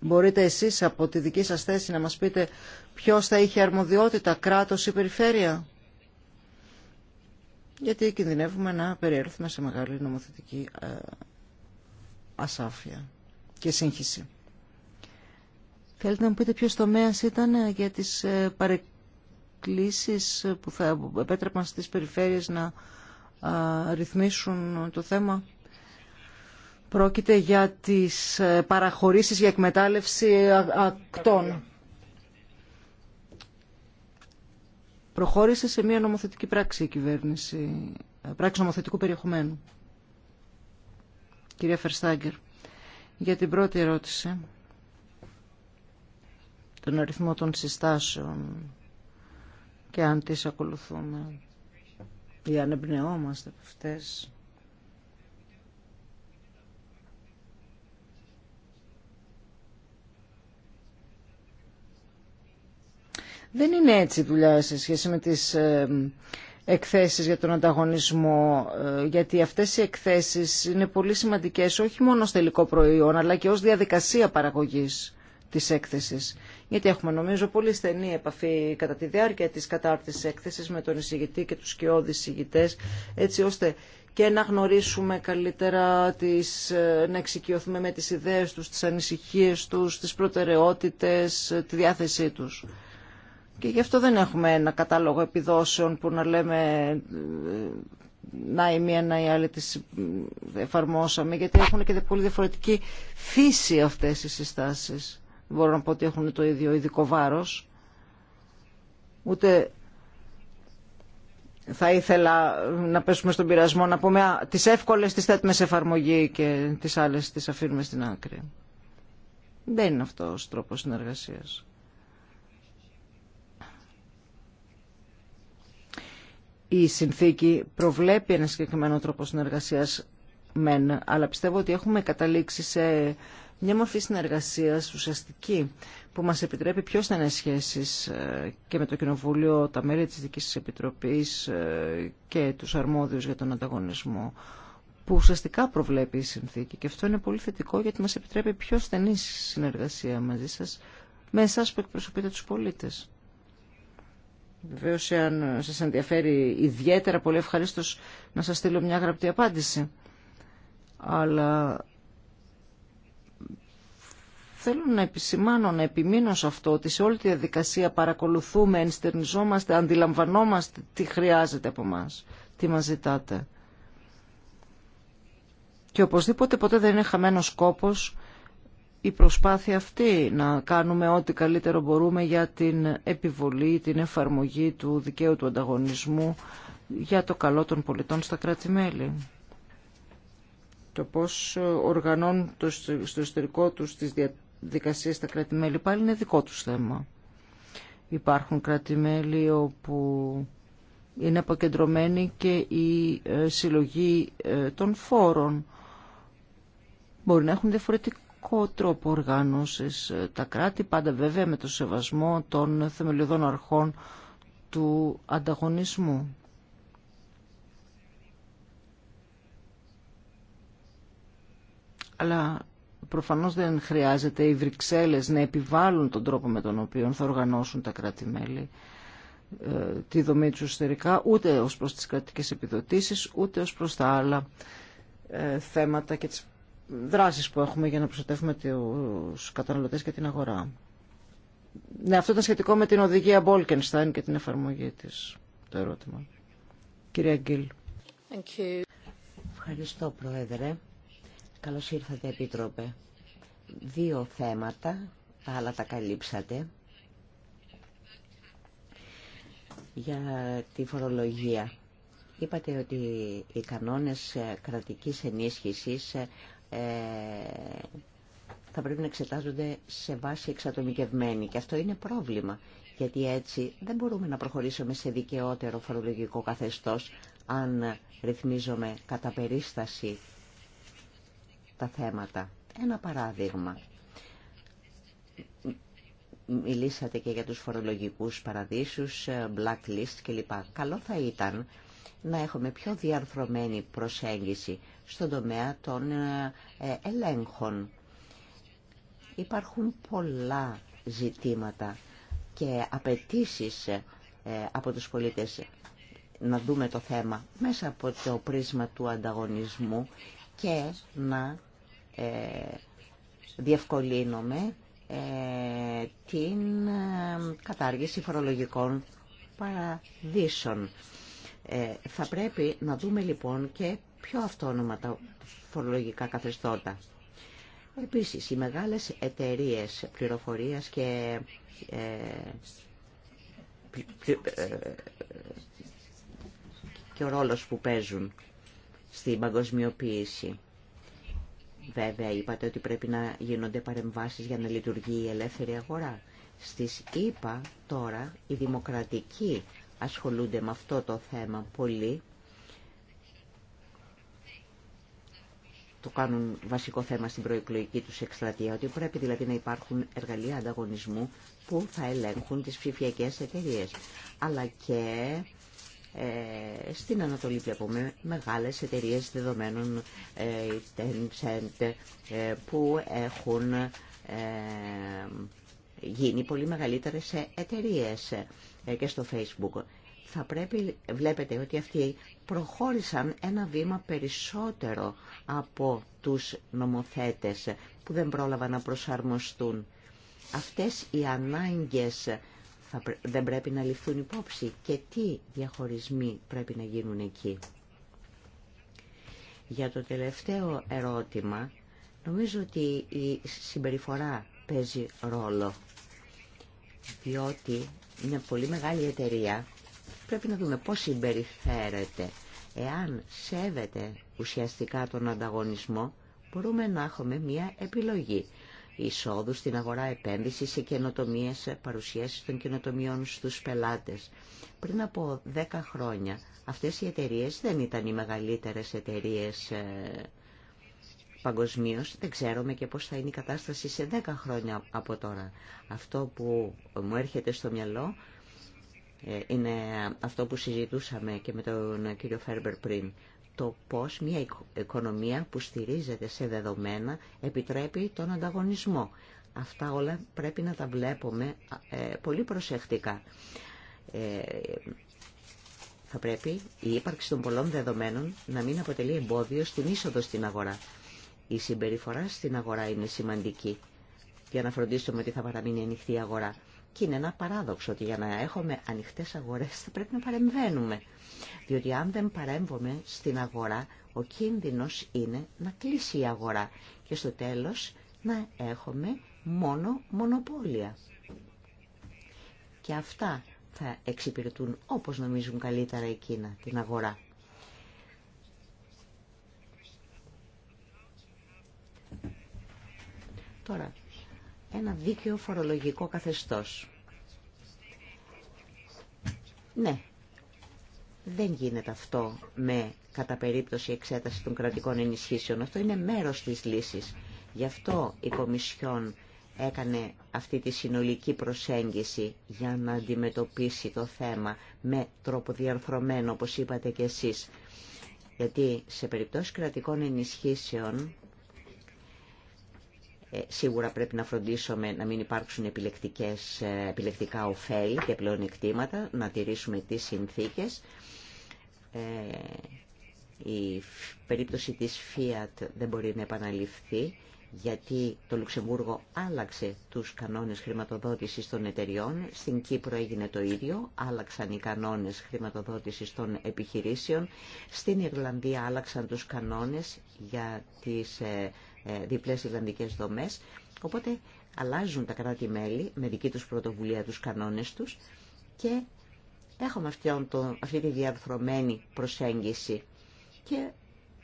Μπορείτε εσείς από τη δική σας θέση να μας πείτε ποιος θα είχε αρμοδιότητα, κράτος ή περιφέρεια. Γιατί κινδυνεύουμε να περιέλθουμε σε μεγάλη νομοθετική ε, ασάφεια και σύγχυση. Θέλετε να μου πείτε ποιος τομέας ήταν ε, για τις ε, παρεκκλήσεις ε, που θα επέτρεπαν στις περιφέρειες να ρυθμίσουν το θέμα. Πρόκειται για τις παραχωρήσεις για εκμετάλλευση ακτών. Προχώρησε σε μια νομοθετική πράξη η κυβέρνηση, πράξη νομοθετικού περιεχομένου. Κυρία Φερστάγκερ. Για την πρώτη ερώτηση, τον αριθμό των συστάσεων και αν τις ακολουθούμε ή αν εμπνεόμαστε από αυτές. Δεν είναι έτσι η δουλειά σε σχέση με τις ε, εκθέσεις για τον ανταγωνισμό, ε, γιατί αυτές οι εκθέσεις είναι πολύ σημαντικές όχι μόνο ως τελικό προϊόν, αλλά και ως διαδικασία παραγωγής της έκθεσης. Γιατί έχουμε νομίζω πολύ στενή επαφή κατά τη διάρκεια της κατάρτισης έκθεσης με τον εισηγητή και τους σκιώδεις εισηγητές, έτσι ώστε και να γνωρίσουμε καλύτερα, τις, ε, να εξοικειωθούμε με τις ιδέες τους, τις ανησυχίες τους, τις προτεραιότητες, ε, τη διάθεσή τους. Και γι' αυτό δεν έχουμε ένα κατάλογο επιδόσεων που να λέμε ε, να η μία να η άλλη τις εφαρμόσαμε, γιατί έχουν και πολύ διαφορετική φύση αυτές οι συστάσεις. Δεν μπορώ να πω ότι έχουν το ίδιο ειδικό βάρος. Ούτε θα ήθελα να πέσουμε στον πειρασμό να πούμε α, τις εύκολες τις θέτουμε σε εφαρμογή και τις άλλες τις αφήνουμε στην άκρη. Δεν είναι αυτός τρόπος συνεργασίας. η συνθήκη προβλέπει ένα συγκεκριμένο τρόπο συνεργασίας μεν, αλλά πιστεύω ότι έχουμε καταλήξει σε μια μορφή συνεργασίας ουσιαστική που μας επιτρέπει πιο στενές σχέσεις ε, και με το Κοινοβούλιο, τα μέλη της δικής της Επιτροπής ε, και τους αρμόδιους για τον ανταγωνισμό που ουσιαστικά προβλέπει η συνθήκη και αυτό είναι πολύ θετικό γιατί μας επιτρέπει πιο στενή συνεργασία μαζί σας με εσάς που εκπροσωπείτε τους πολίτες. Βεβαίω, εάν σα ενδιαφέρει ιδιαίτερα, πολύ ευχαρίστω να σας στείλω μια γραπτή απάντηση. Αλλά θέλω να επισημάνω, να επιμείνω σε αυτό, ότι σε όλη τη διαδικασία παρακολουθούμε, ενστερνιζόμαστε, αντιλαμβανόμαστε τι χρειάζεται από μας, τι μας ζητάτε. Και οπωσδήποτε ποτέ δεν είναι χαμένος σκόπος η προσπάθεια αυτή να κάνουμε ό,τι καλύτερο μπορούμε για την επιβολή, την εφαρμογή του δικαίου του ανταγωνισμού για το καλό των πολιτών στα κρατη Το πώς οργανώνουν το, στο εσωτερικό τους τις διαδικασίες στα κράτη-μέλη πάλι είναι δικό τους θέμα. Υπάρχουν κράτη-μέλη όπου είναι αποκεντρωμένη και η ε, συλλογή ε, των φόρων. Μπορεί να έχουν διαφορετικό δημοκρατικό τρόπο οργάνωσης ε, τα κράτη, πάντα βέβαια με το σεβασμό των θεμελιωδών αρχών του ανταγωνισμού. Αλλά προφανώς δεν χρειάζεται οι Βρυξέλλες να επιβάλλουν τον τρόπο με τον οποίο θα οργανώσουν τα κράτη-μέλη ε, τη δομή του εσωτερικά, ούτε ως προς τις κρατικές επιδοτήσεις, ούτε ως προς τα άλλα ε, θέματα και τις δράσεις που έχουμε για να προστατεύουμε τους καταναλωτές και την αγορά. Ναι, αυτό ήταν σχετικό με την οδηγία Bolkenstein και την εφαρμογή της, το ερώτημα. Κυρία Γκίλ. Ευχαριστώ, Πρόεδρε. Καλώς ήρθατε, Επίτροπε. Δύο θέματα, τα άλλα τα καλύψατε. Για τη φορολογία. Είπατε ότι οι κανόνες κρατικής ενίσχυσης ε, θα πρέπει να εξετάζονται σε βάση εξατομικευμένη και αυτό είναι πρόβλημα γιατί έτσι δεν μπορούμε να προχωρήσουμε σε δικαιότερο φορολογικό καθεστώς αν ρυθμίζουμε κατά περίσταση τα θέματα. Ένα παράδειγμα. Μιλήσατε και για τους φορολογικούς παραδείσους, blacklist κλπ. Καλό θα ήταν να έχουμε πιο διαρθρωμένη προσέγγιση στον τομέα των ε, ελέγχων. Υπάρχουν πολλά ζητήματα και απαιτήσει ε, από τους πολίτες να δούμε το θέμα μέσα από το πρίσμα του ανταγωνισμού και να ε, διευκολύνουμε την κατάργηση φορολογικών παραδείσων. Θα πρέπει να δούμε λοιπόν και πιο αυτόνομα τα φορολογικά καθεστώτα. Επίσης, οι μεγάλες εταιρείες πληροφορίας και ε, ε, και ο ρόλος που παίζουν στην παγκοσμιοποίηση. Βέβαια, είπατε ότι πρέπει να γίνονται παρεμβάσεις για να λειτουργεί η ελεύθερη αγορά. Στις ΗΠΑ τώρα οι δημοκρατικοί ασχολούνται με αυτό το θέμα πολύ το κάνουν βασικό θέμα στην προεκλογική τους εκστρατεία, ότι πρέπει δηλαδή να υπάρχουν εργαλεία ανταγωνισμού που θα ελέγχουν τις ψηφιακέ εταιρείε. Αλλά και ε, στην Ανατολή βλέπουμε μεγάλες εταιρείε δεδομένων ε, ε, που έχουν ε, γίνει πολύ μεγαλύτερες εταιρείε ε, και στο Facebook θα πρέπει, βλέπετε ότι αυτοί προχώρησαν ένα βήμα περισσότερο από τους νομοθέτες που δεν πρόλαβαν να προσαρμοστούν. Αυτές οι ανάγκες θα, δεν πρέπει να ληφθούν υπόψη και τι διαχωρισμοί πρέπει να γίνουν εκεί. Για το τελευταίο ερώτημα, νομίζω ότι η συμπεριφορά παίζει ρόλο, διότι είναι πολύ μεγάλη εταιρεία πρέπει να δούμε πώς συμπεριφέρεται. Εάν σέβεται ουσιαστικά τον ανταγωνισμό, μπορούμε να έχουμε μία επιλογή. Εισόδου στην αγορά επένδυση σε καινοτομίε, παρουσίαση των καινοτομιών στους πελάτες. Πριν από 10 χρόνια αυτές οι εταιρείες δεν ήταν οι μεγαλύτερες εταιρείες ε, παγκοσμίω. Δεν ξέρουμε και πώ θα είναι η κατάσταση σε 10 χρόνια από τώρα. Αυτό που μου έρχεται στο μυαλό ε, είναι αυτό που συζητούσαμε και με τον κύριο Φέρμπερ πριν. Το πώς μια οικονομία που στηρίζεται σε δεδομένα επιτρέπει τον ανταγωνισμό. Αυτά όλα πρέπει να τα βλέπουμε ε, πολύ προσεκτικά. Ε, θα πρέπει η ύπαρξη των πολλών δεδομένων να μην αποτελεί εμπόδιο στην είσοδο στην αγορά. Η συμπεριφορά στην αγορά είναι σημαντική για να φροντίσουμε ότι θα παραμείνει ανοιχτή η αγορά. Και είναι ένα παράδοξο ότι για να έχουμε ανοιχτές αγορές θα πρέπει να παρεμβαίνουμε. Διότι αν δεν παρέμβουμε στην αγορά, ο κίνδυνος είναι να κλείσει η αγορά και στο τέλος να έχουμε μόνο μονοπόλια. Και αυτά θα εξυπηρετούν όπως νομίζουν καλύτερα εκείνα την αγορά. Τώρα, ένα δίκαιο φορολογικό καθεστώς. Ναι, δεν γίνεται αυτό με κατά περίπτωση εξέταση των κρατικών ενισχύσεων. Αυτό είναι μέρος της λύσης. Γι' αυτό η Κομισιόν έκανε αυτή τη συνολική προσέγγιση για να αντιμετωπίσει το θέμα με τρόπο διαρθρωμένο, όπως είπατε και εσείς. Γιατί σε περιπτώσεις κρατικών ενισχύσεων ε, σίγουρα πρέπει να φροντίσουμε να μην υπάρξουν επιλεκτικές, ε, επιλεκτικά ωφέλη και πλεονεκτήματα, να τηρήσουμε τις συνθήκες. Ε, η περίπτωση της Fiat δεν μπορεί να επαναληφθεί γιατί το Λουξεμβούργο άλλαξε τους κανόνες χρηματοδότησης των εταιριών, στην Κύπρο έγινε το ίδιο, άλλαξαν οι κανόνες χρηματοδότησης των επιχειρήσεων, στην Ιρλανδία άλλαξαν τους κανόνες για τις ε, διπλές Ιρλανδικές δομές, οπότε αλλάζουν τα κράτη-μέλη με δική τους πρωτοβουλία τους κανόνες τους και έχουμε αυτή, αυτή τη διαρθρωμένη προσέγγιση και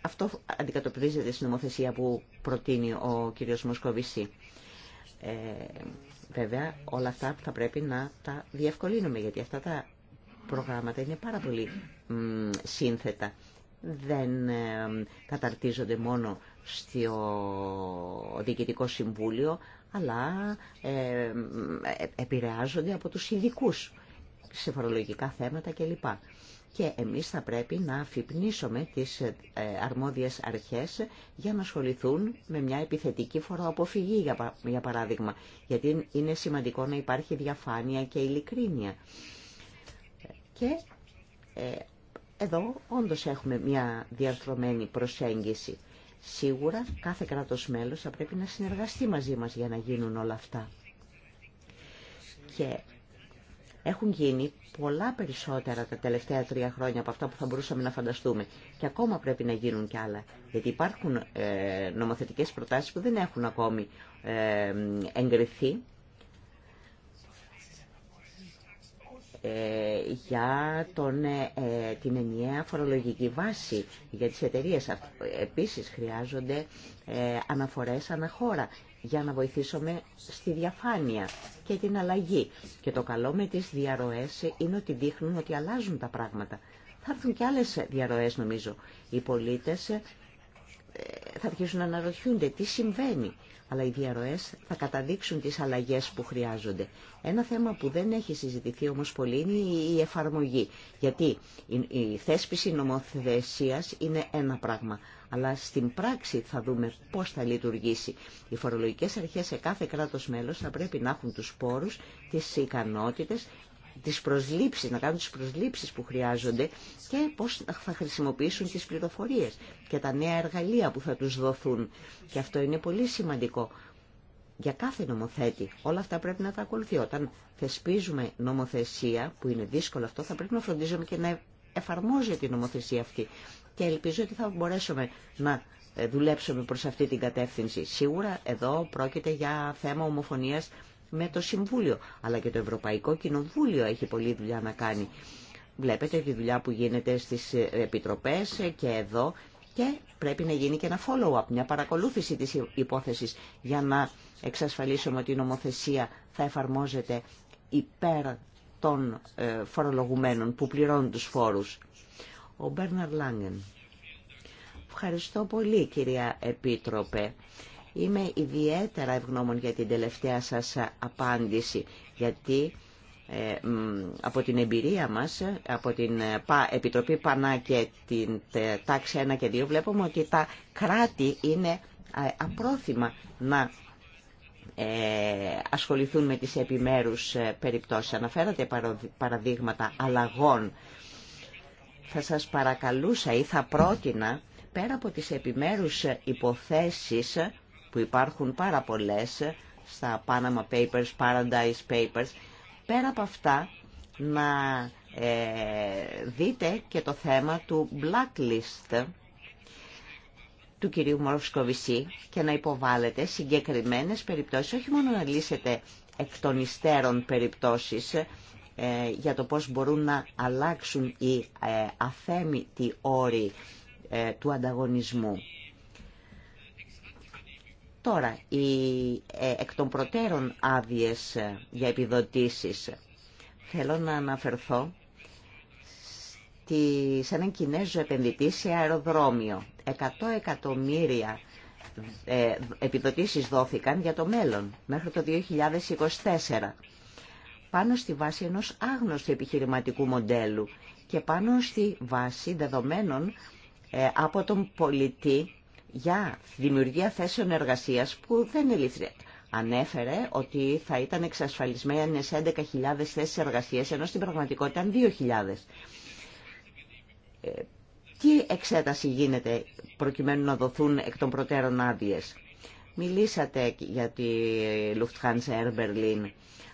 αυτό αντικατοπτρίζεται στην νομοθεσία που προτείνει ο κ. Μοσκοβισή. Ε, βέβαια όλα αυτά θα πρέπει να τα διευκολύνουμε γιατί αυτά τα προγράμματα είναι πάρα πολύ σύνθετα. Δεν ε, καταρτίζονται μόνο στο Διοικητικό Συμβούλιο, αλλά ε, ε, επηρεάζονται από τους ειδικού σε φορολογικά θέματα κλπ. Και εμείς θα πρέπει να αφυπνίσουμε τις ε, αρμόδιες αρχές για να ασχοληθούν με μια επιθετική φοροαποφυγή, για παράδειγμα. Γιατί είναι σημαντικό να υπάρχει διαφάνεια και ειλικρίνεια. Και εδώ όντως έχουμε μια διαρθρωμένη προσέγγιση. Σίγουρα κάθε κράτος μέλος θα πρέπει να συνεργαστεί μαζί μας για να γίνουν όλα αυτά. Και έχουν γίνει πολλά περισσότερα τα τελευταία τρία χρόνια από αυτά που θα μπορούσαμε να φανταστούμε. Και ακόμα πρέπει να γίνουν κι άλλα. Γιατί υπάρχουν ε, νομοθετικές προτάσεις που δεν έχουν ακόμη ε, εγκριθεί Ε, για τον, ε, την ενιαία φορολογική βάση για τις εταιρείες. Επίσης χρειάζονται ε, αναφορές αναχώρα για να βοηθήσουμε στη διαφάνεια και την αλλαγή. Και το καλό με τις διαρροές είναι ότι δείχνουν ότι αλλάζουν τα πράγματα. Θα έρθουν και άλλες διαρροές νομίζω. Οι πολίτες ε, θα αρχίσουν να αναρωτιούνται τι συμβαίνει αλλά οι διαρροές θα καταδείξουν τις αλλαγές που χρειάζονται. Ένα θέμα που δεν έχει συζητηθεί όμως πολύ είναι η εφαρμογή. Γιατί η θέσπιση νομοθεσίας είναι ένα πράγμα, αλλά στην πράξη θα δούμε πώς θα λειτουργήσει. Οι φορολογικές αρχές σε κάθε κράτος μέλος θα πρέπει να έχουν τους πόρους, τις ικανότητες τις προσλήψεις, να κάνουν τις προσλήψεις που χρειάζονται και πώς θα χρησιμοποιήσουν τις πληροφορίες και τα νέα εργαλεία που θα τους δοθούν. Και αυτό είναι πολύ σημαντικό για κάθε νομοθέτη. Όλα αυτά πρέπει να τα ακολουθεί. Όταν θεσπίζουμε νομοθεσία, που είναι δύσκολο αυτό, θα πρέπει να φροντίζουμε και να εφαρμόζεται την νομοθεσία αυτή. Και ελπίζω ότι θα μπορέσουμε να ε, δουλέψουμε προς αυτή την κατεύθυνση. Σίγουρα εδώ πρόκειται για θέμα ομοφωνίας με το Συμβούλιο. Αλλά και το Ευρωπαϊκό Κοινοβούλιο έχει πολλή δουλειά να κάνει. Βλέπετε τη δουλειά που γίνεται στις ε, επιτροπές και εδώ και πρέπει να γίνει και ένα follow-up, μια παρακολούθηση της υπόθεσης για να εξασφαλίσουμε ότι η νομοθεσία θα εφαρμόζεται υπέρ των ε, φορολογουμένων που πληρώνουν τους φόρους. Ο Μπέρναρ Λάγκεν. Ευχαριστώ πολύ κυρία Επίτροπε. Είμαι ιδιαίτερα ευγνώμων για την τελευταία σας απάντηση, γιατί ε, από την εμπειρία μας, από την ε, Επιτροπή Πανά και την τάξη 1 και 2, βλέπουμε ότι τα κράτη είναι ε, απρόθυμα να ασχοληθούν με τις επιμέρους περιπτώσεις. Αναφέρατε παραδείγματα αλλαγών. Θα σας παρακαλούσα ή θα πρότεινα, πέρα από τις επιμέρους υποθέσεις που υπάρχουν πάρα πολλέ στα Panama Papers, Paradise Papers. Πέρα από αυτά να ε, δείτε και το θέμα του blacklist του κυρίου Μορφσκοβισή και να υποβάλλετε συγκεκριμένες περιπτώσεις, όχι μόνο να λύσετε εκ των υστέρων περιπτώσεις ε, για το πώς μπορούν να αλλάξουν οι ε, αθέμητοι όροι ε, του ανταγωνισμού. Τώρα, οι ε, εκ των προτέρων άδειες ε, για επιδοτήσεις. Θέλω να αναφερθώ σε έναν Κινέζο επενδυτή σε αεροδρόμιο. 100 εκατομμύρια ε, επιδοτήσεις δόθηκαν για το μέλλον, μέχρι το 2024. Πάνω στη βάση ενός άγνωστου επιχειρηματικού μοντέλου και πάνω στη βάση δεδομένων ε, από τον πολιτή για δημιουργία θέσεων εργασίας που δεν ελήφθη. Ανέφερε ότι θα ήταν εξασφαλισμένες 11.000 θέσεις εργασίας, ενώ στην πραγματικότητα ήταν 2.000. Ε, τι εξέταση γίνεται προκειμένου να δοθούν εκ των προτέρων άδειε. Μιλήσατε για τη Lufthansa Air Berlin.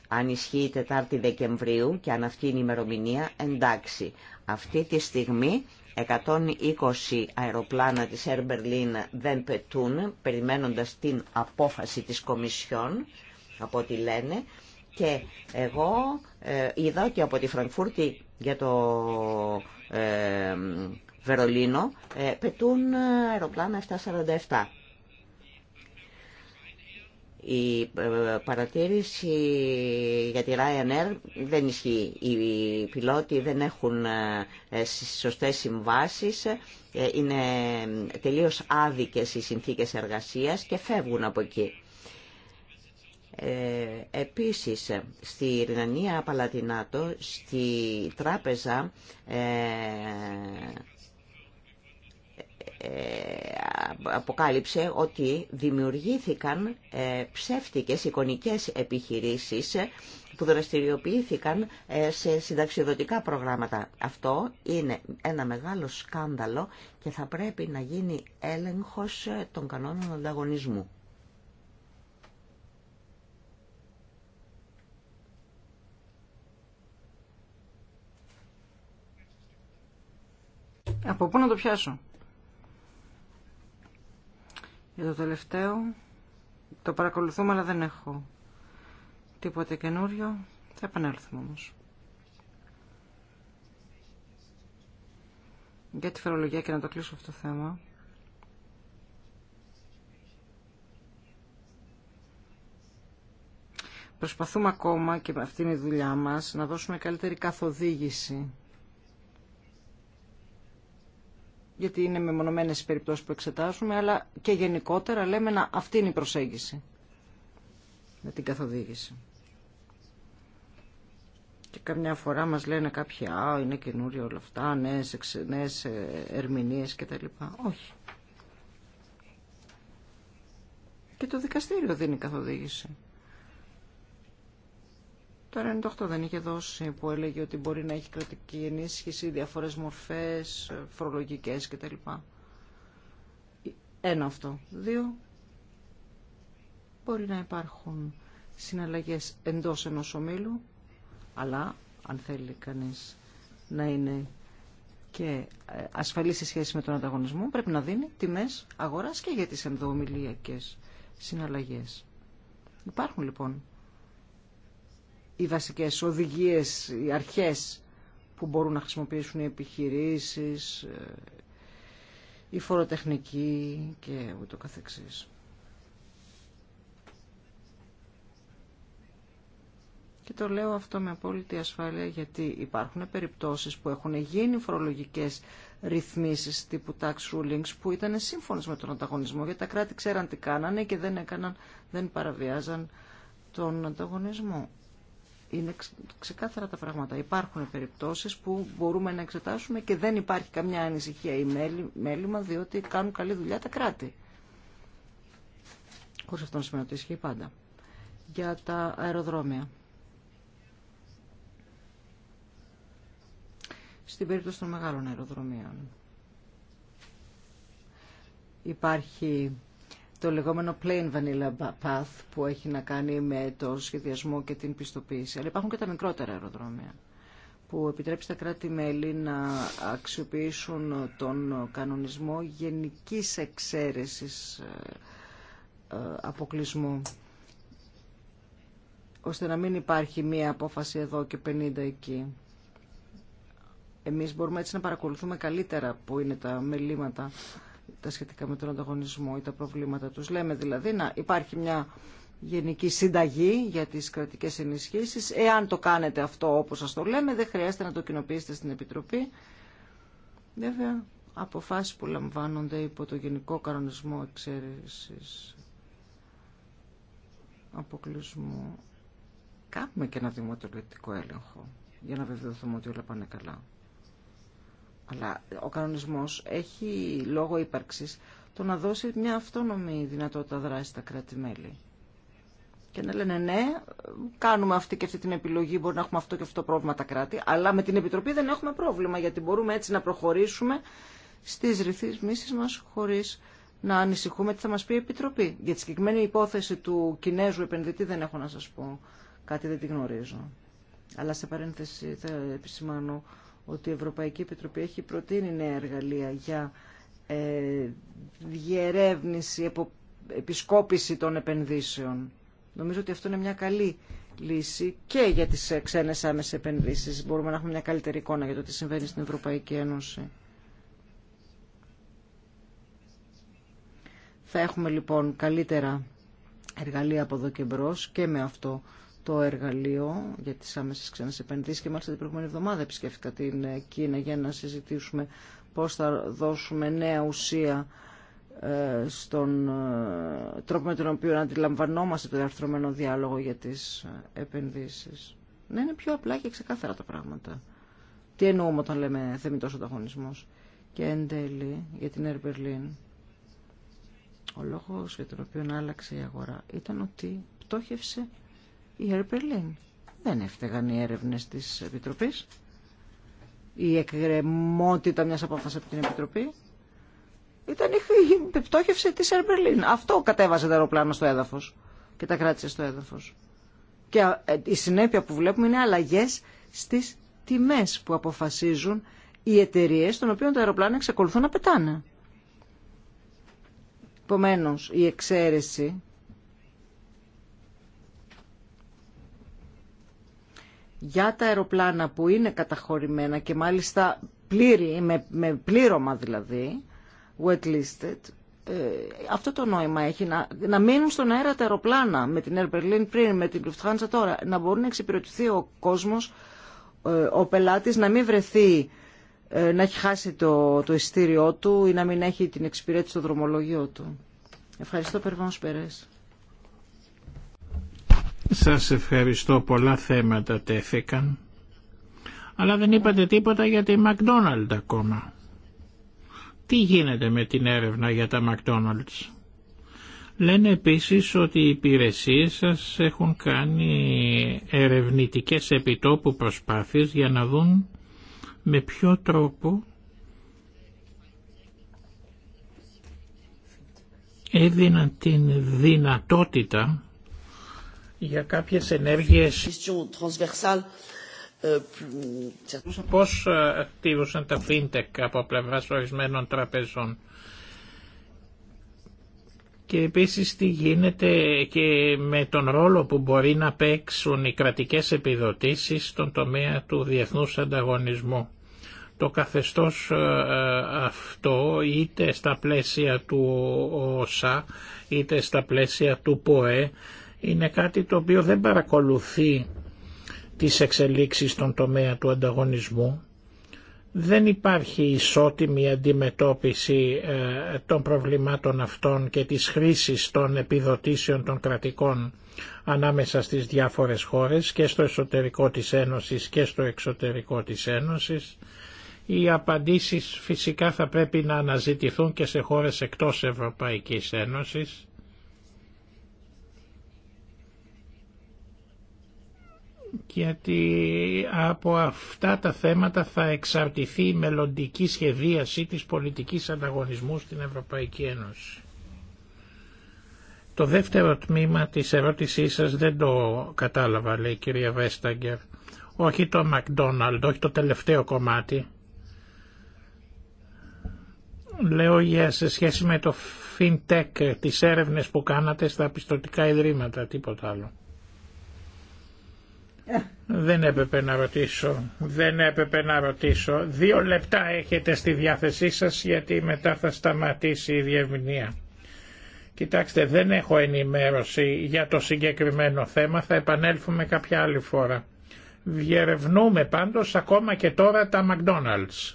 Αν ισχύει η 4η Δεκεμβρίου και αν αυτή είναι η ημερομηνία, εντάξει. Αυτή τη στιγμή 120 αεροπλάνα της Air Berlin δεν πετούν, περιμένοντας την απόφαση της Κομισιόν, από ό,τι λένε, και εγώ ε, είδα και από τη Φραγκφούρτη για το ε, Βερολίνο ε, πετούν αεροπλάνα 747. Η ε, παρατήρηση για τη Ryanair δεν ισχύει. Οι πιλότοι δεν έχουν ε, σωστές συμβάσεις, ε, είναι τελείως άδικες οι συνθήκες εργασίας και φεύγουν από εκεί. επίσης, στη Ρινανία Παλατινάτο, στη τράπεζα ε, αποκάλυψε ότι δημιουργήθηκαν ε, ψεύτικες εικονικές επιχειρήσεις ε, που δραστηριοποιήθηκαν σε συνταξιδοτικά προγράμματα. Αυτό είναι ένα μεγάλο σκάνδαλο και θα πρέπει να γίνει έλεγχος των κανόνων ανταγωνισμού. Από πού να το πιάσω. Για το τελευταίο, το παρακολουθούμε αλλά δεν έχω τίποτε καινούριο. Θα επανέλθουμε όμως. Για τη φερολογία και να το κλείσω αυτό το θέμα. Προσπαθούμε ακόμα και αυτή είναι η δουλειά μας να δώσουμε καλύτερη καθοδήγηση γιατί είναι μεμονωμένες οι περιπτώσεις που εξετάζουμε, αλλά και γενικότερα λέμε να αυτή είναι η προσέγγιση με την καθοδήγηση. Και καμιά φορά μας λένε κάποιοι, α, είναι καινούριο όλα αυτά, νέες, νέες ε, ερμηνείες κτλ. Όχι. Και το δικαστήριο δίνει καθοδήγηση. Το 1998 δεν είχε δώσει που έλεγε ότι μπορεί να έχει κρατική ενίσχυση, διαφορές μορφές, φορολογικές κτλ. Ένα αυτό. Δύο, μπορεί να υπάρχουν συναλλαγές εντός ενός ομίλου, αλλά αν θέλει κανείς να είναι και ε, ασφαλή σε σχέση με τον ανταγωνισμό, πρέπει να δίνει τιμές αγοράς και για τις ενδοομιλιακές συναλλαγές. Υπάρχουν λοιπόν οι βασικές οδηγίες, οι αρχές που μπορούν να χρησιμοποιήσουν οι επιχειρήσεις, ε, η φοροτεχνική και ούτω καθεξής. Και το λέω αυτό με απόλυτη ασφάλεια γιατί υπάρχουν περιπτώσεις που έχουν γίνει φορολογικές ρυθμίσεις τύπου tax rulings που ήταν σύμφωνες με τον ανταγωνισμό γιατί τα κράτη ξέραν τι κάνανε και δεν, έκαναν, δεν παραβιάζαν τον ανταγωνισμό είναι ξεκάθαρα τα πράγματα. Υπάρχουν περιπτώσεις που μπορούμε να εξετάσουμε και δεν υπάρχει καμιά ανησυχία ή μέλημα διότι κάνουν καλή δουλειά τα κράτη. Χωρίς αυτό να σημαίνει ότι ισχύει πάντα. Για τα αεροδρόμια. Στην περίπτωση των μεγάλων αεροδρομίων υπάρχει το λεγόμενο plain vanilla path που έχει να κάνει με το σχεδιασμό και την πιστοποίηση. Αλλά υπάρχουν και τα μικρότερα αεροδρόμια που επιτρέπει στα κράτη-μέλη να αξιοποιήσουν τον κανονισμό γενικής εξαίρεσης ε, αποκλεισμού ώστε να μην υπάρχει μία απόφαση εδώ και 50 εκεί. Εμείς μπορούμε έτσι να παρακολουθούμε καλύτερα που είναι τα μελήματα τα σχετικά με τον ανταγωνισμό ή τα προβλήματα τους. Λέμε δηλαδή να υπάρχει μια γενική συνταγή για τις κρατικές ενισχύσεις. Εάν το κάνετε αυτό όπως σας το λέμε, δεν χρειάζεται να το κοινοποιήσετε στην Επιτροπή. Βέβαια, αποφάσεις που λαμβάνονται υπό το Γενικό Κανονισμό Εξαίρεσης Αποκλεισμού. Κάνουμε και ένα δημοτολογικό έλεγχο για να βεβαιωθούμε ότι όλα πάνε καλά. Αλλά ο κανονισμός έχει λόγο ύπαρξης το να δώσει μια αυτόνομη δυνατότητα δράση στα κράτη-μέλη. Και να λένε ναι, κάνουμε αυτή και αυτή την επιλογή, μπορεί να έχουμε αυτό και αυτό το πρόβλημα τα κράτη, αλλά με την Επιτροπή δεν έχουμε πρόβλημα, γιατί μπορούμε έτσι να προχωρήσουμε στις ρυθμίσεις μας χωρίς να ανησυχούμε τι θα μας πει η Επιτροπή. Για τη συγκεκριμένη υπόθεση του Κινέζου επενδυτή δεν έχω να σας πω. Κάτι δεν τη γνωρίζω. Αλλά σε παρένθεση θα επισημάνω ότι η Ευρωπαϊκή Επιτροπή έχει προτείνει νέα εργαλεία για ε, διερεύνηση, επισκόπηση των επενδύσεων. Νομίζω ότι αυτό είναι μια καλή λύση και για τις ε, ξένες άμεσες επενδύσεις. Μπορούμε να έχουμε μια καλύτερη εικόνα για το τι συμβαίνει στην Ευρωπαϊκή Ένωση. Θα έχουμε λοιπόν καλύτερα εργαλεία από εδώ και μπρος και με αυτό το εργαλείο για τις άμεσες ξένες επενδύσεις και μάλιστα την προηγούμενη εβδομάδα επισκέφτηκα την Κίνα για να συζητήσουμε πώς θα δώσουμε νέα ουσία ε, στον ε, τρόπο με τον οποίο αντιλαμβανόμαστε το διαρθρωμένο διάλογο για τις ε, επενδύσεις. Να είναι πιο απλά και ξεκάθαρα τα πράγματα. Τι εννοούμε όταν λέμε θεμητός ανταγωνισμός. Και εν τέλει για την Air Berlin. Ο λόγος για τον οποίο άλλαξε η αγορά ήταν ότι πτώχευσε η Ερπελίν. Δεν έφταιγαν οι έρευνες της Επιτροπής. Η εκκρεμότητα μιας απόφασης από την Επιτροπή ήταν η πτώχευση της Ερπελίν. Αυτό κατέβαζε το αεροπλάνο στο έδαφος και τα κράτησε στο έδαφος. Και ε, η συνέπεια που βλέπουμε είναι αλλαγές στις τιμές που αποφασίζουν οι εταιρείε των οποίων τα αεροπλάνα εξακολουθούν να πετάνε. Επομένω, η εξαίρεση για τα αεροπλάνα που είναι καταχωρημένα και μάλιστα πλήρη, με, με πλήρωμα δηλαδή, wet listed, ε, αυτό το νόημα έχει να, να μείνουν στον αέρα τα αεροπλάνα με την Air Berlin πριν, με την Lufthansa τώρα, να μπορούν να εξυπηρετηθεί ο κόσμος, ε, ο πελάτης να μην βρεθεί ε, να έχει χάσει το, το ειστήριό του ή να μην έχει την εξυπηρέτηση στο δρομολόγιο του. Ευχαριστώ Περβάνος Περές. Σας ευχαριστώ. Πολλά θέματα τέθηκαν. Αλλά δεν είπατε τίποτα για τη McDonald's ακόμα. Τι γίνεται με την έρευνα για τα McDonald's. Λένε επίσης ότι οι υπηρεσίες σας έχουν κάνει ερευνητικές επιτόπου προσπάθειες για να δουν με ποιο τρόπο έδιναν την δυνατότητα για κάποιες ενέργειες euh, πώς ε, τήρουσαν τα fintech από πλευρά ορισμένων τραπεζών και επίσης τι γίνεται και με τον ρόλο που μπορεί να παίξουν οι κρατικές επιδοτήσεις στον τομέα του διεθνούς ανταγωνισμού. Το καθεστώς ε, ε, αυτό είτε στα πλαίσια του ΟΣΑ είτε στα πλαίσια του ΠΟΕ είναι κάτι το οποίο δεν παρακολουθεί τις εξελίξεις στον τομέα του ανταγωνισμού. Δεν υπάρχει ισότιμη αντιμετώπιση ε, των προβλημάτων αυτών και της χρήσης των επιδοτήσεων των κρατικών ανάμεσα στις διάφορες χώρες και στο εσωτερικό της Ένωσης και στο εξωτερικό της Ένωσης. Οι απαντήσεις φυσικά θα πρέπει να αναζητηθούν και σε χώρες εκτός Ευρωπαϊκής Ένωσης γιατί από αυτά τα θέματα θα εξαρτηθεί η μελλοντική σχεδίαση της πολιτικής ανταγωνισμού στην Ευρωπαϊκή Ένωση. Το δεύτερο τμήμα της ερώτησής σας δεν το κατάλαβα, λέει η κυρία Βέσταγκερ. Όχι το Μακδόναλντ, όχι το τελευταίο κομμάτι. Λέω για σε σχέση με το FinTech, τις έρευνες που κάνατε στα πιστοτικά ιδρύματα, τίποτα άλλο. Δεν έπρεπε να ρωτήσω. Δεν έπρεπε να Δύο λεπτά έχετε στη διάθεσή σας γιατί μετά θα σταματήσει η διευμηνία. Κοιτάξτε, δεν έχω ενημέρωση για το συγκεκριμένο θέμα. Θα επανέλθουμε κάποια άλλη φορά. Διερευνούμε πάντως ακόμα και τώρα τα McDonald's.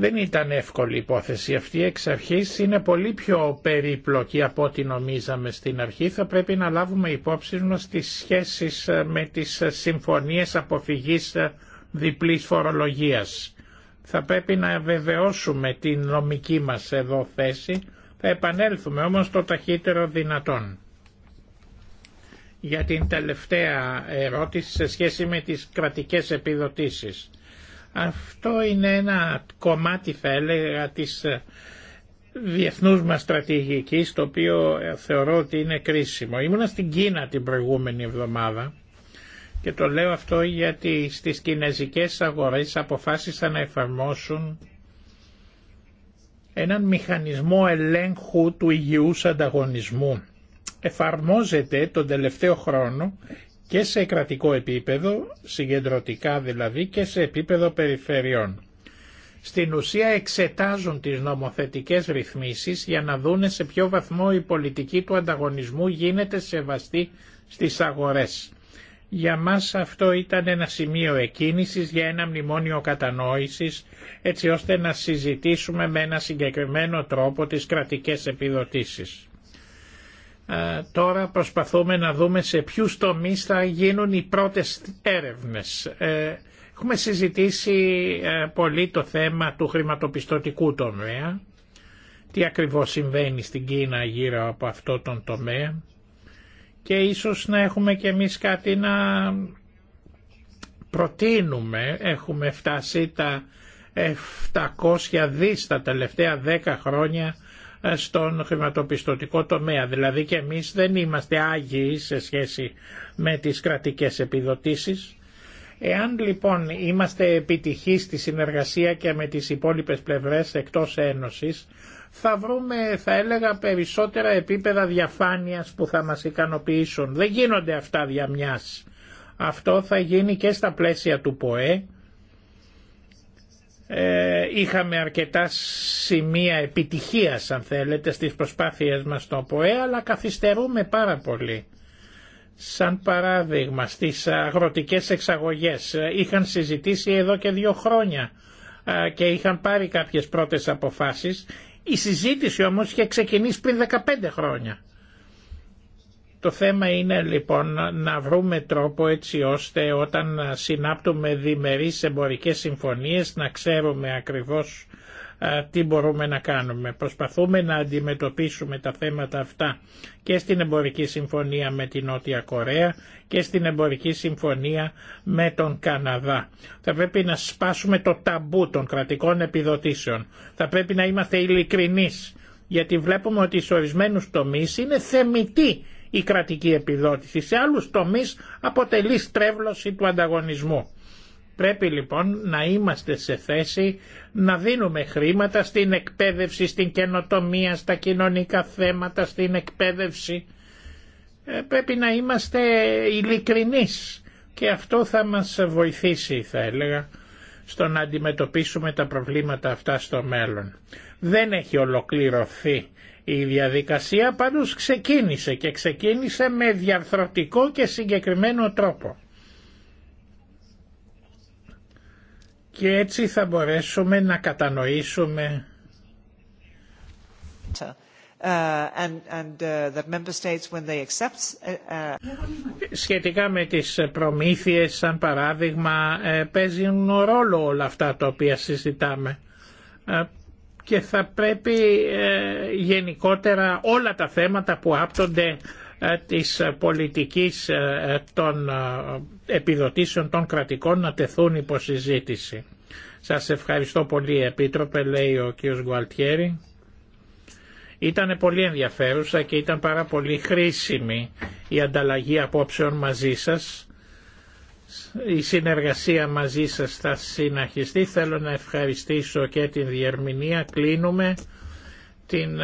Δεν ήταν εύκολη υπόθεση αυτή. Εξ αρχής είναι πολύ πιο περίπλοκη από ό,τι νομίζαμε στην αρχή. Θα πρέπει να λάβουμε υπόψη μας τις σχέσεις ε, με τις ε, συμφωνίες αποφυγής ε, διπλής φορολογίας. Θα πρέπει να βεβαιώσουμε την νομική μας εδώ θέση. Θα επανέλθουμε όμως το ταχύτερο δυνατόν. Για την τελευταία ερώτηση σε σχέση με τις κρατικές επιδοτήσεις αυτό είναι ένα κομμάτι θα έλεγα της ε, διεθνούς μας στρατηγικής το οποίο ε, θεωρώ ότι είναι κρίσιμο. Ήμουνα στην Κίνα την προηγούμενη εβδομάδα και το λέω αυτό γιατί στις κινέζικες αγορές αποφάσισαν να εφαρμόσουν έναν μηχανισμό ελέγχου του υγιούς ανταγωνισμού. Εφαρμόζεται τον τελευταίο χρόνο και σε κρατικό επίπεδο, συγκεντρωτικά δηλαδή, και σε επίπεδο περιφερειών. Στην ουσία εξετάζουν τις νομοθετικές ρυθμίσεις για να δούνε σε ποιο βαθμό η πολιτική του ανταγωνισμού γίνεται σεβαστή στις αγορές. Για μας αυτό ήταν ένα σημείο εκκίνησης για ένα μνημόνιο κατανόησης έτσι ώστε να συζητήσουμε με ένα συγκεκριμένο τρόπο τις κρατικές επιδοτήσεις. Ε, τώρα προσπαθούμε να δούμε σε ποιους τομείς θα γίνουν οι πρώτες έρευνες. Ε, έχουμε συζητήσει ε, πολύ το θέμα του χρηματοπιστωτικού τομέα, τι ακριβώς συμβαίνει στην Κίνα γύρω από αυτό τον τομέα και ίσως να έχουμε και εμείς κάτι να προτείνουμε. Έχουμε φτάσει τα 700 στα τα τελευταία 10 χρόνια στον χρηματοπιστωτικό τομέα. Δηλαδή και εμείς δεν είμαστε άγιοι σε σχέση με τις κρατικές επιδοτήσεις. Εάν λοιπόν είμαστε επιτυχείς στη συνεργασία και με τις υπόλοιπες πλευρές εκτός Ένωσης, θα βρούμε, θα έλεγα, περισσότερα επίπεδα διαφάνειας που θα μας ικανοποιήσουν. Δεν γίνονται αυτά δια Αυτό θα γίνει και στα πλαίσια του ΠΟΕ, ε, είχαμε αρκετά σημεία επιτυχίας αν θέλετε στις προσπάθειες μας στο ΠΟΕ αλλά καθυστερούμε πάρα πολύ. Σαν παράδειγμα στις αγροτικές εξαγωγές ε, είχαν συζητήσει εδώ και δύο χρόνια ε, και είχαν πάρει κάποιες πρώτες αποφάσεις. Η συζήτηση όμως είχε ξεκινήσει πριν 15 χρόνια. Το θέμα είναι λοιπόν να βρούμε τρόπο έτσι ώστε όταν συνάπτουμε διμερείς εμπορικές συμφωνίες να ξέρουμε ακριβώς τι μπορούμε να κάνουμε. Προσπαθούμε να αντιμετωπίσουμε τα θέματα αυτά και στην εμπορική συμφωνία με την Νότια Κορέα και στην εμπορική συμφωνία με τον Καναδά. Θα πρέπει να σπάσουμε το ταμπού των κρατικών επιδοτήσεων. Θα πρέπει να είμαστε ειλικρινεί γιατί βλέπουμε ότι οι ορισμένους τομείς είναι θεμητοί η κρατική επιδότηση. Σε άλλους τομείς αποτελεί στρέβλωση του ανταγωνισμού. Πρέπει λοιπόν να είμαστε σε θέση να δίνουμε χρήματα στην εκπαίδευση, στην καινοτομία, στα κοινωνικά θέματα, στην εκπαίδευση. Ε, πρέπει να είμαστε ειλικρινείς και αυτό θα μας βοηθήσει θα έλεγα στο να αντιμετωπίσουμε τα προβλήματα αυτά στο μέλλον. Δεν έχει ολοκληρωθεί η διαδικασία πάντως ξεκίνησε και ξεκίνησε με διαρθρωτικό και συγκεκριμένο τρόπο. Και έτσι θα μπορέσουμε να κατανοήσουμε Σχετικά με τις προμήθειες, σαν παράδειγμα, ε, παίζουν ρόλο όλα αυτά τα οποία συζητάμε. Ε, και θα πρέπει ε, γενικότερα όλα τα θέματα που άπτονται ε, της πολιτικής ε, των επιδοτήσεων των κρατικών να τεθούν υπό συζήτηση. Σας ευχαριστώ πολύ Επίτροπε, λέει ο κ. Γκουαλτιέρη. Ήταν πολύ ενδιαφέρουσα και ήταν πάρα πολύ χρήσιμη η ανταλλαγή απόψεων μαζί σας η συνεργασία μαζί σας θα συναχιστεί. Θέλω να ευχαριστήσω και την διερμηνία. Κλείνουμε την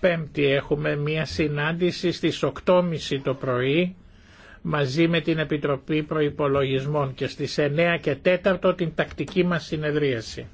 Πέμπτη έχουμε μία συνάντηση στις 8.30 το πρωί μαζί με την Επιτροπή Προϋπολογισμών και στις 9 και 4 την τακτική μας συνεδρίαση.